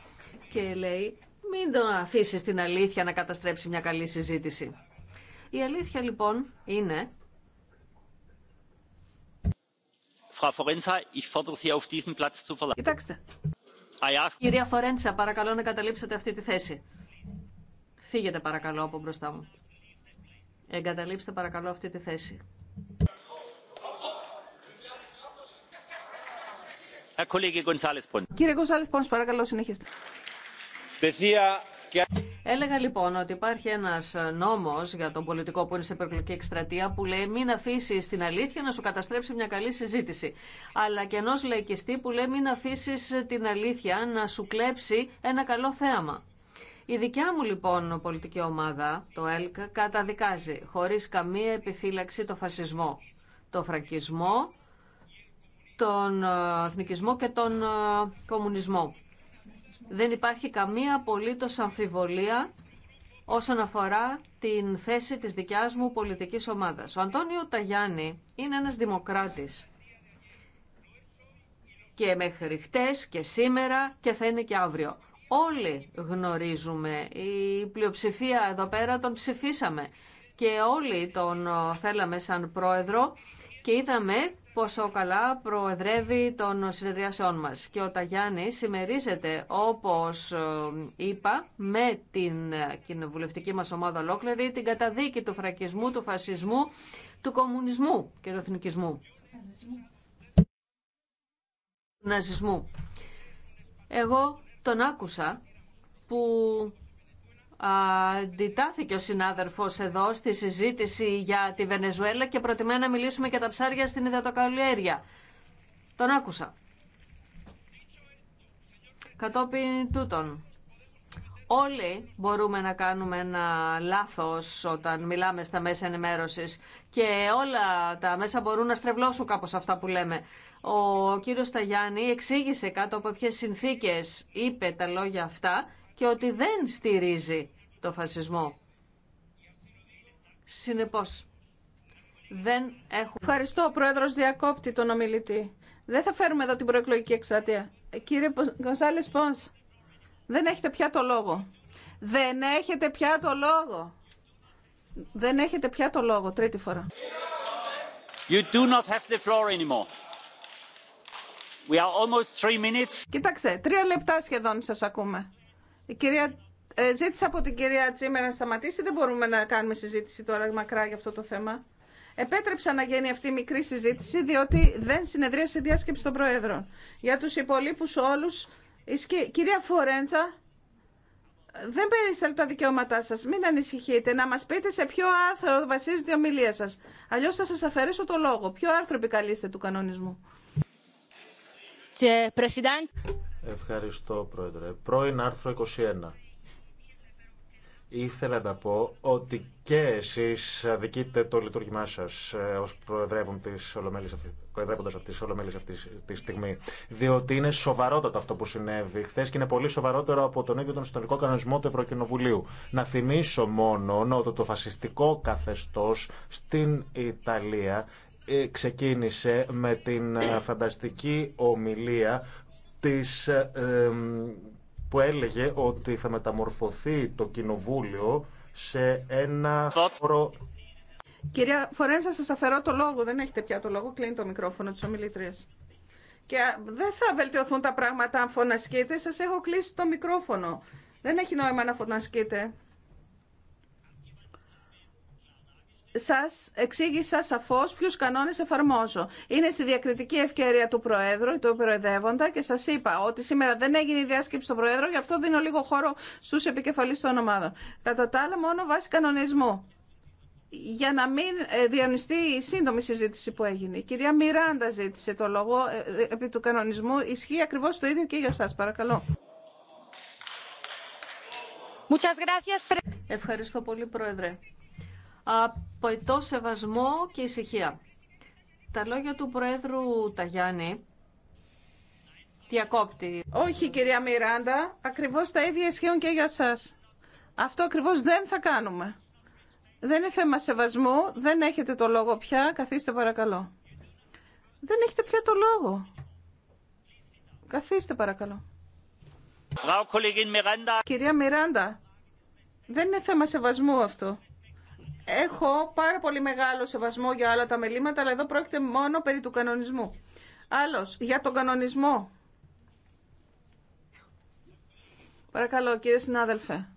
και λέει μην το αφήσεις την αλήθεια να καταστρέψει μια καλή συζήτηση. Η αλήθεια λοιπόν είναι... Κοιτάξτε. Κυρία Φορέντσα, παρακαλώ να καταλήψετε αυτή τη θέση. Φύγετε παρακαλώ από μπροστά μου. Εγκαταλείψτε παρακαλώ αυτή τη θέση. Κύριε Γκονσάλε Πόντ, παρακαλώ συνεχίστε. Έλεγα λοιπόν ότι υπάρχει ένα νόμο για τον πολιτικό που είναι σε προκλογική εκστρατεία που λέει μην αφήσει την αλήθεια να σου καταστρέψει μια καλή συζήτηση. Αλλά και ενό λαϊκιστή που λέει μην αφήσει την αλήθεια να σου κλέψει ένα καλό θέαμα. Η δικιά μου λοιπόν πολιτική ομάδα, το ΕΛΚ, καταδικάζει χωρίς καμία επιφύλαξη το φασισμό, το φραγκισμό τον ε, εθνικισμό και τον ε, κομμουνισμό. Δεν υπάρχει καμία απολύτως αμφιβολία όσον αφορά την θέση της δικιάς μου πολιτικής ομάδας. Ο Αντώνιο Ταγιάννη είναι ένας δημοκράτης και μέχρι χτες και σήμερα και θα είναι και αύριο. Όλοι γνωρίζουμε, η πλειοψηφία εδώ πέρα τον ψηφίσαμε και όλοι τον ε, θέλαμε σαν πρόεδρο και είδαμε πόσο καλά προεδρεύει των συνεδριάσεών μας. Και ο Ταγιάννη συμμερίζεται, όπως ε, είπα, με την κοινοβουλευτική μας ομάδα ολόκληρη, την καταδίκη του φρακισμού, του φασισμού, του κομμουνισμού και του εθνικισμού. Εγώ τον άκουσα που αντιτάθηκε ο συνάδελφος εδώ στη συζήτηση για τη Βενεζουέλα και προτιμά να μιλήσουμε για τα ψάρια στην υδατοκαλλιέργεια. Τον άκουσα. Κατόπιν τούτον. Όλοι μπορούμε να κάνουμε ένα λάθος όταν μιλάμε στα μέσα ενημέρωσης και όλα τα μέσα μπορούν να στρεβλώσουν κάπως αυτά που λέμε. Ο κύριος Σταγιάννη εξήγησε κάτω από ποιες συνθήκες είπε τα λόγια αυτά και ότι δεν στηρίζει το φασισμό. Συνεπώς, δεν έχουμε... Ευχαριστώ, Πρόεδρος Διακόπτη, τον ομιλητή. Δεν θα φέρουμε εδώ την προεκλογική εκστρατεία. Ε, κύριε Γκονσάλης Πόνς, δεν έχετε πια το λόγο. Δεν έχετε πια το λόγο. Δεν έχετε πια το λόγο, τρίτη φορά. You do Κοιτάξτε, τρία λεπτά σχεδόν σας ακούμε. Η κυρία... Ε, ζήτησα από την κυρία Τσίμερα να σταματήσει. Δεν μπορούμε να κάνουμε συζήτηση τώρα μακρά για αυτό το θέμα. Επέτρεψα να γίνει αυτή η μικρή συζήτηση, διότι δεν συνεδρίασε η διάσκεψη των Προέδρων. Για τους υπολείπους όλους, η κυρία Φορέντσα, δεν περιστέλνει τα δικαιώματά σας. Μην ανησυχείτε. Να μας πείτε σε ποιο άρθρο βασίζεται η ομιλία σας. Αλλιώς θα σας αφαιρέσω το λόγο. Ποιο άρθρο επικαλείστε του κανονισμού. Ευχαριστώ, Πρόεδρε. Πρώην άρθρο 21. Ήθελα να πω ότι και εσείς αδικείτε το λειτουργήμά σας ε, ως προεδρεύοντας αυτής της ολομέλης αυτή τη στιγμή. Διότι είναι σοβαρότατο αυτό που συνέβη χθε και είναι πολύ σοβαρότερο από τον ίδιο τον ιστορικό κανονισμό του Ευρωκοινοβουλίου. Να θυμίσω μόνο ότι το φασιστικό καθεστώς στην Ιταλία ε, ξεκίνησε με την ε, φανταστική ομιλία ε, που έλεγε ότι θα μεταμορφωθεί το κοινοβούλιο σε ένα χώρο... Κυρία Φορένσα, σας αφαιρώ το λόγο. Δεν έχετε πια το λόγο. Κλείνει το μικρόφωνο της ομιλήτριας. Και δεν θα βελτιωθούν τα πράγματα αν φωνασκείτε. Σας έχω κλείσει το μικρόφωνο. Δεν έχει νόημα να φωνασκείτε. Σα εξήγησα σαφώς ποιους κανόνες εφαρμόζω. Είναι στη διακριτική ευκαιρία του Προέδρου, του Προεδρεύοντα και σας είπα ότι σήμερα δεν έγινε η διάσκεψη στον Προέδρο, γι' αυτό δίνω λίγο χώρο στους επικεφαλείς των ομάδων. Κατά τα άλλα μόνο βάσει κανονισμού. Για να μην ε, διανυστεί η σύντομη συζήτηση που έγινε. Η κυρία Μιράντα ζήτησε το λόγο ε, ε, επί του κανονισμού. Ισχύει ακριβώς το ίδιο και για σας. Παρακαλώ. Ευχαριστώ πολύ, Πρόεδρε απαιτώ σεβασμό και ησυχία. Τα λόγια του Προέδρου Ταγιάννη διακόπτη. Όχι κυρία Μιράντα, ακριβώς τα ίδια ισχύουν και για σας. Αυτό ακριβώς δεν θα κάνουμε. Δεν είναι θέμα σεβασμού, δεν έχετε το λόγο πια, καθίστε παρακαλώ. Δεν έχετε πια το λόγο. Καθίστε παρακαλώ. Κυρία Μιράντα, δεν είναι θέμα σεβασμού αυτό. Έχω πάρα πολύ μεγάλο σεβασμό για άλλα τα μελήματα, αλλά εδώ πρόκειται μόνο περί του κανονισμού. Άλλος, για τον κανονισμό. Παρακαλώ, κύριε συνάδελφε.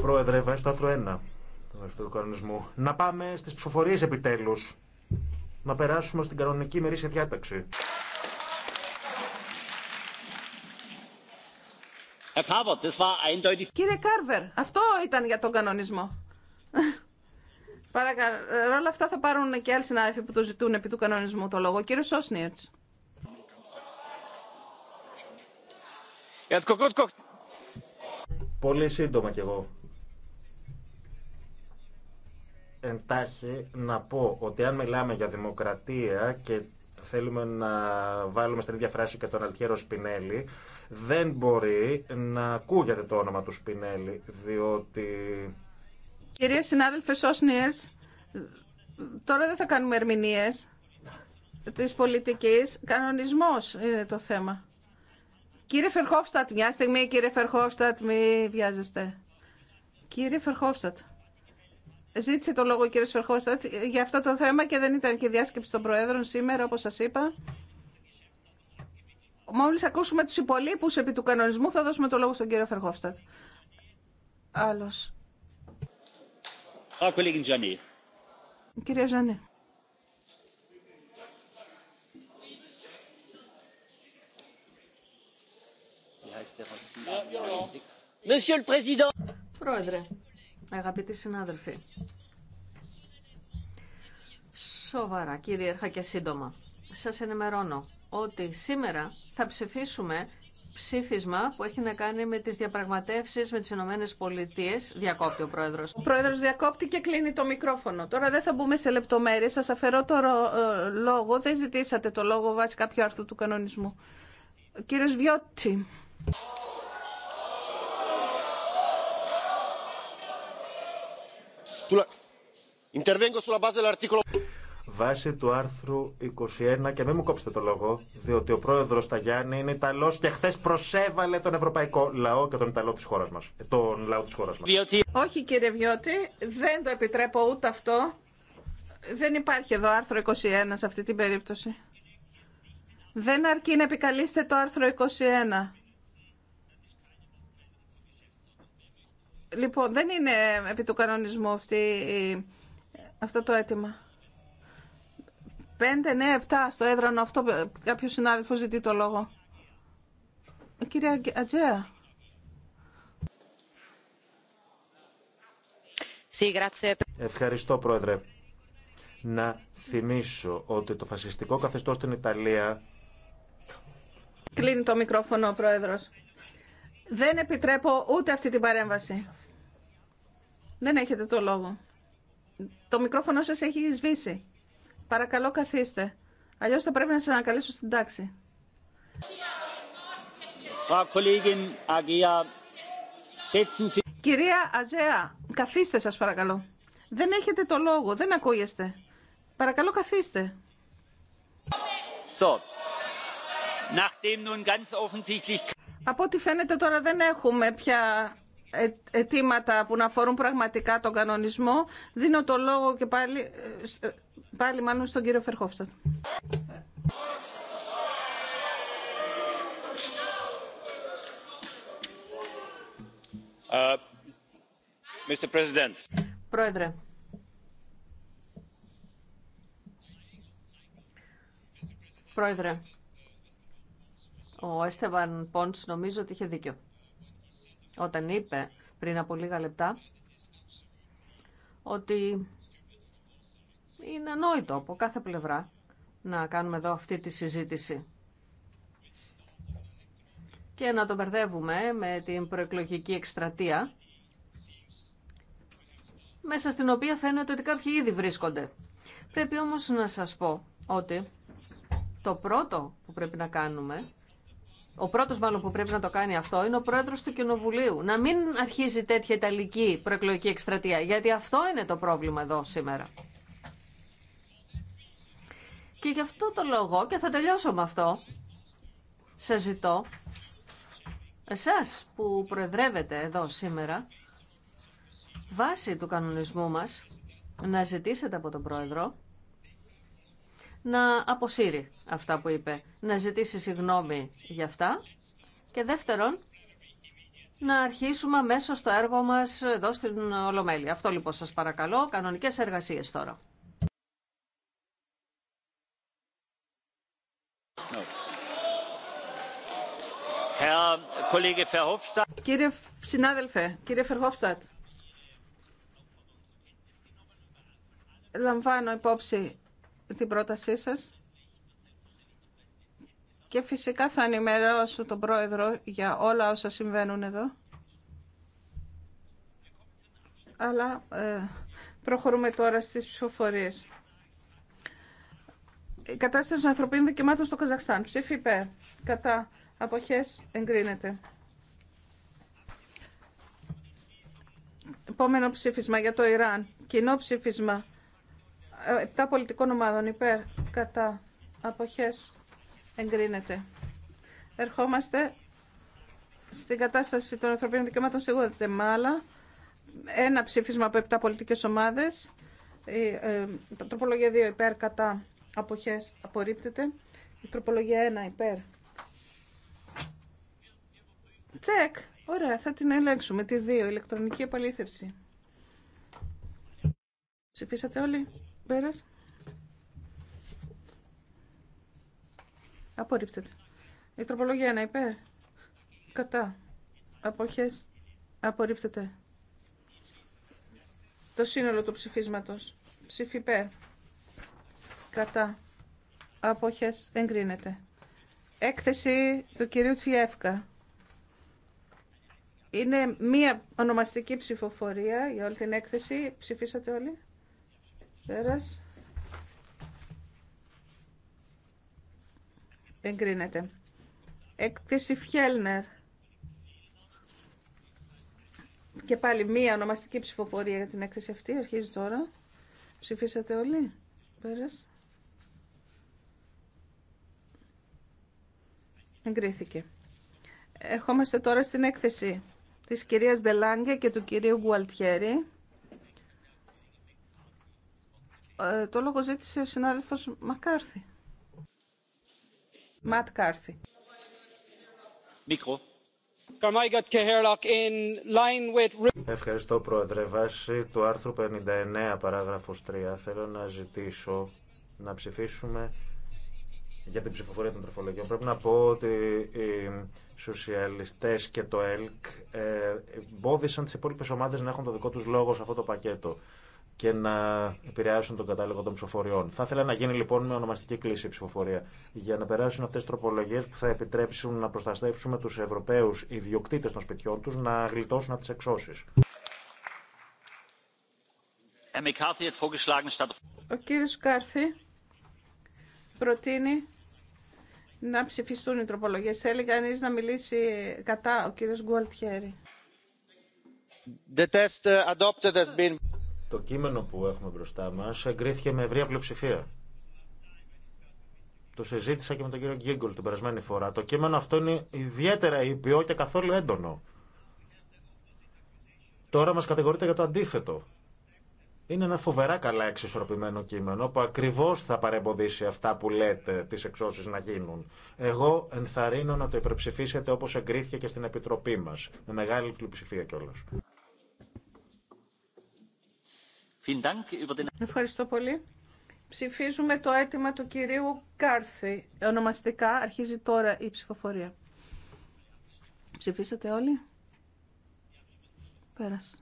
Πρόεδρε, βάζει το άρθρο 1 του κανονισμού. Να πάμε στις ψηφοφορίες επιτέλους. Να περάσουμε στην κανονική μερίσια διάταξη. Κύριε Κάρβερ, αυτό ήταν για τον κανονισμό. Παρακαλώ, ε, όλα αυτά θα πάρουν και άλλοι συνάδελφοι που το ζητούν επί του κανονισμού το λόγο. Κύριε Σόσνιερτς. Πολύ σύντομα κι εγώ. Εντάχει να πω ότι αν μιλάμε για δημοκρατία και θέλουμε να βάλουμε στην ίδια φράση και τον Αλτιέρο Σπινέλη, δεν μπορεί να ακούγεται το όνομα του Σπινέλη, διότι... κύριε συνάδελφε Σόσνιερς, τώρα δεν θα κάνουμε ερμηνείες της πολιτικής. Κανονισμός είναι το θέμα. Κύριε Φερχόφστατ, μια στιγμή, κύριε Φερχόφστατ, μη βιάζεστε. Κύριε Φερχόφστατ. Ζήτησε το λόγο ο κύριος Φερχόστατ. για αυτό το θέμα και δεν ήταν και διάσκεψη των Προέδρων σήμερα, όπως σας είπα. Μόλις ακούσουμε τους υπολείπους επί του κανονισμού, θα δώσουμε το λόγο στον κύριο Φερχόφστατ. Άλλος. Κυρία Ζανή. Πρόεδρε, αγαπητοί συνάδελφοι. Σοβαρά, κυρίαρχα και σύντομα. Σας ενημερώνω ότι σήμερα θα ψηφίσουμε ψήφισμα που έχει να κάνει με τις διαπραγματεύσεις με τις Ηνωμένε Πολιτείε. Διακόπτει ο Πρόεδρος. Ο Πρόεδρος διακόπτει και κλείνει το μικρόφωνο. Τώρα δεν θα μπούμε σε λεπτομέρειες. Σας αφαιρώ το ε, λόγο. Δεν ζητήσατε το λόγο βάσει κάποιο άρθρο του κανονισμού. κύριος Βιώτη. Βάσει του άρθρου 21 και μην μου κόψετε το λόγο, διότι ο πρόεδρος Ταγιάννη είναι Ιταλός και χθε προσέβαλε τον ευρωπαϊκό λαό και τον Ιταλό της μας. Ε, τον λαό της χώρας μας. Όχι κύριε Βιώτη, δεν το επιτρέπω ούτε αυτό. Δεν υπάρχει εδώ άρθρο 21 σε αυτή την περίπτωση. Δεν αρκεί να επικαλείστε το άρθρο 21. Λοιπόν, δεν είναι επί του κανονισμού αυτό το αίτημα. 5, 9, 7 στο έδρανο αυτό κάποιο συνάδελφο ζητεί το λόγο. Ε, Κυρία Ατζέα. Ευχαριστώ, Πρόεδρε. Να θυμίσω ότι το φασιστικό καθεστώς στην Ιταλία... Κλείνει το μικρόφωνο ο Πρόεδρος. Δεν επιτρέπω ούτε αυτή την παρέμβαση. Δεν έχετε το λόγο. Το μικρόφωνο σας έχει σβήσει. Παρακαλώ καθίστε. Αλλιώς θα πρέπει να σας ανακαλέσω στην τάξη. Κυρία Αζέα, καθίστε σας παρακαλώ. Δεν έχετε το λόγο, δεν ακούγεστε. Παρακαλώ καθίστε. Από ό,τι φαίνεται τώρα δεν έχουμε πια ε, αιτήματα που να αφορούν πραγματικά τον κανονισμό. Δίνω το λόγο και πάλι, ε, πάλι μάλλον στον κύριο Φερχόφστατ. Ε, Mr. Πρόεδρε, Πρόεδρε, ο Έστεβαν Πόντς νομίζω ότι είχε δίκιο όταν είπε πριν από λίγα λεπτά ότι είναι ανόητο από κάθε πλευρά να κάνουμε εδώ αυτή τη συζήτηση και να το μπερδεύουμε με την προεκλογική εκστρατεία μέσα στην οποία φαίνεται ότι κάποιοι ήδη βρίσκονται. Πρέπει όμως να σας πω ότι το πρώτο που πρέπει να κάνουμε ο πρώτο μάλλον που πρέπει να το κάνει αυτό είναι ο πρόεδρο του Κοινοβουλίου. Να μην αρχίζει τέτοια ιταλική προεκλογική εκστρατεία, γιατί αυτό είναι το πρόβλημα εδώ σήμερα. Και γι' αυτό το λόγο, και θα τελειώσω με αυτό, σα ζητώ, Εσά που προεδρεύετε εδώ σήμερα, βάσει του κανονισμού μα, να ζητήσετε από τον πρόεδρο να αποσύρει αυτά που είπε, να ζητήσει συγγνώμη για αυτά και δεύτερον να αρχίσουμε μέσω το έργο μας εδώ στην Ολομέλη. Αυτό λοιπόν σας παρακαλώ, κανονικές εργασίες τώρα. Κύριε συνάδελφε, κύριε Φερχόφστατ, λαμβάνω υπόψη την πρότασή σας και φυσικά θα ενημερώσω τον Πρόεδρο για όλα όσα συμβαίνουν εδώ. Αλλά ε, προχωρούμε τώρα στις ψηφοφορίες. Η κατάσταση των ανθρωπίνων δικαιωμάτων στο Καζακστάν. Ψήφι υπέρ. Κατά. Αποχές εγκρίνεται. Επόμενο ψήφισμα για το Ιράν. Κοινό ψήφισμα επτά πολιτικών ομάδων υπέρ, κατά, αποχές, εγκρίνεται. Ερχόμαστε στην κατάσταση των ανθρωπίνων δικαιωμάτων στη Γουατεμάλα. Ένα ψήφισμα από επτά πολιτικές ομάδες. Η, ε, τροπολογία 2 υπέρ, κατά, αποχές, απορρίπτεται. Η τροπολογία 1 υπέρ. Τσεκ! Ωραία, θα την ελέγξουμε. Τη 2, ηλεκτρονική επαλήθευση. Ψηφίσατε όλοι. Απορρίπτεται. Η τροπολογία 1 υπέρ. Κατά. Αποχές. Απορρίπτεται. Το σύνολο του ψηφίσματος. Ψήφι υπέρ. Κατά. Αποχές. Εγκρίνεται. Έκθεση του κυρίου Τσιέφκα. Είναι μία ονομαστική ψηφοφορία για όλη την έκθεση. Ψηφίσατε όλοι. Πέρας. Εγκρίνεται. Έκθεση Φιέλνερ. Και πάλι μία ονομαστική ψηφοφορία για την έκθεση αυτή. Αρχίζει τώρα. Ψηφίσατε όλοι. Πέρας. Εγκρίθηκε. Ερχόμαστε τώρα στην έκθεση της κυρίας Δελάνγκε και του κυρίου Γουαλτιέρη. Ε, το λόγο ζήτησε ο συνάδελφος Μακάρθη. Ματ Κάρθη. Μικρό. Ευχαριστώ Πρόεδρε. Βάσει του άρθρου 59 παράγραφος 3 θέλω να ζητήσω να ψηφίσουμε για την ψηφοφορία των τροφολογιών. Πρέπει να πω ότι οι σοσιαλιστές και το ΕΛΚ ε, εμπόδισαν τις υπόλοιπες ομάδες να έχουν το δικό τους λόγο σε αυτό το πακέτο και να επηρεάσουν τον κατάλογο των ψηφοφοριών. Θα ήθελα να γίνει λοιπόν με ονομαστική κλίση η ψηφοφορία για να περάσουν αυτέ τι τροπολογίε που θα επιτρέψουν να προστατεύσουμε του Ευρωπαίου ιδιοκτήτε των σπιτιών του να γλιτώσουν από τι εξώσει. Ο κύριο Κάρθη προτείνει να ψηφιστούν οι τροπολογίε. Θέλει κανεί να μιλήσει κατά ο κύριο Γκουαλτιέρη. The uh, adopted has been... Το κείμενο που έχουμε μπροστά μας εγκρίθηκε με ευρία πλειοψηφία. Το συζήτησα και με τον κύριο Γκίγκολ την περασμένη φορά. Το κείμενο αυτό είναι ιδιαίτερα ήπιο και καθόλου έντονο. Τώρα μας κατηγορείται για το αντίθετο. Είναι ένα φοβερά καλά εξισορροπημένο κείμενο που ακριβώς θα παρεμποδίσει αυτά που λέτε τις εξώσεις να γίνουν. Εγώ ενθαρρύνω να το υπερψηφίσετε όπως εγκρίθηκε και στην Επιτροπή μας. Με μεγάλη πλειοψηφία κιόλας. Ευχαριστώ πολύ. Ψηφίζουμε το αίτημα του κυρίου Κάρθη. Ονομαστικά αρχίζει τώρα η ψηφοφορία. Ψηφίσατε όλοι. Πέρασε.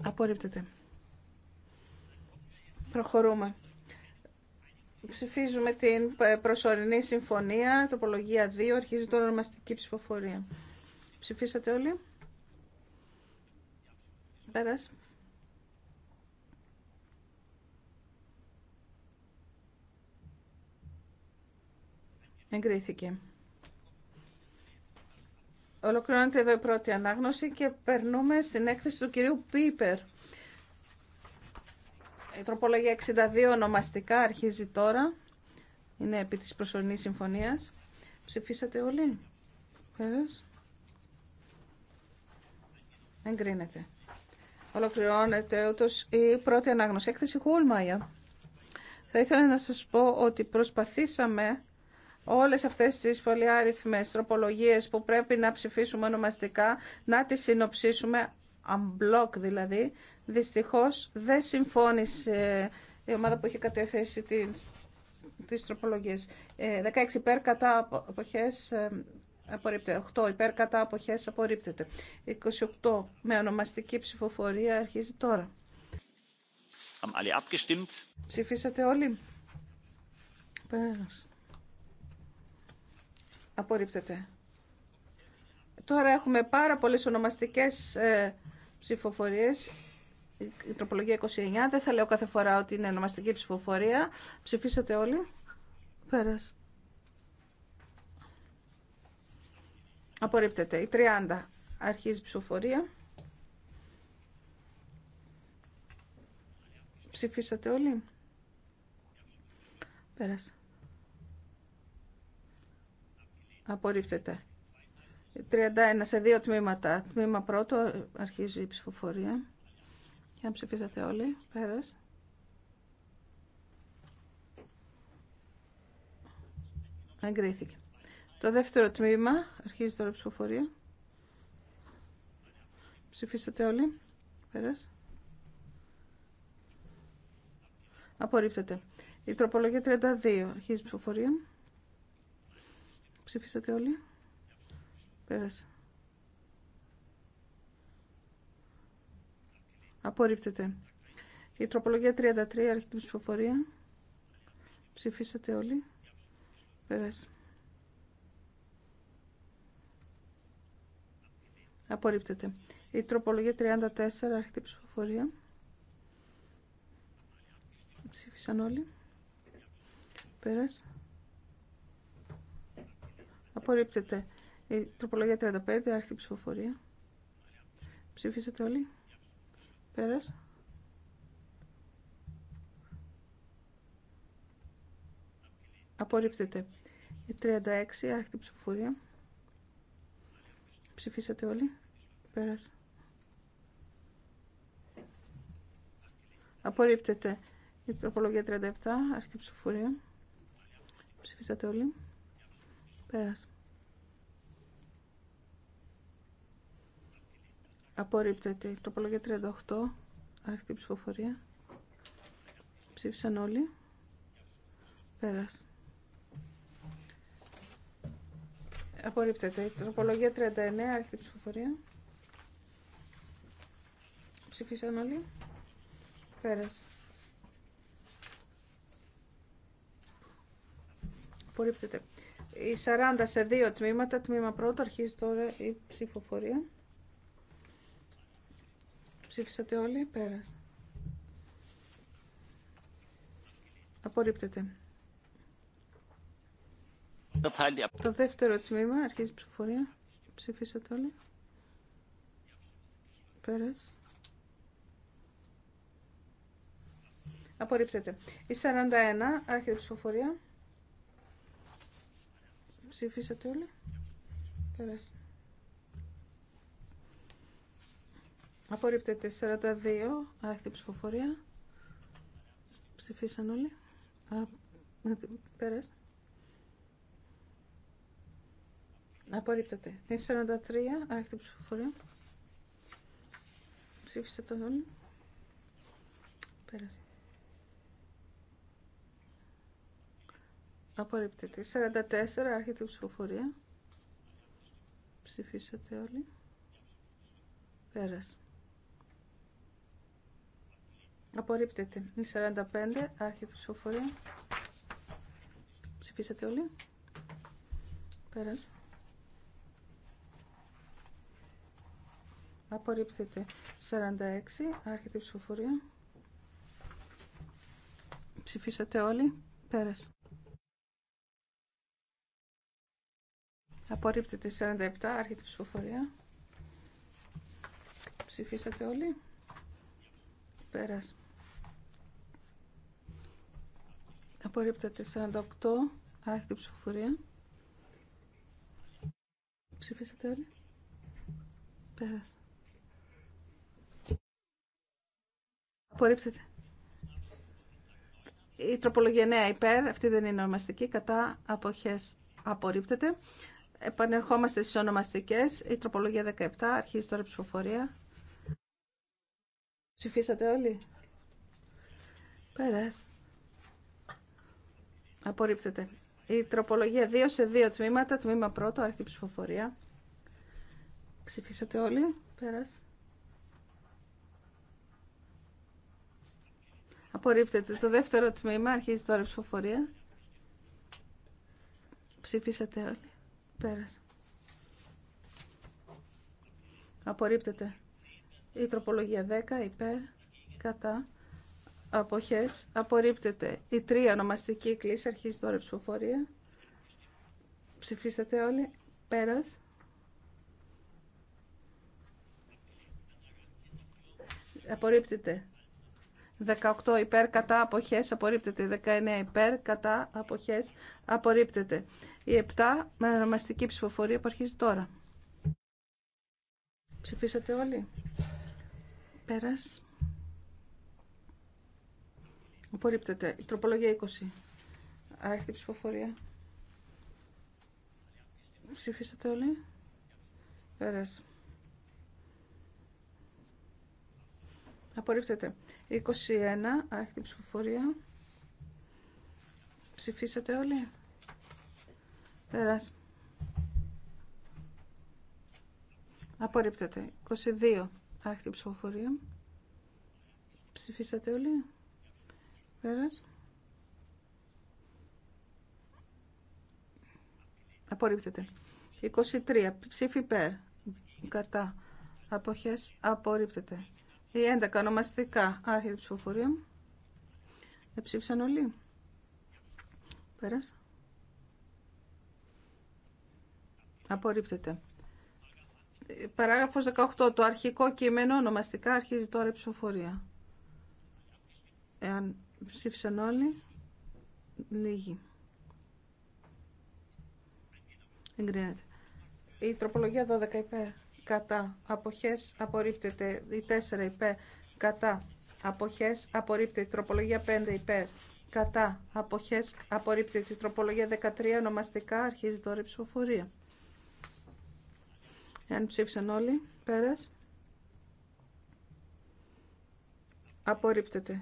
Απορρίπτεται. Προχωρούμε. Ψηφίζουμε την προσωρινή συμφωνία, τροπολογία 2, αρχίζει τώρα ονομαστική ψηφοφορία. Ψηφίσατε όλοι. Πέρας. Εγκρίθηκε. Ολοκληρώνεται εδώ η πρώτη ανάγνωση και περνούμε στην έκθεση του κυρίου Πίπερ. Η τροπολογία 62 ονομαστικά αρχίζει τώρα. Είναι επί της προσωρινής συμφωνίας. Ψηφίσατε όλοι. Πέρας. Εγκρίνεται ολοκληρώνεται ούτως η πρώτη ανάγνωση έκθεση Χούλμαγια. Θα ήθελα να σας πω ότι προσπαθήσαμε όλες αυτές τις πολυάριθμες τροπολογίες που πρέπει να ψηφίσουμε ονομαστικά, να τις συνοψίσουμε, unblock δηλαδή. Δυστυχώς δεν συμφώνησε η ομάδα που είχε κατέθεσει τις, τροπολογίες. 16 ε, υπέρ κατά αποχές ε, Απορρίπτεται. 8 υπέρ κατά αποχές απορρίπτεται. 28 με ονομαστική ψηφοφορία αρχίζει τώρα. Ψηφίσατε όλοι. Πέρας. Απορρίπτεται. Τώρα έχουμε πάρα πολλές ονομαστικές ε, ψηφοφορίες. Η τροπολογία 29. Δεν θα λέω κάθε φορά ότι είναι ονομαστική ψηφοφορία. Ψηφίσατε όλοι. Πέρας. Απορρίπτεται. Η 30. Αρχίζει ψηφοφορία. Ψηφίσατε όλοι. Πέρασε. Απορρίπτεται. 31 σε δύο τμήματα. Τμήμα πρώτο αρχίζει η ψηφοφορία. Και αν ψηφίσατε όλοι, πέρασε. Εγκρίθηκε. Το δεύτερο τμήμα, αρχίζει τώρα η ψηφοφορία. Ψηφίσατε όλοι. Πέρας. Απορρίπτεται. Η τροπολογία 32, αρχίζει η ψηφοφορία. Ψηφίσατε όλοι. Πέρασε. Απορρίπτεται. Η τροπολογία 33, η ψηφοφορία. Ψηφίσατε όλοι. Πέρασε. Απορρίπτεται. Η τροπολογία 34, Άρχη ψηφοφορία. Ψήφισαν όλοι. Πέρας. Απορρίπτεται. Η τροπολογία 35, άρχιτη ψηφοφορία. Ψήφισατε όλοι. Πέρας. Απορρίπτεται. Η 36, άρχιτη ψηφοφορία. Ψηφίσατε όλοι. Πέρας. Απορρίπτεται η τροπολογία 37, αρχή ψηφοφορία. Ψηφίσατε όλοι. Πέρας. Απορρίπτεται η τροπολογία 38, αρχή ψηφοφορία. Ψήφισαν όλοι. Πέρας. Απορρίπτεται η τροπολογία 39, αρχή ψηφοφορία. Ψήφισαν όλοι. Πέρασε. Απορρίπτεται. Η 40 σε δύο τμήματα. Τμήμα πρώτο. Αρχίζει τώρα η ψηφοφορία. Ψήφισατε όλοι. Πέρασε. Απορρίπτεται. Το δεύτερο τμήμα. Αρχίζει η ψηφοφορία. Ψήφισατε όλοι. Πέρασε. Απορρίπτεται. Η 41, άρχεται ψηφοφορία. Ψήφισατε όλοι. Πέρασε. Απορρίπτεται. 42, άρχεται ψηφοφορία. Ψηφίσαν όλοι. Α, πέρασε. Απορρίπτεται. Η 43, άρχεται ψηφοφορία. Ψήφισε τον όλοι. Πέρασε. Απορρίπτεται. 44. Άρχεται η ψηφοφορία. Ψηφίσατε όλοι. Πέρασε. Απορρίπτεται. 45. Άρχεται η ψηφοφορία. Ψηφίσατε όλοι. Πέρασε. Απορρίπτεται. 46. Άρχεται η ψηφοφορία. Ψηφίσατε όλοι. Πέρασε. Απορρίπτεται 47, άρχεται η ψηφοφορία. Ψηφίσατε όλοι. Πέρας. Απορρίπτεται 48, άρχεται η ψηφοφορία. Ψηφίσατε όλοι. Πέρας. Απορρίπτεται. Η τροπολογία 9 υπέρ, αυτή δεν είναι ονομαστική, κατά αποχές απορρίπτεται. Επανερχόμαστε στις ονομαστικές. Η τροπολογία 17 αρχίζει τώρα η ψηφοφορία. Ψηφίσατε όλοι. Πέρας. Απορρίπτεται. Η τροπολογία 2 σε δύο τμήματα. Τμήμα πρώτο, αρχή ψηφοφορία. Ψηφίσατε όλοι. Πέρας. Απορρίπτεται. Το δεύτερο τμήμα, αρχίζει τώρα η ψηφοφορία. Ψηφίσατε όλοι. Πέρασε. Απορρίπτεται. Η τροπολογία 10 υπέρ κατά αποχές απορρίπτεται. Η τρία ονομαστική κλίση αρχίζει τώρα ψηφοφορία. Ψηφίσατε όλοι. Πέρας. Απορρίπτεται. 18 υπέρ κατά αποχές απορρίπτεται. 19 υπέρ κατά αποχές απορρίπτεται. Η 7 με ονομαστική ψηφοφορία που αρχίζει τώρα. Ψηφίσατε όλοι. Πέρας. Απορρίπτεται. Η τροπολογία 20. Άρχεται η ψηφοφορία. Ψηφίσατε όλοι. Πέρας. Απορρίπτεται. 21. Άρχεται ψηφοφορία. Ψηφίσατε όλοι. Πέρας. Απορρίπτεται. 22. Άρχεται ψηφοφορία. Ψηφίσατε όλοι. Πέρας. Απορρίπτεται. 23. Ψήφι υπέρ. Κατά. Αποχές. Απορρίπτεται. Η 11 ονομαστικά άρχεται ψηφοφορία. Εψήφισαν όλοι. Πέρασε. Απορρίπτεται. Παράγραφος 18. Το αρχικό κείμενο ονομαστικά αρχίζει τώρα η ψηφοφορία. Εάν ψήφισαν όλοι, λίγοι. Εγκρίνεται. Η τροπολογία 12 υπέρ κατά αποχές απορρίπτεται η 4 υπέρ κατά αποχές απορρίπτεται η τροπολογία 5 υπέρ κατά αποχές απορρίπτεται η τροπολογία 13 ονομαστικά αρχίζει τώρα η ψηφοφορία εάν ψήφισαν όλοι πέρας απορρίπτεται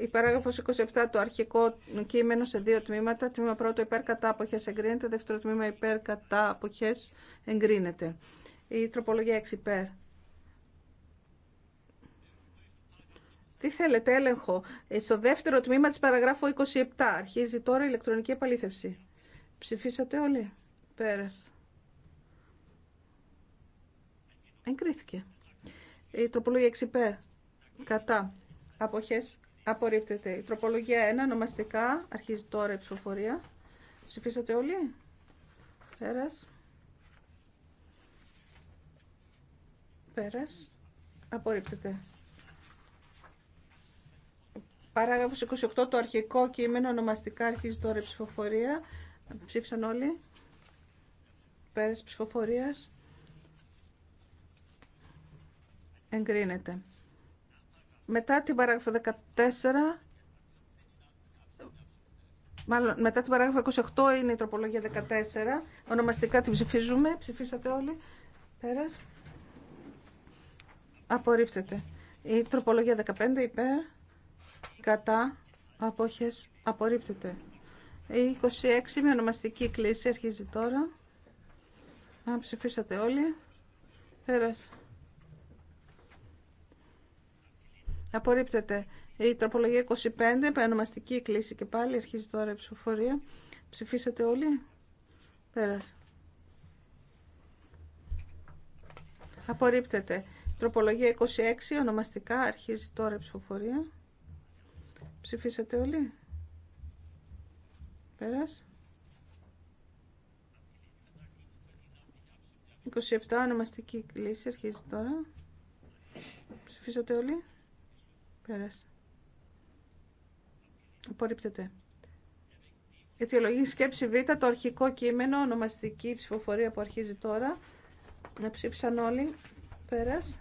η παράγραφος 27 το αρχικό κείμενο σε δύο τμήματα τμήμα πρώτο υπέρ κατά αποχές εγκρίνεται δεύτερο τμήμα υπέρ κατά αποχές εγκρίνεται η τροπολογία 6 υπέρ. Τι θέλετε, έλεγχο. Ε, στο δεύτερο τμήμα της παραγράφου 27 αρχίζει τώρα η ηλεκτρονική επαλήθευση. Ψηφίσατε όλοι. Πέρας. Εγκρίθηκε. Η τροπολογία 6 υπέρ. Κατά. Αποχές. Απορρίπτεται. Η τροπολογία 1 ονομαστικά αρχίζει τώρα η ψηφοφορία. Ψηφίσατε όλοι. Πέρας. Πέρας. Απορρίπτεται. Παράγραφος 28, το αρχικό κείμενο ονομαστικά αρχίζει τώρα η ψηφοφορία. Ψήφισαν όλοι. Πέρας ψηφοφορίας. Εγκρίνεται. Μετά την παράγραφο 14, μάλλον μετά την παράγραφο 28 είναι η τροπολογία 14, ονομαστικά την ψηφίζουμε, ψηφίσατε όλοι, πέρας. Απορρίπτεται. Η τροπολογία 15 υπέρ. Κατά. Απόχες. Απορρίπτεται. Η 26 με ονομαστική κλίση αρχίζει τώρα. Αν ψηφίσατε όλοι. Πέρασε. Απορρίπτεται. Η τροπολογία 25, με ονομαστική κλίση και πάλι, αρχίζει τώρα η ψηφοφορία. Ψηφίσατε όλοι. Πέρασε. Απορρίπτεται. Τροπολογία 26, ονομαστικά, αρχίζει τώρα η ψηφοφορία. Ψηφίσατε όλοι. Πέρας. 27, ονομαστική κλίση, αρχίζει τώρα. Ψηφίσατε όλοι. Πέρας. Απορρίπτεται. Αιτιολογική σκέψη Β, το αρχικό κείμενο, ονομαστική ψηφοφορία που αρχίζει τώρα. Να ψήφισαν όλοι. Πέρας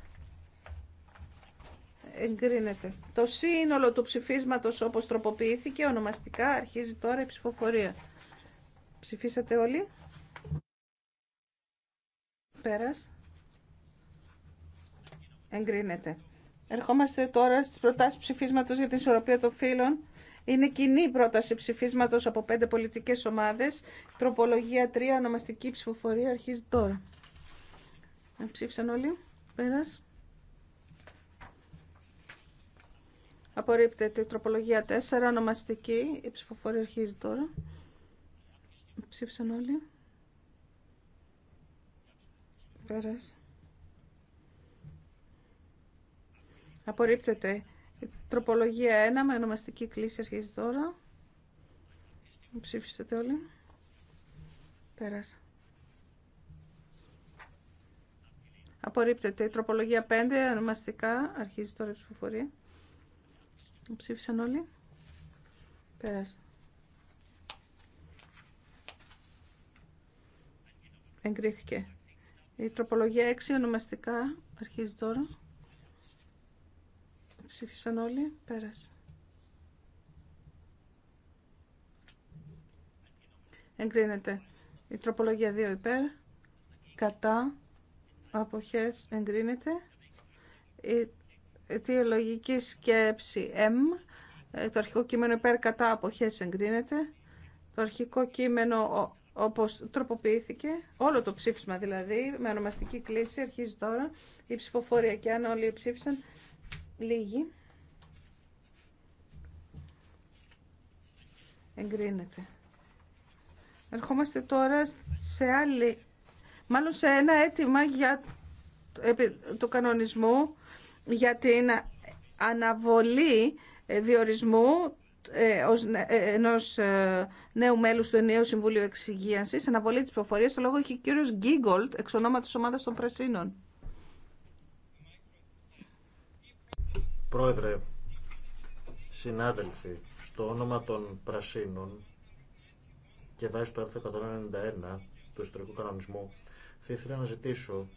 εγκρίνεται. Το σύνολο του ψηφίσματος όπως τροποποιήθηκε ονομαστικά αρχίζει τώρα η ψηφοφορία. Ψηφίσατε όλοι. Πέρας. Εγκρίνεται. Ερχόμαστε τώρα στις προτάσεις ψηφίσματος για την ισορροπία των φύλων. Είναι κοινή πρόταση ψηφίσματος από πέντε πολιτικές ομάδες. Τροπολογία 3, ονομαστική ψηφοφορία αρχίζει τώρα. Ε, ψήφισαν όλοι. Πέρας. Απορρίπτεται. Τροπολογία 4, ονομαστική. Η ψηφοφορία αρχίζει τώρα. Ψήφισαν όλοι. Πέρασε. Απορρίπτεται. Τροπολογία 1 με ονομαστική κλίση αρχίζει τώρα. Ψήφισατε όλοι. Πέρασε. Απορρίπτεται. Τροπολογία 5 ονομαστικά αρχίζει τώρα η ψηφοφορία. Ψήφισαν όλοι. Πέρασε. Εγκρίθηκε. Η τροπολογία 6 ονομαστικά αρχίζει τώρα. Ψήφισαν όλοι. Πέρασε. Εγκρίνεται. Η τροπολογία 2 υπέρ. Κατά. Αποχές εγκρίνεται. Η τη λογική σκέψη M. Ε, το αρχικό κείμενο υπέρ κατά αποχές εγκρίνεται. Το αρχικό κείμενο όπως τροποποιήθηκε, όλο το ψήφισμα δηλαδή, με ονομαστική κλίση, αρχίζει τώρα η ψηφοφορία και αν όλοι ψήφισαν, λίγοι. Εγκρίνεται. Ερχόμαστε τώρα σε άλλη, μάλλον σε ένα αίτημα για το, κανονισμό για την αναβολή ε, διορισμού ε, ε, ενός νέου μέλους του ενιαίου Συμβουλίου Εξυγίανσης, αναβολή της προφορίας, το λόγο έχει ο κύριος Γκίγκολτ, εξ ονόματος ομάδας των Πρασίνων. Πρόεδρε, συνάδελφοι, στο όνομα των Πρασίνων και βάσει το άρθρο 191 του ιστορικού κανονισμού, θα ήθελα να ζητήσω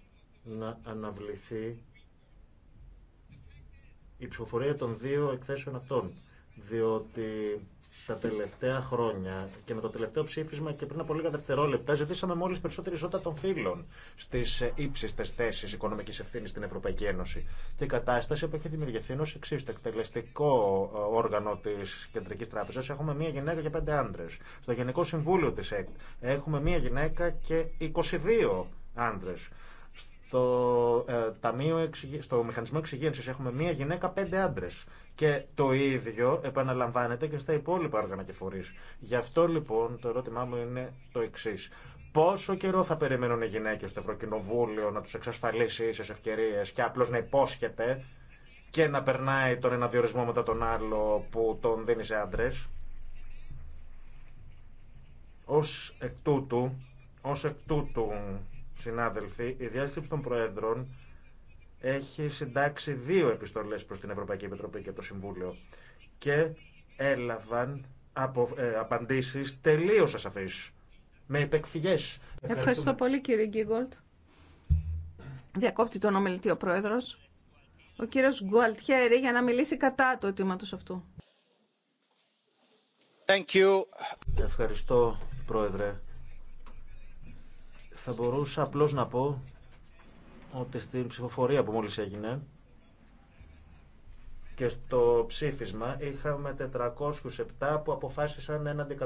να αναβληθεί η ψηφοφορία των δύο εκθέσεων αυτών. Διότι τα τελευταία χρόνια και με το τελευταίο ψήφισμα και πριν από λίγα δευτερόλεπτα ζητήσαμε μόλι περισσότερη ζώτα των φύλων στι ύψιστε θέσει οικονομική ευθύνη στην Ευρωπαϊκή Ένωση. Και η κατάσταση που έχει δημιουργηθεί ω εξή. Στο εκτελεστικό ε, όργανο τη Κεντρική Τράπεζα έχουμε μία γυναίκα και πέντε άντρε. Στο Γενικό Συμβούλιο τη ΕΚΤ έχουμε μία γυναίκα και 22 άντρε στο, ε, ταμείο, στο μηχανισμό εξυγίανσης έχουμε μία γυναίκα, πέντε άντρες. Και το ίδιο επαναλαμβάνεται και στα υπόλοιπα όργανα και φορείς. Γι' αυτό λοιπόν το ερώτημά μου είναι το εξή. Πόσο καιρό θα περιμένουν οι γυναίκες στο Ευρωκοινοβούλιο να τους εξασφαλίσει ίσες ευκαιρίες και απλώς να υπόσχεται και να περνάει τον ένα διορισμό μετά τον άλλο που τον δίνει σε άντρε. Ως εκ τούτου, ως εκ τούτου Συνάδελφοι, η διάσκεψη των Προέδρων έχει συντάξει δύο επιστολές προς την Ευρωπαϊκή Επιτροπή και το Συμβούλιο και έλαβαν από, ε, απαντήσεις τελείως ασαφείς, με επεκφυγές. Ευχαριστώ πολύ κύριε Γκίγκολτ. Διακόπτει τον ομιλητή ο Πρόεδρος, ο κύριος Γκουαλτιέρη, για να μιλήσει κατά το αιτήματος αυτού. Thank you. Ευχαριστώ, Πρόεδρε. Θα μπορούσα απλώς να πω ότι στην ψηφοφορία που μόλις έγινε και στο ψήφισμα είχαμε 407 που αποφάσισαν έναντι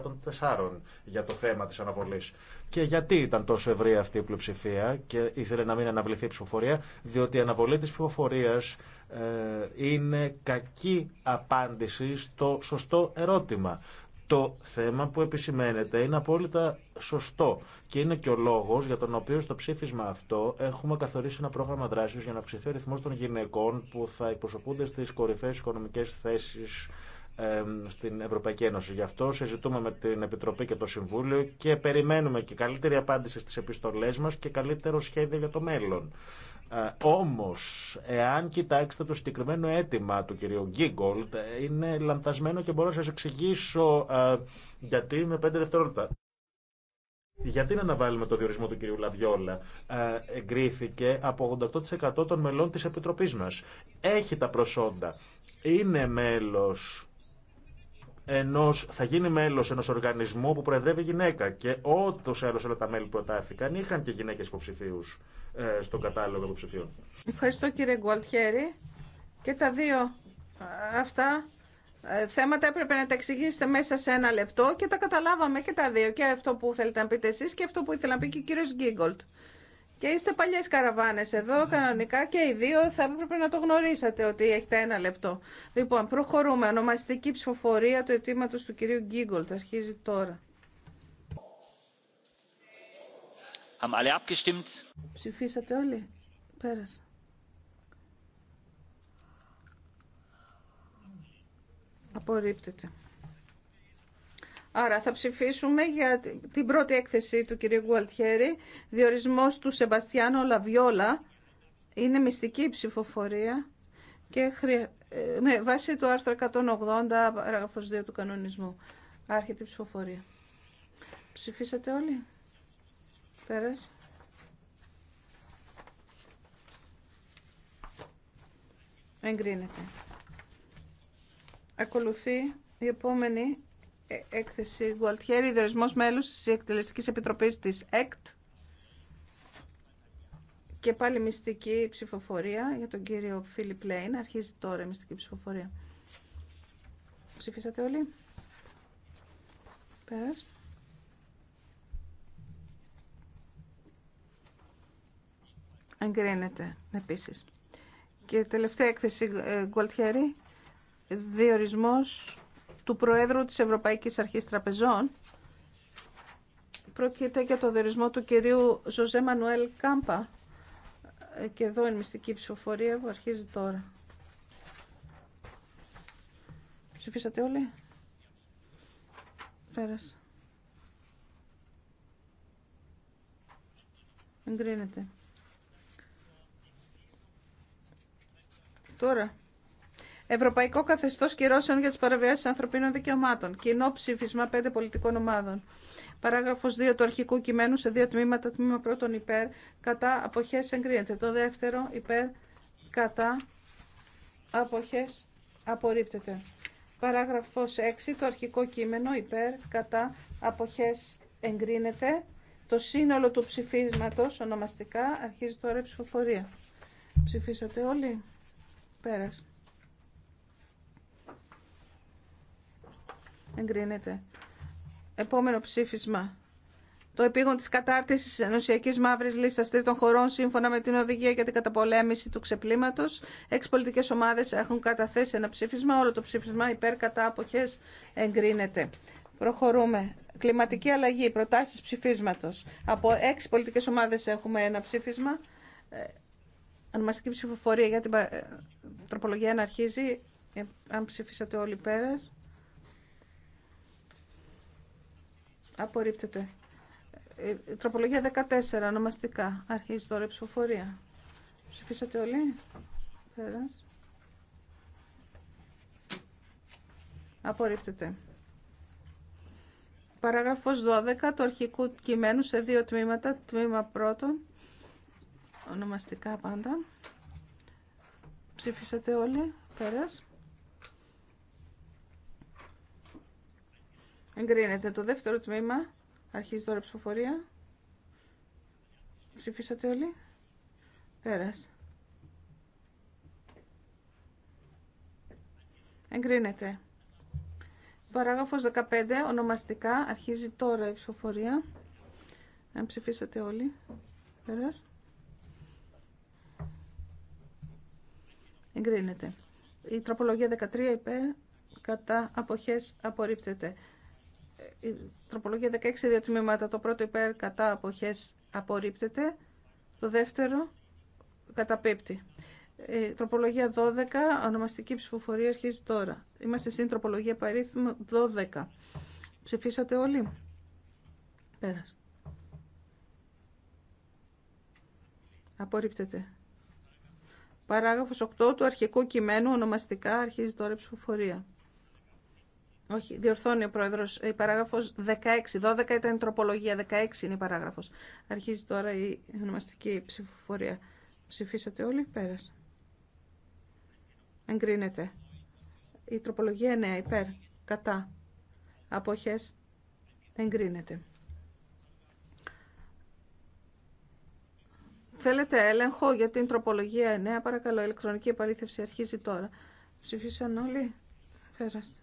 104 για το θέμα της αναβολής. Και γιατί ήταν τόσο ευρία αυτή η πλειοψηφία και ήθελε να μην αναβληθεί η ψηφοφορία, διότι η αναβολή της ψηφοφορίας ε, είναι κακή απάντηση στο σωστό ερώτημα. Το θέμα που επισημαίνεται είναι απόλυτα σωστό και είναι και ο λόγος για τον οποίο στο ψήφισμα αυτό έχουμε καθορίσει ένα πρόγραμμα δράσης για να αυξηθεί ο ρυθμός των γυναικών που θα εκπροσωπούνται στις κορυφαίε οικονομικές θέσει στην Ευρωπαϊκή Ένωση. Γι' αυτό συζητούμε με την Επιτροπή και το Συμβούλιο και περιμένουμε και καλύτερη απάντηση στις επιστολές μας και καλύτερο σχέδιο για το μέλλον. Ε, όμως, εάν κοιτάξετε το συγκεκριμένο αίτημα του κυρίου Γκίγκολτ, ε, είναι λανθασμένο και μπορώ να σας εξηγήσω ε, γιατί με πέντε δευτερόλεπτα. Γιατί να αναβάλουμε το διορισμό του κυρίου Λαβιόλα. εγκρίθηκε από 88% των μελών της Επιτροπής μας. Έχει τα προσόντα. Είναι μέλος ενός, θα γίνει μέλος ενός οργανισμού που προεδρεύει γυναίκα και ότως άλλως όλα τα μέλη προτάθηκαν είχαν και γυναίκες υποψηφίου. Ε, στον κατάλογο των ψηφίων. Ευχαριστώ κύριε Γκουαλτιέρη. Και τα δύο ε, αυτά ε, θέματα έπρεπε να τα εξηγήσετε μέσα σε ένα λεπτό και τα καταλάβαμε και τα δύο. Και αυτό που θέλετε να πείτε εσείς και αυτό που ήθελα να πει και ο κύριος Γκίγκολτ. Και είστε παλιέ καραβάνε εδώ, κανονικά και οι δύο θα έπρεπε να το γνωρίσατε ότι έχετε ένα λεπτό. Λοιπόν, προχωρούμε. Ονομαστική ψηφοφορία του αιτήματο του κυρίου Γκίγκολτ. Αρχίζει τώρα. Ψηφίσατε όλοι. Πέρασε. Απορρίπτεται. Άρα θα ψηφίσουμε για την πρώτη έκθεση του κυρίου Γουαλτιέρη, διορισμός του Σεμπαστιάνο Λαβιόλα. Είναι μυστική η ψηφοφορία και ε, με βάση το άρθρο 180 παράγραφος 2 του κανονισμού. Άρχεται η ψηφοφορία. Ψηφίσατε όλοι. Πέρας. Εγκρίνεται. Ακολουθεί η επόμενη ε, έκθεση Γουαλτιέρη, ιδρυσμός μέλους της Εκτελεστικής Επιτροπής της ΕΚΤ και πάλι μυστική ψηφοφορία για τον κύριο Φίλιπ Λέιν. Αρχίζει τώρα η μυστική ψηφοφορία. Ψηφίσατε όλοι. Πέρας. Εγκρίνεται επίση. Και τελευταία έκθεση, ε, Γκουαλτιέρη, διορισμός του Προέδρου της Ευρωπαϊκής Αρχής Τραπεζών. Πρόκειται για το διορισμό του κυρίου Ζωζέ Μανουέλ Κάμπα. Ε, και εδώ είναι μυστική ψηφοφορία που αρχίζει τώρα. Ψηφίσατε όλοι. Πέρασε. Εγκρίνεται. Τώρα, Ευρωπαϊκό καθεστώς κυρώσεων για τι παραβιάσεις ανθρωπίνων δικαιωμάτων. Κοινό ψήφισμα πέντε πολιτικών ομάδων. Παράγραφος 2 του αρχικού κειμένου σε δύο τμήματα. Τμήμα πρώτον υπέρ, κατά αποχές εγκρίνεται. Το δεύτερο υπέρ, κατά αποχές απορρίπτεται. Παράγραφος 6 το αρχικό κείμενο υπέρ, κατά απόχέ εγκρίνεται. Το σύνολο του ψηφίσματος ονομαστικά αρχίζει τώρα η ψηφοφορία. Ψηφίσατε όλοι. Εγκρίνεται. Επόμενο ψήφισμα. Το επίγον τη κατάρτιση ενωσιακή μαύρη λίστα τρίτων χωρών σύμφωνα με την οδηγία για την καταπολέμηση του ξεπλήματο. Έξι πολιτικέ ομάδε έχουν καταθέσει ένα ψήφισμα. Όλο το ψήφισμα υπέρ κατά αποχές εγκρίνεται. Προχωρούμε. Κλιματική αλλαγή. Προτάσει ψηφίσματο. Από έξι πολιτικέ ομάδε έχουμε ένα ψήφισμα. Ε, Ανομαστική ψηφοφορία για την ε, τροπολογία να αρχίζει. Ε, αν ψηφίσατε όλοι πέρας. Απορρίπτεται. Ε, η τροπολογία 14, ονομαστικά. Αρχίζει τώρα η ψηφοφορία. Ψηφίσατε όλοι. Πέρας. Απορρίπτεται. Παράγραφος 12 του αρχικού κειμένου σε δύο τμήματα. Τμήμα πρώτον ονομαστικά πάντα. Ψήφισατε όλοι, πέρας. Εγκρίνεται το δεύτερο τμήμα, αρχίζει τώρα η ψηφοφορία. Ψηφίσατε όλοι, πέρας. Εγκρίνεται. Παράγραφος 15, ονομαστικά, αρχίζει τώρα η ψηφοφορία. Αν ψηφίσατε όλοι, πέρας. εγκρίνεται. Η τροπολογία 13 υπέρ κατά αποχές απορρίπτεται. Η τροπολογία 16 δύο Το πρώτο υπέρ κατά αποχές απορρίπτεται. Το δεύτερο καταπίπτει. Η τροπολογία 12, ονομαστική ψηφοφορία αρχίζει τώρα. Είμαστε στην τροπολογία παρήθμου 12. Ψηφίσατε όλοι. Πέρασε. Απορρίπτεται. Παράγραφος 8 του αρχικού κειμένου ονομαστικά αρχίζει τώρα η ψηφοφορία. Όχι, διορθώνει ο πρόεδρος. Η παράγραφος 16, 12 ήταν η τροπολογία, 16 είναι η παράγραφος. Αρχίζει τώρα η ονομαστική ψηφοφορία. Ψηφίσατε όλοι, πέρασε. Εγκρίνεται. Η τροπολογία 9, υπέρ, κατά. Αποχές, εγκρίνεται. Θέλετε έλεγχο για την τροπολογία 9, παρακαλώ, ηλεκτρονική επαλήθευση αρχίζει τώρα. Ψηφίσαν όλοι. Πέρασε.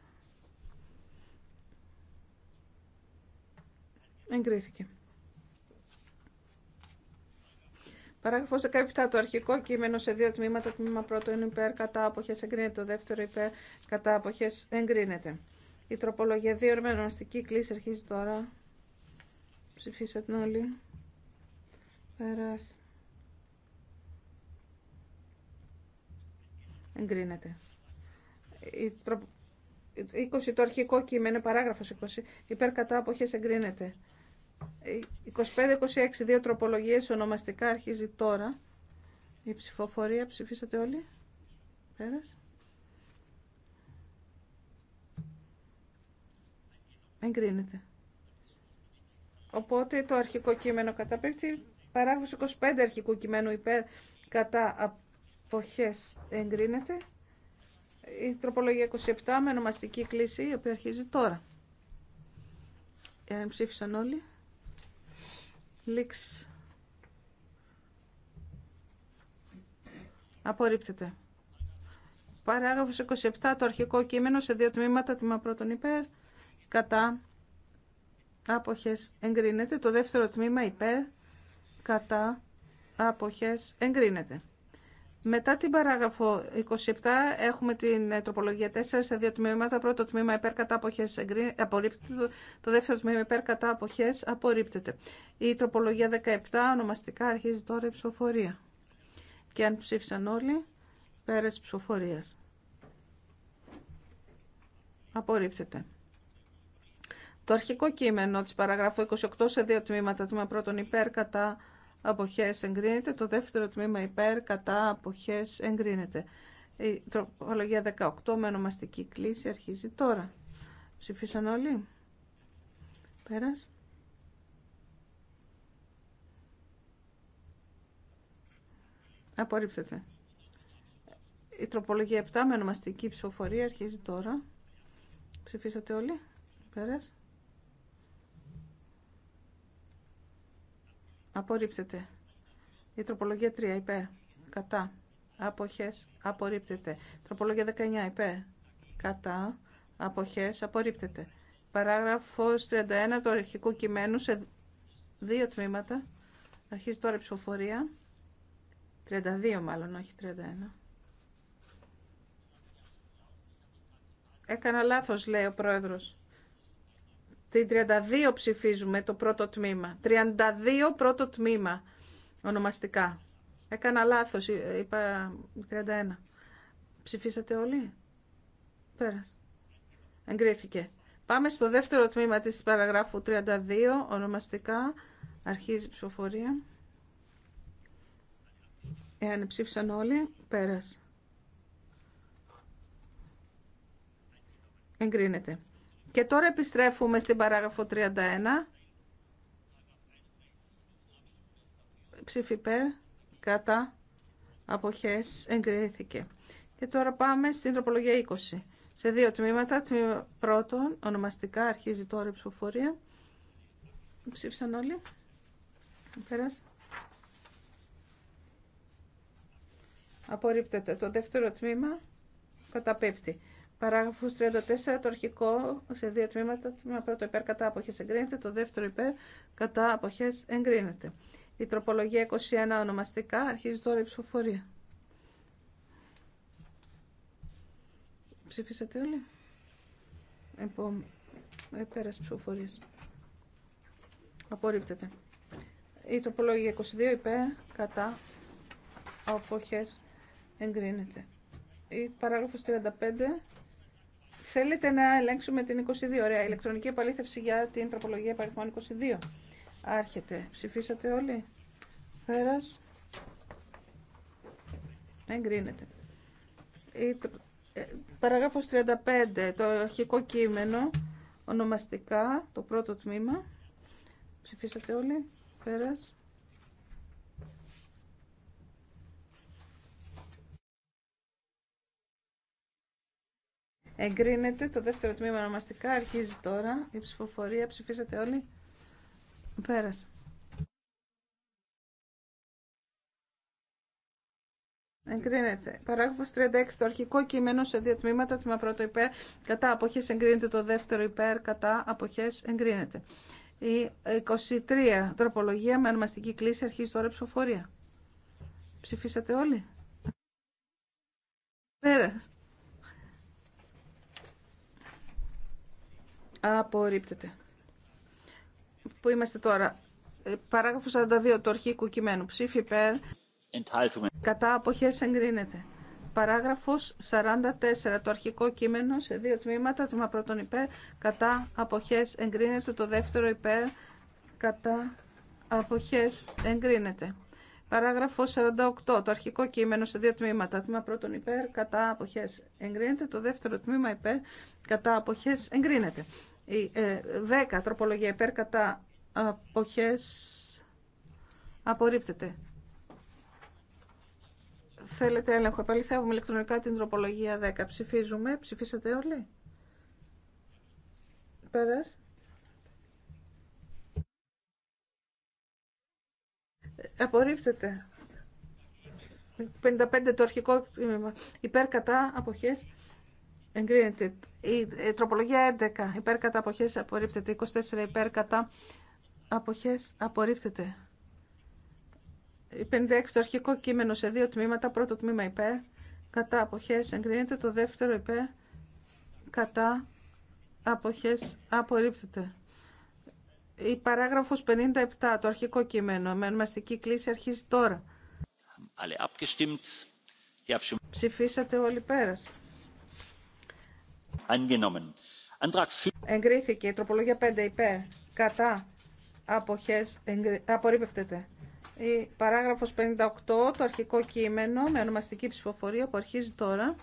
Εγκρίθηκε. Παράγραφος 17. Το αρχικό κείμενο σε δύο τμήματα. Το τμήμα πρώτο είναι υπέρ κατά αποχές εγκρίνεται. Το δεύτερο υπέρ κατά αποχές εγκρίνεται. Η τροπολογία 2 ερμενομαστική κλίση αρχίζει τώρα. Ψηφίσατε όλοι. Πέρασε. Εγκρίνεται. Η 20 το αρχικό κείμενο, παράγραφος 20, υπέρ κατά αποχές εγκρίνεται. 25-26, δύο τροπολογίες ονομαστικά αρχίζει τώρα. Η ψηφοφορία ψηφίσατε όλοι. Πέρας. Εγκρίνεται. Οπότε το αρχικό κείμενο καταπίπτει. Παράγραφος 25 αρχικού κειμένου υπέρ κατά αποχές εγκρίνεται. Η τροπολογία 27 με ονομαστική κλίση, η οποία αρχίζει τώρα. Εάν ψήφισαν όλοι. Λίξ. Απορρίπτεται. Παράγραφος 27, το αρχικό κείμενο σε δύο τμήματα, τμήμα πρώτον υπέρ, κατά, άποχες, εγκρίνεται. Το δεύτερο τμήμα υπέρ, κατά, άποχες, εγκρίνεται. Μετά την παράγραφο 27 έχουμε την ε, τροπολογία 4 σε δύο τμήματα. Πρώτο τμήμα υπέρ κατά αποχές απορρίπτεται, το δεύτερο τμήμα υπέρ κατά αποχές απορρίπτεται. Η τροπολογία 17 ονομαστικά αρχίζει τώρα η ψηφοφορία. Και αν ψήφισαν όλοι, πέρας ψηφοφορίας. Απορρίπτεται. Το αρχικό κείμενο της παραγράφου 28 σε δύο τμήματα, τμήμα πρώτον υπέρ κατά αποχές εγκρίνεται. Το δεύτερο τμήμα υπέρ, κατά, αποχές εγκρίνεται. Η τροπολογία 18 με ονομαστική κλίση αρχίζει τώρα. Ψηφίσαν όλοι. Πέρας. Απορρίπτεται. Η τροπολογία 7 με ονομαστική ψηφοφορία αρχίζει τώρα. Ψηφίσατε όλοι. Πέρας. απορρίπτεται. Η τροπολογία 3 υπέρ, κατά, αποχές, απορρίπτεται. Τροπολογία 19 υπέρ, κατά, αποχές, απορρίπτεται. Παράγραφος 31 του αρχικού κειμένου σε δύο τμήματα. Αρχίζει τώρα η ψηφοφορία. 32 μάλλον, όχι 31. Έκανα λάθος, λέει ο πρόεδρος. Στην 32 ψηφίζουμε το πρώτο τμήμα. 32 πρώτο τμήμα ονομαστικά. Έκανα λάθος, είπα 31. Ψηφίσατε όλοι. Πέρασε. Εγκρίθηκε. Πάμε στο δεύτερο τμήμα της παραγράφου 32, ονομαστικά. Αρχίζει η ψηφοφορία. Εάν ψήφισαν όλοι, πέρασε. Εγκρίνεται. Και τώρα επιστρέφουμε στην παράγραφο 31. Ψήφι κατά, αποχές, εγκρίθηκε. Και τώρα πάμε στην τροπολογία 20. Σε δύο τμήματα. Τμήμα πρώτον, ονομαστικά, αρχίζει τώρα η ψηφοφορία. Ψήφισαν όλοι. Πέρασε. Απορρίπτεται. Το δεύτερο τμήμα καταπέφτει. Παράγραφο 34, το αρχικό σε δύο τμήματα, το τμήμα πρώτο υπέρ κατά αποχέ εγκρίνεται, το δεύτερο υπέρ κατά αποχέ εγκρίνεται. Η τροπολογία 21 ονομαστικά αρχίζει τώρα η ψηφοφορία. Ψήφισατε όλοι. Επόμενη. Πέρασε ψηφοφορία. Απορρίπτεται. Η τροπολογία 22 υπέρ κατά αποχές εγκρίνεται. Η παράγραφος 35 Θέλετε να ελέγξουμε την 22, ωραία, ηλεκτρονική επαλήθευση για την τροπολογία παριθμών 22. Άρχεται. Ψηφίσατε όλοι. Πέρας. Εγκρίνεται. Η, ε, παραγράφος 35, το αρχικό κείμενο, ονομαστικά, το πρώτο τμήμα. Ψηφίσατε όλοι. Πέρας. Εγκρίνεται το δεύτερο τμήμα ονομαστικά. Αρχίζει τώρα η ψηφοφορία. Ψηφίσατε όλοι. Πέρασε. Εγκρίνεται. Παράγραφος 36. Το αρχικό κείμενο σε δύο τμήματα. Τμήμα πρώτο υπέρ. Κατά αποχές εγκρίνεται. Το δεύτερο υπέρ. Κατά αποχές εγκρίνεται. Η 23. Τροπολογία με ονομαστική κλίση. Αρχίζει τώρα η ψηφοφορία. Ψηφίσατε όλοι. Πέρασε. Απορρίπτεται. Πού είμαστε τώρα. Ε, Παράγραφο 42 του αρχικού κειμένου. Ψήφι υπέρ. Κατά αποχές εγκρίνεται. Παράγραφο 44. Το αρχικό κείμενο σε δύο τμήματα. Τμήμα πρώτον υπέρ. Κατά αποχές εγκρίνεται. Το δεύτερο υπέρ. Κατά απόχέ. εγκρίνεται. Παράγραφο 48. Το αρχικό κείμενο σε δύο τμήματα. Τμήμα πρώτον υπέρ. Κατά αποχές εγκρίνεται. Το δεύτερο τμήμα υπέρ. Κατά αποχές εγκρίνεται. Ε, δέκα 10 τροπολογία υπέρ κατά αποχές απορρίπτεται. Θέλετε έλεγχο. Επαληθεύουμε ηλεκτρονικά την τροπολογία 10. Ψηφίζουμε. Ψηφίσατε όλοι. Πέρας. Απορρίπτεται. 55 το αρχικό τμήμα. Υπέρ κατά αποχές Εγκρίνεται. Η ε, τροπολογία 11 υπέρ κατά αποχές απορρίπτεται. 24 υπέρ κατά αποχές απορρίπτεται. Η 56 το αρχικό κείμενο σε δύο τμήματα. Πρώτο τμήμα υπέρ κατά αποχές εγκρίνεται. Το δεύτερο υπέρ κατά αποχές απορρίπτεται. Η παράγραφος 57 το αρχικό κείμενο με ονομαστική κλίση αρχίζει τώρα. Ψηφίσατε όλοι πέρα. Εγκρίθηκε η τροπολογία 5 υπέ. Κατά. Αποχές. Εγκρι... Η παράγραφος 58, το αρχικό κείμενο με ονομαστική ψηφοφορία που αρχίζει τώρα.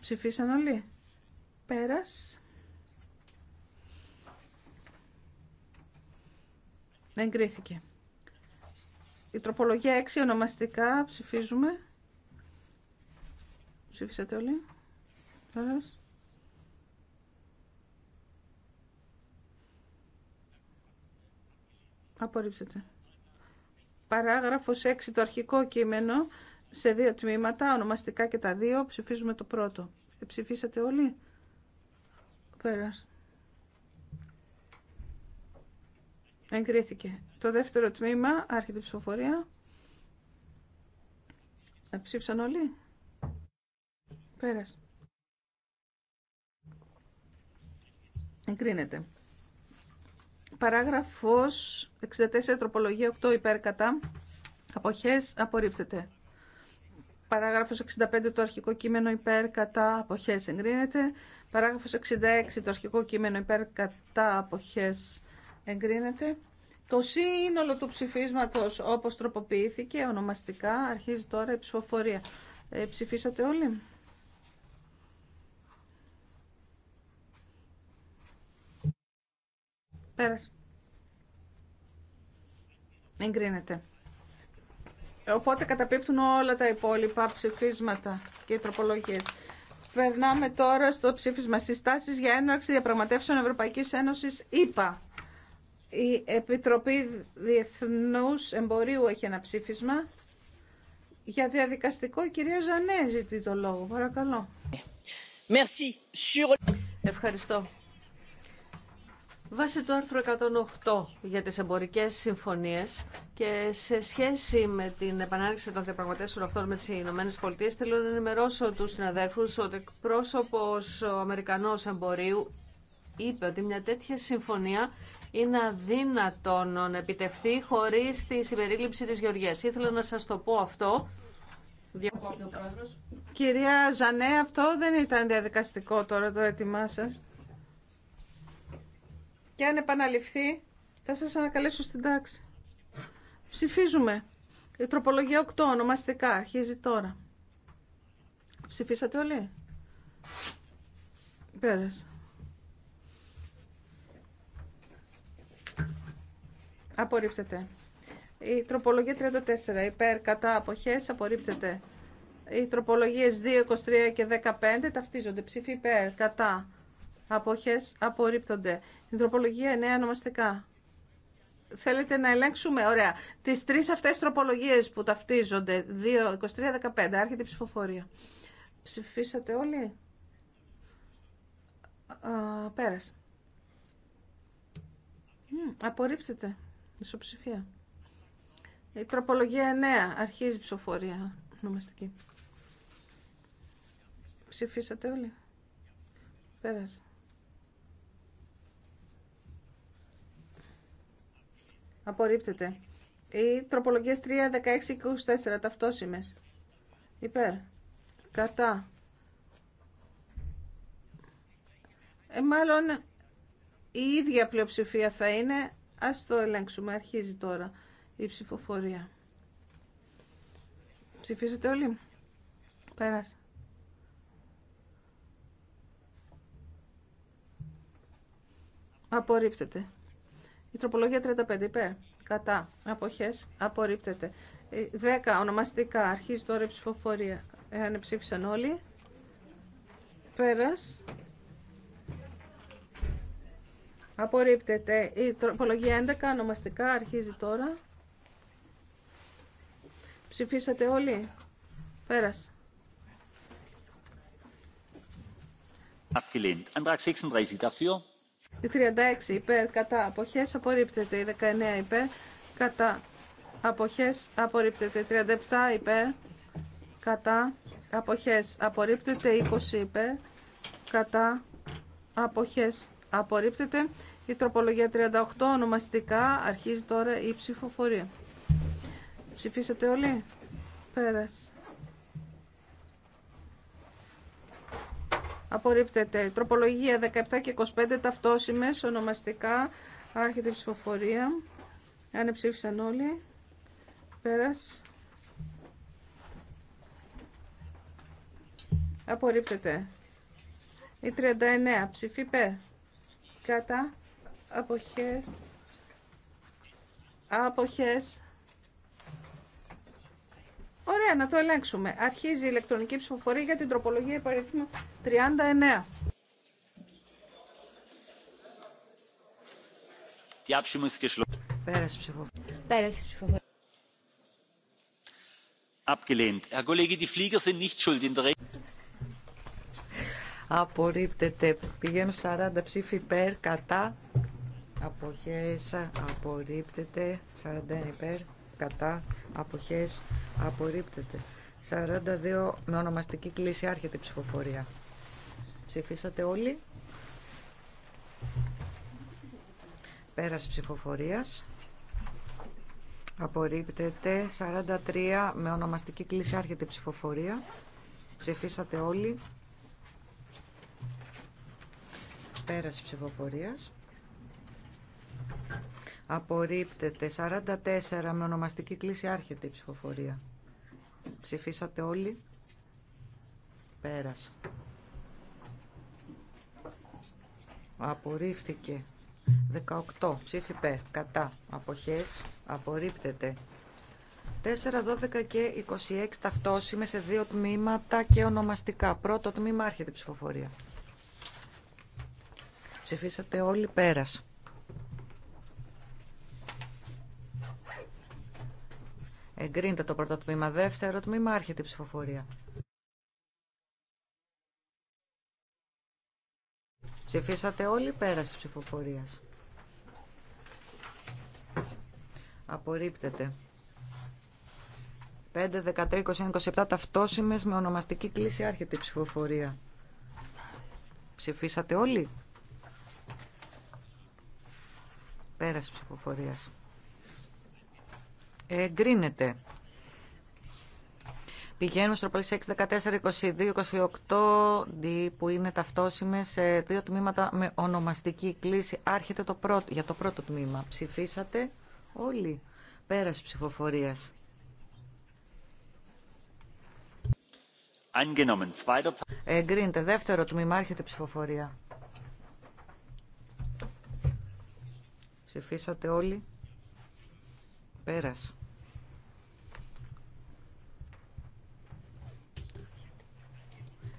Ψηφίσαν όλοι. Πέρας. Εγκρίθηκε. Η τροπολογία 6 ονομαστικά ψηφίζουμε. Ψήφισατε όλοι. Πέρας. Απορρίψετε. Παράγραφος 6, το αρχικό κείμενο, σε δύο τμήματα, ονομαστικά και τα δύο, ψηφίζουμε το πρώτο. Ε, ψηφίσατε όλοι. Πέρας. Εγκρίθηκε. Το δεύτερο τμήμα, άρχεται ψηφοφορία. Ε, ψήφισαν όλοι. Πέρας. Εγκρίνεται. Παράγραφος 64 τροπολογία 8 υπέρ κατά. Αποχές απορρίπτεται. Παράγραφος 65 το αρχικό κείμενο υπέρκατα αποχές εγκρίνεται. Παράγραφος 66 το αρχικό κείμενο υπέρκατα αποχές εγκρίνεται. Το σύνολο του ψηφίσματος όπως τροποποιήθηκε ονομαστικά αρχίζει τώρα η ψηφοφορία. Ε, ψηφίσατε όλοι. Πέρας. Εγκρίνεται. Οπότε καταπίπτουν όλα τα υπόλοιπα ψηφίσματα και τροπολογίε. τροπολογίες. Περνάμε τώρα στο ψήφισμα συστάσεις για έναρξη διαπραγματεύσεων Ευρωπαϊκή Ένωση, ΕΠΑ. Η Επιτροπή Διεθνού Εμπορίου έχει ένα ψήφισμα. Για διαδικαστικό η κυρία Ζανέ ζητεί το λόγο. Παρακαλώ. Ευχαριστώ. Βάσει του άρθρου 108 για τις εμπορικές συμφωνίες και σε σχέση με την επανάληψη των διαπραγματεύσεων αυτών με τις Ηνωμένες Πολιτείες θέλω να ενημερώσω τους συναδέρφους ότι πρόσωπος ο Αμερικανός εμπορίου είπε ότι μια τέτοια συμφωνία είναι αδύνατον να επιτευχθεί χωρίς τη συμπερίληψη της Γεωργίας. Ήθελα να σας το πω αυτό. Κυρία Ζανέ, αυτό δεν ήταν διαδικαστικό τώρα το έτοιμά σας. Και αν επαναληφθεί, θα σας ανακαλέσω στην τάξη. Ψηφίζουμε. Η τροπολογία 8, ονομαστικά, αρχίζει τώρα. Ψηφίσατε όλοι. Πέρασε. Απορρίπτεται. Η τροπολογία 34, υπέρ, κατά, αποχές, απορρίπτεται. Οι τροπολογίες 2, 23 και 15 ταυτίζονται. Ψήφι υπέρ, κατά, Αποχές απορρίπτονται. Η τροπολογία 9 ονομαστικά. Θέλετε να ελέγξουμε, ωραία, τις τρεις αυτές τροπολογίες που ταυτίζονται, 2, 23, 15, άρχεται η ψηφοφορία. Ψηφίσατε όλοι. Α, πέρασε. Mm, απορρίπτεται. Ισοψηφία. Η τροπολογία 9. Αρχίζει η ψηφοφορία νομαστική. Ψηφίσατε όλοι. Πέρασε. Απορρίπτεται. Η τροπολογίες 3, 16, 24 ταυτόσημες. Υπέρ. Κατά. Ε, μάλλον η ίδια πλειοψηφία θα είναι. Ας το ελέγξουμε. Αρχίζει τώρα η ψηφοφορία. Ψηφίζετε όλοι. Πέρασε. Απορρίπτεται. Η τροπολογία 35 υπέρ. Κατά. Αποχές. Απορρίπτεται. 10 ε, ονομαστικά. Αρχίζει τώρα η ψηφοφορία. Εάν ψήφισαν όλοι. Πέρας. Απορρίπτεται. Η τροπολογία 11 ονομαστικά. Αρχίζει τώρα. Ψηφίσατε όλοι. Πέρας. Abgelehnt. Antrag 36 dafür. Η 36 υπέρ κατά αποχές απορρίπτεται. Η 19 υπέρ κατά αποχές απορρίπτεται. Η 37 υπέρ κατά αποχές απορρίπτεται. Η 20 υπέρ κατά αποχές απορρίπτεται. Η τροπολογία 38 ονομαστικά αρχίζει τώρα η ψηφοφορία. Ψηφίσατε όλοι. Πέρασε. Απορρίπτεται. Τροπολογία 17 και 25 ταυτόσημες ονομαστικά. Άρχεται η ψηφοφορία. Αν ψήφισαν όλοι. Πέρας. Απορρίπτεται. Η 39 ψηφίπε. Κατά. Αποχές. Αποχές. Ωραία, να το ελέγξουμε. Αρχίζει η ηλεκτρονική ψηφοφορία για την τροπολογία υπαριθμού 39. Die Πέρασε ψηφοφορία. Πέρασε ψηφοφορία. Abgelehnt. Herr Kollege, die Flieger sind nicht Απορρίπτεται. Πηγαίνουν 40 ψήφοι υπέρ, κατά. Αποχέσα. Απορρίπτεται. 41 υπέρ κατά αποχές απορρίπτεται 42 με ονομαστική κλίση άρχεται η ψηφοφορία ψηφίσατε όλοι πέρας ψηφοφορίας απορρίπτεται 43 με ονομαστική κλίση άρχεται η ψηφοφορία ψηφίσατε όλοι πέρας ψηφοφορίας απορρίπτεται. 44 με ονομαστική κλίση άρχεται η ψηφοφορία. Ψηφίσατε όλοι. Πέρασε. Απορρίφθηκε. 18. Ψήφι Κατά. Αποχές. Απορρίπτεται. 4, 12 και 26 ταυτόσιμε σε δύο τμήματα και ονομαστικά. Πρώτο τμήμα άρχεται η ψηφοφορία. Ψηφίσατε όλοι Πέρασε. Εγκρίνεται το πρώτο τμήμα. Δεύτερο τμήμα, άρχεται η ψηφοφορία. Ψηφίσατε όλοι πέραση όλοι ψηφοφορια Απορρίπτεται. 5, 13, 27 ταυτόσημες με ονομαστική κλίση άρχεται η ψηφοφορία. Ψηφίσατε όλοι. Πέραση ψηφοφορία Εγκρίνεται. Πηγαίνουμε στο πλαίσιο 6, 14, 22, 28, που είναι ταυτόσιμε σε δύο τμήματα με ονομαστική κλίση. Άρχεται το πρώτο, για το πρώτο τμήμα. Ψηφίσατε όλοι. Πέρας ψηφοφορίας. Εγκρίνεται. Δεύτερο τμήμα. Άρχεται ψηφοφορία. Ψηφίσατε όλοι. Πέρας.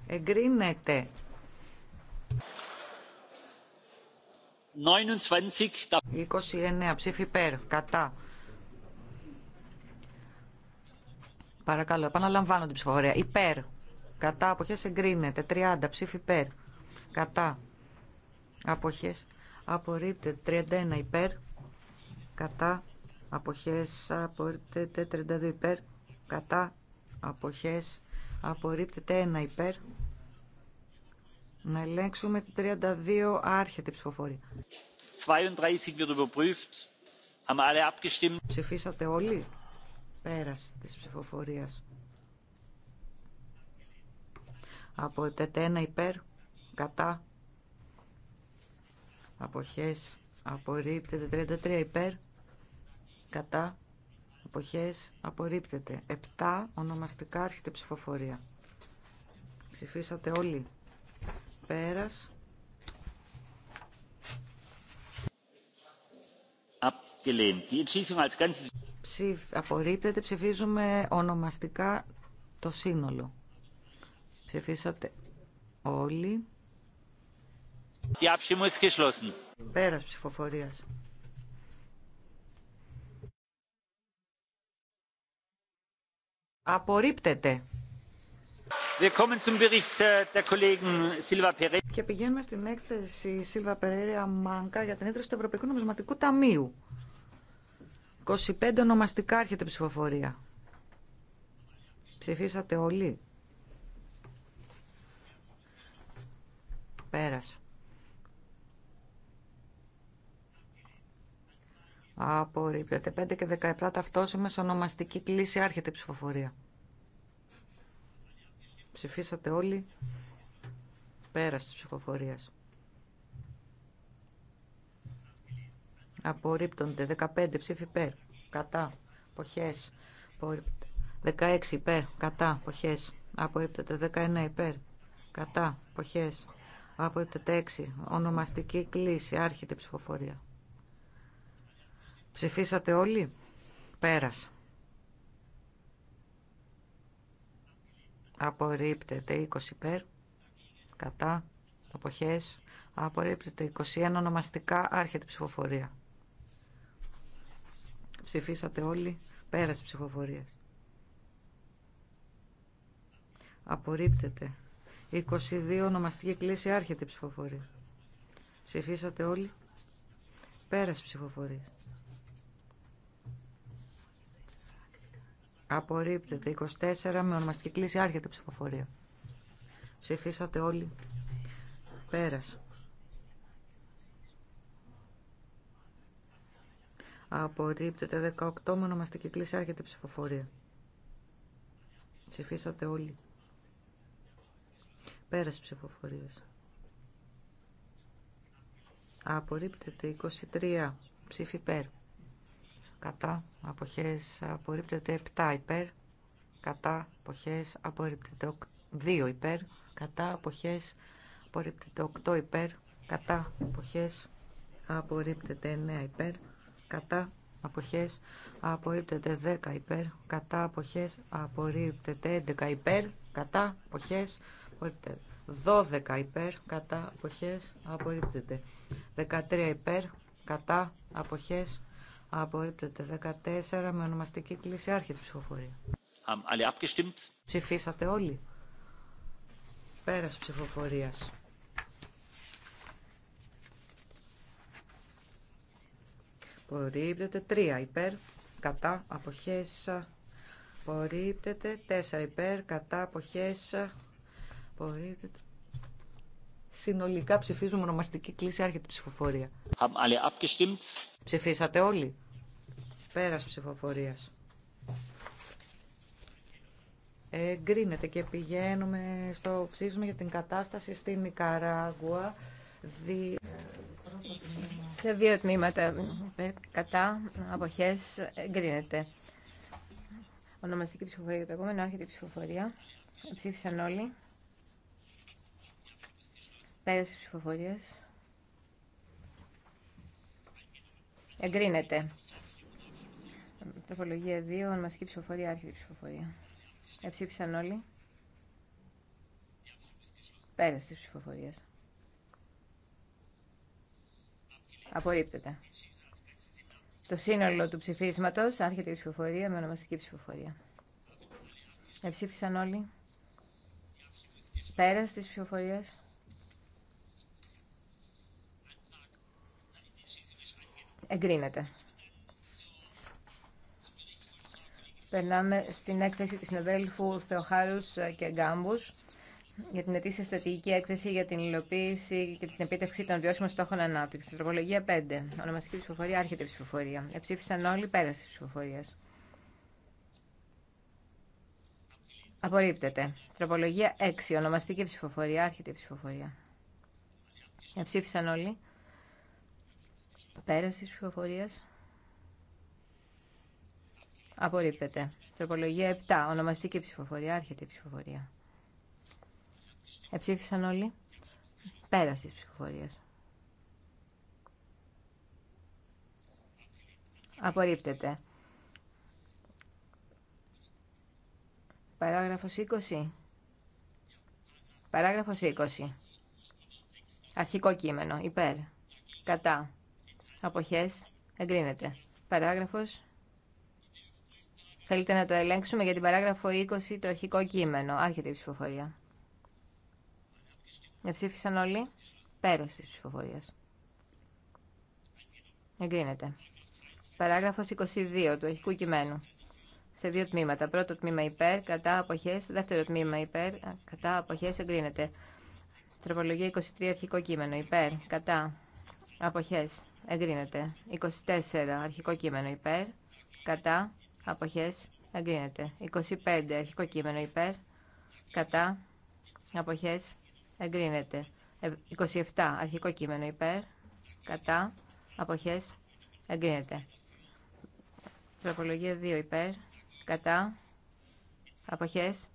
Εγκρίνεται. 29 ψήφι υπέρ. Κατά. Παρακαλώ, επαναλαμβάνω την ψηφοφορία. Υπέρ. Κατά. Αποχές εγκρίνεται. 30 ψήφι υπέρ. Κατά. Αποχές απορρίπτεται. 31 υπέρ. Κατά. Αποχές απορρίπτεται. 32 υπέρ. Κατά. Αποχές Απορρίπτεται ένα υπέρ. Να ελέγξουμε τη 32 άρχεται ψηφοφορία. 32 wird überprüft. Haben alle abgestimmt. Ψηφίσατε όλοι. Πέρας της ψηφοφορίας. Απορρίπτεται ένα υπέρ. Κατά. Αποχές. Απορρίπτεται 33 υπέρ. Κατά εποχές απορρίπτεται. Επτά ονομαστικά άρχεται ψηφοφορία. Ψηφίσατε όλοι. Πέρας. Ψηφ, απορρίπτεται. Ψηφίζουμε ονομαστικά το σύνολο. Ψηφίσατε όλοι. Die Abstimmung ist geschlossen. Πέρας ψηφοφορίας. Απορρίπτεται. Äh, Και πηγαίνουμε στην έκθεση Σίλβα Περέρια Μάνκα για την ίδρυση του Ευρωπαϊκού Νομισματικού Ταμείου. 25 ονομαστικά έρχεται ψηφοφορία. Ψηφίσατε όλοι. Πέρασε. Απορρίπτεται. 5 και 17 ταυτόσημες ονομαστική κλίση άρχεται η ψηφοφορία. Ψηφίσατε όλοι. Πέραση τη ψηφοφορίας. Απορρίπτονται. 15 ψήφι υπέρ. Κατά. Ποχές. 16 υπέρ. Κατά. Ποχές. Απορρίπτεται. 19 υπέρ. Κατά. ποχέ. Απορρίπτεται. 6. Ονομαστική κλίση. Άρχεται η ψηφοφορία. Ψηφίσατε όλοι. Πέρας. Απορρίπτεται 20 πέρ; Κατά. Αποχές. Απορρίπτεται 21 ονομαστικά. Άρχεται ψηφοφορία. Ψηφίσατε όλοι. Πέρας ψηφοφορία. Απορρίπτεται. 22 ονομαστική κλίση. Άρχεται ψηφοφορία. Ψηφίσατε όλοι. Πέρας ψηφοφορία. Απορρίπτεται. 24 με ονομαστική κλίση άρχεται ψηφοφορία. Ψηφίσατε όλοι. Πέρας. Απορρίπτεται. 18 με ονομαστική κλίση άρχεται ψηφοφορία. Ψηφίσατε όλοι. Πέρας ψηφοφορίας. Απορρίπτεται. 23 ψήφι πέρα κατά αποχές απορρίπτεται 7 υπέρ κατά αποχές απορρίπτεται 2 υπέρ κατά αποχές απορρίπτεται 8 υπέρ κατά αποχές απορρίπτεται 9 υπέρ κατά αποχές απορρίπτεται 10 υπέρ κατά αποχές απορρίπτεται 11 υπέρ κατά αποχές απορρίπτεται 12 υπέρ κατά αποχές απορρίπτεται 13 υπέρ κατά αποχές Απορρίπτεται 14 με ονομαστική κλίση άρχεται ψηφοφορία. Ψηφίσατε όλοι. Πέρασε ψηφοφορία. Απορρίπτεται 3 υπέρ, κατά, αποχές. Απορρίπτεται 4 υπέρ, κατά, αποχές. Απορρίπτεται. Συνολικά ψηφίζουμε ονομαστική κλίση άρχεται ψηφοφορία. Ψηφίσατε όλοι. Πέρας ψηφοφορίας. Εγκρίνεται και πηγαίνουμε στο ψήφισμα για την κατάσταση στην Νικαράγουα. Δι... Σε δύο τμήματα, ε, κατά, αποχές, εγκρίνεται. Ονομαστική ψηφοφορία για το επόμενο, άρχεται η ψηφοφορία. Ψήφισαν όλοι. Πέρασε τις ψηφοφορίας. Εγκρίνεται. Τροπολογία 2, ονομαστική ψηφοφορία, άρχιτη ψηφοφορία. Εψήφισαν όλοι. Πέρασε τη ψηφοφορία. Απορρίπτεται. Το σύνολο του ψηφίσματο. άρχεται ψηφοφορία με ονομαστική ψηφοφορία. Εψήφισαν όλοι. Πέρασε τη ψηφοφορία. Εγκρίνεται. Περνάμε στην έκθεση της συναδέλφου Θεοχάρου και Γκάμπους για την ετήσια στρατηγική έκθεση για την υλοποίηση και την επίτευξη των βιώσιμων στόχων ανάπτυξη. Τροπολογία 5. Ονομαστική ψηφοφορία, άρχεται η ψηφοφορία. Εψήφισαν όλοι πέραση ψηφοφορία. Απορρίπτεται. Τροπολογία 6. Ονομαστική ψηφοφορία, άρχεται ψηφοφορία. Εψήφισαν όλοι. Πέραση ψηφοφορία. Απορρίπτεται. Τροπολογία 7. Ονομαστική ψηφοφορία. Άρχεται η ψηφοφορία. Εψήφισαν όλοι. Πέρα τη ψηφοφορία. Απορρίπτεται. Παράγραφος 20. Παράγραφος 20. Αρχικό κείμενο. Υπέρ. Κατά. Αποχές. Εγκρίνεται. Παράγραφος Θέλετε να το ελέγξουμε για την παράγραφο 20 το αρχικό κείμενο. Άρχεται η ψηφοφορία. Εψήφισαν όλοι. Πέρασε τη ψηφοφορία. Εγκρίνεται. Παράγραφο 22 του αρχικού κειμένου. Σε δύο τμήματα. Πρώτο τμήμα υπέρ, κατά αποχέ. Δεύτερο τμήμα υπέρ, κατά απόχέ Εγκρίνεται. Τροπολογία 23 αρχικό κείμενο. Υπέρ, κατά Αποχέ. Εγκρίνεται. 24 αρχικό κείμενο. Υπέρ, κατά αποχές εγκρίνεται. 25 αρχικό κείμενο υπέρ, κατά, αποχές εγκρίνεται. 27 ε, αρχικό κείμενο υπέρ, κατά, αποχές εγκρίνεται. Τροπολογία 2 υπέρ, κατά, αποχές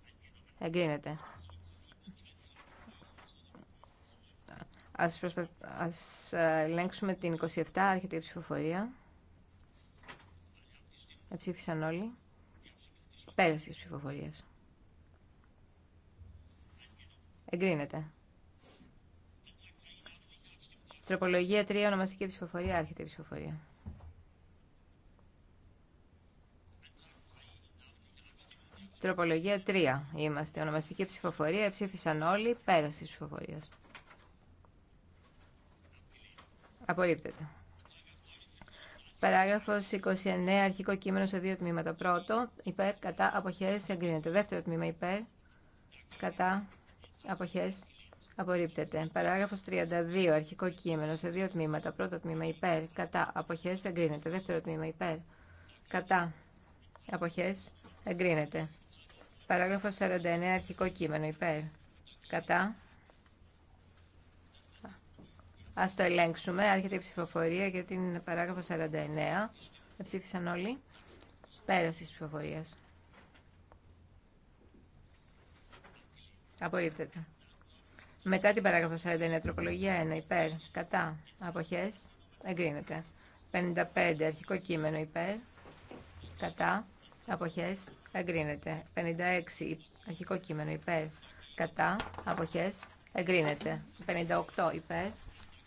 εγκρίνεται. Ας, προσπα... Ας ε, ελέγξουμε την 27 άρχεται η ψηφοφορία. Εψήφισαν όλοι. Πέρασε τη ψηφοφορία. Εγκρίνεται. Τροπολογία 3, ονομαστική ψηφοφορία, άρχεται η ψηφοφορία. Τροπολογία 3 είμαστε. Ονομαστική ψηφοφορία. Ψήφισαν όλοι. πέρασε τη ψηφοφορία. Απορρίπτεται. Παράγραφος 29, αρχικό κείμενο σε δύο τμήματα. Πρώτο, υπέρ, κατά, αποχές, εγκρίνεται. Δεύτερο τμήμα, υπέρ, κατά, αποχές, απορρίπτεται. Παράγραφος 32, αρχικό κείμενο σε δύο τμήματα. Πρώτο τμήμα, υπέρ, κατά, αποχές, εγκρίνεται. Δεύτερο τμήμα, υπέρ, κατά, αποχές, εγκρίνεται. Παράγραφος 49, αρχικό κείμενο, υπέρ, κατά, Ας το ελέγξουμε. Άρχεται η ψηφοφορία για την παράγραφο 49. Ψήφισαν όλοι. Πέρα τη ψηφοφορία. Απορρίπτεται. Μετά την παράγραφο 49, τροπολογία 1, υπέρ, κατά, αποχές, εγκρίνεται. 55, αρχικό κείμενο, υπέρ, κατά, αποχές, εγκρίνεται. 56, αρχικό κείμενο, υπέρ, κατά, αποχές, εγκρίνεται. 58, υπέρ,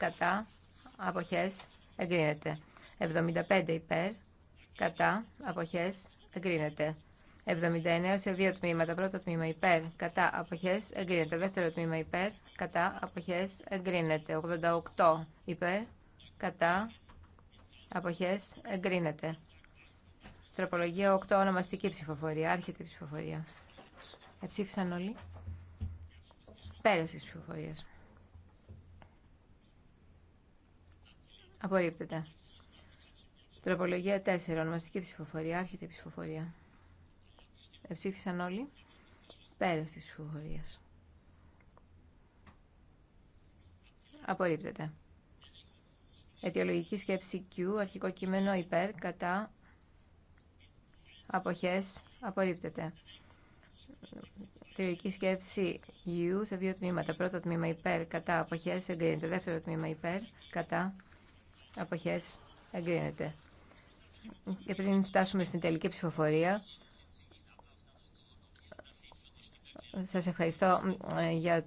κατά, αποχές, εγκρίνεται. 75 υπέρ, κατά, αποχές, εγκρίνεται. 79 σε δύο τμήματα. Πρώτο τμήμα υπέρ, κατά, αποχές, εγκρίνεται. Δεύτερο τμήμα υπέρ, κατά, αποχές, εγκρίνεται. 88 υπέρ, κατά, αποχές, εγκρίνεται. Τροπολογία 8, ονομαστική ψηφοφορία. Άρχεται η ψηφοφορία. Εψήφισαν όλοι. Πέρασε τη ψηφοφορία. Απορρίπτεται. Τροπολογία 4. Ονομαστική ψηφοφορία. Άρχεται η ψηφοφορία. Εψήφισαν όλοι. Πέρα τη ψηφοφορία. Απορρίπτεται. Αιτιολογική σκέψη Q. Αρχικό κείμενο υπέρ. Κατά. Αποχές. Απορρίπτεται. Αιτιολογική σκέψη U σε δύο τμήματα. Πρώτο τμήμα υπέρ. Κατά. Αποχές. Εγκρίνεται. Δεύτερο τμήμα υπέρ. Κατά αποχές εγκρίνεται. Και πριν φτάσουμε στην τελική ψηφοφορία, σας ευχαριστώ ε, για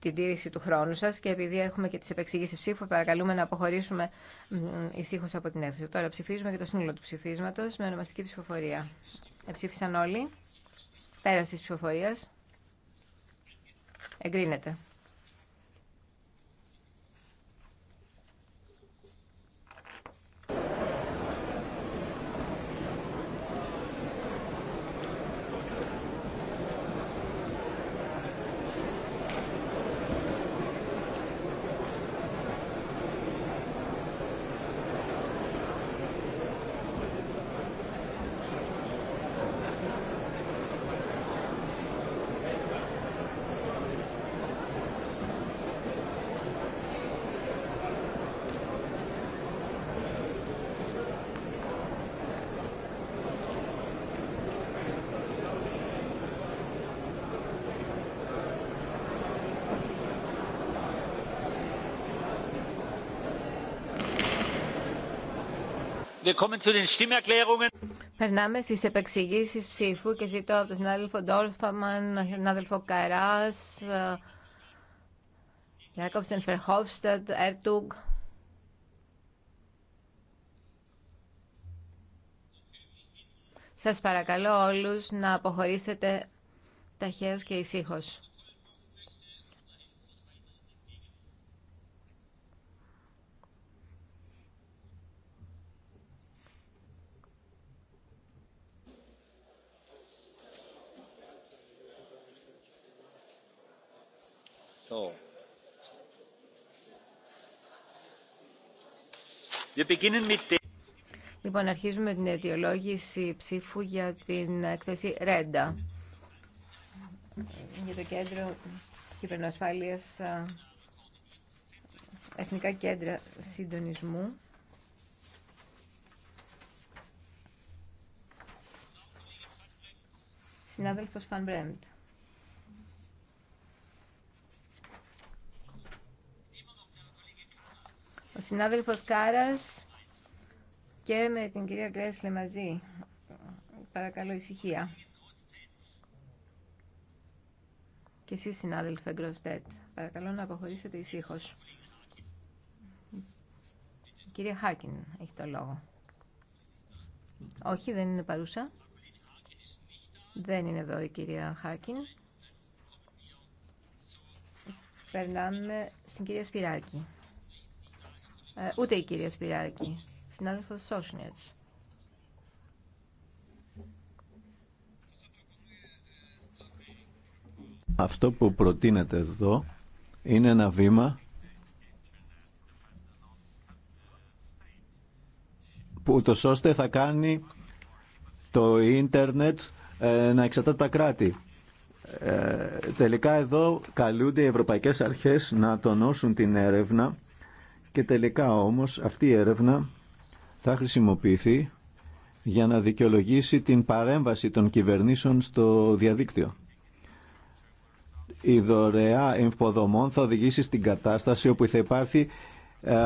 την τήρηση του χρόνου σας και επειδή έχουμε και τις επεξηγήσεις ψήφου, παρακαλούμε να αποχωρήσουμε ε, ησύχως από την αίθουσα. Τώρα ψηφίζουμε και το σύνολο του ψηφίσματος με ονομαστική ψηφοφορία. Εψήφισαν όλοι. Πέραση της ψηφοφορίας. Εγκρίνεται. Περνάμε στις επεξηγήσεις ψήφου και ζητώ από τον συνάδελφο Ντόρφαμαν, τον συνάδελφο Καρά, ε, Ιάκοψεν Φερχόφστατ, Ερτούγκ. Σας παρακαλώ όλους να αποχωρήσετε ταχαίως και ησύχως. Λοιπόν, αρχίζουμε την αιτιολόγηση ψήφου για την έκθεση ΡΕΝΤΑ για το Κέντρο Κυβερνοασφάλειας Εθνικά Κέντρα Συντονισμού. Συνάδελφος Φαν Μπρέμπτ. ο συνάδελφος Κάρας και με την κυρία Γκρέσλε μαζί. Παρακαλώ ησυχία. Και εσείς συνάδελφε Γκροστέτ, παρακαλώ να αποχωρήσετε ησύχως. Η κυρία Χάρκιν έχει το λόγο. Όχι, δεν είναι παρούσα. Δεν είναι εδώ η κυρία Χάρκιν. Περνάμε στην κυρία Σπυράκη. Ε, ούτε η κυρία Σπυράκη. Συνάδελφος Σόσνιετς. Αυτό που προτείνεται εδώ είναι ένα βήμα που το ώστε θα κάνει το ίντερνετ ε, να εξαρτάται τα κράτη. Ε, τελικά εδώ καλούνται οι ευρωπαϊκές αρχές να τονώσουν την έρευνα και τελικά όμως αυτή η έρευνα θα χρησιμοποιηθεί για να δικαιολογήσει την παρέμβαση των κυβερνήσεων στο διαδίκτυο. Η δωρεά εμποδομών θα οδηγήσει στην κατάσταση όπου θα υπάρχει ε,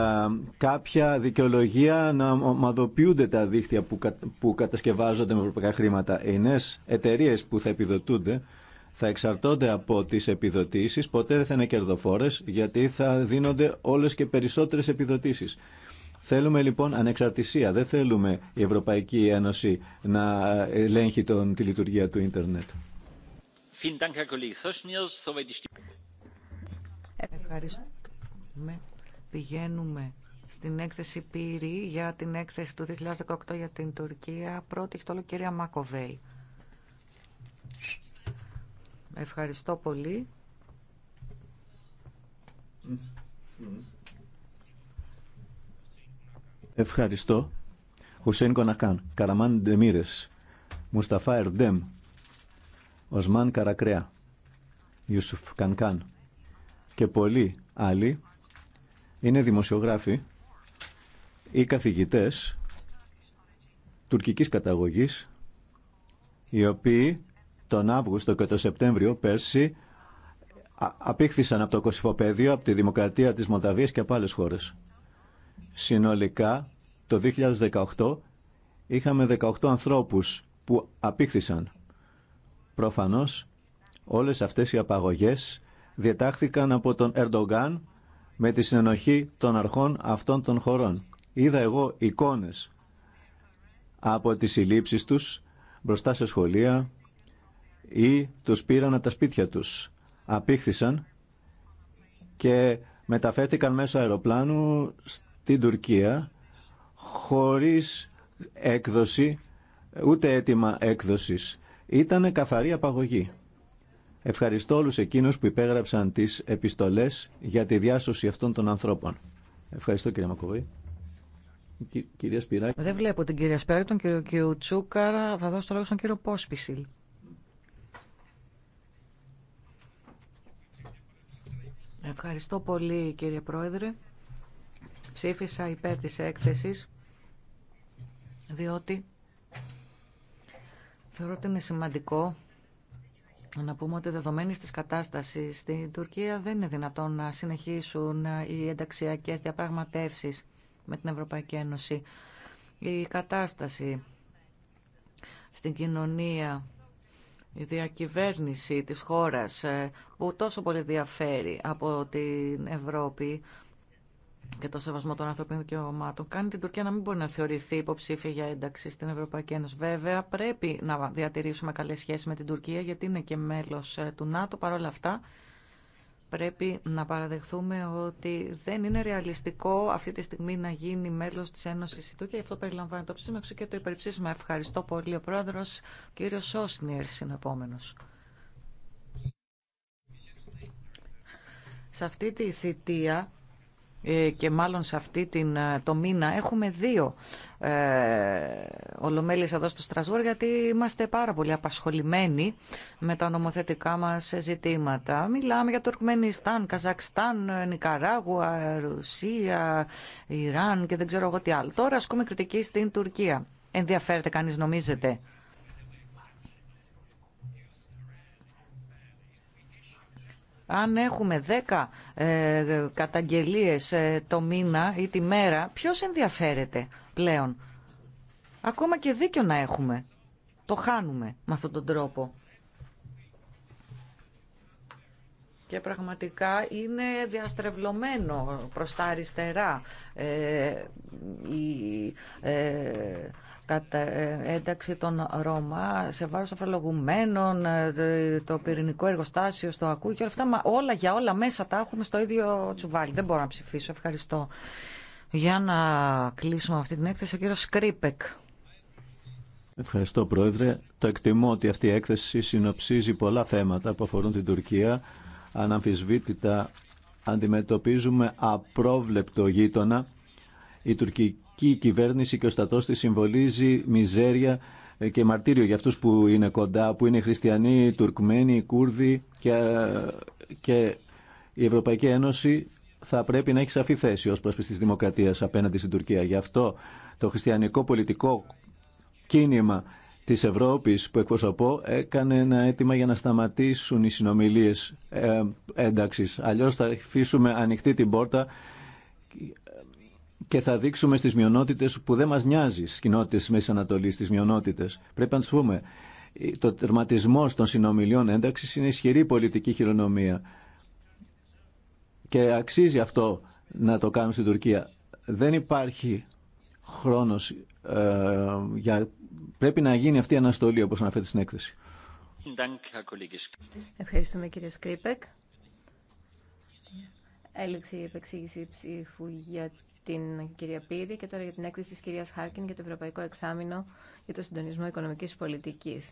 κάποια δικαιολογία να ομαδοποιούνται τα δίχτυα που, που κατασκευάζονται με ευρωπαϊκά χρήματα. Οι εταιρείες που θα επιδοτούνται θα εξαρτώνται από τις επιδοτήσεις, ποτέ δεν θα είναι κερδοφόρες, γιατί θα δίνονται όλες και περισσότερες επιδοτήσεις. Θέλουμε λοιπόν ανεξαρτησία, δεν θέλουμε η Ευρωπαϊκή Ένωση να ελέγχει τον, τη λειτουργία του ίντερνετ. Ευχαριστούμε. Πηγαίνουμε στην έκθεση Πύρη για την έκθεση του 2018 για την Τουρκία. Πρώτη έχει το κυρία Μακοβέη. Ευχαριστώ πολύ. Ευχαριστώ. Χουσέν Κονακάν, Καραμάν Ντεμίρε, Μουσταφά Ερντέμ, Οσμάν Καρακρέα, Ιουσουφ Κανκάν και πολλοί άλλοι είναι δημοσιογράφοι ή καθηγητές τουρκικής καταγωγής οι οποίοι τον Αύγουστο και τον Σεπτέμβριο πέρσι απήχθησαν από το Κωσυφοπέδιο, από τη Δημοκρατία της Μολδαβίας και από άλλες χώρες. Συνολικά, το 2018 είχαμε 18 ανθρώπους που απήχθησαν. Προφανώς, όλες αυτές οι απαγωγές διατάχθηκαν από τον Ερντογκάν με τη συνενοχή των αρχών αυτών των χωρών. Είδα εγώ εικόνες από τις συλλήψεις τους μπροστά σε σχολεία, ή τους πήραν από τα σπίτια τους. Απήχθησαν και μεταφέρθηκαν μέσω αεροπλάνου στην Τουρκία χωρίς έκδοση, ούτε αίτημα έκδοσης. Ήταν καθαρή απαγωγή. Ευχαριστώ όλους εκείνους που υπέγραψαν τις επιστολές για τη διάσωση αυτών των ανθρώπων. Ευχαριστώ κύριε Μακοβή. Κυρία Σπυράκη. Δεν βλέπω την κυρία Σπυράκη, τον κύριο Κιουτσούκαρα. Θα δώσω το λόγο στον κύριο Πόσπισιλ. Ευχαριστώ πολύ κύριε Πρόεδρε. Ψήφισα υπέρ της έκθεσης διότι θεωρώ ότι είναι σημαντικό να πούμε ότι δεδομένη τη κατάσταση στην Τουρκία δεν είναι δυνατόν να συνεχίσουν οι ενταξιακέ διαπραγματεύσεις με την Ευρωπαϊκή Ένωση. Η κατάσταση στην κοινωνία η διακυβέρνηση της χώρας ε, που τόσο πολύ διαφέρει από την Ευρώπη και το σεβασμό των ανθρωπίνων δικαιωμάτων κάνει την Τουρκία να μην μπορεί να θεωρηθεί υποψήφια για ένταξη στην Ευρωπαϊκή Ένωση. Βέβαια, πρέπει να διατηρήσουμε καλές σχέσεις με την Τουρκία, γιατί είναι και μέλο ε, του ΝΑΤΟ. Παρ' αυτά, πρέπει να παραδεχθούμε ότι δεν είναι ρεαλιστικό αυτή τη στιγμή να γίνει μέλος της Ένωσης του και αυτό περιλαμβάνει το ψήμεξο και το υπερψήφισμα. Ευχαριστώ πολύ. Ο πρόεδρος, κύριο Σόσνιερ, είναι επόμενο. Σε αυτή τη θητεία ε, και μάλλον σε αυτή την, ε, το μήνα έχουμε δύο ε, ολομέλειες εδώ στο Στρασβούργο γιατί είμαστε πάρα πολύ απασχολημένοι με τα νομοθετικά μας ζητήματα. Μιλάμε για το Τουρκμενιστάν, Καζακστάν, Νικαράγουα, Ρουσία, Ιράν και δεν ξέρω εγώ τι άλλο. Τώρα ασκούμε κριτική στην Τουρκία. Ενδιαφέρεται κανείς νομίζετε. Αν έχουμε 10 ε, καταγγελίες ε, το μήνα ή τη μέρα, ποιος ενδιαφέρεται πλέον. Ακόμα και δίκιο να έχουμε. Το χάνουμε με αυτόν τον τρόπο. Και πραγματικά είναι διαστρεβλωμένο προς τα αριστερά ε, ε κατά ε, ένταξη των Ρωμά σε βάρος αφρολογουμένων, ε, το πυρηνικό εργοστάσιο στο ΑΚΟΥ και όλα αυτά, μα όλα για όλα μέσα τα έχουμε στο ίδιο τσουβάλι. Δεν μπορώ να ψηφίσω. Ευχαριστώ. Για να κλείσουμε αυτή την έκθεση, ο κύριος Σκρίπεκ. Ευχαριστώ, Πρόεδρε. Το εκτιμώ ότι αυτή η έκθεση συνοψίζει πολλά θέματα που αφορούν την Τουρκία. Αναμφισβήτητα αντιμετωπίζουμε απρόβλεπτο γείτονα. Η τουρκική η κυβέρνηση και ο στατός της συμβολίζει μιζέρια ε, και μαρτύριο για αυτούς που είναι κοντά, που είναι χριστιανοί, Τουρκμένοι, Κούρδοι και, ε, και η Ευρωπαϊκή Ένωση θα πρέπει να έχει σαφή θέση ως προς της δημοκρατίας απέναντι στην Τουρκία. Γι' αυτό το χριστιανικό πολιτικό κίνημα της Ευρώπης που εκπροσωπώ έκανε ένα αίτημα για να σταματήσουν οι συνομιλίες ε, ένταξης. Αλλιώς θα αφήσουμε ανοιχτή την πόρτα και θα δείξουμε στις μειονότητες που δεν μας νοιάζει στις κοινότητες της Μέσης Ανατολής, στις μειονότητες. Πρέπει να τους πούμε, το τερματισμό των συνομιλιών ένταξη είναι ισχυρή πολιτική χειρονομία και αξίζει αυτό να το κάνουμε στην Τουρκία. Δεν υπάρχει χρόνος ε, για... Πρέπει να γίνει αυτή η αναστολή όπως αναφέρεται στην έκθεση. Ευχαριστούμε κύριε Σκρίπεκ. Έληξε η επεξήγηση ψήφου για την κυρία Πύρη και τώρα για την έκθεση της κυρίας Χάρκιν για το Ευρωπαϊκό Εξάμεινο για το Συντονισμό Οικονομικής Πολιτικής.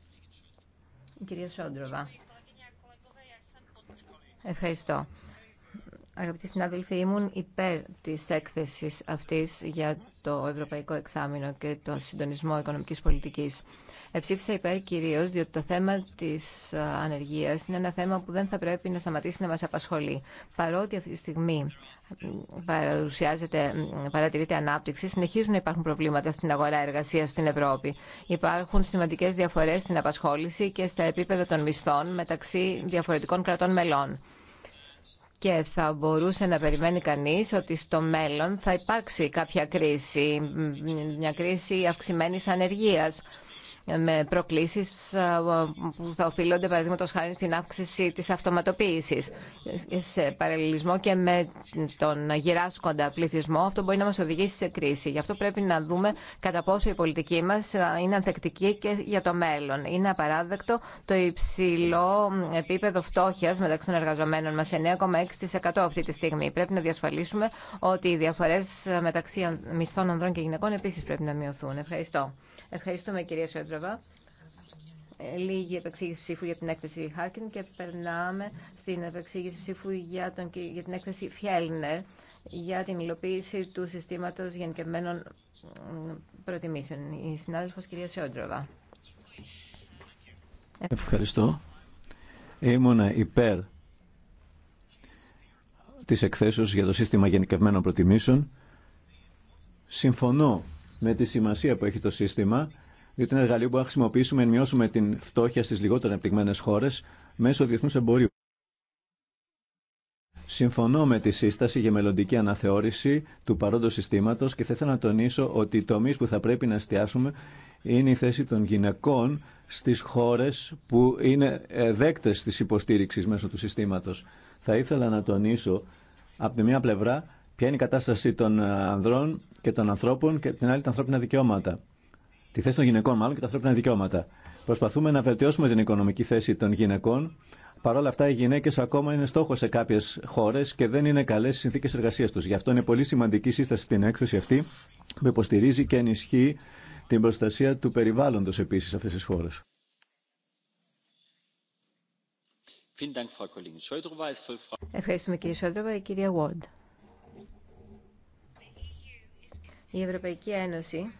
Η κυρία Σόντροβα. Ευχαριστώ. Αγαπητοί συνάδελφοι, ήμουν υπέρ της έκθεσης αυτής για το Ευρωπαϊκό Εξάμεινο και το Συντονισμό Οικονομικής Πολιτικής. Εψήφισα υπέρ κυρίω διότι το θέμα τη ανεργία είναι ένα θέμα που δεν θα πρέπει να σταματήσει να μα απασχολεί. Παρότι αυτή τη στιγμή παρουσιάζεται, παρατηρείται ανάπτυξη, συνεχίζουν να υπάρχουν προβλήματα στην αγορά εργασία στην Ευρώπη. Υπάρχουν σημαντικέ διαφορέ στην απασχόληση και στα επίπεδα των μισθών μεταξύ διαφορετικών κρατών μελών. Και θα μπορούσε να περιμένει κανείς ότι στο μέλλον θα υπάρξει κάποια κρίση, μια κρίση αυξημένης ανεργίας με προκλήσεις ε, που θα οφείλονται παραδείγματο χάρη στην αύξηση τη αυτοματοποίηση. Σε παραλληλισμό και με τον γυράσκοντα πληθυσμό αυτό μπορεί να μα οδηγήσει σε κρίση. Γι' αυτό πρέπει να δούμε κατά πόσο η πολιτική μα είναι ανθεκτική και για το μέλλον. Είναι απαράδεκτο το υψηλό επίπεδο φτώχεια μεταξύ των εργαζομένων μα 9,6% αυτή τη στιγμή. Πρέπει να διασφαλίσουμε ότι οι διαφορέ μεταξύ μισθών ανδρών και γυναικών επίση πρέπει να μειωθούν. Ευχαριστώ. Ευχαριστούμε κυρία ε, λίγη επεξήγηση ψήφου για την έκθεση Χάρκιν και περνάμε στην επεξήγηση ψήφου για, τον, για την έκθεση Φιέλνερ για την υλοποίηση του συστήματος γενικευμένων προτιμήσεων. Η συνάδελφος κυρία Σιόντροβα. Ευχαριστώ. Ήμουνα υπέρ της εκθέσεως για το σύστημα γενικευμένων προτιμήσεων. Συμφωνώ με τη σημασία που έχει το σύστημα διότι είναι εργαλείο που μπορούμε να χρησιμοποιήσουμε να μειώσουμε την φτώχεια στι λιγότερο ανεπτυγμένε χώρε μέσω διεθνού εμπορίου. Συμφωνώ με τη σύσταση για μελλοντική αναθεώρηση του παρόντο συστήματο και θα ήθελα να τονίσω ότι οι τομεί που θα πρέπει να εστιάσουμε είναι η θέση των γυναικών στι χώρε που είναι δέκτε τη υποστήριξη μέσω του συστήματο. Θα ήθελα να τονίσω από τη μία πλευρά ποια είναι η κατάσταση των ανδρών και των ανθρώπων και την άλλη τα ανθρώπινα δικαιώματα τη θέση των γυναικών μάλλον και τα ανθρώπινα δικαιώματα. Προσπαθούμε να βελτιώσουμε την οικονομική θέση των γυναικών. Παρ' όλα αυτά, οι γυναίκε ακόμα είναι στόχο σε κάποιε χώρε και δεν είναι καλέ οι συνθήκε εργασία του. Γι' αυτό είναι πολύ σημαντική σύσταση στην έκθεση αυτή που υποστηρίζει και ενισχύει την προστασία του περιβάλλοντο επίση αυτέ τι χώρε. Ευχαριστούμε κύριε Σόντροβα. Η κυρία Ward. Η Ευρωπαϊκή Ένωση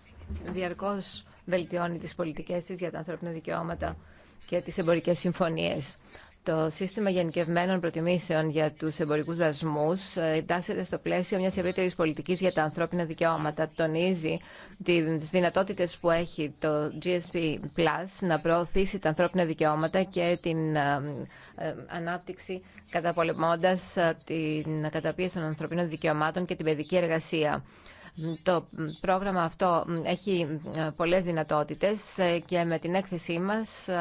διαρκώς βελτιώνει τις πολιτικές της για τα ανθρώπινα δικαιώματα και τις εμπορικές συμφωνίες. Το σύστημα γενικευμένων προτιμήσεων για τους εμπορικούς δασμούς ε, εντάσσεται στο πλαίσιο μιας ευρύτερης πολιτικής για τα ανθρώπινα δικαιώματα. Τονίζει τι δυνατότητες που έχει το GSP Plus να προωθήσει τα ανθρώπινα δικαιώματα και την ε, ε, ανάπτυξη καταπολεμώντας την καταπίεση των ανθρωπίνων δικαιωμάτων και την παιδική εργασία. Το πρόγραμμα αυτό έχει ε, πολλές δυνατότητες ε, και με την έκθεσή μας ε,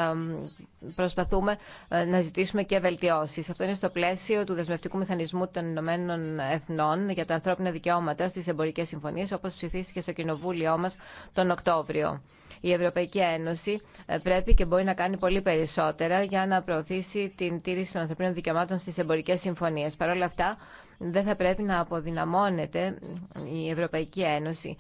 προσπαθούμε να ζητήσουμε και βελτιώσεις. Αυτό είναι στο πλαίσιο του Δεσμευτικού Μηχανισμού των Ηνωμένων Εθνών για τα ανθρώπινα δικαιώματα στις εμπορικές συμφωνίες, όπως ψηφίστηκε στο Κοινοβούλιο μας τον Οκτώβριο. Η Ευρωπαϊκή Ένωση πρέπει και μπορεί να κάνει πολύ περισσότερα για να προωθήσει την τήρηση των ανθρωπίνων δικαιωμάτων στις εμπορικές συμφωνίες. Παρ' όλα αυτά, δεν θα πρέπει να αποδυναμώνεται η Ευρωπαϊκή Ένωση.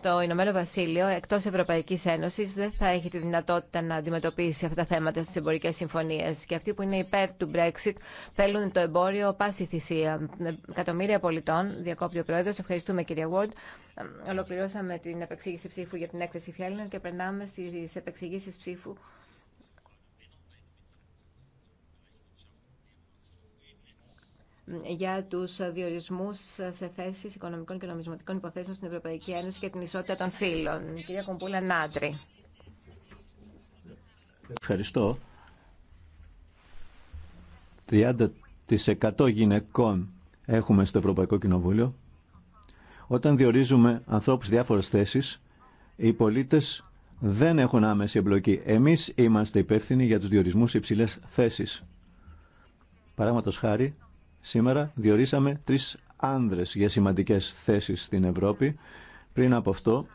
Το Ηνωμένο Βασίλειο, εκτός Ευρωπαϊκής Ένωσης, δεν θα έχει τη δυνατότητα να αντιμετωπίσει αυτά τα θέματα στις εμπορικές συμφωνίες. Και αυτοί που είναι υπέρ του Brexit θέλουν το εμπόριο πάση θυσία. Εκατομμύρια πολιτών, διακόπτει ο Πρόεδρος. Ευχαριστούμε κυρία Ward. Ολοκληρώσαμε την επεξήγηση ψήφου για την έκθεση Φιέλνων και περνάμε στις επεξηγήσεις ψήφου για τους διορισμού σε θέσεις οικονομικών και νομισματικών υποθέσεων στην Ευρωπαϊκή Ένωση και την ισότητα των φύλων. Κυρία Κομπούλα Νάντρη. Ευχαριστώ. 30% γυναικών έχουμε στο Ευρωπαϊκό Κοινοβούλιο. Όταν διορίζουμε ανθρώπους διάφορες θέσεις, οι πολίτες δεν έχουν άμεση εμπλοκή. Εμείς είμαστε υπεύθυνοι για τους διορισμούς υψηλές θέσεις. Παράγματος χάρη, Σήμερα διορίσαμε τρεις άνδρες για σημαντικές θέσεις στην Ευρώπη. Πριν από αυτό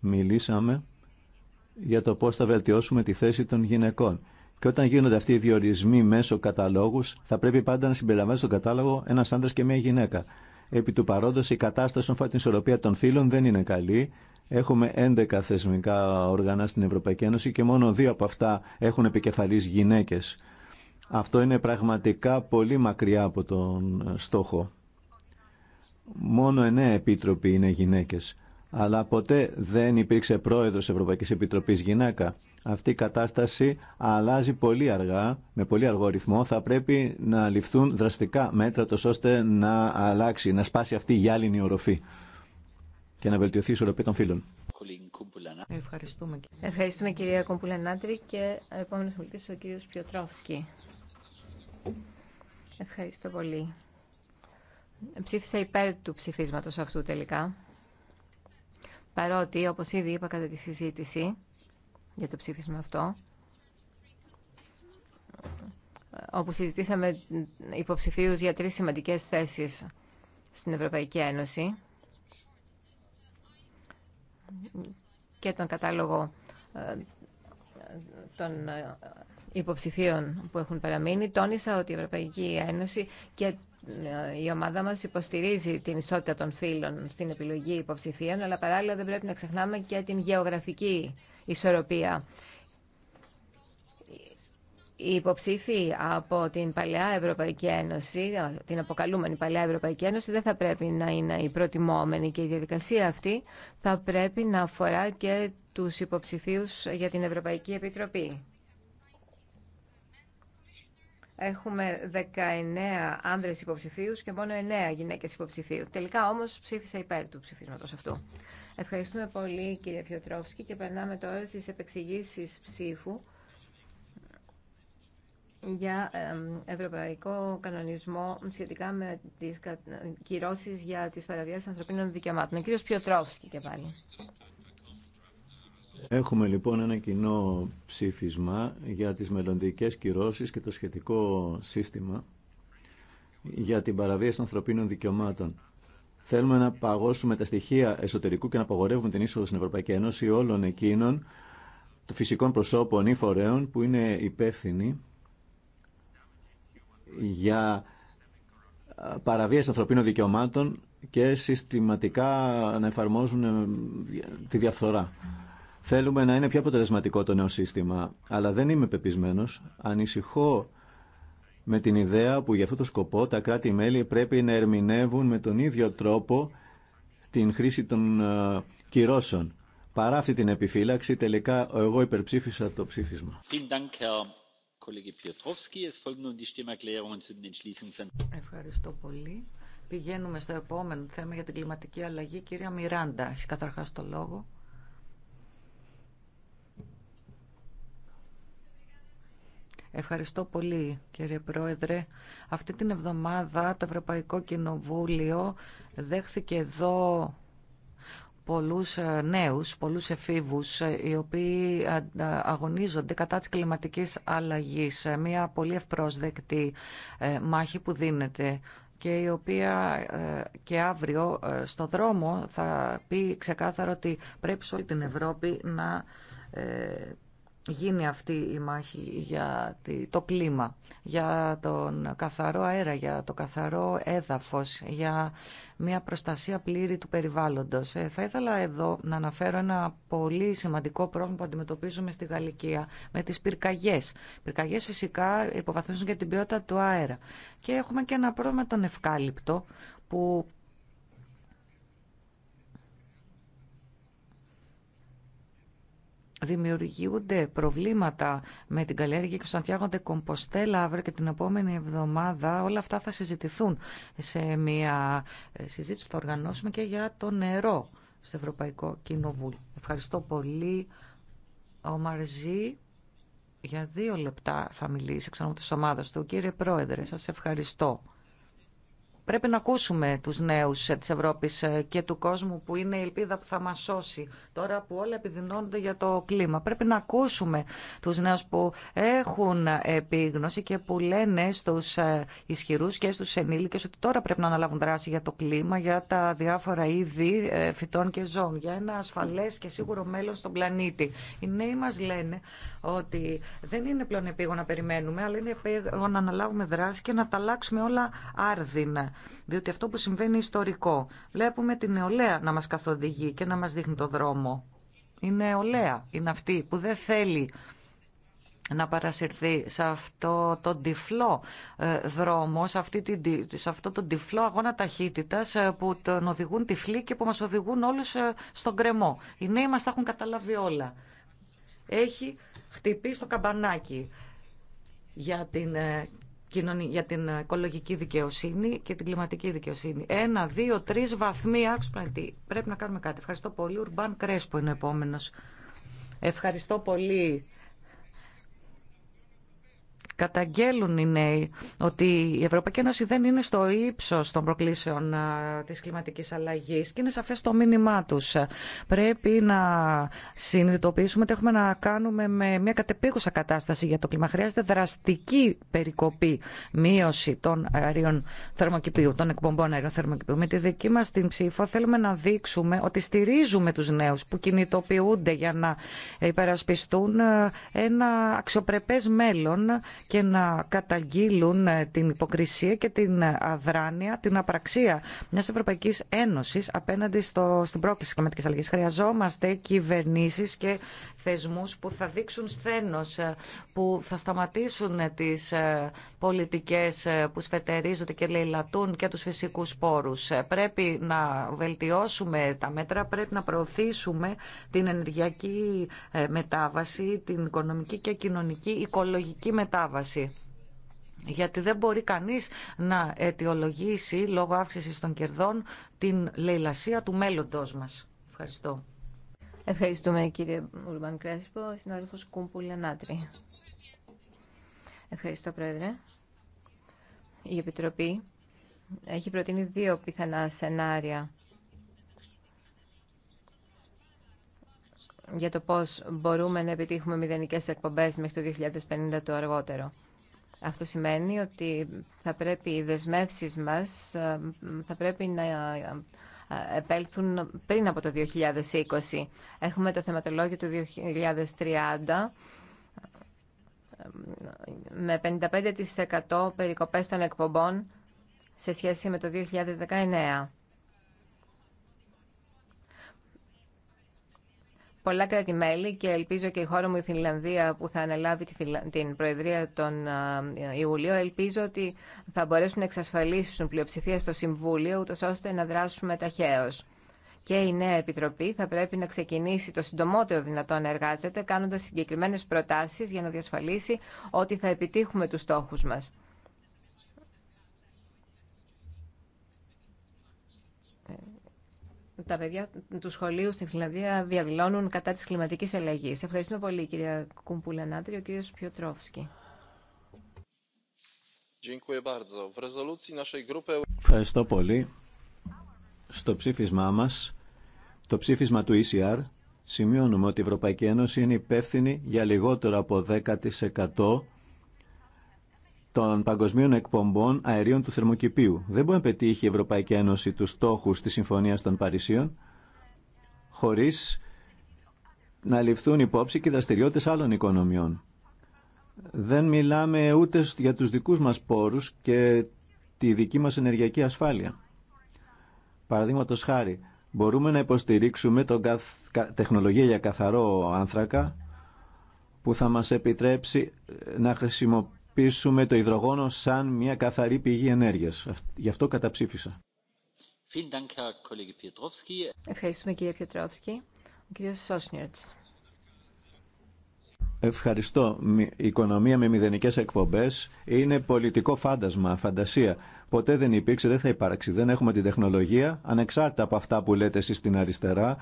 μιλήσαμε για το πώς θα βελτιώσουμε τη θέση των γυναικών. Και όταν γίνονται αυτοί οι διορισμοί μέσω καταλόγους, θα πρέπει πάντα να συμπεριλαμβάνει στον κατάλογο ένας άνδρας και μια γυναίκα. Επί του παρόντος, η κατάσταση των την ισορροπία των φύλων δεν είναι καλή. Έχουμε 11 θεσμικά όργανα στην Ευρωπαϊκή Ένωση και μόνο δύο από αυτά έχουν επικεφαλής γυναίκε. Αυτό είναι πραγματικά πολύ μακριά από τον ε, στόχο. Μόνο εννέα επίτροποι είναι γυναίκες, αλλά ποτέ δεν υπήρξε πρόεδρος Ευρωπαϊκής Επιτροπής γυναίκα. Αυτή η κατάσταση αλλάζει πολύ αργά, με πολύ αργό ρυθμό. Θα πρέπει να ληφθούν δραστικά μέτρα τόσο ώστε να αλλάξει, να σπάσει αυτή η γυάλινη οροφή και να βελτιωθεί η ισορροπία των φίλων. Ευχαριστούμε, Ευχαριστούμε κυρία Κομπουλανάτρη και επόμενος ο κύριος Πιοτρόφσκι. Ευχαριστώ πολύ. Ψήφισα υπέρ του ψηφίσματος αυτού τελικά. Παρότι, όπως ήδη είπα κατά τη συζήτηση για το ψήφισμα αυτό, όπου συζητήσαμε υποψηφίους για τρεις σημαντικές θέσεις στην Ευρωπαϊκή Ένωση και τον κατάλογο ε, των ε, υποψηφίων που έχουν παραμείνει, τόνισα ότι η Ευρωπαϊκή Ένωση και ε, η ομάδα μας υποστηρίζει την ισότητα των φύλων στην επιλογή υποψηφίων, αλλά παράλληλα δεν πρέπει να ξεχνάμε και την γεωγραφική ισορροπία. Οι υποψήφοι από την Παλαιά Ευρωπαϊκή Ένωση, την αποκαλούμενη Παλαιά Ευρωπαϊκή Ένωση, δεν θα πρέπει να είναι η προτιμόμενη και η διαδικασία αυτή θα πρέπει να αφορά και τους υποψηφίους για την Ευρωπαϊκή Επιτροπή. Έχουμε 19 άνδρες υποψηφίους και μόνο 9 γυναίκε υποψηφίου. Τελικά όμως ψήφισα υπέρ του ψηφίσματος αυτού. Ευχαριστούμε πολύ κύριε Πιοτρόφσκι και περνάμε τώρα στι επεξηγήσεις ψήφου για ευρωπαϊκό κανονισμό σχετικά με τις κυρώσεις για τις παραβιάσεις ανθρωπίνων δικαιωμάτων. Ο κύριος Πιοτρόφσκι και πάλι. Έχουμε λοιπόν ένα κοινό ψήφισμα για τις μελλοντικέ κυρώσεις και το σχετικό σύστημα για την παραβίαση των ανθρωπίνων δικαιωμάτων. Θέλουμε να παγώσουμε τα στοιχεία εσωτερικού και να απαγορεύουμε την είσοδο στην Ευρωπαϊκή Ένωση όλων εκείνων των φυσικών προσώπων ή φορέων που είναι υπεύθυνοι για παραβίαση ανθρωπίνων δικαιωμάτων και συστηματικά να εφαρμόζουν ε, τη διαφθορά. Θέλουμε να είναι πιο αποτελεσματικό το νέο σύστημα, αλλά δεν είμαι πεπισμένο. Ανησυχώ με την ιδέα που για αυτό το σκοπό τα κράτη-μέλη πρέπει να ερμηνεύουν με τον ίδιο τρόπο την χρήση των ε, κυρώσεων. Παρά αυτή την επιφύλαξη, τελικά εγώ υπερψήφισα το ψήφισμα. Ευχαριστώ πολύ. Πηγαίνουμε στο επόμενο θέμα για την κλιματική αλλαγή. Κυρία Μιράντα, έχει καταρχάς το λόγο. Ευχαριστώ πολύ κύριε Πρόεδρε. Αυτή την εβδομάδα το Ευρωπαϊκό Κοινοβούλιο δέχθηκε εδώ πολλούς ε, νέους, πολλούς εφήβους ε, οι οποίοι αγωνίζονται κατά της κλιματικής αλλαγής. Ε, μια πολύ ευπρόσδεκτη μάχη που δίνεται και η οποία και αύριο στο δρόμο θα πει ξεκάθαρο ότι πρέπει σε όλη την Ευρώπη να γίνει αυτή η μάχη για το κλίμα, για τον καθαρό αέρα, για το καθαρό έδαφος, για μια προστασία πλήρη του περιβάλλοντος. Ε, θα ήθελα εδώ να αναφέρω ένα πολύ σημαντικό πρόβλημα που αντιμετωπίζουμε στη Γαλλικία με τις πυρκαγιές. πυρκαγιές φυσικά υποβαθμίζουν και την ποιότητα του αέρα. Και έχουμε και ένα πρόβλημα τον ευκάλυπτο που δημιουργούνται προβλήματα με την καλλιέργεια και στον φτιάχνονται Κομποστέλα αύριο και την επόμενη εβδομάδα. Όλα αυτά θα συζητηθούν σε μια ε, συζήτηση που θα οργανώσουμε και για το νερό στο Ευρωπαϊκό Κοινοβούλιο. Ευχαριστώ πολύ. Ο Μαρζή για δύο λεπτά θα μιλήσει εξ τις ομάδες του. Κύριε Πρόεδρε, σας ευχαριστώ. Πρέπει να ακούσουμε τους νέους ε, της Ευρώπης ε, και του κόσμου που είναι η ελπίδα που θα μας σώσει τώρα που όλα επιδεινώνονται για το κλίμα. Πρέπει να ακούσουμε τους νέους που έχουν επίγνωση και που λένε στους ε, ισχυρούς και στους ενήλικες ότι τώρα πρέπει να αναλάβουν δράση για το κλίμα, για τα διάφορα είδη φυτών και ζώων, για ένα ασφαλές και σίγουρο μέλλον στον πλανήτη. Οι νέοι μας λένε ότι δεν είναι πλέον επίγον να περιμένουμε, αλλά είναι επίγον να αναλάβουμε δράση και να τα αλλάξουμε όλα άρδινα διότι αυτό που συμβαίνει ιστορικό. Βλέπουμε την νεολαία να μας καθοδηγεί και να μας δείχνει το δρόμο. Η νεολαία είναι αυτή που δεν θέλει να παρασυρθεί σε αυτό το τυφλό ε, δρόμο, σε, αυτή την, σε αυτό τον τυφλό αγώνα ταχύτητας ε, που τον οδηγούν τυφλοί και που μας οδηγούν όλους ε, στον κρεμό. Οι νέοι μας τα έχουν καταλάβει όλα. Έχει χτυπήσει το καμπανάκι για την για την οικολογική δικαιοσύνη και την κλιματική δικαιοσύνη. Ένα, δύο, τρει βαθμοί άξονα Πρέπει να κάνουμε κάτι. Ευχαριστώ πολύ. Ουρμπάν Κρέσπο είναι ο επόμενο. Ευχαριστώ πολύ Καταγγέλουν οι νέοι ότι η Ευρωπαϊκή Ένωση δεν είναι στο ύψο των προκλήσεων τη κλιματική αλλαγή και είναι σαφέ το μήνυμά του. Πρέπει να συνειδητοποιήσουμε ότι έχουμε να κάνουμε με μια κατεπίγουσα κατάσταση για το κλίμα. Χρειάζεται δραστική περικοπή, μείωση των αερίων θερμοκηπίου, των εκπομπών αερίων θερμοκηπίου. Με τη δική μα την ψήφο θέλουμε να δείξουμε ότι στηρίζουμε του νέου που κινητοποιούνται για να υπερασπιστούν ένα αξιοπρεπέ μέλλον και να καταγγείλουν ε, την υποκρισία και την αδράνεια, την απραξία μια Ευρωπαϊκής Ένωση, απέναντι στο, στην πρόκληση κλιματική αλλαγή. Χρειαζόμαστε κυβερνήσει και θεσμούς που θα δείξουν σθένο, ε, που θα σταματήσουν τι ε, πολιτικές που σφετερίζονται και λαιλατούν και τους φυσικούς πόρους. Πρέπει να βελτιώσουμε τα μέτρα, πρέπει να προωθήσουμε την ενεργειακή μετάβαση, την οικονομική και κοινωνική οικολογική μετάβαση γιατί δεν μπορεί κανείς να αιτιολογήσει λόγω αύξησης των κερδών την λαιλασία του μέλλοντός μας. Ευχαριστώ. Ευχαριστούμε κύριε Ουρμπαν Κρέσπο, συνάδελφος Κούμπου Λανάτρη. Ευχαριστώ πρόεδρε. Η Επιτροπή έχει προτείνει δύο πιθανά σενάρια για το πώς μπορούμε να επιτύχουμε μηδενικές εκπομπές μέχρι το 2050 το αργότερο. Αυτό σημαίνει ότι θα πρέπει οι δεσμεύσεις μας ε, θα πρέπει να ε, επέλθουν πριν από το 2020. Έχουμε το θεματολόγιο του 2030 ε, με 55% περικοπές των εκπομπών σε σχέση με το 2019. Πολλά κράτη-μέλη και ελπίζω και η χώρα μου η Φινλανδία που θα αναλάβει την Προεδρία τον Ιούλιο, ελπίζω ότι θα μπορέσουν να εξασφαλίσουν πλειοψηφία στο Συμβούλιο, ούτως ώστε να δράσουμε ταχαίως. Και η νέα Επιτροπή θα πρέπει να ξεκινήσει το συντομότερο δυνατό να εργάζεται, κάνοντας συγκεκριμένες προτάσεις για να διασφαλίσει ότι θα επιτύχουμε τους στόχους μας. τα παιδιά του σχολείου στην Φιλανδία διαδηλώνουν κατά της κλιματικής αλλαγή. Ευχαριστούμε πολύ κυρία Κουμπούλα ο κύριος Πιοτρόφσκι. Ευχαριστώ πολύ. Στο ψήφισμά μας, το ψήφισμα του ECR, σημειώνουμε ότι η Ευρωπαϊκή Ένωση είναι υπεύθυνη για λιγότερο από 10% των παγκοσμίων εκπομπών αερίων του θερμοκηπίου. Δεν μπορεί να πετύχει η Ευρωπαϊκή Ένωση τους στόχους της Συμφωνίας των Παρισίων χωρίς να ληφθούν υπόψη και δραστηριότητε άλλων οικονομιών. Δεν μιλάμε ούτε για τους δικούς μας πόρους και τη δική μας ενεργειακή ασφάλεια. Παραδείγματος χάρη, μπορούμε να υποστηρίξουμε τον τεχνολογία για καθαρό άνθρακα που θα μας επιτρέψει να, χρησιμοποιήσουμε αντιμετωπίσουμε το υδρογόνο σαν μια καθαρή πηγή ενέργειας. Γι' αυτό καταψήφισα. Ευχαριστούμε κύριε Πιοτρόφσκι. Ο κύριος Σόσνιρτς. Ευχαριστώ. Η οικονομία με μηδενικέ εκπομπέ. είναι πολιτικό φάντασμα, φαντασία. Ποτέ δεν υπήρξε, δεν θα υπάρξει. Δεν έχουμε την τεχνολογία, ανεξάρτητα από αυτά που λέτε εσείς στην αριστερά.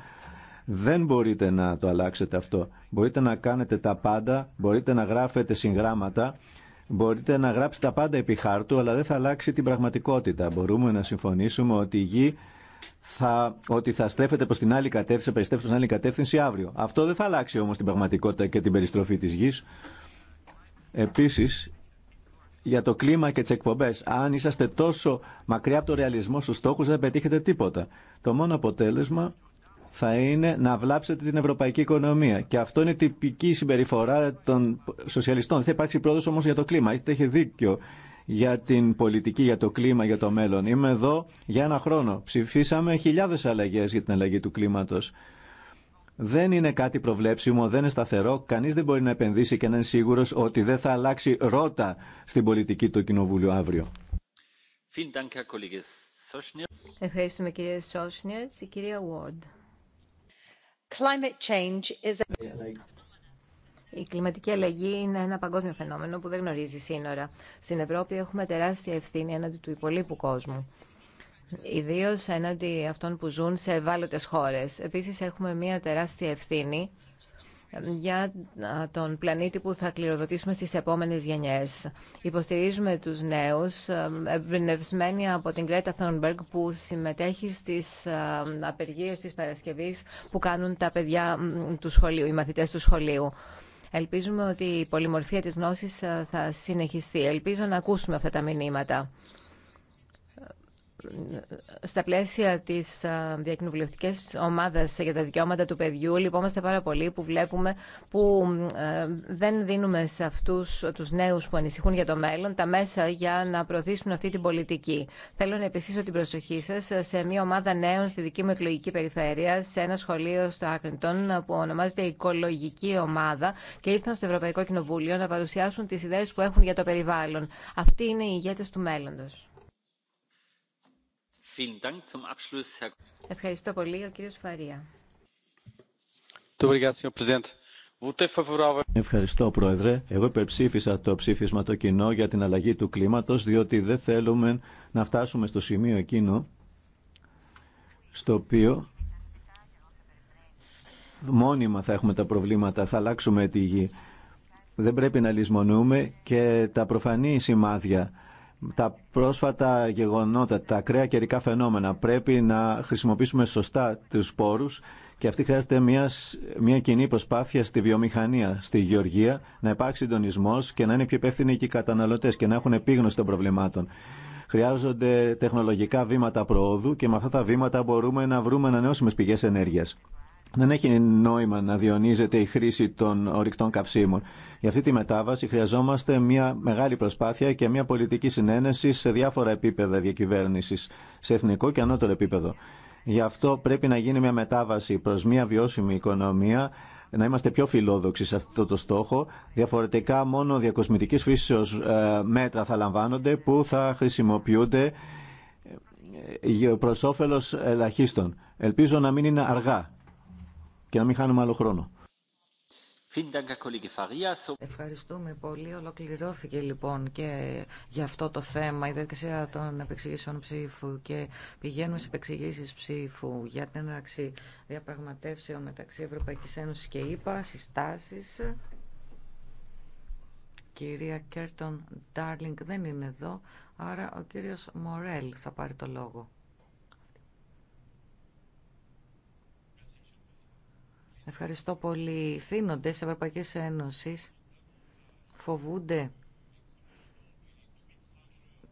Δεν μπορείτε να το αλλάξετε αυτό. Μπορείτε να κάνετε τα πάντα, μπορείτε να γράφετε συγγράμματα, Μπορείτε να γράψετε τα πάντα επί χάρτου, αλλά δεν θα αλλάξει την πραγματικότητα. Μπορούμε να συμφωνήσουμε ότι η γη θα, ότι θα στρέφεται προ την άλλη κατεύθυνση, θα περιστρέφεται την άλλη κατεύθυνση αύριο. Αυτό δεν θα αλλάξει όμως την πραγματικότητα και την περιστροφή της γης. Επίσης, για το κλίμα και τι εκπομπέ, αν είσαστε τόσο μακριά από το ρεαλισμό στους στόχους, δεν πετύχετε τίποτα. Το μόνο αποτέλεσμα θα είναι να βλάψετε την ευρωπαϊκή οικονομία. Και αυτό είναι τυπική συμπεριφορά των σοσιαλιστών. Δεν Θα υπάρξει πρόοδο όμω για το κλίμα. Είτε έχει δίκιο για την πολιτική, για το κλίμα, για το μέλλον. Είμαι εδώ για ένα χρόνο. Ψηφίσαμε χιλιάδε αλλαγέ για την αλλαγή του κλίματο. Δεν είναι κάτι προβλέψιμο, δεν είναι σταθερό. Κανεί δεν μπορεί να επενδύσει και να είναι σίγουρο ότι δεν θα αλλάξει ρότα στην πολιτική του Κοινοβουλίου αύριο. Ευχαριστούμε κύριε Σόσνιερτς. Η κυρία Ward. Η κλιματική αλλαγή είναι ένα παγκόσμιο φαινόμενο που δεν γνωρίζει σύνορα. Στην Ευρώπη έχουμε τεράστια ευθύνη έναντι του υπολείπου κόσμου. Ιδίω έναντι αυτών που ζουν σε ευάλωτε χώρε. Επίση, έχουμε μια τεράστια ευθύνη για τον πλανήτη που θα κληροδοτήσουμε στις επόμενες γενιές. Υποστηρίζουμε τους νέους, εμπνευσμένοι από την Κρέτα Thunberg που συμμετέχει στις απεργίες της Παρασκευής που κάνουν τα παιδιά του σχολείου, οι μαθητές του σχολείου. Ελπίζουμε ότι η πολυμορφία της γνώσης θα συνεχιστεί. Ελπίζω να ακούσουμε αυτά τα μηνύματα στα πλαίσια τη ε, διακοινοβουλευτική ομάδα για τα δικαιώματα του παιδιού λυπόμαστε πάρα πολύ που βλέπουμε που ε, δεν δίνουμε σε αυτού του νέου που ανησυχούν για το μέλλον τα μέσα για να προωθήσουν αυτή την πολιτική. Θέλω να επιστήσω την προσοχή σα σε μια ομάδα νέων στη δική μου εκλογική περιφέρεια σε ένα σχολείο στο Άκρινγκτον που ονομάζεται Οικολογική Ομάδα και ήρθαν στο Ευρωπαϊκό Κοινοβούλιο να παρουσιάσουν τι ιδέε που έχουν για το περιβάλλον. Αυτοί είναι οι ηγέτε του μέλλοντο. Ευχαριστώ πολύ. Ο κύριος Φαρία. Ευχαριστώ, Πρόεδρε. Εγώ υπερψήφισα το ψήφισμα το κοινό για την αλλαγή του κλίματος, διότι δεν θέλουμε να φτάσουμε στο σημείο εκείνο στο οποίο μόνιμα θα έχουμε τα προβλήματα, θα αλλάξουμε τη γη. Δεν πρέπει να λησμονούμε και τα προφανή σημάδια τα πρόσφατα γεγονότα, τα ακραία καιρικά φαινόμενα. Πρέπει να χρησιμοποιήσουμε σωστά τους σπόρους και αυτή χρειάζεται μια, μια κοινή προσπάθεια στη βιομηχανία, στη γεωργία, να υπάρξει συντονισμό και να είναι πιο υπεύθυνοι και οι καταναλωτέ και να έχουν επίγνωση των προβλημάτων. Χρειάζονται τεχνολογικά βήματα προόδου και με αυτά τα βήματα μπορούμε να βρούμε ανανεώσιμε πηγέ ενέργεια δεν έχει νόημα να διονύζεται η χρήση των ορυκτών καυσίμων. Για αυτή τη μετάβαση χρειαζόμαστε μια μεγάλη προσπάθεια και μια πολιτική συνένεση σε διάφορα επίπεδα διακυβέρνηση, σε εθνικό και ανώτερο επίπεδο. Γι' αυτό πρέπει να γίνει μια μετάβαση προ μια βιώσιμη οικονομία, να είμαστε πιο φιλόδοξοι σε αυτό το στόχο. Διαφορετικά, μόνο διακοσμητική φύσεω ε, μέτρα θα λαμβάνονται που θα χρησιμοποιούνται ε, ε, προ όφελο ελαχίστων. Ελπίζω να μην είναι αργά και να μην χάνουμε άλλο χρόνο. Ευχαριστούμε πολύ. Ολοκληρώθηκε λοιπόν και για αυτό το θέμα η διαδικασία των επεξηγήσεων ψήφου και πηγαίνουμε σε επεξηγήσει ψήφου για την έναρξη διαπραγματεύσεων μεταξύ Ευρωπαϊκή Ένωση και ΕΠΑ, συστάσει. Κυρία Κέρτον Ντάρλινγκ δεν είναι εδώ, άρα ο κύριος Μορέλ θα πάρει το λόγο. Ευχαριστώ πολύ. σε Ευρωπαϊκές Ένωσης φοβούνται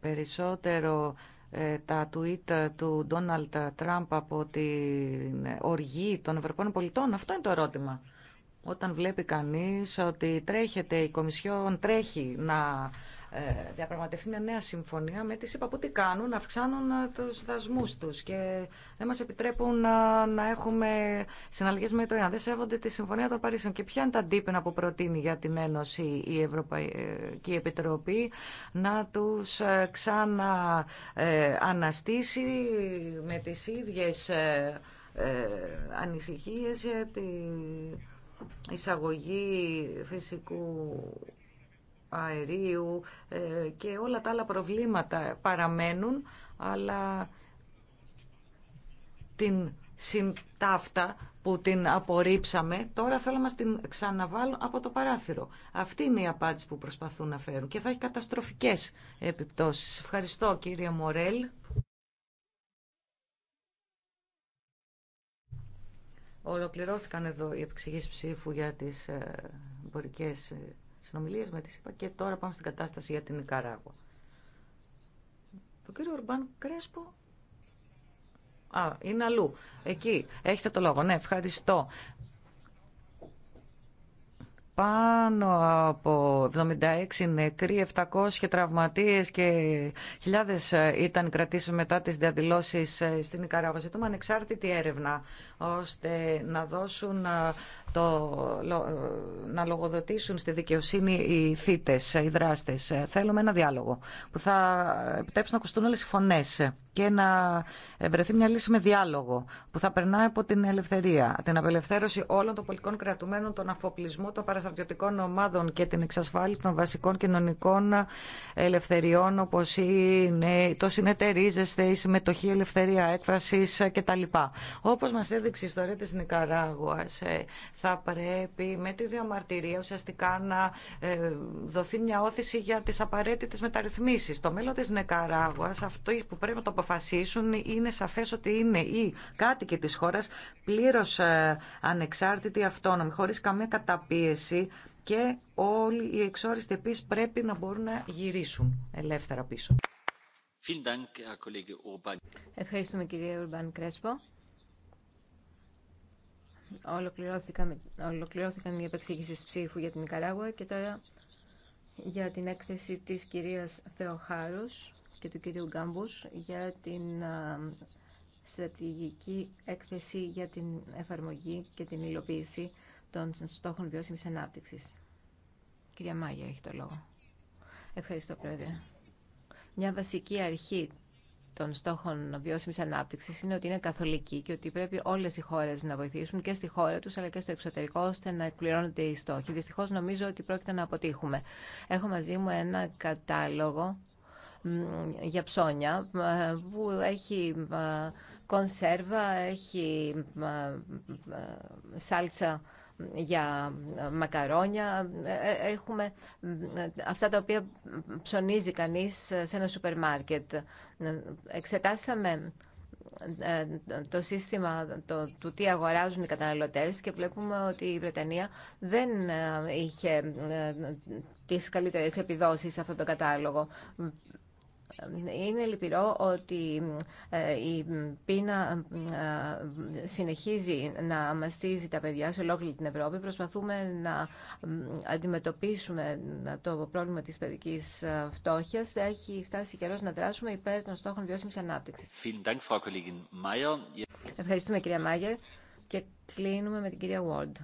περισσότερο ε, τα tweet του Ντόναλτ Τραμπ από την οργή των Ευρωπαίων πολιτών. Αυτό είναι το ερώτημα. Όταν βλέπει κανείς ότι τρέχεται, η Κομισιόν τρέχει να ε, διαπραγματευτεί μια νέα συμφωνία με τις είπα που τι κάνουν, αυξάνουν ε, τους δασμού τους και δεν μας επιτρέπουν ε, να, έχουμε συναλλαγές με το ένα. Δεν σέβονται τη Συμφωνία των Παρίσιων. Και ποια είναι τα αντίπεινα που προτείνει για την Ένωση η Ευρωπαϊκή Επιτροπή να τους ξανααναστήσει με τις ίδιες ανησυχίε για την εισαγωγή φυσικού αερίου ε, και όλα τα άλλα προβλήματα παραμένουν, αλλά την συντάφτα που την απορρίψαμε, τώρα θέλω να μας την ξαναβάλουν από το παράθυρο. Αυτή είναι η απάντηση που προσπαθούν να φέρουν και θα έχει καταστροφικές επιπτώσεις. Ευχαριστώ κύριε Μορέλ. Ολοκληρώθηκαν εδώ οι επεξηγήσεις ψήφου για τις ε, εμπορικές ε, συνομιλίε με τη ΣΥΠΑ και τώρα πάμε στην κατάσταση για την Νικαράγουα. Το κύριο Ορμπάν Κρέσπο. Α, είναι αλλού. Εκεί. Έχετε το λόγο. Ναι, ευχαριστώ πάνω από 76 νεκροί, 700 τραυματίες και χιλιάδες ήταν κρατήσεις μετά τις διαδηλώσεις ε, στην Ικαράβα. Ζητούμε ανεξάρτητη έρευνα ώστε να δώσουν ε, το, ε, να λογοδοτήσουν στη δικαιοσύνη οι θύτες, οι δράστες. Θέλουμε ένα διάλογο που θα επιτρέψει να ακουστούν όλες οι φωνές και να βρεθεί μια λύση με διάλογο που θα περνάει από την ελευθερία, την απελευθέρωση όλων των πολιτικών κρατουμένων, τον αφοπλισμό των παραστατιωτικών ομάδων και την εξασφάλιση των βασικών κοινωνικών ελευθεριών όπως είναι το συνεταιρίζεσθε, η συμμετοχή η ελευθερία έκφρασης κτλ. Όπως μας έδειξε η ιστορία της Νικαράγουας ε, θα πρέπει με τη διαμαρτυρία ουσιαστικά να ε, δοθεί μια όθηση για τις απαραίτητες μεταρρυθμίσεις. Το μέλλον της Νικαράγουας αυτό που πρέπει να το αποφασίσουν είναι σαφές ότι είναι οι κάτοικοι της χώρας πλήρως ε, ανεξάρτητοι, αυτόνομοι, χωρίς καμία καταπίεση και όλοι οι εξόριστοι επίσης πρέπει να μπορούν να γυρίσουν ελεύθερα πίσω. Ευχαριστούμε κύριε Ουρμπάν Κρέσπο. Ολοκληρώθηκαν, ολοκληρώθηκαν οι επεξήγησεις ψήφου για την Ικαράγουα και τώρα για την έκθεση της κυρίας Θεοχάρους και του κυρίου Γκάμπους για την στρατηγική έκθεση για την εφαρμογή και την υλοποίηση των στόχων βιώσιμης ανάπτυξης. Κυρία Μάγια, έχει το λόγο. Ευχαριστώ, Πρόεδρε. Μια βασική αρχή των στόχων βιώσιμη ανάπτυξη είναι ότι είναι καθολική και ότι πρέπει όλε οι χώρε να βοηθήσουν και στη χώρα του αλλά και στο εξωτερικό ώστε να εκπληρώνονται οι στόχοι. Δυστυχώ νομίζω ότι πρόκειται να αποτύχουμε. Έχω μαζί μου ένα κατάλογο για ψώνια που έχει κονσέρβα, έχει σάλτσα για μακαρόνια. Ε, ε, έχουμε αυτά τα οποία ψωνίζει κανείς σε ένα σούπερ μάρκετ. Εξετάσαμε ε, το σύστημα το, του τι αγοράζουν οι καταναλωτές και βλέπουμε ότι η Βρετανία δεν είχε τις καλύτερες επιδόσεις σε αυτό τον κατάλογο. Είναι λυπηρό ότι ε, η πείνα ε, συνεχίζει να μαστίζει τα παιδιά σε ολόκληρη την Ευρώπη. Προσπαθούμε να αντιμετωπίσουμε ε, το πρόβλημα της παιδικής φτώχειας. Έχει φτάσει καιρό να δράσουμε υπέρ των στόχων βιώσιμης ανάπτυξης. Ευχαριστούμε κυρία Μάγερ και κλείνουμε με την κυρία Βόρντ.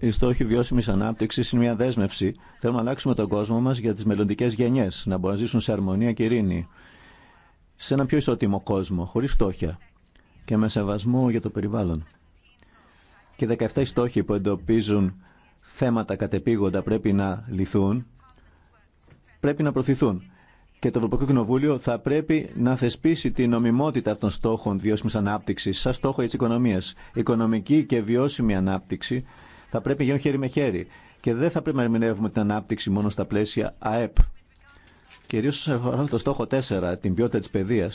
Η στοχή βιώσιμη ανάπτυξη είναι μια δέσμευση. Θέλουμε να αλλάξουμε τον κόσμο μα για τι μελλοντικέ γενιέ, να μπορούν να ζήσουν σε αρμονία και ειρήνη. Σε ένα πιο ισότιμο κόσμο, χωρί φτώχεια και με σεβασμό για το περιβάλλον. Και 17 στόχοι που εντοπίζουν θέματα κατεπήγοντα πρέπει να λυθούν, πρέπει να προωθηθούν και το Ευρωπαϊκό Κοινοβούλιο θα πρέπει να θεσπίσει την νομιμότητα αυτών των στόχων βιώσιμη ανάπτυξη σαν στόχο τη οικονομία. Οικονομική και βιώσιμη ανάπτυξη θα πρέπει να χέρι με χέρι και δεν θα πρέπει να ερμηνεύουμε την ανάπτυξη μόνο στα πλαίσια ΑΕΠ. Κυρίω όσον αφορά το στόχο 4, την ποιότητα τη παιδεία,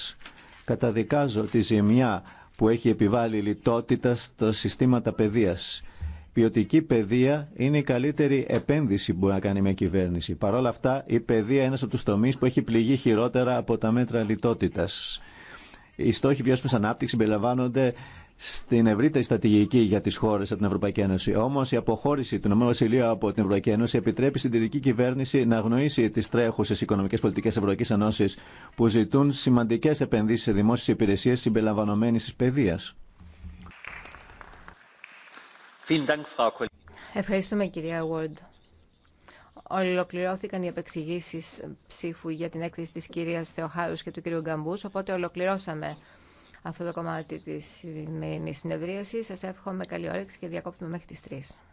καταδικάζω τη ζημιά που έχει επιβάλει λιτότητα στα συστήματα παιδεία. Ποιοτική παιδεία είναι η καλύτερη επένδυση που μπορεί να κάνει μια κυβέρνηση. Παρ' όλα αυτά, η παιδεία είναι ένα από του τομεί που έχει πληγεί χειρότερα από τα μέτρα λιτότητα. Οι στόχοι βιώσιμη ανάπτυξη περιλαμβάνονται στην ευρύτερη στρατηγική για τι χώρε από την Ευρωπαϊκή Ένωση. Όμω, η αποχώρηση του νομού Βασιλείου από την Ευρωπαϊκή Ένωση επιτρέπει στην τελική κυβέρνηση να αγνοήσει τι τρέχουσε οικονομικέ πολιτικέ Ευρωπαϊκή Ένωση που ζητούν σημαντικέ επενδύσει σε δημόσιε υπηρεσίε συμπεριλαμβανομένη τη παιδεία. Ευχαριστούμε κυρία Ward. Ολοκληρώθηκαν οι επεξηγήσει ψήφου για την έκθεση της κυρίας Θεοχάρους και του κυρίου Γκαμπούς, οπότε ολοκληρώσαμε αυτό το κομμάτι της σημερινής συνεδρίασης. Σας εύχομαι καλή όρεξη και διακόπτουμε μέχρι τις 3.